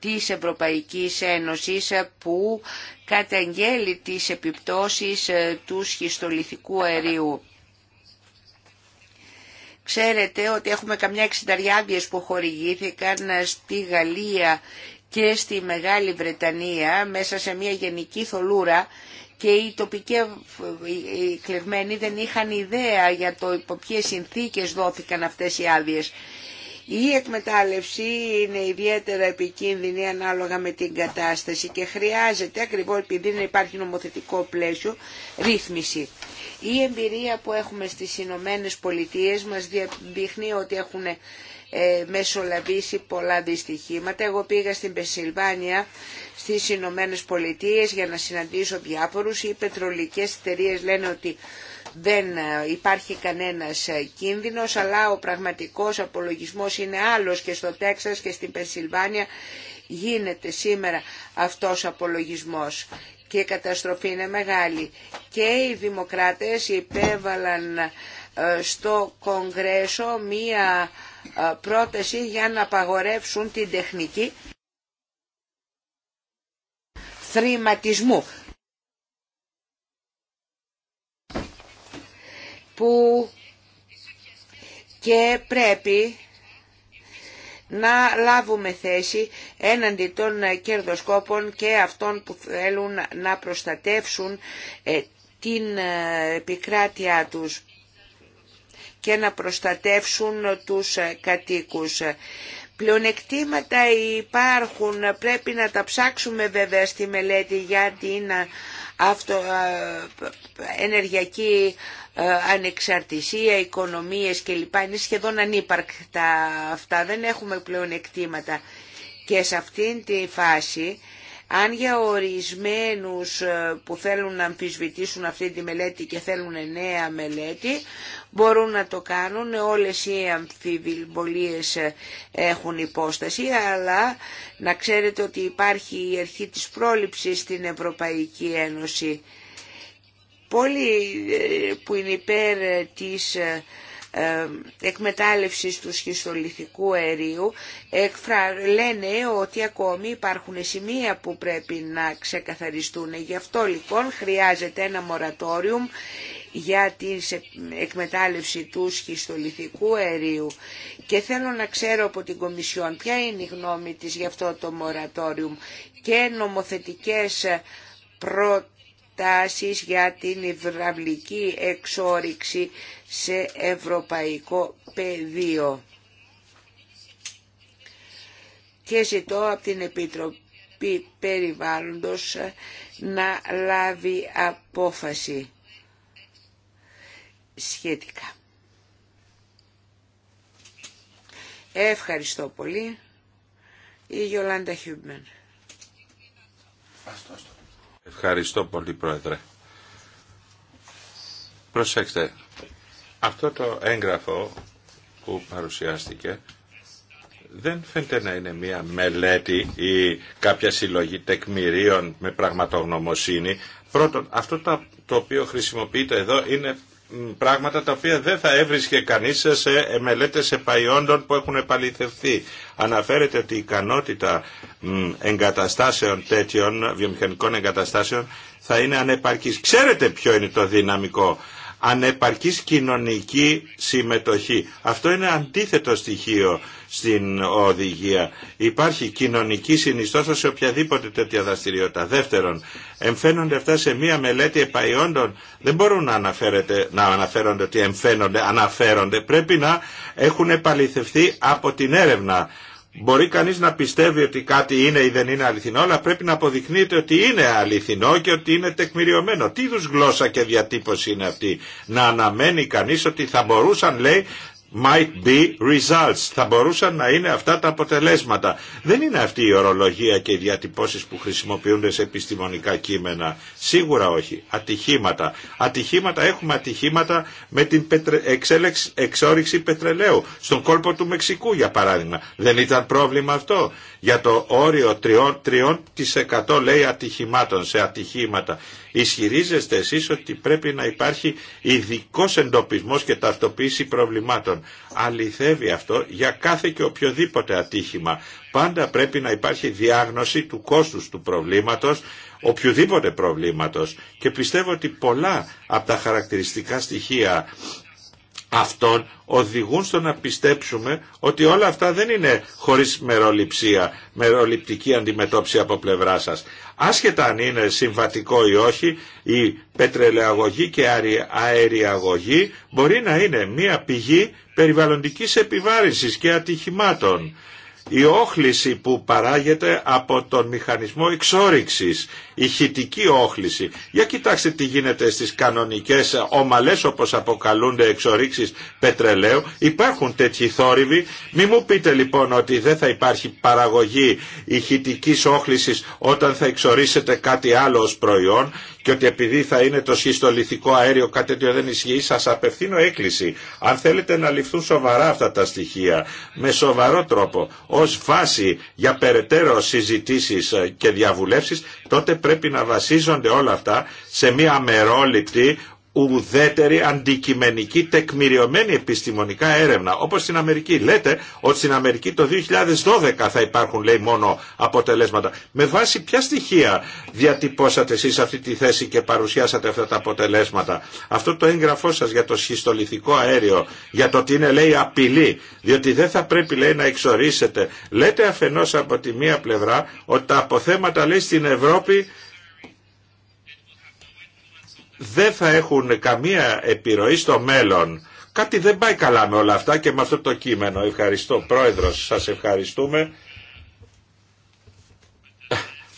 της Ευρωπαϊκής Ένωσης που καταγγέλει τις επιπτώσεις ε, του σχιστολιθικού αερίου. Ξέρετε ότι έχουμε καμιά εξενταριάμπιες που χορηγήθηκαν ε, στη Γαλλία και στη Μεγάλη Βρετανία μέσα σε μια γενική θολούρα και οι τοπικοί ε, κλεγμένοι δεν είχαν ιδέα για το υπό ποιες συνθήκες δόθηκαν αυτές οι άδειες. Η εκμετάλλευση είναι ιδιαίτερα επικίνδυνη ανάλογα με την κατάσταση και χρειάζεται ακριβώς επειδή δεν υπάρχει νομοθετικό πλαίσιο ρύθμιση. Η εμπειρία που έχουμε στις Ηνωμένε Πολιτείες μας δείχνει ότι έχουν ε, μεσολαβήσει πολλά δυστυχήματα. Εγώ πήγα στην πενσιλβάνια στις Ηνωμένε Πολιτείε για να συναντήσω διάφορους. Οι πετρολικές εταιρείε λένε ότι δεν ε, υπάρχει κανένας ε, κίνδυνος, αλλά ο πραγματικός απολογισμός είναι άλλος και στο Τέξας και στην Πενσιλβάνια γίνεται σήμερα αυτός απολογισμός και η καταστροφή είναι μεγάλη. Και οι δημοκράτες υπέβαλαν στο Κογκρέσο μία ε, πρόταση για να απαγορεύσουν την τεχνική θρηματισμού που και πρέπει να λάβουμε θέση έναντι των κερδοσκόπων και αυτών που θέλουν να προστατεύσουν ε, την ε, επικράτειά τους και να προστατεύσουν τους κατοίκους. Πλεονεκτήματα υπάρχουν, πρέπει να τα ψάξουμε βέβαια στη μελέτη για την ε, αυτο, ε, ενεργειακή ε, ανεξαρτησία, οικονομίες κλπ. Είναι σχεδόν ανύπαρκτα αυτά, δεν έχουμε πλεονεκτήματα. Και σε αυτήν τη φάση αν για ορισμένους ε, που θέλουν να αμφισβητήσουν αυτή τη μελέτη και θέλουν νέα μελέτη, μπορούν να το κάνουν, όλες οι αμφιβολίες ε, έχουν υπόσταση, αλλά να ξέρετε ότι υπάρχει η αρχή της πρόληψης στην Ευρωπαϊκή Ένωση. Πολλοί ε, που είναι υπέρ της εκμετάλλευσης του σχιστολιθικού αερίου λένε ότι ακόμη υπάρχουν σημεία που πρέπει να ξεκαθαριστούν. Γι' αυτό λοιπόν χρειάζεται ένα μορατόριου για την εκμετάλλευση του σχιστολιθικού αερίου και θέλω να ξέρω από την Κομισιόν ποια είναι η γνώμη της για αυτό το μορατόριου και νομοθετικές προτάσεις για την υδραυλική εξόριξη σε ευρωπαϊκό πεδίο. Και ζητώ από την Επιτροπή Περιβάλλοντος να λάβει απόφαση σχετικά. Ευχαριστώ πολύ. Η Γιολάντα Χιούμπεν. Ευχαριστώ πολύ Πρόεδρε. Προσέξτε, αυτό το έγγραφο που παρουσιάστηκε δεν φαίνεται να είναι μία μελέτη ή κάποια συλλογή τεκμηρίων με πραγματογνωμοσύνη. Πρώτον, αυτό το οποίο χρησιμοποιείται εδώ είναι πράγματα τα οποία δεν θα έβρισκε κανείς σε μελέτες επαϊόντων που έχουν επαληθευθεί. Αναφέρεται ότι η ικανότητα εγκαταστάσεων τέτοιων, βιομηχανικών εγκαταστάσεων, θα είναι ανεπαρκής. Ξέρετε ποιο είναι το δυναμικό ανεπαρκής κοινωνική συμμετοχή. Αυτό είναι αντίθετο στοιχείο στην οδηγία. Υπάρχει κοινωνική συνιστόσα σε οποιαδήποτε τέτοια δραστηριότητα. Δεύτερον, εμφαίνονται αυτά σε μία μελέτη επαϊόντων. Δεν μπορούν να, αναφέρεται, να αναφέρονται ότι εμφαίνονται, αναφέρονται. Πρέπει να έχουν επαληθευτεί από την έρευνα Μπορεί κανείς να πιστεύει ότι κάτι είναι ή δεν είναι αληθινό, αλλά πρέπει να αποδεικνύεται ότι είναι αληθινό και ότι είναι τεκμηριωμένο. Τι είδου γλώσσα και διατύπωση είναι αυτή. Να αναμένει κανείς ότι θα μπορούσαν, λέει, might be results. Θα μπορούσαν να είναι αυτά τα αποτελέσματα. Δεν είναι αυτή η ορολογία και οι διατυπώσεις που χρησιμοποιούνται σε επιστημονικά κείμενα. Σίγουρα όχι. Ατυχήματα. Ατυχήματα έχουμε ατυχήματα με την εξόριξη πετρελαίου. Στον κόλπο του Μεξικού για παράδειγμα. Δεν ήταν πρόβλημα αυτό για το όριο 3%, 3% λέει ατυχημάτων σε ατυχήματα. Ισχυρίζεστε εσείς ότι πρέπει να υπάρχει ειδικό εντοπισμός και ταυτοποίηση προβλημάτων. Αληθεύει αυτό για κάθε και οποιοδήποτε ατύχημα. Πάντα πρέπει να υπάρχει διάγνωση του κόστους του προβλήματος, οποιοδήποτε προβλήματος. Και πιστεύω ότι πολλά από τα χαρακτηριστικά στοιχεία αυτών οδηγούν στο να πιστέψουμε ότι όλα αυτά δεν είναι χωρίς μεροληψία, μεροληπτική αντιμετώπιση από πλευρά σας. Άσχετα αν είναι συμβατικό ή όχι, η πετρελαιαγωγή και αεριαγωγή μπορεί να είναι μια πηγή περιβαλλοντικής επιβάρησης και ατυχημάτων η όχληση που παράγεται από τον μηχανισμό εξόριξης, ηχητική όχληση. Για κοιτάξτε τι γίνεται στις κανονικές ομαλές όπως αποκαλούνται εξορίξεις πετρελαίου. Υπάρχουν τέτοιοι θόρυβοι. Μη μου πείτε λοιπόν ότι δεν θα υπάρχει παραγωγή ηχητικής όχλησης όταν θα εξορίσετε κάτι άλλο ως προϊόν και ότι επειδή θα είναι το συστολιθικό αέριο κάτι τέτοιο δεν ισχύει, σας απευθύνω έκκληση. Αν θέλετε να ληφθούν σοβαρά αυτά τα στοιχεία, με σοβαρό τρόπο, ως βάση για περαιτέρω συζητήσεις και διαβουλεύσεις, τότε πρέπει να βασίζονται όλα αυτά σε μια αμερόληπτη, ουδέτερη, αντικειμενική, τεκμηριωμένη επιστημονικά έρευνα. Όπως στην Αμερική. Λέτε ότι στην Αμερική το 2012 θα υπάρχουν, λέει, μόνο αποτελέσματα. Με βάση ποια στοιχεία διατυπώσατε εσείς αυτή τη θέση και παρουσιάσατε αυτά τα αποτελέσματα. Αυτό το έγγραφό σας για το σχιστολιθικό αέριο, για το ότι είναι, λέει, απειλή, διότι δεν θα πρέπει, λέει, να εξορίσετε. Λέτε αφενός από τη μία πλευρά ότι τα αποθέματα, λέει, στην Ευρώπη δεν θα έχουν καμία επιρροή στο μέλλον. Κάτι δεν πάει καλά με όλα αυτά και με αυτό το κείμενο. Ευχαριστώ πρόεδρος, σας ευχαριστούμε.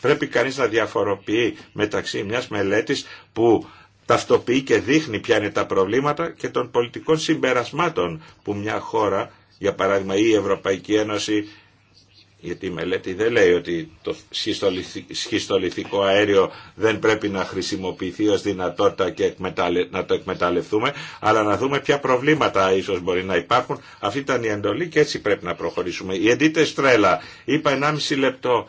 Πρέπει κανείς να διαφοροποιεί μεταξύ μιας μελέτης που ταυτοποιεί και δείχνει ποια είναι τα προβλήματα και των πολιτικών συμπερασμάτων που μια χώρα, για παράδειγμα η Ευρωπαϊκή Ένωση γιατί η μελέτη δεν λέει ότι το σχιστολιθικό αέριο δεν πρέπει να χρησιμοποιηθεί ως δυνατότητα και να το εκμεταλλευτούμε, αλλά να δούμε ποια προβλήματα ίσως μπορεί να υπάρχουν. Αυτή ήταν η εντολή και έτσι πρέπει να προχωρήσουμε. Η Εντίτε Στρέλα, είπα 1,5 λεπτό,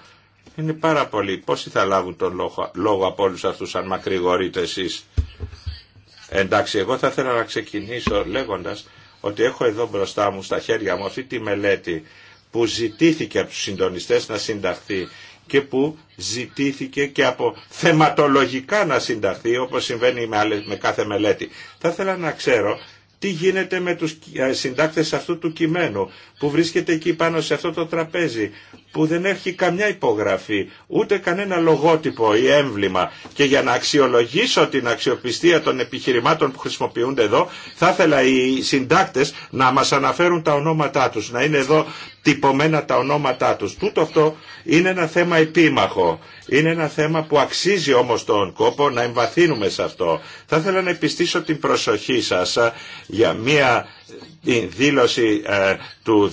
είναι πάρα πολύ. Πόσοι θα λάβουν τον λόγο, από όλους αυτούς αν μακρηγορείτε εσείς. Εντάξει, εγώ θα ήθελα να ξεκινήσω λέγοντας ότι έχω εδώ μπροστά μου, στα χέρια μου, αυτή τη μελέτη που ζητήθηκε από τους συντονιστές να συνταχθεί και που ζητήθηκε και από θεματολογικά να συνταχθεί όπως συμβαίνει με κάθε μελέτη. Θα ήθελα να ξέρω τι γίνεται με τους ε, συντάκτες αυτού του κειμένου που βρίσκεται εκεί πάνω σε αυτό το τραπέζι που δεν έχει καμιά υπογραφή, ούτε κανένα λογότυπο ή έμβλημα. Και για να αξιολογήσω την αξιοπιστία των επιχειρημάτων που χρησιμοποιούνται εδώ, θα ήθελα οι συντάκτες να μας αναφέρουν τα ονόματά τους, να είναι εδώ τυπωμένα τα ονόματά τους. Τούτο αυτό είναι ένα θέμα επίμαχο. Είναι ένα θέμα που αξίζει όμως τον κόπο να εμβαθύνουμε σε αυτό. Θα ήθελα να επιστήσω την προσοχή σας για μία τη δήλωση ε, του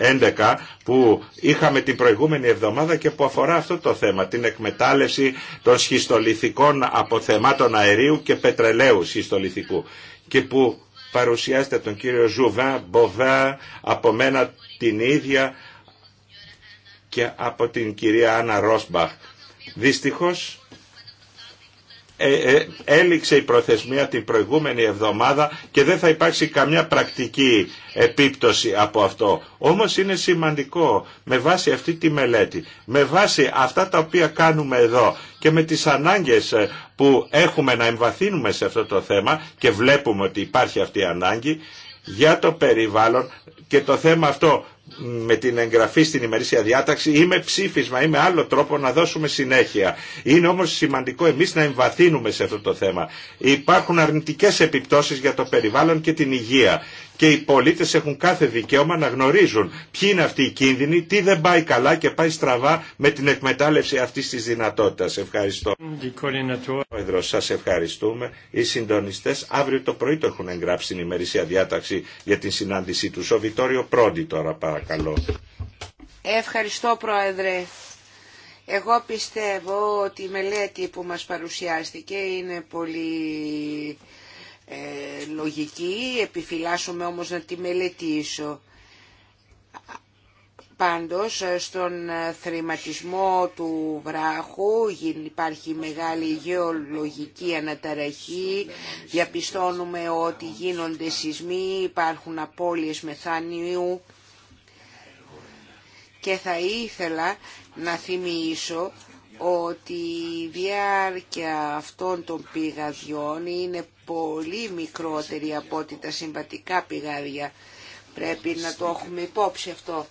2011 που είχαμε την προηγούμενη εβδομάδα και που αφορά αυτό το θέμα, την εκμετάλλευση των σχιστολιθικών αποθεμάτων αερίου και πετρελαίου σχιστολιθικού και που παρουσιάζεται τον κύριο Ζουβά Μποβά από μένα την ίδια και από την κυρία Άννα Ρόσμπαχ. Δυστυχώς ε, ε, έληξε η προθεσμία την προηγούμενη εβδομάδα και δεν θα υπάρξει καμιά πρακτική επίπτωση από αυτό. Όμως είναι σημαντικό με βάση αυτή τη μελέτη, με βάση αυτά τα οποία κάνουμε εδώ και με τις ανάγκες ε, που έχουμε να εμβαθύνουμε σε αυτό το θέμα και βλέπουμε ότι υπάρχει αυτή η ανάγκη για το περιβάλλον και το θέμα αυτό με την εγγραφή στην ημερήσια διάταξη ή με ψήφισμα ή με άλλο τρόπο να δώσουμε συνέχεια. Είναι όμως σημαντικό εμείς να εμβαθύνουμε σε αυτό το θέμα. Υπάρχουν αρνητικές επιπτώσεις για το περιβάλλον και την υγεία και οι πολίτες έχουν κάθε δικαίωμα να γνωρίζουν ποιοι είναι αυτοί οι κίνδυνοι, τι δεν πάει καλά και πάει στραβά με την εκμετάλλευση αυτής της δυνατότητας. Ευχαριστώ. Πρόεδρος, σας ευχαριστούμε. Οι συντονιστές αύριο το πρωί το έχουν εγγράψει στην ημερησία διάταξη για την συνάντησή του Ο Βιτόριο Πρόντι τώρα παρακαλώ. Ευχαριστώ Πρόεδρε. Εγώ πιστεύω ότι η μελέτη που μας παρουσιάστηκε είναι πολύ ε, λογική, επιφυλάσσομαι όμως να τη μελετήσω. Πάντως στον θρηματισμό του βράχου υπάρχει μεγάλη γεωλογική αναταραχή, διαπιστώνουμε ότι γίνονται σεισμοί, υπάρχουν απώλειες μεθάνιου και θα ήθελα να θυμίσω ότι η διάρκεια αυτών των πηγαδιών είναι πολύ μικρότερη από ότι τα συμβατικά πηγάδια. Πρέπει να το έχουμε υπόψη αυτό.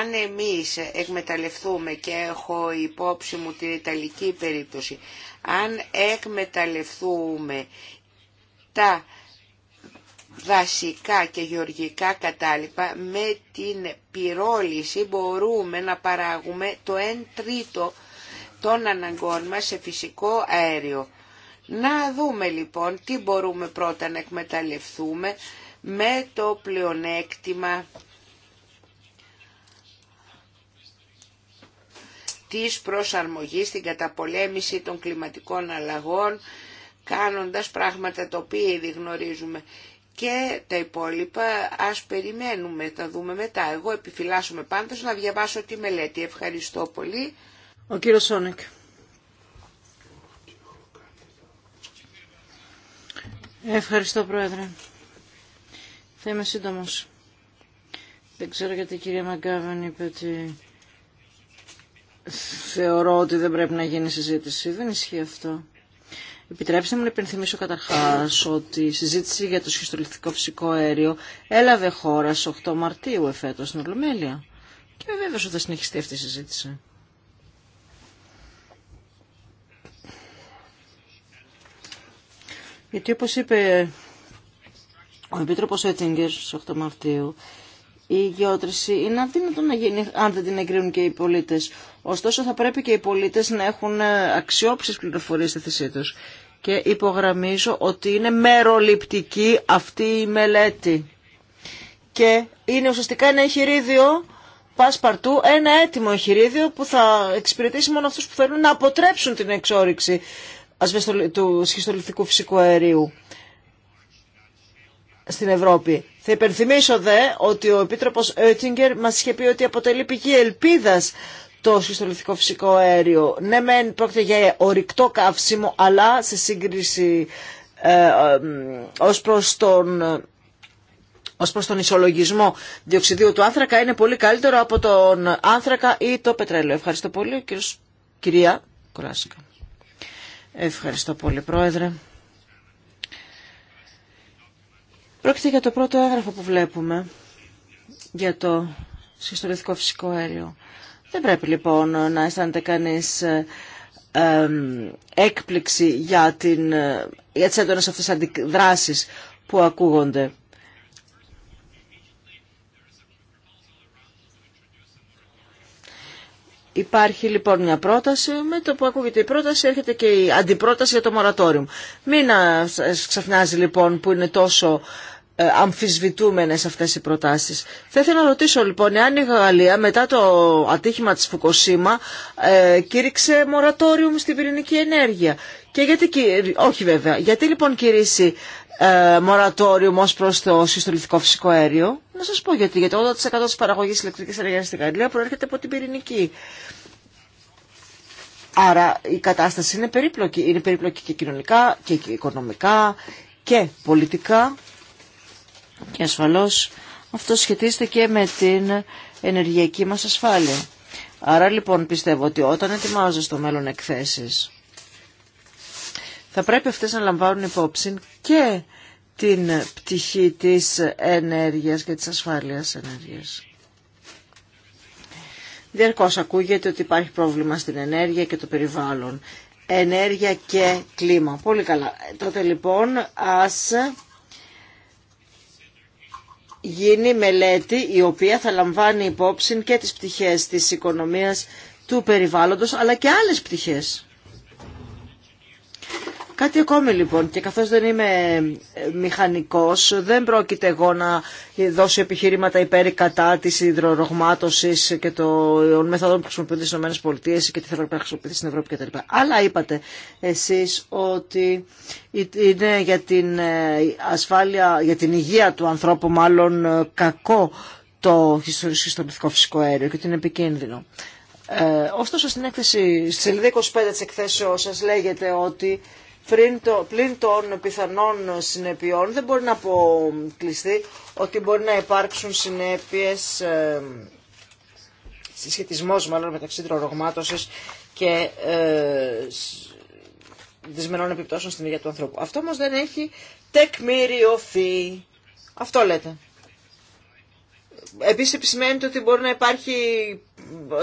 Αν εμείς εκμεταλλευτούμε και έχω υπόψη μου την Ιταλική περίπτωση, αν εκμεταλλευτούμε τα δασικά και γεωργικά κατάλοιπα με την πυρόληση μπορούμε να παράγουμε το 1 τρίτο των αναγκών μας σε φυσικό αέριο. Να δούμε λοιπόν τι μπορούμε πρώτα να εκμεταλλευτούμε με το πλεονέκτημα της προσαρμογής στην καταπολέμηση των κλιματικών αλλαγών κάνοντας πράγματα τα οποία ήδη γνωρίζουμε και τα υπόλοιπα ας περιμένουμε, τα δούμε μετά. Εγώ επιφυλάσσομαι πάντως να διαβάσω τη μελέτη. Ευχαριστώ πολύ. Ο κύριος Σόνεκ. Ευχαριστώ Πρόεδρε. Θα είμαι σύντομος. Δεν ξέρω γιατί η κυρία Μαγκάβεν είπε ότι θεωρώ ότι δεν πρέπει να γίνει συζήτηση. Δεν ισχύει αυτό. Επιτρέψτε μου να υπενθυμίσω καταρχά ότι η συζήτηση για το σχιστολιθικό φυσικό αέριο έλαβε χώρα στι 8 Μαρτίου εφέτος στην Ολομέλεια. Και βέβαια ότι θα συνεχιστεί αυτή η συζήτηση. Γιατί όπω είπε ο Επίτροπο Έτιγκερ στις 8 Μαρτίου, η γεώτρηση είναι αδύνατο να γίνει αν δεν την εγκρίνουν και οι πολίτες. Ωστόσο θα πρέπει και οι πολίτες να έχουν ε, αξιόπιστες πληροφορίες στη θέση τους. Και υπογραμμίζω ότι είναι μεροληπτική αυτή η μελέτη. Και είναι ουσιαστικά ένα εγχειρίδιο παρτού, ένα έτοιμο εγχειρίδιο που θα εξυπηρετήσει μόνο αυτούς που θέλουν να αποτρέψουν την εξόριξη του σχιστολιθικού φυσικού αερίου στην Ευρώπη. Θα υπενθυμίσω δε ότι ο Επίτροπος Oettinger μας είχε πει ότι αποτελεί πηγή ελπίδας το συστολιθικό φυσικό αέριο. Ναι, μεν πρόκειται για ορυκτό καύσιμο, αλλά σε σύγκριση ε, ε, ως προς τον ως προς τον ισολογισμό διοξιδίου του άνθρακα είναι πολύ καλύτερο από τον άνθρακα ή το πετρέλαιο. Ευχαριστώ πολύ, κυρία Κουράσικα. Ευχαριστώ πολύ, Πρόεδρε. Πρόκειται για το πρώτο έγγραφο που βλέπουμε για το συστολιστικό φυσικό αέριο. Δεν πρέπει λοιπόν να αισθάνεται κανείς ε, έκπληξη για, την, ε, για τις έντονες αυτές που ακούγονται. Υπάρχει λοιπόν μια πρόταση, με το που ακούγεται η πρόταση έρχεται και η αντιπρόταση για το μορατόριο. Μην ε, ξαφνιάζει λοιπόν που είναι τόσο ε, αμφισβητούμενες αυτές οι προτάσεις. Θα ήθελα να ρωτήσω λοιπόν εάν η Γαλλία μετά το ατύχημα της Φουκοσίμα ε, κήρυξε μορατόριουμ στην πυρηνική ενέργεια. Και γιατί, όχι βέβαια, γιατί λοιπόν κηρύσει ε, μορατόριουμ ως προς το συστολιθικό φυσικό αέριο. Να σας πω γιατί, γιατί 80% της παραγωγής ηλεκτρικής ενέργειας στην Γαλλία προέρχεται από την πυρηνική. Άρα η κατάσταση είναι περίπλοκη. Είναι περίπλοκη και κοινωνικά και οικονομικά και πολιτικά και ασφαλώς αυτό σχετίζεται και με την ενεργειακή μας ασφάλεια. Άρα λοιπόν πιστεύω ότι όταν ετοιμάζω στο μέλλον εκθέσεις θα πρέπει αυτές να λαμβάνουν υπόψη και την πτυχή της ενέργειας και της ασφάλειας ενέργειας. Διαρκώς ακούγεται ότι υπάρχει πρόβλημα στην ενέργεια και το περιβάλλον. Ενέργεια και κλίμα. Πολύ καλά. Ε, τότε λοιπόν ας γίνει μελέτη η οποία θα λαμβάνει υπόψη και τις πτυχές της οικονομίας του περιβάλλοντος αλλά και άλλες πτυχές. Κάτι ακόμη λοιπόν και καθώς δεν είμαι ε, μηχανικός δεν πρόκειται εγώ να δώσω επιχειρήματα υπέρ κατά της υδρορογμάτωσης και των μεθόδων που χρησιμοποιούνται στις ΗΠΑ και τι θέλω να χρησιμοποιηθεί στην Ευρώπη κτλ. Αλλά είπατε εσείς ότι είναι για την ε, ασφάλεια, για την υγεία του ανθρώπου μάλλον ε, κακό το χιστολιθικό φυσικό αέριο και ότι είναι επικίνδυνο. Ε, ωστόσο στην έκθεση, στη σελίδα 25 της εκθέσεως σας λέγεται ότι πλην των πιθανών συνεπειών δεν μπορεί να αποκλειστεί ότι μπορεί να υπάρξουν συνέπειες ε, συσχετισμός μάλλον μεταξύ τρορογμάτωσης και ε, δυσμενών επιπτώσεων στην υγεία του ανθρώπου. Αυτό όμως δεν έχει τεκμηριωθεί. Αυτό λέτε. Επίσης επισημαίνεται ότι μπορεί να υπάρχει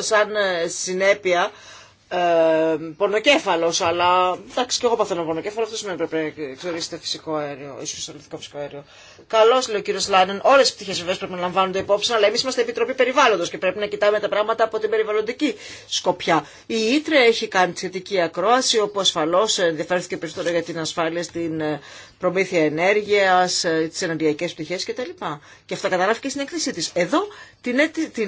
σαν συνέπεια ε, πονοκέφαλο, αλλά εντάξει και εγώ παθαίνω πονοκέφαλο, αυτό σημαίνει πρέπει να εξορίσετε φυσικό αέριο, ίσως ελληνικό φυσικό αέριο. Καλώ λέει ο κύριο Λάνεν, όλε τι πτυχές βεβαίω πρέπει να λαμβάνονται υπόψη, αλλά εμεί είμαστε Επιτροπή περιβάλλοντο και πρέπει να κοιτάμε τα πράγματα από την περιβαλλοντική σκοπιά. Η Ήτρε έχει κάνει σχετική ακρόαση, όπου ασφαλώ ενδιαφέρθηκε περισσότερο για την ασφάλεια στην ε, προμήθεια ενέργεια, ε, τι ενεργειακές πτυχέ κτλ. Και αυτό καταλάβει στην έκθεσή τη. Εδώ την,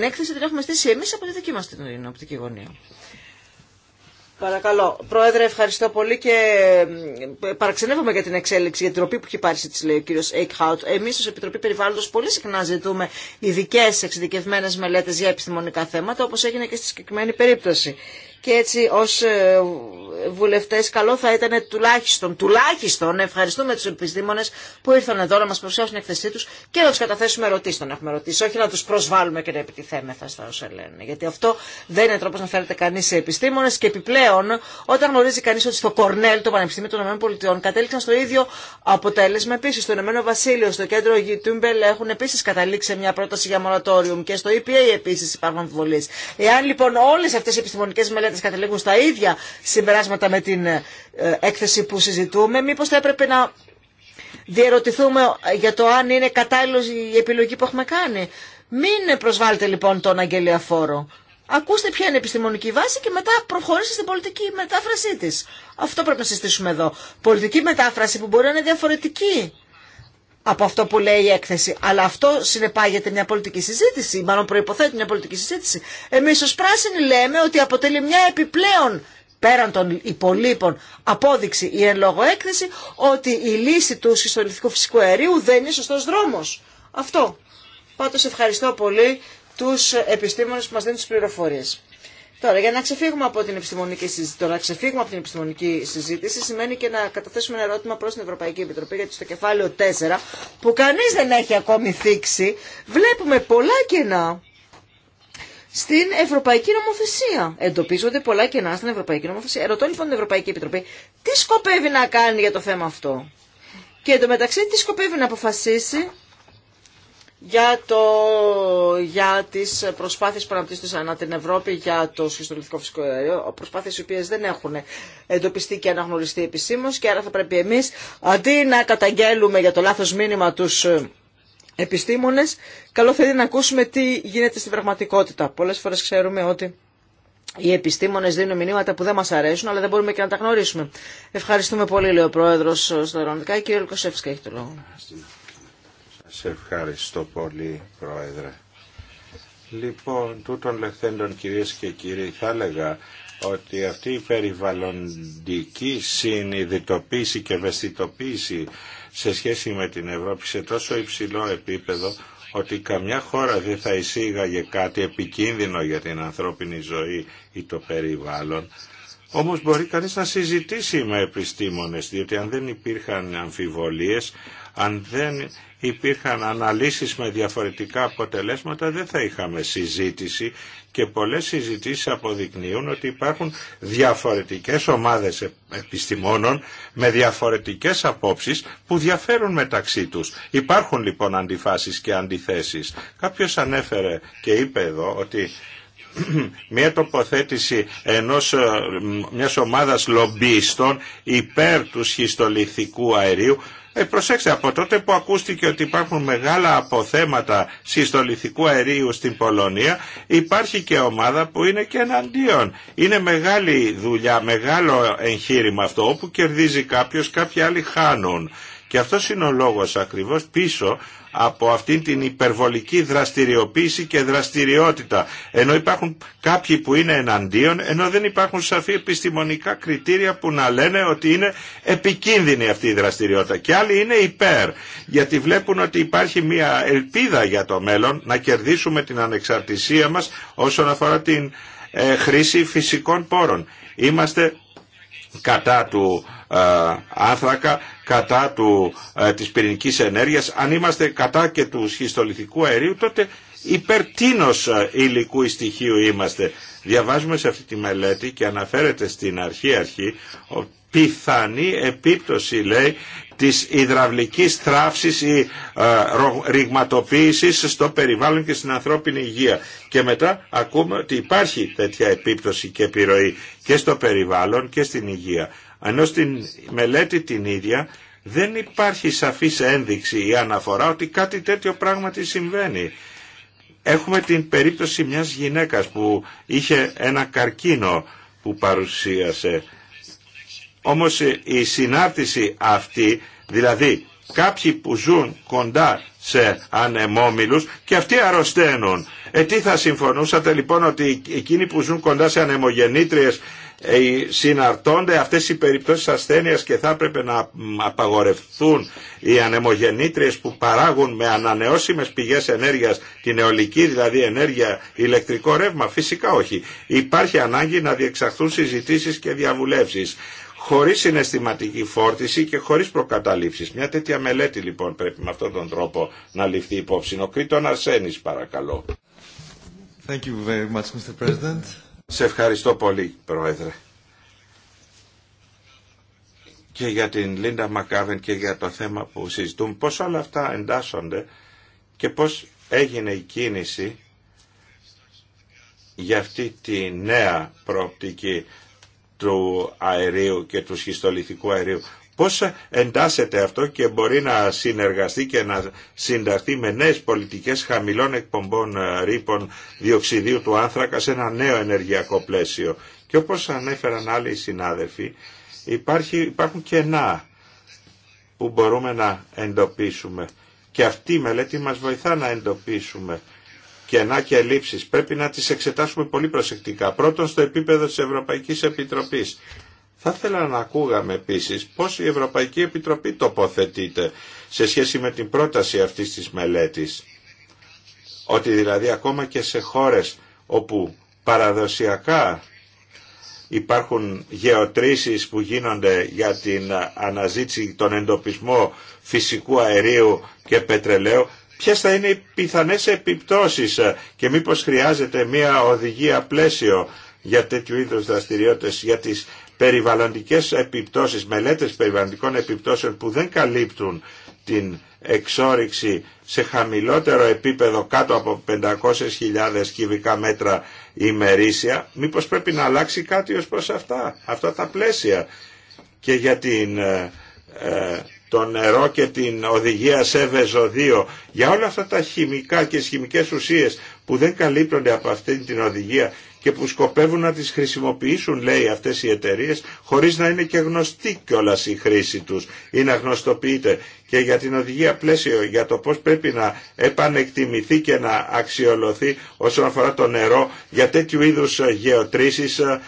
έκθεση την έχουμε στήσει εμεί από τη δική μα την οπτική γωνία. Παρακαλώ. Πρόεδρε, ευχαριστώ πολύ και παραξενεύομαι για την εξέλιξη, για την τροπή που έχει πάρει, τη λέει ο κύριο Έικχαουτ. Εμεί ω Επιτροπή Περιβάλλοντο πολύ συχνά ζητούμε ειδικέ εξειδικευμένε μελέτε για επιστημονικά θέματα, όπω έγινε και στη συγκεκριμένη περίπτωση και έτσι ως ε, βουλευτές καλό θα ήταν τουλάχιστον, τουλάχιστον να ευχαριστούμε τους επιστήμονες που ήρθαν εδώ να μας προσφέρουν εκθεσή τους και να τους καταθέσουμε ερωτήσεις να έχουμε ερωτήσει, όχι να τους προσβάλλουμε και να επιτιθέμεθα στα όσα λένε. Γιατί αυτό δεν είναι τρόπος να φέρεται κανείς σε επιστήμονες και επιπλέον όταν γνωρίζει κανείς ότι στο Κορνέλ, το Πανεπιστήμιο των ΗΠΑ κατέληξαν στο ίδιο αποτέλεσμα επίσης στο Ηνωμένο Βασίλειο, στο κέντρο Γιουτούμπελ έχουν επίσης καταλήξει μια πρόταση για μορατόριουμ και στο EPA επίσης υπάρχουν αμφιβολίες. Εάν λοιπόν όλες αυτές οι επιστημονικές μελέτες μελέτες καταλήγουν στα ίδια συμπεράσματα με την ε, έκθεση που συζητούμε, μήπως θα έπρεπε να διερωτηθούμε για το αν είναι κατάλληλο η επιλογή που έχουμε κάνει. Μην προσβάλλετε λοιπόν τον Αγγελία Φόρο. Ακούστε ποια είναι η επιστημονική βάση και μετά προχωρήστε στην πολιτική μετάφρασή της. Αυτό πρέπει να συστήσουμε εδώ. Πολιτική μετάφραση που μπορεί να είναι διαφορετική από αυτό που λέει η έκθεση. Αλλά αυτό συνεπάγεται μια πολιτική συζήτηση, μάλλον προϋποθέτει μια πολιτική συζήτηση. Εμείς ως πράσινοι λέμε ότι αποτελεί μια επιπλέον πέραν των υπολείπων απόδειξη η εν λόγω έκθεση ότι η λύση του σχιστολιθικού φυσικού αερίου δεν είναι σωστός δρόμος. Αυτό. Πάντως ευχαριστώ πολύ τους επιστήμονες που μας δίνουν τις πληροφορίες. Τώρα, για να ξεφύγουμε από την επιστημονική συζήτηση, τώρα, ξεφύγουμε από την επιστημονική συζήτηση σημαίνει και να καταθέσουμε ένα ερώτημα προ την Ευρωπαϊκή Επιτροπή, γιατί στο κεφάλαιο 4, που κανεί δεν έχει ακόμη θίξει, βλέπουμε πολλά κενά στην Ευρωπαϊκή Νομοθεσία. Εντοπίζονται πολλά κενά στην Ευρωπαϊκή Νομοθεσία. Ερωτώ λοιπόν την Ευρωπαϊκή Επιτροπή, τι σκοπεύει να κάνει για το θέμα αυτό. Και εντωμεταξύ, τι σκοπεύει να αποφασίσει για, το, για τις προσπάθειες που αναπτύσσονται ανά την Ευρώπη για το σχιστολιθικό φυσικό αέριο, προσπάθειες οι οποίες δεν έχουν εντοπιστεί και αναγνωριστεί επισήμως και άρα θα πρέπει εμείς αντί να καταγγέλουμε για το λάθος μήνυμα τους ε, επιστήμονες, καλό θα είναι να ακούσουμε τι γίνεται στην πραγματικότητα. Πολλές φορές ξέρουμε ότι οι επιστήμονε δίνουν μηνύματα που δεν μα αρέσουν, αλλά δεν μπορούμε και να τα γνωρίσουμε. Ευχαριστούμε πολύ, λέει ο Πρόεδρο Σταυρονικά. Κύριε Λουκοσέφσκα, έχει το λόγο. Σε ευχαριστώ πολύ, Πρόεδρε. Λοιπόν, τούτων λεχθέντων κυρίες και κύριοι, θα έλεγα ότι αυτή η περιβαλλοντική συνειδητοποίηση και ευαισθητοποίηση σε σχέση με την Ευρώπη σε τόσο υψηλό επίπεδο ότι καμιά χώρα δεν θα εισήγαγε κάτι επικίνδυνο για την ανθρώπινη ζωή ή το περιβάλλον. Όμως μπορεί κανείς να συζητήσει με επιστήμονες, διότι αν δεν υπήρχαν αμφιβολίες, αν δεν υπήρχαν αναλύσεις με διαφορετικά αποτελέσματα δεν θα είχαμε συζήτηση και πολλές συζητήσεις αποδεικνύουν ότι υπάρχουν διαφορετικές ομάδες επιστημόνων με διαφορετικές απόψεις που διαφέρουν μεταξύ τους. Υπάρχουν λοιπόν αντιφάσεις και αντιθέσεις. Κάποιος ανέφερε και είπε εδώ ότι μια τοποθέτηση ενός, ε, μιας ομάδας λομπίστων υπέρ του σχιστολιθικού αερίου ε, προσέξτε, από τότε που ακούστηκε ότι υπάρχουν μεγάλα αποθέματα συστολιθικού αερίου στην Πολωνία, υπάρχει και ομάδα που είναι και εναντίον. Είναι μεγάλη δουλειά, μεγάλο εγχείρημα αυτό, όπου κερδίζει κάποιος, κάποιοι άλλοι χάνουν. Και αυτό είναι ο λόγος ακριβώς πίσω από αυτήν την υπερβολική δραστηριοποίηση και δραστηριότητα. Ενώ υπάρχουν κάποιοι που είναι εναντίον, ενώ δεν υπάρχουν σαφή επιστημονικά κριτήρια που να λένε ότι είναι επικίνδυνη αυτή η δραστηριότητα. Και άλλοι είναι υπέρ, γιατί βλέπουν ότι υπάρχει μια ελπίδα για το μέλλον να κερδίσουμε την ανεξαρτησία μας όσον αφορά την ε, χρήση φυσικών πόρων. Είμαστε κατά του ε, άνθρακα, κατά του, ε, της πυρηνικής ενέργειας, αν είμαστε κατά και του σχιστολιθικού αερίου, τότε υπέρ τίνος ε, υλικού ή στοιχείου είμαστε. Διαβάζουμε σε αυτή τη μελέτη και αναφέρεται στην αρχή-αρχή πιθανή επίπτωση, λέει, της υδραυλικής θράψης ή ρηγματοποίησης στο περιβάλλον και στην ανθρώπινη υγεία. Και μετά ακούμε ότι υπάρχει τέτοια επίπτωση και επιρροή και στο περιβάλλον και στην υγεία. Ενώ στην μελέτη την ίδια δεν υπάρχει σαφής ένδειξη ή αναφορά ότι κάτι τέτοιο πράγματι συμβαίνει. Έχουμε την περίπτωση μιας γυναίκας που είχε ένα καρκίνο που παρουσίασε. Όμως η συνάρτηση αυτή, δηλαδή κάποιοι που ζουν κοντά σε ανεμόμυλους και αυτοί αρρωσταίνουν. Ε, τι θα συμφωνούσατε λοιπόν ότι εκείνοι που ζουν κοντά σε ανεμογεννήτριες ε, συναρτώνται αυτές οι περιπτώσεις ασθένειας και θα έπρεπε να απαγορεύθουν οι ανεμογεννήτριες που παράγουν με ανανεώσιμες πηγές ενέργειας την αιωλική δηλαδή ενέργεια ηλεκτρικό ρεύμα φυσικά όχι υπάρχει ανάγκη να διεξαχθούν συζητήσεις και διαβουλεύσεις χωρίς συναισθηματική φόρτιση και χωρίς προκαταλήψεις. Μια τέτοια μελέτη λοιπόν πρέπει με αυτόν τον τρόπο να ληφθεί υπόψη. Ο Κρήτον Αρσένης παρακαλώ. Σε ευχαριστώ πολύ, Πρόεδρε. Και για την Λίντα Μακάβεν και για το θέμα που συζητούν, πώς όλα αυτά εντάσσονται και πώς έγινε η κίνηση για αυτή τη νέα προοπτική του αερίου και του σχιστολιθικού αερίου. Πώς εντάσσεται αυτό και μπορεί να συνεργαστεί και να συνταχθεί με νέες πολιτικές χαμηλών εκπομπών ε, ρήπων διοξιδίου του άνθρακα σε ένα νέο ενεργειακό πλαίσιο. Και όπως ανέφεραν άλλοι συνάδελφοι, υπάρχει, υπάρχουν κενά που μπορούμε να εντοπίσουμε. Και αυτή η μελέτη μας βοηθά να εντοπίσουμε κενά και ελλείψεις. Πρέπει να τις εξετάσουμε πολύ προσεκτικά. Πρώτον στο επίπεδο της Ευρωπαϊκής Επιτροπής. Θα ήθελα να ακούγαμε επίσης πώς η Ευρωπαϊκή Επιτροπή τοποθετείται σε σχέση με την πρόταση αυτής της μελέτης. Ότι δηλαδή ακόμα και σε χώρες όπου παραδοσιακά υπάρχουν γεωτρήσεις που γίνονται για την αναζήτηση, τον εντοπισμό φυσικού αερίου και πετρελαίου, ποιες θα είναι οι πιθανές επιπτώσεις και μήπως χρειάζεται μια οδηγία πλαίσιο για τέτοιου είδους δραστηριότητες, για τις περιβαλλοντικές επιπτώσεις, μελέτες περιβαλλοντικών επιπτώσεων που δεν καλύπτουν την εξόριξη σε χαμηλότερο επίπεδο κάτω από 500.000 κυβικά μέτρα ημερήσια, μήπως πρέπει να αλλάξει κάτι ως προς αυτά, αυτά τα πλαίσια και για την, ε, ε, το νερό και την οδηγία σε 2, για όλα αυτά τα χημικά και τις χημικές ουσίες που δεν καλύπτονται από αυτή την οδηγία και που σκοπεύουν να τις χρησιμοποιήσουν λέει αυτές οι εταιρείες χωρίς να είναι και γνωστή κιόλα η χρήση τους ή να γνωστοποιείται και για την οδηγία πλαίσιο για το πώς πρέπει να επανεκτιμηθεί και να αξιολωθεί όσον αφορά το νερό για τέτοιου είδους γεωτρήσεις ε,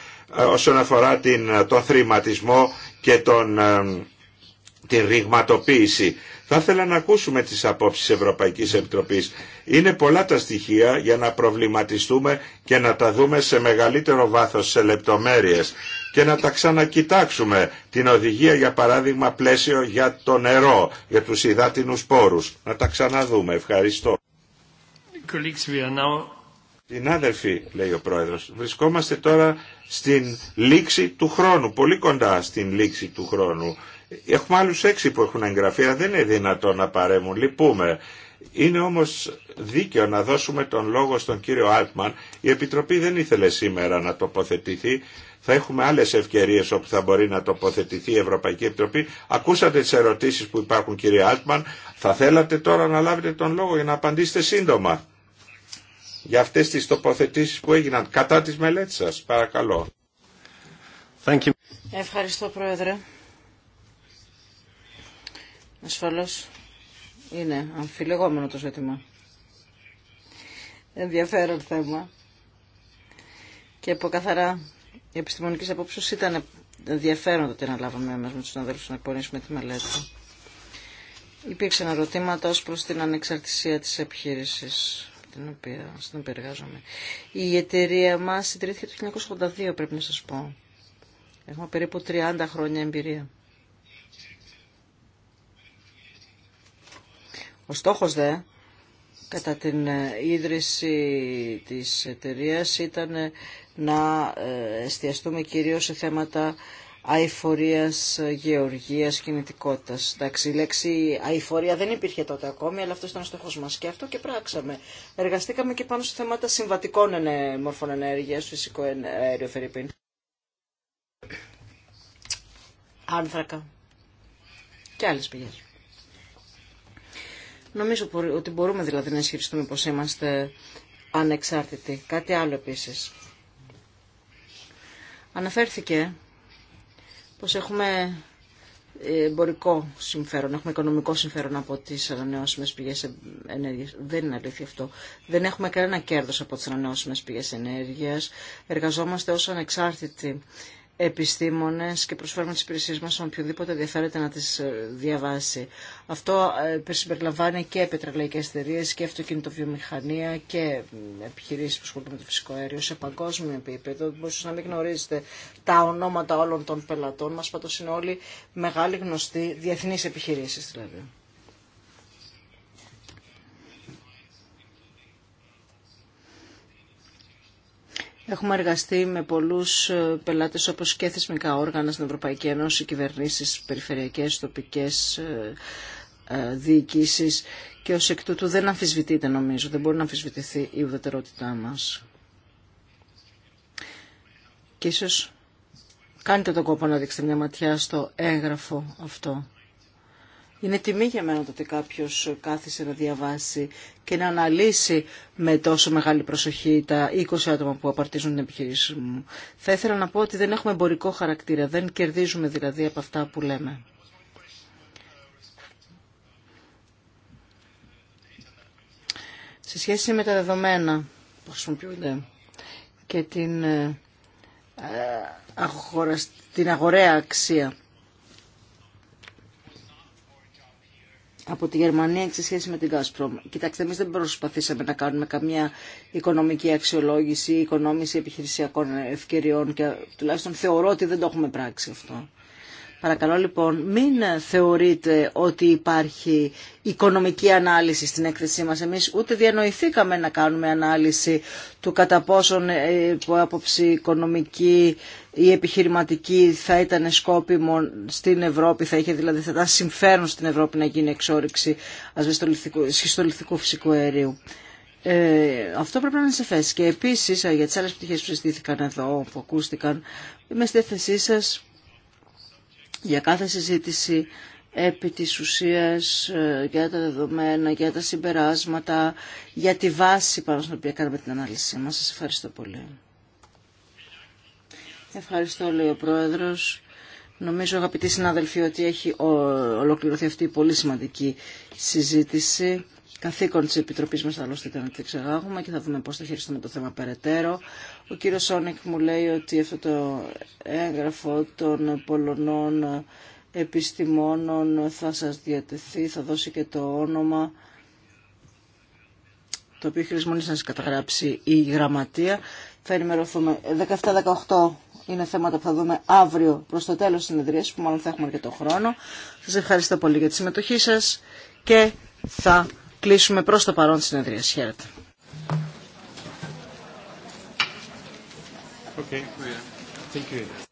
όσον αφορά την, ε, τον θρηματισμό και τον, ε, την ρηγματοποίηση. Θα ήθελα να ακούσουμε τις απόψεις Ευρωπαϊκής Επιτροπής. Είναι πολλά τα στοιχεία για να προβληματιστούμε και να τα δούμε σε μεγαλύτερο βάθος, σε λεπτομέρειες και να τα ξανακοιτάξουμε την οδηγία για παράδειγμα πλαίσιο για το νερό, για τους υδάτινους πόρους. Να τα ξαναδούμε. Ευχαριστώ. Συνάδελφοι, λέει ο Πρόεδρος, βρισκόμαστε τώρα στην λήξη του χρόνου, πολύ κοντά στην λήξη του χρόνου. Έχουμε άλλους έξι που έχουν εγγραφεί, αλλά δεν είναι δυνατόν να παρέμουν, λυπούμε. Είναι όμως δίκαιο να δώσουμε τον λόγο στον κύριο Άλτμαν. Η Επιτροπή δεν ήθελε σήμερα να τοποθετηθεί. Θα έχουμε άλλες ευκαιρίες όπου θα μπορεί να τοποθετηθεί η Ευρωπαϊκή Επιτροπή. Ακούσατε τις ερωτήσεις που υπάρχουν κύριε Άλτμαν. Θα θέλατε τώρα να λάβετε τον λόγο για να απαντήσετε σύντομα για αυτές τις τοποθετήσεις που έγιναν κατά της μελέτης σας. Παρακαλώ. Ευχαριστώ Πρόεδρε. Ασφαλώς είναι αμφιλεγόμενο το ζήτημα. Ενδιαφέρον θέμα. Και από καθαρά η επιστημονική απόψη ήταν ενδιαφέρον ότι αναλάβαμε μας με τους συναδέλφους να εκπονήσουμε τη μελέτη. Υπήρξαν ερωτήματα ως προς την ανεξαρτησία της επιχείρησης την οποία, στην οποία Η εταιρεία μας συντηρήθηκε το 1982 πρέπει να σας πω. Έχουμε περίπου 30 χρόνια εμπειρία. Ο στόχος δε, κατά την ε, ίδρυση της εταιρεία ήταν ε, να ε, εστιαστούμε κυρίως σε θέματα αηφορίας, γεωργίας, κινητικότητας. Εντάξει, η λέξη αηφορία δεν υπήρχε τότε ακόμη, αλλά αυτό ήταν ο στόχος μας και αυτό και πράξαμε. Εργαστήκαμε και πάνω σε θέματα συμβατικών μορφών ενέργειας, φυσικό αέριο, Φερρυπίν. Άνθρακα και άλλες πηγές. Νομίζω ότι μπορούμε δηλαδή να ισχυριστούμε πως είμαστε ανεξάρτητοι. Κάτι άλλο επίσης. Αναφέρθηκε πως έχουμε εμπορικό συμφέρον, έχουμε οικονομικό συμφέρον από τις ανανεώσιμες πηγές ενέργειας. Δεν είναι αλήθεια αυτό. Δεν έχουμε κανένα κέρδο από τις ανανεώσιμες πηγές ενέργειας. Εργαζόμαστε ω ανεξάρτητοι επιστήμονες και προσφέρουμε τις υπηρεσίες μας σε οποιοδήποτε ενδιαφέρεται να τις ε, διαβάσει. Αυτό ε, συμπεριλαμβάνει και πετρελαϊκές εταιρείε και αυτοκινητοβιομηχανία και επιχειρήσεις που ασχολούνται με το φυσικό αέριο σε παγκόσμιο επίπεδο. μπορείς να μην γνωρίζετε τα ονόματα όλων των πελατών μας, πάντως είναι όλοι μεγάλοι γνωστοί διεθνείς επιχειρήσεις δηλαδή. Έχουμε εργαστεί με πολλούς ε, πελάτες όπως και θεσμικά όργανα στην Ευρωπαϊκή Ένωση, κυβερνήσεις, περιφερειακές, τοπικές ε, ε, διοικήσεις και ως εκ τούτου δεν αμφισβητείται νομίζω, δεν μπορεί να αμφισβητηθεί η ουδετερότητά μας. Και ίσως κάνετε τον κόπο να δείξετε μια ματιά στο έγγραφο αυτό είναι τιμή για μένα το ότι κάποιος κάθισε να διαβάσει και να αναλύσει με τόσο μεγάλη προσοχή τα 20 άτομα που απαρτίζουν την επιχειρήση μου. Θα ήθελα να πω ότι δεν έχουμε εμπορικό χαρακτήρα, δεν κερδίζουμε δηλαδή από αυτά που λέμε. Σε σχέση με τα δεδομένα που χρησιμοποιούνται και την, ε, την αγοραία αξία από τη Γερμανία σε σχέση με την Gazprom. Κοιτάξτε, εμεί δεν προσπαθήσαμε να κάνουμε καμία οικονομική αξιολόγηση, οικονόμηση επιχειρησιακών ευκαιριών και τουλάχιστον θεωρώ ότι δεν το έχουμε πράξει αυτό. Παρακαλώ λοιπόν μην θεωρείτε ότι υπάρχει οικονομική ανάλυση στην έκθεσή μας. Εμείς ούτε διανοηθήκαμε να κάνουμε ανάλυση του κατά πόσον από ε, άποψη οικονομική ή επιχειρηματική θα ήταν σκόπιμο στην Ευρώπη, θα είχε δηλαδή θα ήταν συμφέρον στην Ευρώπη να γίνει εξόριξη σχιστολιθικού φυσικού αερίου. Ε, αυτό πρέπει να είναι σε Και επίσης ε, για τις άλλες πτυχές που συστήθηκαν εδώ, που ακούστηκαν, είμαι στη θέσή σας για κάθε συζήτηση επί της ουσίας ε, για τα δεδομένα, για τα συμπεράσματα, για τη βάση πάνω στην οποία κάνουμε την ανάλυση μας. Σας ευχαριστώ πολύ. Ευχαριστώ, λέει ο Πρόεδρος. Νομίζω, αγαπητοί συνάδελφοι, ότι έχει ολοκληρωθεί αυτή η πολύ σημαντική συζήτηση καθήκον τη επιτροπή μας άλλωστε ήταν να τη ξεγάγουμε και θα δούμε πώ θα χειριστούμε το θέμα περαιτέρω. Ο κύριο Σόνικ μου λέει ότι αυτό το έγγραφο των Πολωνών επιστημόνων θα σα διατεθεί, θα δώσει και το όνομα το οποίο χρήσιμο να σας καταγράψει η γραμματεία. Θα ενημερωθούμε 17-18 είναι θέματα που θα δούμε αύριο προς το τέλος της συνεδρίας που μάλλον θα έχουμε αρκετό χρόνο. Σας ευχαριστώ πολύ για τη συμμετοχή σας και θα κλείσουμε προς το παρόν τη συνεδρία. Χαίρετε. Okay. Thank you.